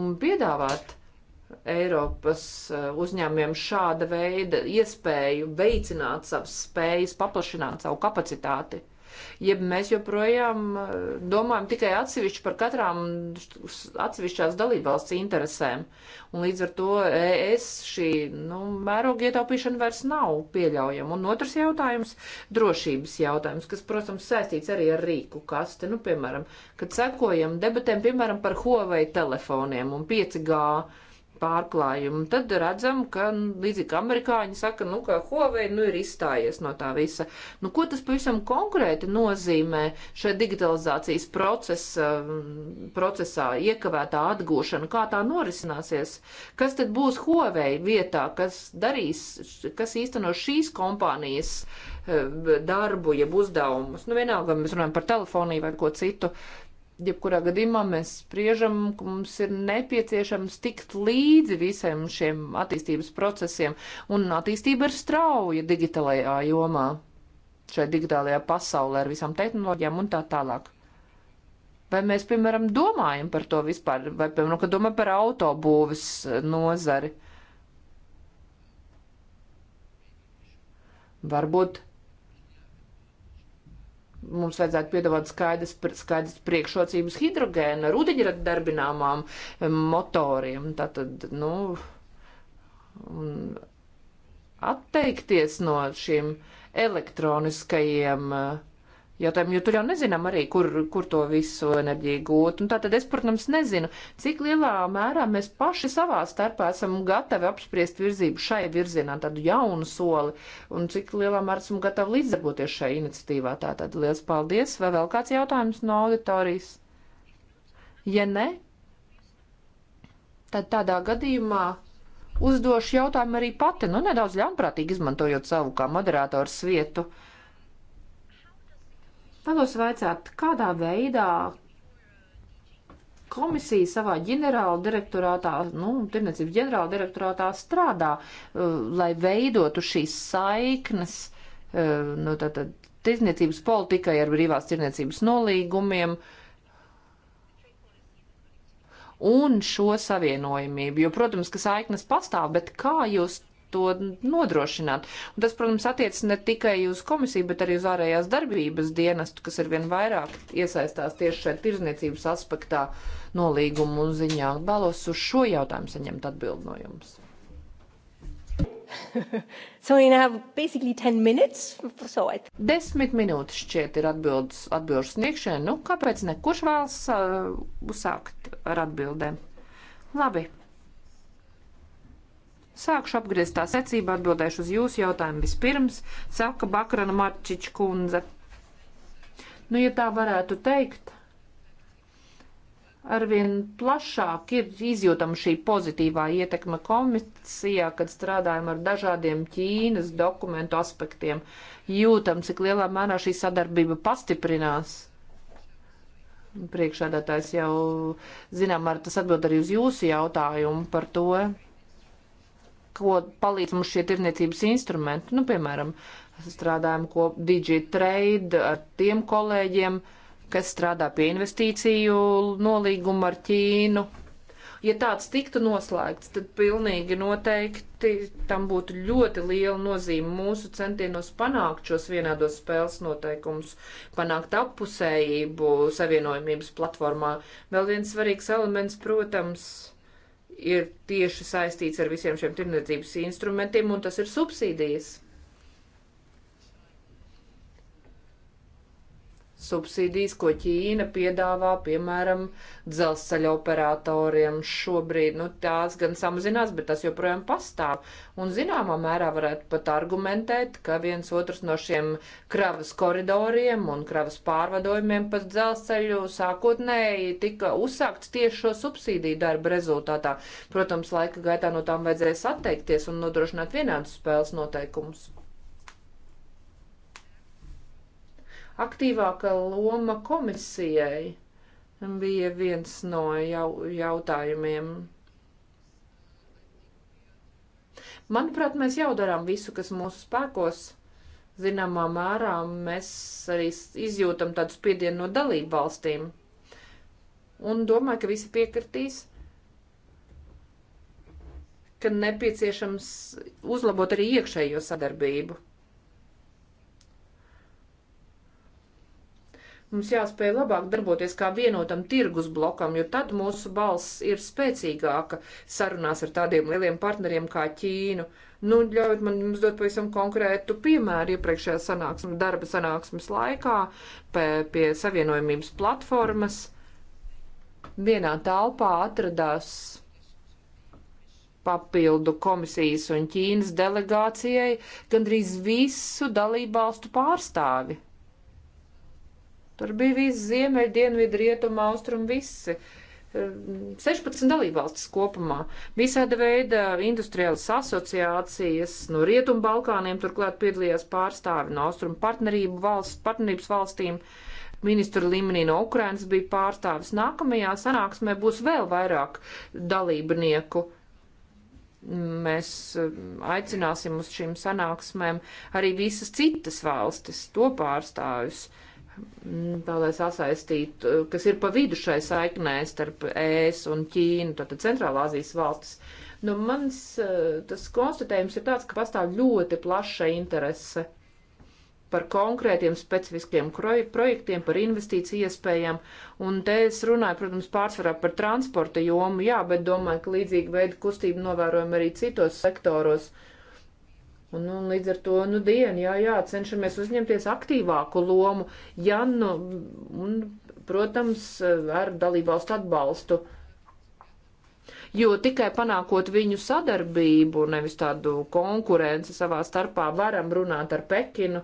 un piedāvāt uh, Eiropas eh, uzņēmiem šāda veida iespēju veicināt savas spējas, paplašināt savu kapacitāti. Jeb mēs joprojām eh, domājam tikai atsevišķi par katrām atsevišķās dalībvalsts interesēm. Un līdz ar to es šī nu, mēroga ietaupīšana vairs nav pieļaujama. Un otrs jautājums - drošības jautājums, kas, protams, saistīts arī ar rīku kasti. Nu, piemēram, kad sekojam debatēm, piemēram, par Huawei telefoniem un 5G pārklājumu. Tad redzam, ka nu, līdzīgi amerikāņi saka, nu, ka Huawei nu, ir izstājies no tā visa. Nu, ko tas pavisam konkrēti nozīmē šai digitalizācijas procesa, procesā iekavētā atgūšana? Kā tā norisināsies? Kas tad būs Huawei vietā, kas darīs, kas īsteno šīs kompānijas eh, darbu, jeb uzdevumus? Nu, vienalga, mēs runājam par telefoniju vai ko citu jebkurā gadījumā mēs spriežam, ka mums ir nepieciešams tikt līdzi visiem šiem attīstības procesiem, un attīstība ir strauja digitalajā jomā, šai digitālajā pasaulē ar visām tehnoloģijām un tā tālāk. Vai mēs, piemēram, domājam par to vispār, vai, piemēram, kad domājam par autobūves eh, nozari? Varbūt mums vajadzētu piedāvāt skaidrs, skaidrs priekšrocības hidrogēna, rudeņra darbināmām motoriem. Tātad, nu, un atteikties no šiem elektroniskajiem uh, jautājumu, jo tur jau nezinām arī, kur, kur to visu enerģiju gūt. Un tātad es, protams, nezinu, cik lielā mērā mēs paši savā starpā esam gatavi apspriest virzību šai virzienā, tādu jaunu soli, un cik lielā mērā esam gatavi līdzdarboties šai iniciatīvā. Tātad liels paldies. Vai vēl kāds jautājums no auditorijas? Ja ne, tad tādā gadījumā uzdošu jautājumu arī pati, nu nedaudz ļaunprātīgi izmantojot savu kā moderātoru svietu. Uh, Vēlos vaicāt, kādā veidā komisija savā ģenerāla direktorātā, nu, tirnecības ģenerāla direktorātā strādā, uh, lai veidotu šīs saiknes, uh, nu, tātad tirniecības politikai ar brīvās tirniecības nolīgumiem un šo savienojumību. Jo, protams, ka saiknes pastāv, bet kā jūs to nodrošināt. Un tas, protams, attiecas ne tikai uz komisiju, bet arī uz ārējās darbības dienestu, kas ar vien vairāk iesaistās tieši šeit tirzniecības aspektā nolīgumu ziņā. Balos uz šo jautājumu saņemt atbildi no jums. so we have basically 10 minutes. So I... Desmit minūtes šķiet ir atbildes, atbildes sniegšana. Nu, kāpēc ne? Kurš vēlas uh, uzsākt ar atbildēm? Labi. Sākšu apgrieztā secībā, atbildēšu uz jūsu jautājumu vispirms, saka Bakrana Marčiča kundze. Nu, ja tā varētu teikt, arvien plašāk ir izjūtama šī pozitīvā ietekme komisijā, kad strādājam ar dažādiem Ķīnas dokumentu aspektiem. Jūtam, cik lielā mērā šī sadarbība pastiprinās. Priekšādātājs jau, zinām, ar tas atbild arī uz jūsu jautājumu par to ko palīdz mums šie tirniecības instrumenti. Nu, piemēram, strādājam ko DigiTrade ar tiem kolēģiem, kas strādā pie investīciju nolīguma ar Ķīnu. Ja tāds tiktu noslēgts, tad pilnīgi noteikti tam būtu ļoti liela nozīme mūsu centienos panākt šos vienādos spēles noteikumus, panākt appusējību savienojumības platformā. Vēl viens svarīgs elements, protams, ir ir tieši saistīts ar visiem šiem tirniecības instrumentiem, un tas ir subsīdijas. subsīdijas, ko Ķīna piedāvā, piemēram, dzelzceļa operatoriem šobrīd. Nu, tās gan samazinās, bet tas joprojām pastāv. Un zināmā mērā varētu pat argumentēt, ka viens otrs no šiem kravas koridoriem un kravas pārvadojumiem pa dzelzceļu sākotnēji tika uzsākts tieši šo subsīdiju darbu rezultātā. Protams, laika gaitā no tām vajadzēs atteikties un nodrošināt vienādus spēles noteikumus. Aktīvāka loma komisijai bija viens no jau, jautājumiem. Manuprāt, mēs jau darām visu, kas mūsu spēkos. Zināmā mērā mēs arī izjūtam tādu spiedienu no dalību valstīm. Un domāju, ka visi piekritīs ka nepieciešams uzlabot arī iekšējo sadarbību. Mums jāspēj labāk darboties kā vienotam tirgus blokam, jo tad mūsu balss ir spēcīgāka sarunās ar tādiem lieliem partneriem kā Ķīnu. Nu, ļaujiet man jums dot pavisam konkrētu piemēru iepriekšējā sanāksmes, darba sanāksmes laikā pie, pie savienojumības platformas. Vienā telpā atradās papildu komisijas un Ķīnas delegācijai gandrīz visu dalībvalstu pārstāvi Tur bija visi ziemeļi, dienvidi, rietuma, austrumi, visi. 16 dalībvalstis kopumā, visāda veida industriālas asociācijas, no Rietumu Balkāniem turklāt piedalījās pārstāvi no Austrumu partnerību valsts, partnerības valstīm, ministru līmenī no Ukrainas bija pārstāvis. Nākamajā sanāksmē būs vēl vairāk dalībnieku. Mēs ehm, aicināsim uz šīm sanāksmēm arī visas citas valstis, to pārstāvis. Uh, Mm, tā lai sasaistītu, eh, kas ir pa vidu šai saiknē starp ES un Ķīnu, tātad Centrālāzijas valstis. Nu, mans eh, tas konstatējums ir tāds, ka pastāv ļoti plaša interese par konkrētiem specifiskiem projektiem, par investīciju iespējām, un te es runāju, protams, pārsvarā par transporta jomu, jā, bet domāju, ka līdzīga veida kustība novērojama arī citos sektoros. Uh, Un, nu, un līdz ar to, nu, dienu, jā, jā, cenšamies uzņemties aktīvāku lomu, ja, nu, un, protams, ar dalībvalstu atbalstu. Jo tikai panākot viņu sadarbību, nevis tādu konkurenci savā starpā, varam runāt ar Pekinu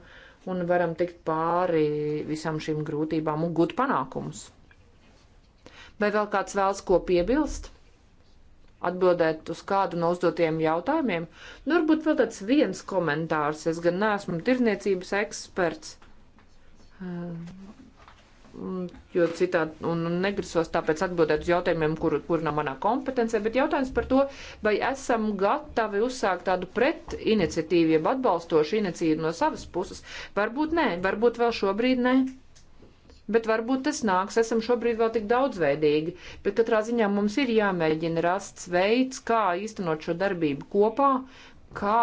un varam tikt pāri visam šīm grūtībām un gūt panākumus. Vai vēl kāds vēlas ko piebilst? atbildēt uz kādu no uzdotiem jautājumiem. Nu, varbūt vēl tāds viens komentārs. Es gan neesmu tirniecības eksperts, um, jo citādi un negrasos tāpēc atbildēt uz jautājumiem, kur, kur nav manā kompetencē, bet jautājums par to, vai esam gatavi uzsākt tādu pretiniciatīvu, jeb atbalstošu iniciatīvu no savas puses. Varbūt nē, varbūt vēl šobrīd nē. Ne Bet varbūt tas nāks. Esam šobrīd vēl tik daudzveidīgi, bet katrā ziņā mums ir jāmēģina rasts veids, kā īstenot šo darbību kopā, kā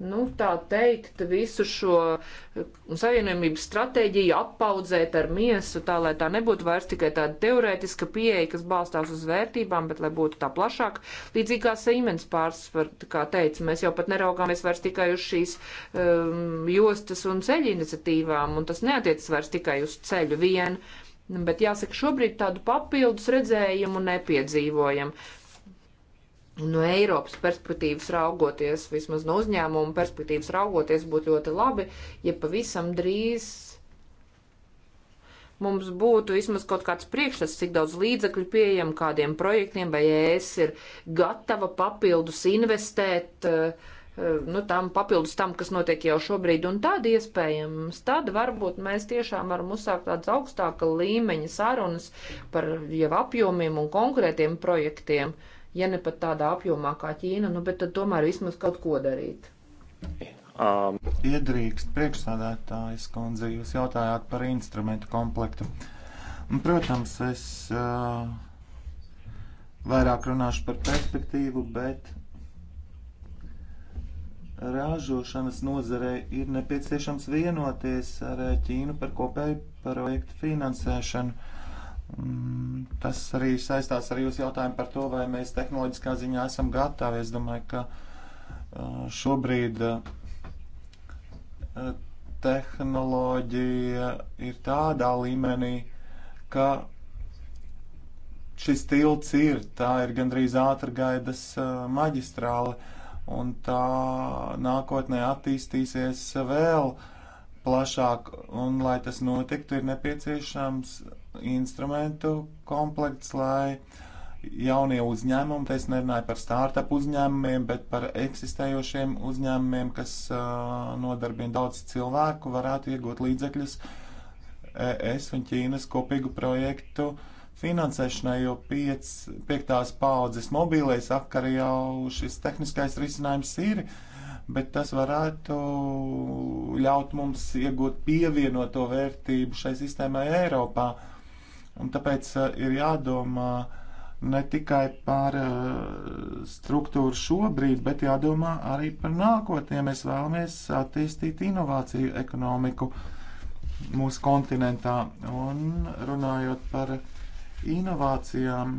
nu, tā teikt, visu šo eh, savienojumības stratēģiju apaudzēt ar miesu, tā lai tā nebūtu vairs tikai tāda teorētiska pieeja, kas balstās uz vērtībām, bet lai būtu tā plašāk. Līdzīgā Siemens pārsvar, kā teica, mēs jau pat neraugāmies vairs tikai uz šīs um, jostas un ceļu iniciatīvām, un tas neatiecas vairs tikai uz ceļu vienu. Bet jāsaka, šobrīd tādu papildus redzējumu nepiedzīvojam no Eiropas perspektīvas raugoties, vismaz no uzņēmuma perspektīvas raugoties, būtu ļoti labi, ja pavisam drīz mums būtu vismaz kaut kāds priekšstats, cik daudz līdzekļu pieejam kādiem projektiem, vai es ir gatava papildus investēt. Eh, eh, nu, tam papildus tam, kas notiek jau šobrīd, un tad iespējams, tad varbūt mēs tiešām varam uzsākt tādas augstāka līmeņa sarunas par jau apjomiem un konkrētiem projektiem. Uh, ja ne pat tādā apjomā kā Ķīna, nu, bet tomēr vismaz kaut ko darīt. Um. Iedrīkst priekšsādātājs kundze, jūs jautājāt par instrumentu komplektu. Protams, es uh, vairāk runāšu par perspektīvu, bet ražošanas nozarei ir nepieciešams vienoties ar Ķīnu par kopēju projektu finansēšanu. Mm, tas arī saistās ar jūsu jautājumu par to, vai mēs tehnoloģiskā ziņā esam gatavi. Es domāju, ka šobrīd tehnoloģija ir tādā līmenī, ka šis tilts ir. Tā ir gandrīz ātrgaidas maģistrāle, un tā nākotnē attīstīsies vēl plašāk, un lai tas notiktu, ir nepieciešams instrumentu komplekts, lai jaunie uzņēmumi, te es nerunāju par startup uzņēmumiem, bet par eksistējošiem uzņēmumiem, kas uh, nodarbina daudz cilvēku, varētu iegūt līdzekļus ES un Ķīnas kopīgu projektu finansēšanai, jo piec, piektās paudzes mobīlais akar jau šis tehniskais risinājums ir. Bet tas varētu ļaut mums iegūt pievienoto vērtību šai sistēmai Eiropā. Uh, Un tāpēc eh, ir jādomā ne tikai par eh, struktūru šobrīd, bet jādomā arī par nākotni, ja mēs vēlamies attīstīt inovāciju ekonomiku mūsu kontinentā. Un runājot par inovācijām,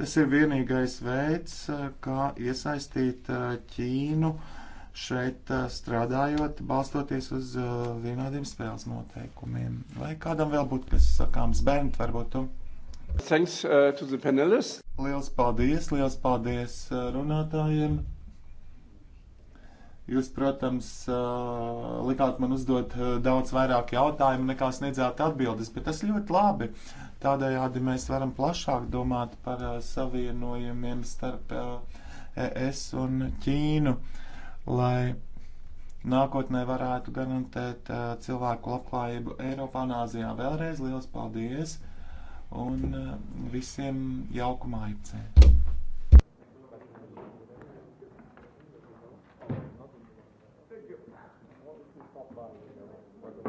tas ir vienīgais veids, eh, kā iesaistīt Ķīnu uh, šeit eh, strādājot, balstoties uz eh, vienādiem spēles noteikumiem. Vai kādam vēl būtu kas sakāms, Bernt, varbūt tu? Thanks uh, to the panelists. Liels paldies, liels paldies runātājiem. Jūs, protams, likāt man uzdot daudz vairāk jautājumu nekā sniedzāt atbildes, bet tas ļoti labi. Tādējādi mēs varam plašāk domāt par savienojumiem starp ES e un Ķīnu. Uh, lai nākotnē varētu garantēt uh, cilvēku labklājību Eiropā un Āzijā. Vēlreiz liels paldies un uh, visiem jauku māju ceļu!